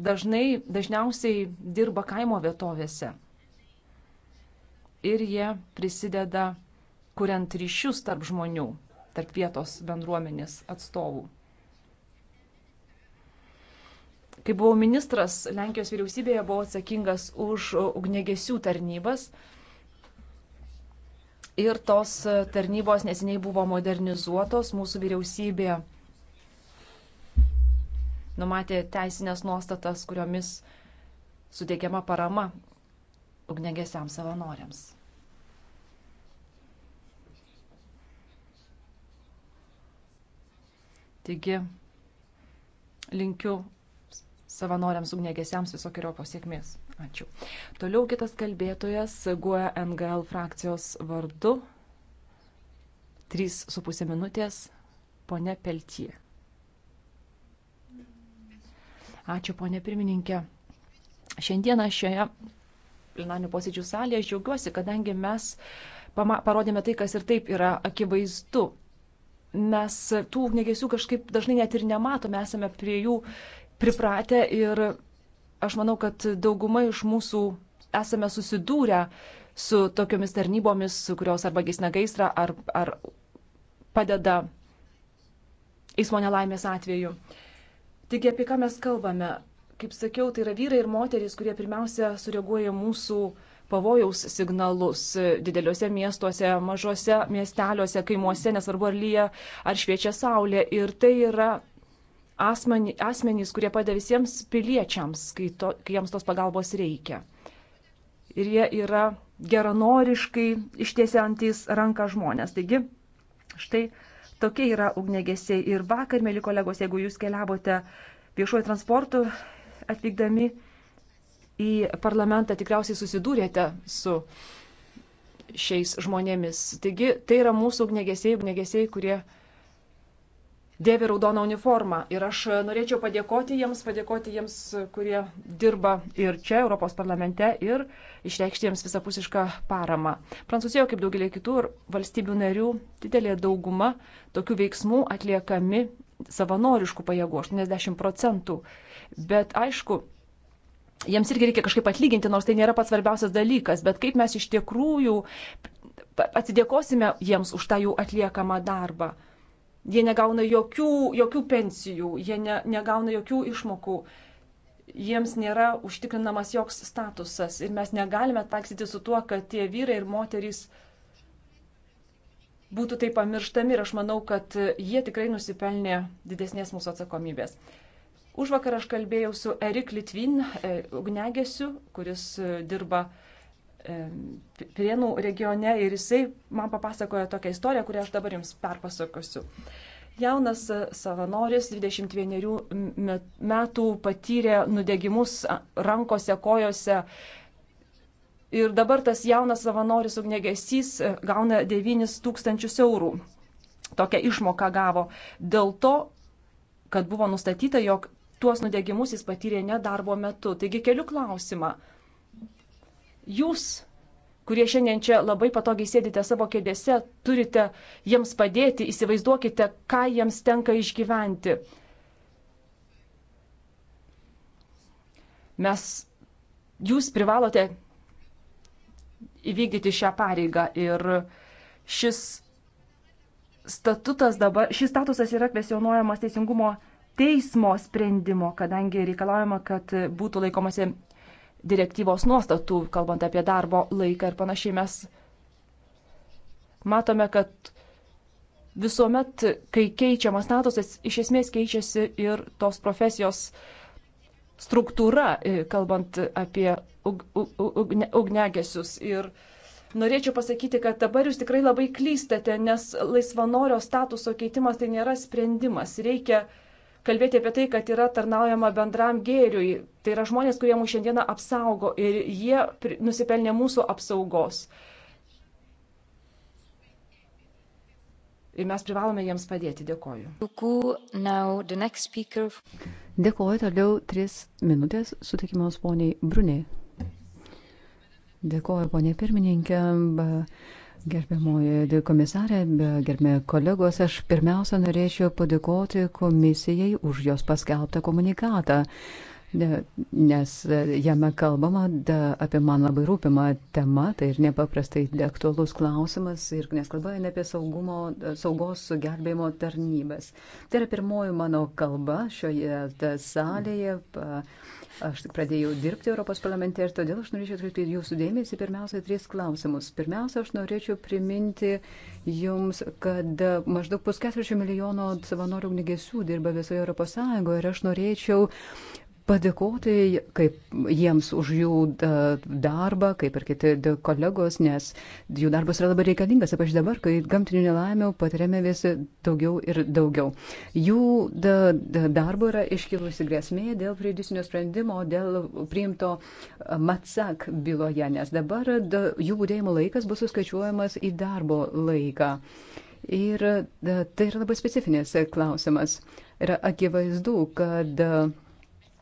dažnai, dažniausiai dirba kaimo vietovėse. Ir jie prisideda, kuriant ryšius tarp žmonių, tarp vietos bendruomenės atstovų. Kai buvau ministras Lenkijos vyriausybėje, buvau atsakingas už ugnegesių tarnybas. Ir tos tarnybos neseniai buvo modernizuotos, mūsų vyriausybė numatė teisinės nuostatas, kuriomis suteikiama parama ugnegesiams savanoriams. Taigi, linkiu savanoriams ugnegesiams visokiojo pasiekmės. Ačiū. Toliau kitas kalbėtojas guoja e NGL frakcijos vardu. 3,5 minutės. Pone Peltie. Ačiū, ponė pirmininkė. Šiandieną šioje plenarnių posėdžių salėje aš džiaugiuosi, kadangi mes parodėme tai, kas ir taip yra akivaizdu. Mes tų ugnegesių kažkaip dažnai net ir nematome, esame prie jų pripratę ir aš manau, kad dauguma iš mūsų esame susidūrę su tokiomis tarnybomis, kurios arba gesina gaisrą, ar, ar padeda eismo nelaimės atveju. Uh, Taigi apie ką mes kalbame? Kaip sakiau, tai yra vyrai ir moterys, kurie pirmiausia sureaguoja mūsų pavojaus signalus dideliuose miestuose, mažuose miesteliuose, kaimuose, nesvarbu ar lyja, ar šviečia saulė. Ir tai yra asmenys, kurie padeda visiems piliečiams, kai, to, kai jiems tos pagalbos reikia. Ir jie yra geranoriškai ištiesiantys ranką žmonės. Taigi, štai Tokie yra ugnegesiai. Ir vakar, mėly kolegos, jeigu jūs keliavote viešuoju transportu atvykdami į parlamentą, tikriausiai susidūrėte su šiais žmonėmis. Taigi tai yra mūsų ugnegesiai, ugnegesiai, kurie dėvi raudoną uniformą. Ir aš norėčiau padėkoti jiems, padėkoti jiems, kurie dirba ir čia, Europos parlamente, ir išreikšti jiems visapusišką paramą. Prancūzijoje, kaip daugelį kitų valstybių narių, didelė dauguma tokių veiksmų atliekami savanoriškų pajėgų - 80 procentų. Bet aišku, Jiems irgi reikia kažkaip atlyginti, nors tai nėra pats svarbiausias dalykas, bet kaip mes iš tikrųjų atsidėkosime jiems už tą jų atliekamą darbą. Jie negauna jokių, jokių pensijų, jie ne, negauna jokių išmokų, jiems nėra užtikrinamas joks statusas ir mes negalime taksyti su tuo, kad tie vyrai ir moterys būtų taip pamirštami ir aš manau, kad jie tikrai nusipelnė didesnės mūsų atsakomybės. Už vakar aš kalbėjau su Erik Litvin, e, ugnegesiu, kuris e, dirba uh, Prienų regione ir jisai man papasakojo tokią istoriją, kurią aš dabar jums perpasakosiu. Jaunas e, savanoris 21 metų patyrė nudegimus rankose, kojose. Ir dabar tas jaunas savanoris ugnegesys e, gauna 9000 eurų. Tokią išmoką gavo dėl to, kad buvo nustatyta, jog tuos nudegimus jis patyrė ne darbo metu. Taigi keliu klausimą jūs, kurie šiandien čia labai patogiai sėdite savo kėdėse, turite jiems padėti, įsivaizduokite, ką jiems tenka išgyventi. Mes, jūs privalote įvykdyti šią pareigą ir šis statutas dabar, šis statusas yra kvesionuojamas teisingumo teismo sprendimo, kadangi reikalaujama, kad būtų laikomasi direktyvos nuostatų, kalbant apie darbo laiką ir panašiai, mes matome, kad visuomet, kai keičiamas statusas, iš esmės keičiasi ir tos profesijos struktūra, e, kalbant apie ugnegesius. Ir norėčiau pasakyti, kad dabar jūs tikrai labai klystate, nes laisvanorio statuso keitimas tai nėra sprendimas. Reikia uh, kalbėti apie tai, kad yra tarnaujama bendram gėriui. Tai yra žmonės, kurie mūsų šiandieną apsaugo ir jie nusipelnė mūsų apsaugos. Ir mes privalome jiems padėti. Dėkoju. Dėkoju toliau tris minutės sutikimos poniai Bruniai. Dėkoju, ponė pirmininkė. Gerbiamoji komisarė, gerbėmi kolegos, aš pirmiausia norėčiau padėkoti komisijai už jos paskelbtą komunikatą nes e, jame kalbama da, apie man labai rūpimą temą, tai ir nepaprastai aktuolus klausimas, ir nes kalba eina apie saugumo, e, saugos gelbėjimo tarnybas. Tai yra pirmoji mano kalba šioje da, e, salėje. Pa, aš tik pradėjau dirbti Europos parlamente ir todėl aš norėčiau atkreipti jūsų dėmesį pirmiausia tris klausimus. Pirmiausia, aš norėčiau priminti jums, kad maždaug pusketvirčio milijono savanorių ugnigesių dirba visoje Europos Sąjungoje ir aš norėčiau padėkoti kaip, jiems už jų darbą, kaip ir kiti kolegos, nes jų darbas yra labai reikalingas, ypač dabar, kai gamtinių nelaimių patiriame vis daugiau ir daugiau. Jų da, da, darbo yra iškilusi grėsmė dėl priedisinio sprendimo, dėl priimto Matsak byloje, nes dabar da, jų būdėjimo laikas bus suskaičiuojamas į darbo laiką. Ir da, tai yra labai specifinis klausimas. Yra akivaizdu, kad da,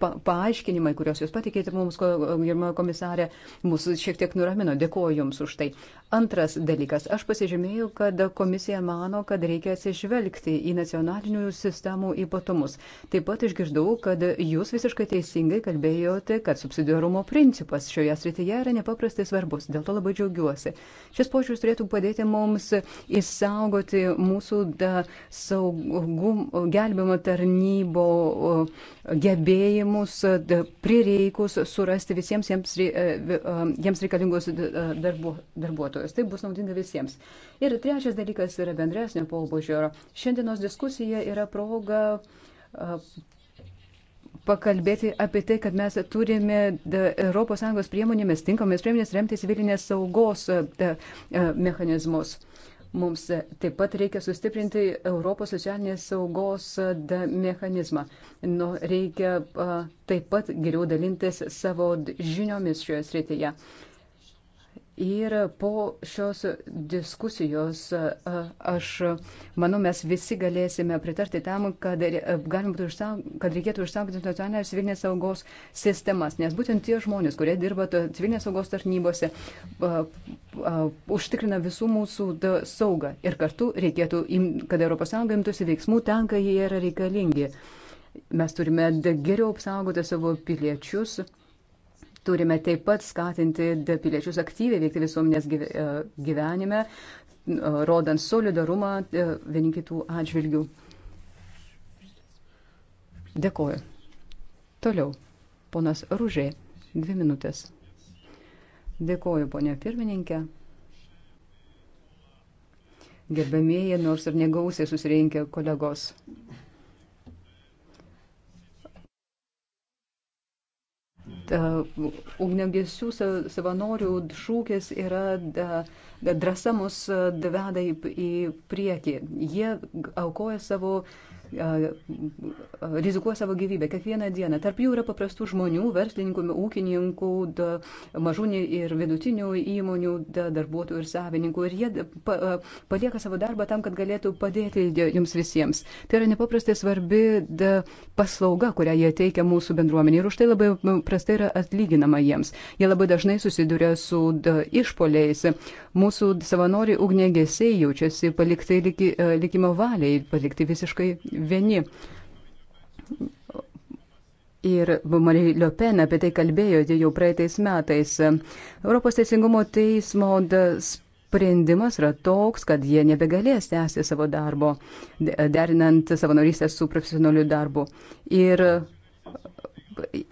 pa paaiškinimai, kuriuos jūs patikėte mums, gerbiamą komisarę, mūsų šiek tiek nuramino. Dėkuoju Jums už tai. Antras dalykas. Aš pasižymėjau, kad komisija mano, kad reikia atsižvelgti į nacionalinių sistemų ypatumus. Taip pat išgirdau, kad Jūs visiškai teisingai kalbėjote, kad subsidiarumo principas šioje srityje yra nepaprastai svarbus. Dėl to labai džiaugiuosi. Šis požiūris turėtų padėti mums įsaugoti mūsų saugum, gelbimo tarnybo gebėjimą tyrimus prireikus surasti visiems jiems, e, e, jiems reikalingus e, darbu, darbuotojus. Tai bus naudinga visiems. Ir trečias dalykas yra bendresnio pobūdžio. Šiandienos diskusija yra proga pakalbėti apie tai, kad mes turime ES priemonėmis, tinkamomis priemonės remti civilinės saugos mechanizmus. Mums taip pat reikia sustiprinti Europos socialinės saugos mechanizmą. Nu, reikia taip pat geriau dalintis savo žiniomis šioje srityje. Ir po šios diskusijos aš manau, mes visi galėsime pritarti tam, kad, išsaug, kad reikėtų išsaugoti nacionalinę civilinės saugos sistemas, nes būtent tie žmonės, kurie dirba civilinės saugos tarnybose, užtikrina visų mūsų saugą. Ir kartu reikėtų, kad ES imtųsi veiksmų ten, kai jie yra reikalingi. Mes turime geriau apsaugoti savo piliečius. Turime taip pat skatinti piliečius aktyviai veikti visuomenės e, gyvenime, e, rodant solidarumą e, vieni kitų atžvilgių. Dėkoju. Toliau. Ponas Ružė. Dvi minutės. Dėkoju, ponė pirmininkė. Gerbėmėjai, nors ir negausiai susirinkę kolegos. E, ugnegesių savanorių šūkis yra drąsa mus e, veda į priekį. Jie aukoja savo rizikuoja savo gyvybę kiekvieną dieną. Tarp jų yra paprastų žmonių, verslininkų, ūkininkų, da, mažų ir vidutinių įmonių, da, darbuotojų ir savininkų. Ir jie pa, palieka savo darbą tam, kad galėtų padėti jums visiems. Tai yra nepaprastai svarbi da, paslauga, kurią jie teikia mūsų bendruomenė. Ir už tai labai prastai yra atlyginama jiems. Jie labai dažnai susiduria su da, išpoliais. Mūsų savanori ugnėgesiai jaučiasi palikti liki, likimo valiai, palikti visiškai vieni. Ir Marie Le Pen apie tai kalbėjote jau praeitais metais. Europos Teisingumo teismo sprendimas yra toks, kad jie nebegalės tęsti savo darbo, derinant savanorystę su profesionaliu darbu. Ir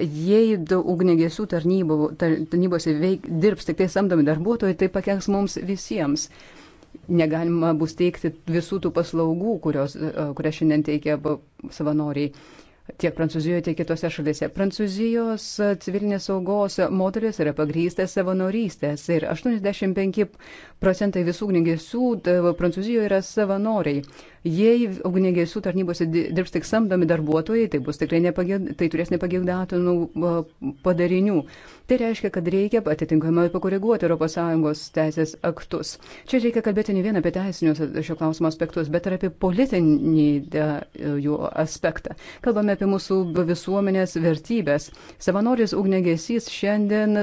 jei ugnegesių tarnybose veik, dirbs tik tai samdomi darbuotojai, tai pakenks mums visiems. Uh, negalima bus teikti visų tų paslaugų, kurios, e, kurias šiandien teikia savanoriai tiek Prancūzijoje, tiek kitose šalise. Prancūzijos civilinės saugos modelis yra pagrystas savanorystės ir 85 procentai visų gnigesių Prancūzijoje yra savanoriai. Jei ugnegesių tarnybose dirbs tik samdomi darbuotojai, tai, bus tikrai nepagėd, tai turės nepagėdatinų padarinių. Tai reiškia, kad reikia atitinkamai pakoreguoti ES teisės aktus. Čia reikia kalbėti ne vien apie teisinius šio klausimo aspektus, bet ir apie politinį jų aspektą. Kalbame apie mūsų visuomenės vertybės. Savanoris ugnegesys šiandien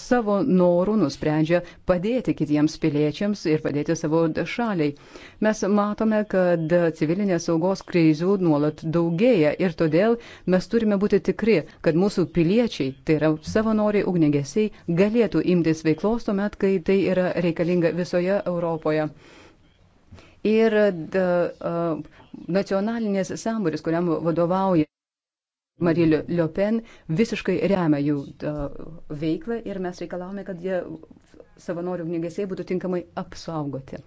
savo norų nusprendžia padėti kitiems piliečiams ir padėti savo šaliai. Mes matome, kad civilinės saugos krizių nuolat daugėja ir todėl mes turime būti tikri, kad mūsų piliečiai, tai yra savanoriai ugnegesiai, galėtų imtis veiklos tuomet, kai tai yra reikalinga visoje Europoje. Ir da, uh, nacionalinės sambūris, kuriam vadovauja Marilio Le Pen, visiškai remia jų uh, veiklą ir mes reikalavome, kad jie savanorių ugnegesiai būtų tinkamai apsaugoti.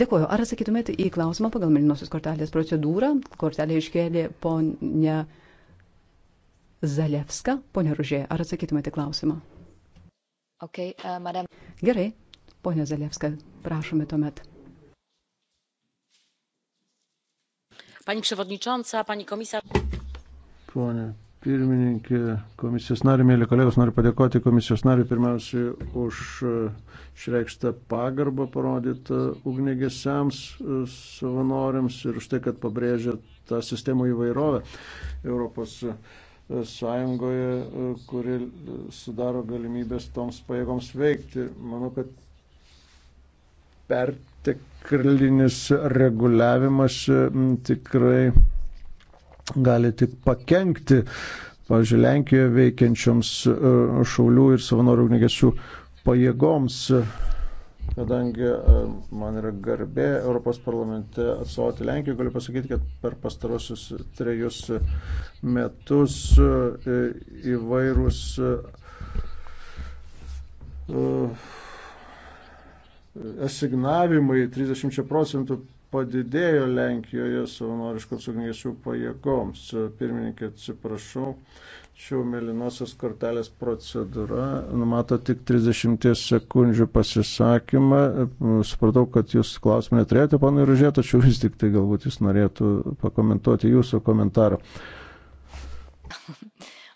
Dėkuoju. Ar atsakytumėte į klausimą pagal Melinosios kortelės procedūrą? Kortelė iškėlė ponia Zalewska. Ponia Ružė, ar atsakytumėte klausimą? Okay, uh, madam. Gerai. Ponia Zalewska, prašome tuomet. Pani przewodnicząca, pani komisarz. Pone pirmininkė, komisijos nariai, mėly kolegos, noriu padėkoti komisijos nariai pirmiausiai už e, išreikštą pagarbą parodytą ugnėgesiams e, savanoriams ir už tai, kad pabrėžė tą sistemų įvairovę Europos e, sąjungoje, kuri sudaro galimybės toms pajėgoms veikti. Manau, kad perteklinis reguliavimas tikrai gali tik pakenkti, pavyzdžiui, Lenkijoje veikiančioms e, šaulių ir savanorių ugnigesių pajėgoms. Kadangi e, man yra garbė Europos parlamente atstovauti Lenkiją, galiu pasakyti, kad per pastarosius trejus metus e, įvairūs asignavimai 30 procentų padidėjo Lenkijoje savanoriškų apsaugininkų pajėgoms. Pirmininkė, atsiprašau, šių mėlynosios kortelės procedūra numato tik 30 sekundžių pasisakymą. Supratau, kad jūs klausimą neturėjote, panai Ružė, tačiau vis tik tai galbūt jis norėtų pakomentuoti jūsų komentarą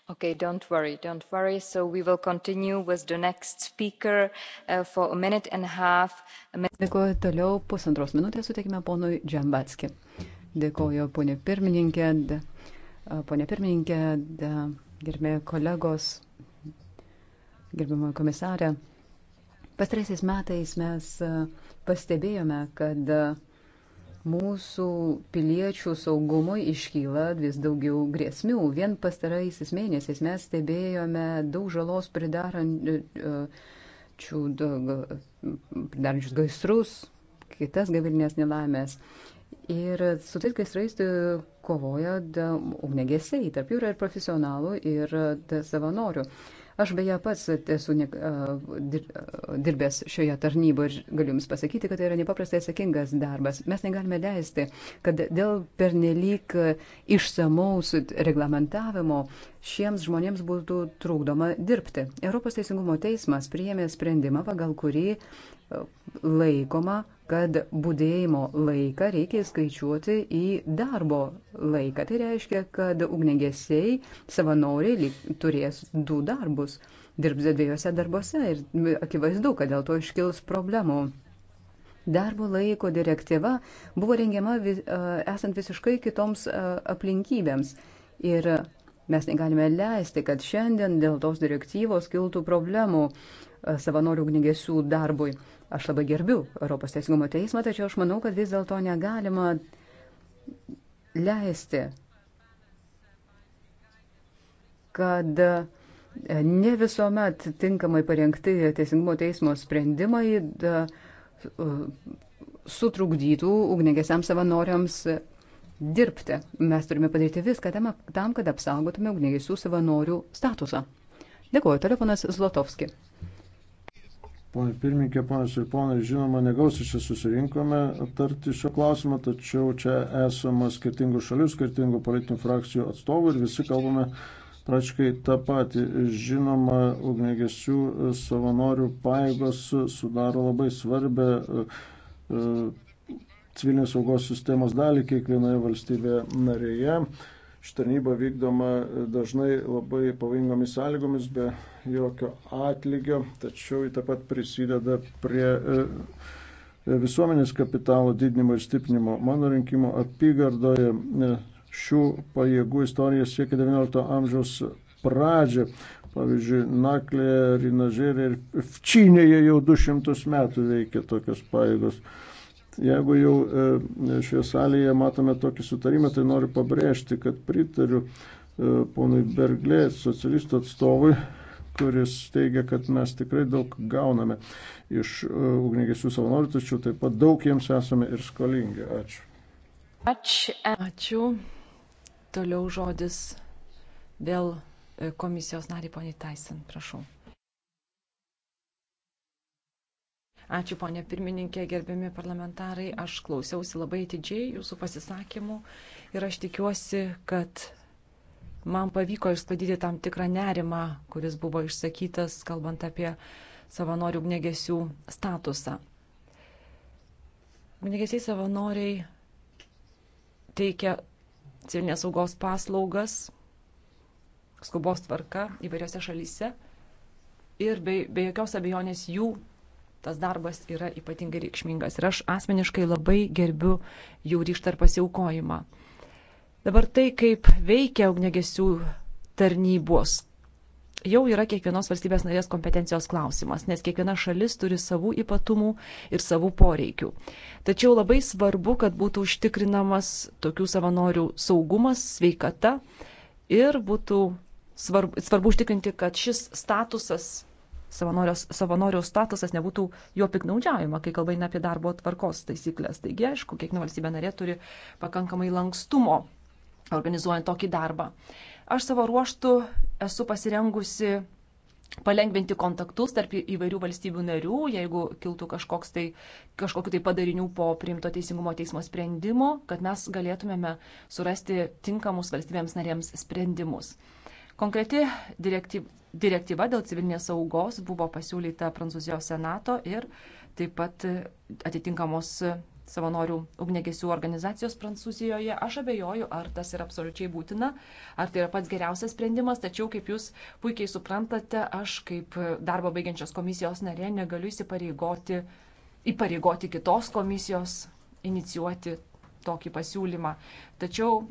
okay don't worry don't worry so we will continue with the next speaker uh, for a minute and a half dėkoju toliau pusantros minutės suteikime ponui džambatski dėkoju ponė pirmininkė ponė pirmininkė gerbėjai kolegos gerbiamoji komisarė pastaraisiais metais mes pastebėjome kad mūsų piliečių saugumui iškyla vis daugiau grėsmių. Vien pastaraisiais mėnesiais mes stebėjome daug žalos pridarančių, pridarančius gaisrus, kitas gavilinės nelaimės. Ir su tais gaisrais tai kovoja ugnegesiai, tarp jų yra ir profesionalų, ir savanorių. Aš beje pats esu ne, dirbęs šioje tarnyboje ir galiu Jums pasakyti, kad tai yra nepaprastai atsakingas darbas. Mes negalime leisti, kad dėl pernelyg išsamaus reglamentavimo šiems žmonėms būtų trūkdoma dirbti. Europos Teisingumo teismas priėmė sprendimą, pagal kurį laikoma kad būdėjimo laiką reikia skaičiuoti į darbo laiką. Tai reiškia, kad ugnegesiai savanoriai turės du darbus, dirbs dviejose darbose ir akivaizdu, kad dėl to iškils problemų. Darbo laiko direktyva buvo rengiama vis, esant visiškai kitoms aplinkybėms. Ir mes negalime leisti, kad šiandien dėl tos direktyvos kiltų problemų savanorių ugnegesių darbui. Aš labai gerbiu Europos teisingumo teismą, tačiau aš manau, kad vis dėlto negalima leisti, kad ne visuomet tinkamai parengti teisingumo teismo sprendimai da, sutrukdytų ugnegesiams savanoriams dirbti. Mes turime padaryti viską tam, kad apsaugotume ugnegesių savanorių statusą. Dėkuoju, telefonas Zlotovski. Pone pirmininkė, ponas ir ponai, žinoma, negausiai čia susirinkome aptarti šio klausimo, tačiau čia esame skirtingų šalių, skirtingų politinių frakcijų atstovų ir visi kalbame praškai tą patį. Žinoma, ugnegesių savanorių paėgos sudaro labai svarbę e, civilinės saugos sistemos dalį kiekvienoje valstybėje narėje štarnyba vykdoma e, dažnai labai pavojingomis sąlygomis, be jokio atlygio, tačiau ji taip pat prisideda prie e, e, visuomenės kapitalo didinimo ir stiprinimo. Mano rinkimo apygardoje šių pajėgų istorija siekia XIX amžiaus pradžią. Pavyzdžiui, Naklė, Rinažerė ir Činėje jau 200 metų veikia tokios pajėgos. Jeigu jau e, šioje salėje matome tokį sutarimą, tai noriu pabrėžti, kad pritariu e, ponui Berglė, socialistų atstovui, kuris teigia, kad mes tikrai daug gauname iš e, ugnigesių savanorių, tačiau taip pat daug jiems esame ir skolingi. Ačiū. Ačiū. Ačiū. Toliau žodis vėl komisijos nariai poniai Tyson, prašau. Ačiū, ponė pirmininkė, gerbiami parlamentarai. Aš klausiausi labai atidžiai jūsų pasisakymų ir aš tikiuosi, kad man pavyko išsklaidyti tam tikrą nerimą, kuris buvo išsakytas, kalbant apie savanorių ugnegesių statusą. Ugnegesiai savanoriai teikia civilinės saugos paslaugas skubos tvarka įvairiose šalyse ir be, be jokios abejonės jų tas darbas yra ypatingai reikšmingas. Ir aš asmeniškai labai gerbiu jų ryštą ir pasiaukojimą. Dabar tai, kaip veikia ugnegesių tarnybos, jau yra kiekvienos valstybės narės kompetencijos klausimas, nes kiekviena šalis turi savų ypatumų ir savų poreikių. Tačiau labai svarbu, kad būtų užtikrinamas tokių savanorių saugumas, sveikata ir būtų svarbu, svarbu užtikrinti, kad šis statusas savanorių statusas nebūtų jo piknaudžiavimo, kai kalba eina apie darbo tvarkos taisyklės. Taigi, aišku, kiekviena valstybė narė turi pakankamai lankstumo organizuojant tokį darbą. Aš savo ruoštų esu pasirengusi palengventi kontaktus tarp įvairių valstybių narių, jeigu kiltų kažkoks tai, kažkokiu tai padarinių po priimto teisingumo teismo sprendimo, kad mes galėtumėme surasti tinkamus valstybėms narėms sprendimus. Konkreti direktyva, direktyva dėl civilinės saugos buvo pasiūlyta Prancūzijos senato ir taip pat atitinkamos savanorių ugnegesių organizacijos Prancūzijoje. Aš abejoju, ar tas yra absoliučiai būtina, ar tai yra pats geriausias sprendimas, tačiau, kaip jūs puikiai suprantate, aš kaip darbo baigiančios komisijos narė negaliu įsipareigoti, įpareigoti kitos komisijos inicijuoti tokį pasiūlymą. Tačiau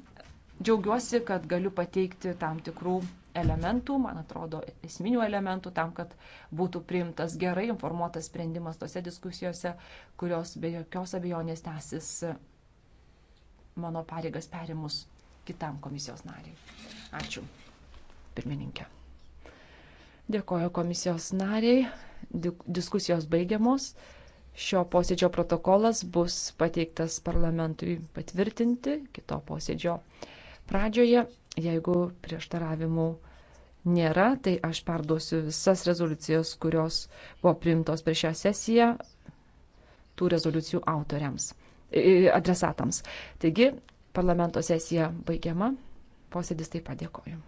Džiaugiuosi, kad galiu pateikti tam tikrų elementų, man atrodo, esminių elementų tam, kad būtų priimtas gerai informuotas sprendimas tose diskusijose, kurios be jokios abejonės tęsis mano pareigas perimus kitam komisijos nariai. Ačiū, pirmininkė. Dėkoju komisijos nariai. Diskusijos baigiamos. Šio posėdžio protokolas bus pateiktas parlamentui patvirtinti kito posėdžio. Pradžioje, jeigu prieštaravimų nėra, tai aš perduosiu visas rezoliucijas, kurios buvo priimtos per šią sesiją tų rezoliucijų autoriams, adresatams. Taigi, parlamento sesija baigiama, posėdis taip pat dėkoju.